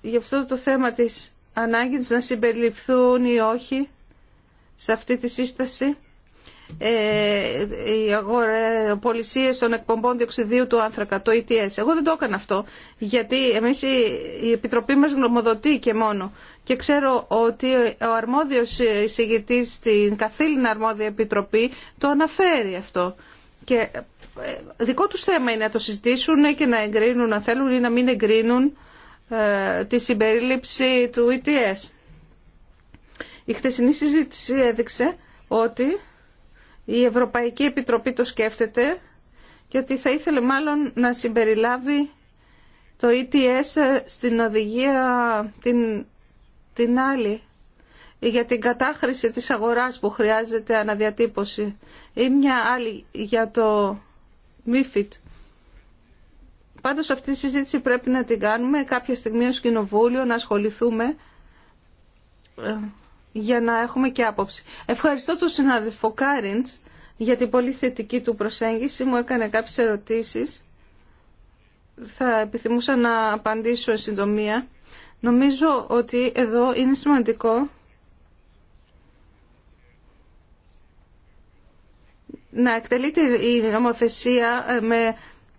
για αυτό το θέμα της ανάγκης να συμπεριληφθούν ή όχι σε αυτή τη σύσταση ε, οι πολισίες των εκπομπών διοξιδίου του άνθρακα, το ETS. Εγώ δεν το έκανα αυτό, γιατί εμείς η, Επιτροπή μας γνωμοδοτεί και μόνο. Και ξέρω ότι ο αρμόδιος εισηγητής στην καθήλυνα αρμόδια Επιτροπή το αναφέρει αυτό. Και ε, δικό του θέμα είναι να το συζητήσουν και να εγκρίνουν, να θέλουν ή να μην εγκρίνουν ε, τη συμπερίληψη του ETS. Η χθεσινή συζήτηση έδειξε ότι η Ευρωπαϊκή Επιτροπή το σκέφτεται και ότι θα ήθελε μάλλον να συμπεριλάβει το ETS στην οδηγία την, την άλλη για την κατάχρηση της αγοράς που χρειάζεται αναδιατύπωση ή μια άλλη για το MIFID. Πάντως αυτή η συζήτηση πρέπει να την κάνουμε κάποια στιγμή ως Κοινοβούλιο να ασχοληθούμε ε, για να έχουμε και άποψη. Ευχαριστώ τον συνάδελφο Κάριντς για την πολύ θετική του προσέγγιση. Μου έκανε κάποιες ερωτήσεις. Θα επιθυμούσα να απαντήσω εν συντομία. Νομίζω ότι εδώ είναι σημαντικό να εκτελείται η νομοθεσία ε, με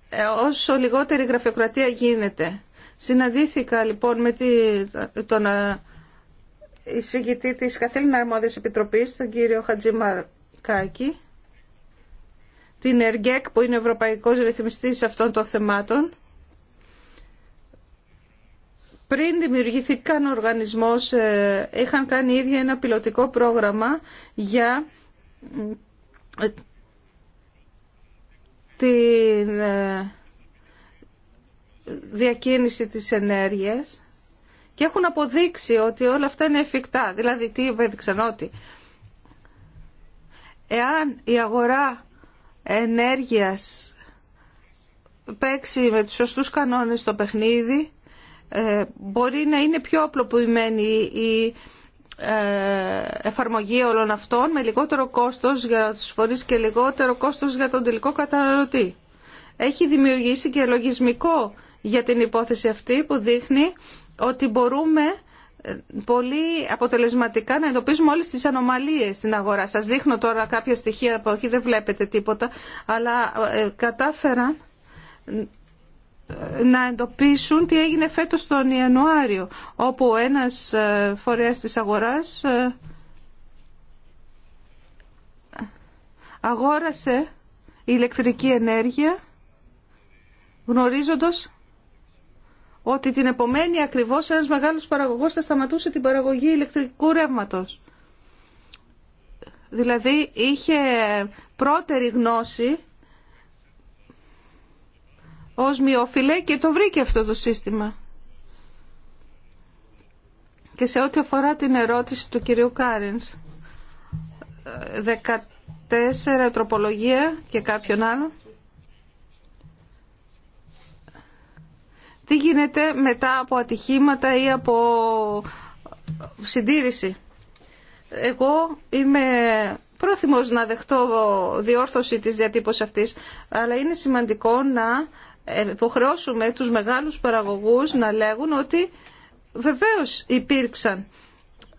ε, όσο λιγότερη γραφειοκρατία γίνεται. Συναντήθηκα λοιπόν με τον ε, εισηγητή της Καθήλυνα Αρμόδιας Επιτροπής, τον κύριο Χατζημαρκάκη, την ΕΡΓΕΚ που είναι ο Ευρωπαϊκός Ρυθμιστής αυτών των θεμάτων. Πριν δημιουργηθήκαν ο οργανισμός, ε, είχαν κάνει ήδη ένα πιλωτικό πρόγραμμα για ε, τη ε, διακίνηση της ενέργειας και έχουν αποδείξει ότι όλα αυτά είναι εφικτά. Δηλαδή, τι έδειξαν ότι εάν η αγορά ενέργειας παίξει με τους σωστούς κανόνες στο παιχνίδι, ε, μπορεί να είναι πιο απλοποιημένη η ε, εφαρμογή όλων αυτών με λιγότερο κόστος για τους φορείς και λιγότερο κόστος για τον τελικό καταναλωτή. Έχει δημιουργήσει και λογισμικό για την υπόθεση αυτή που δείχνει ότι μπορούμε ε, πολύ αποτελεσματικά να εντοπίζουμε όλες τις ανομαλίες στην αγορά. Σας δείχνω τώρα κάποια στοιχεία από εκεί, δεν βλέπετε τίποτα, αλλά ε, κατάφεραν ε, να εντοπίσουν τι έγινε φέτος τον Ιανουάριο, όπου ένας φορέας της αγοράς αγόρασε ηλεκτρική ενέργεια γνωρίζοντας ότι την επομένη ακριβώς ένας μεγάλος παραγωγός θα σταματούσε την παραγωγή ηλεκτρικού ρεύματος. Δηλαδή είχε πρώτερη γνώση ως μειόφιλε και το βρήκε αυτό το σύστημα. Και σε ό,τι αφορά την ερώτηση του κυρίου Κάρινς, 14 ε, τροπολογία και κάποιον άλλο. τι γίνεται μετά από ατυχήματα ή από συντήρηση. Εγώ είμαι πρόθυμος να δεχτώ διόρθωση της διατύπωσης αυτής, αλλά είναι σημαντικό να υποχρεώσουμε τους μεγάλους παραγωγούς να λέγουν ότι βεβαίως υπήρξαν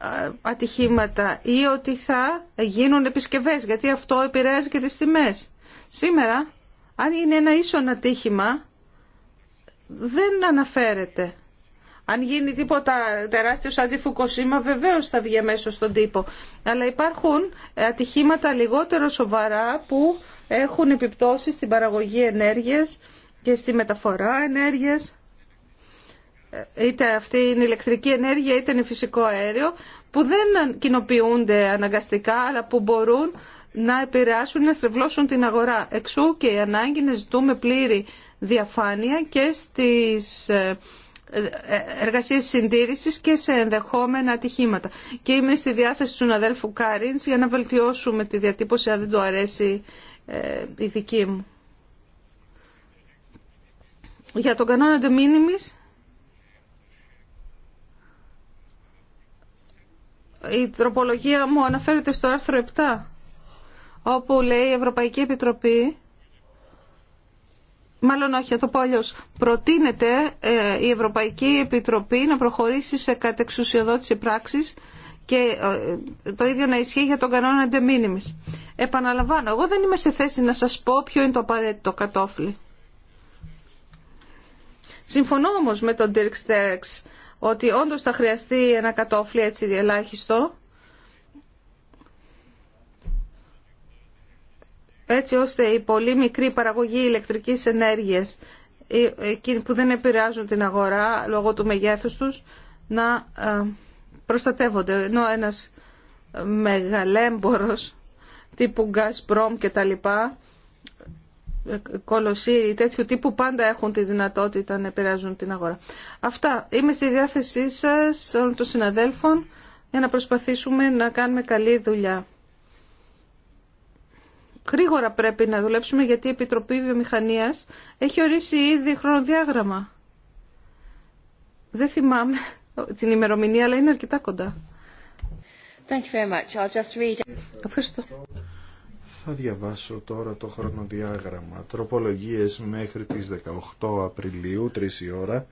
ε, ατυχήματα ή ότι θα γίνουν επισκευές, γιατί αυτό επηρεάζει και τις τιμές. Σήμερα, αν είναι ένα ίσον ατύχημα, δεν αναφέρεται. Αν γίνει τίποτα τεράστιο σαν τη Φουκοσίμα βεβαίως θα βγει μέσα στον τύπο. Αλλά υπάρχουν ατυχήματα λιγότερο σοβαρά που έχουν επιπτώσει στην παραγωγή ενέργειας και στη μεταφορά ενέργειας. Είτε αυτή είναι ηλεκτρική ενέργεια είτε είναι φυσικό αέριο που δεν κοινοποιούνται αναγκαστικά αλλά που μπορούν να επηρεάσουν, να στρεβλώσουν την αγορά. Εξού και η ανάγκη να ζητούμε πλήρη διαφάνεια και στις ε, ε, εργασίες συντήρησης και σε ενδεχόμενα ατυχήματα. Και είμαι στη διάθεση του αδέλφου Κάρινς για να βελτιώσουμε τη διατύπωση αν δεν του αρέσει ε, η δική μου. Για τον κανόνα de η τροπολογία μου αναφέρεται στο άρθρο 7, όπου λέει η Ευρωπαϊκή Επιτροπή Μάλλον όχι, να το πω αλλιώς. Προτείνεται ε, η Ευρωπαϊκή Επιτροπή να προχωρήσει σε κατεξουσιοδότηση πράξης και ε, το ίδιο να ισχύει για τον κανόνα de Επαναλαμβάνω, εγώ δεν είμαι σε θέση να σας πω ποιο είναι το απαραίτητο κατόφλι. Συμφωνώ όμως με τον Dirk Sterks ότι όντως θα χρειαστεί ένα κατόφλι έτσι ελάχιστο έτσι ώστε η πολύ μικρή παραγωγή ηλεκτρικής ενέργειας, εκείνοι που δεν επηρεάζουν την αγορά λόγω του μεγέθους τους, να ε, προστατεύονται. Ενώ ένας ε, μεγαλέμπορος τύπου Gazprom και τα λοιπά, ε, κολοσσοί τέτοιου τύπου πάντα έχουν τη δυνατότητα να επηρεάζουν την αγορά. Αυτά. Είμαι στη διάθεσή σας όλων των συναδέλφων για να προσπαθήσουμε να κάνουμε καλή δουλειά γρήγορα πρέπει να δουλέψουμε γιατί η Επιτροπή Βιομηχανίας έχει ορίσει ήδη χρονοδιάγραμμα. Δεν θυμάμαι την ημερομηνία, αλλά είναι αρκετά κοντά. Thank you very much. I'll just read... Ευχαριστώ. Θα διαβάσω τώρα το χρονοδιάγραμμα. Τροπολογίες μέχρι τις 18 Απριλίου, 3 η ώρα.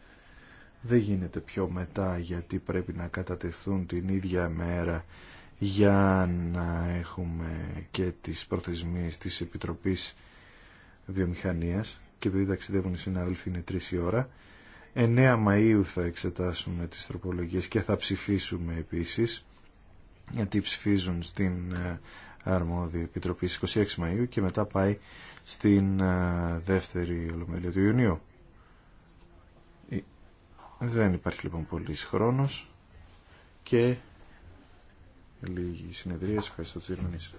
Δεν γίνεται πιο μετά γιατί πρέπει να κατατεθούν την ίδια μέρα για να έχουμε και τις προθεσμίες της Επιτροπής Βιομηχανίας και επειδή ταξιδεύουν οι συνάδελφοι είναι 3 η ώρα 9 Μαΐου θα εξετάσουμε τις τροπολογίες και θα ψηφίσουμε επίσης γιατί ψηφίζουν στην ε, αρμόδια επιτροπή 26 Μαΐου και μετά πάει στην ε, δεύτερη ολομέλεια του Ιουνίου. Ε, δεν υπάρχει λοιπόν πολύς χρόνος και λίγη συνεδρία. Ευχαριστώ τους Γερμανείς.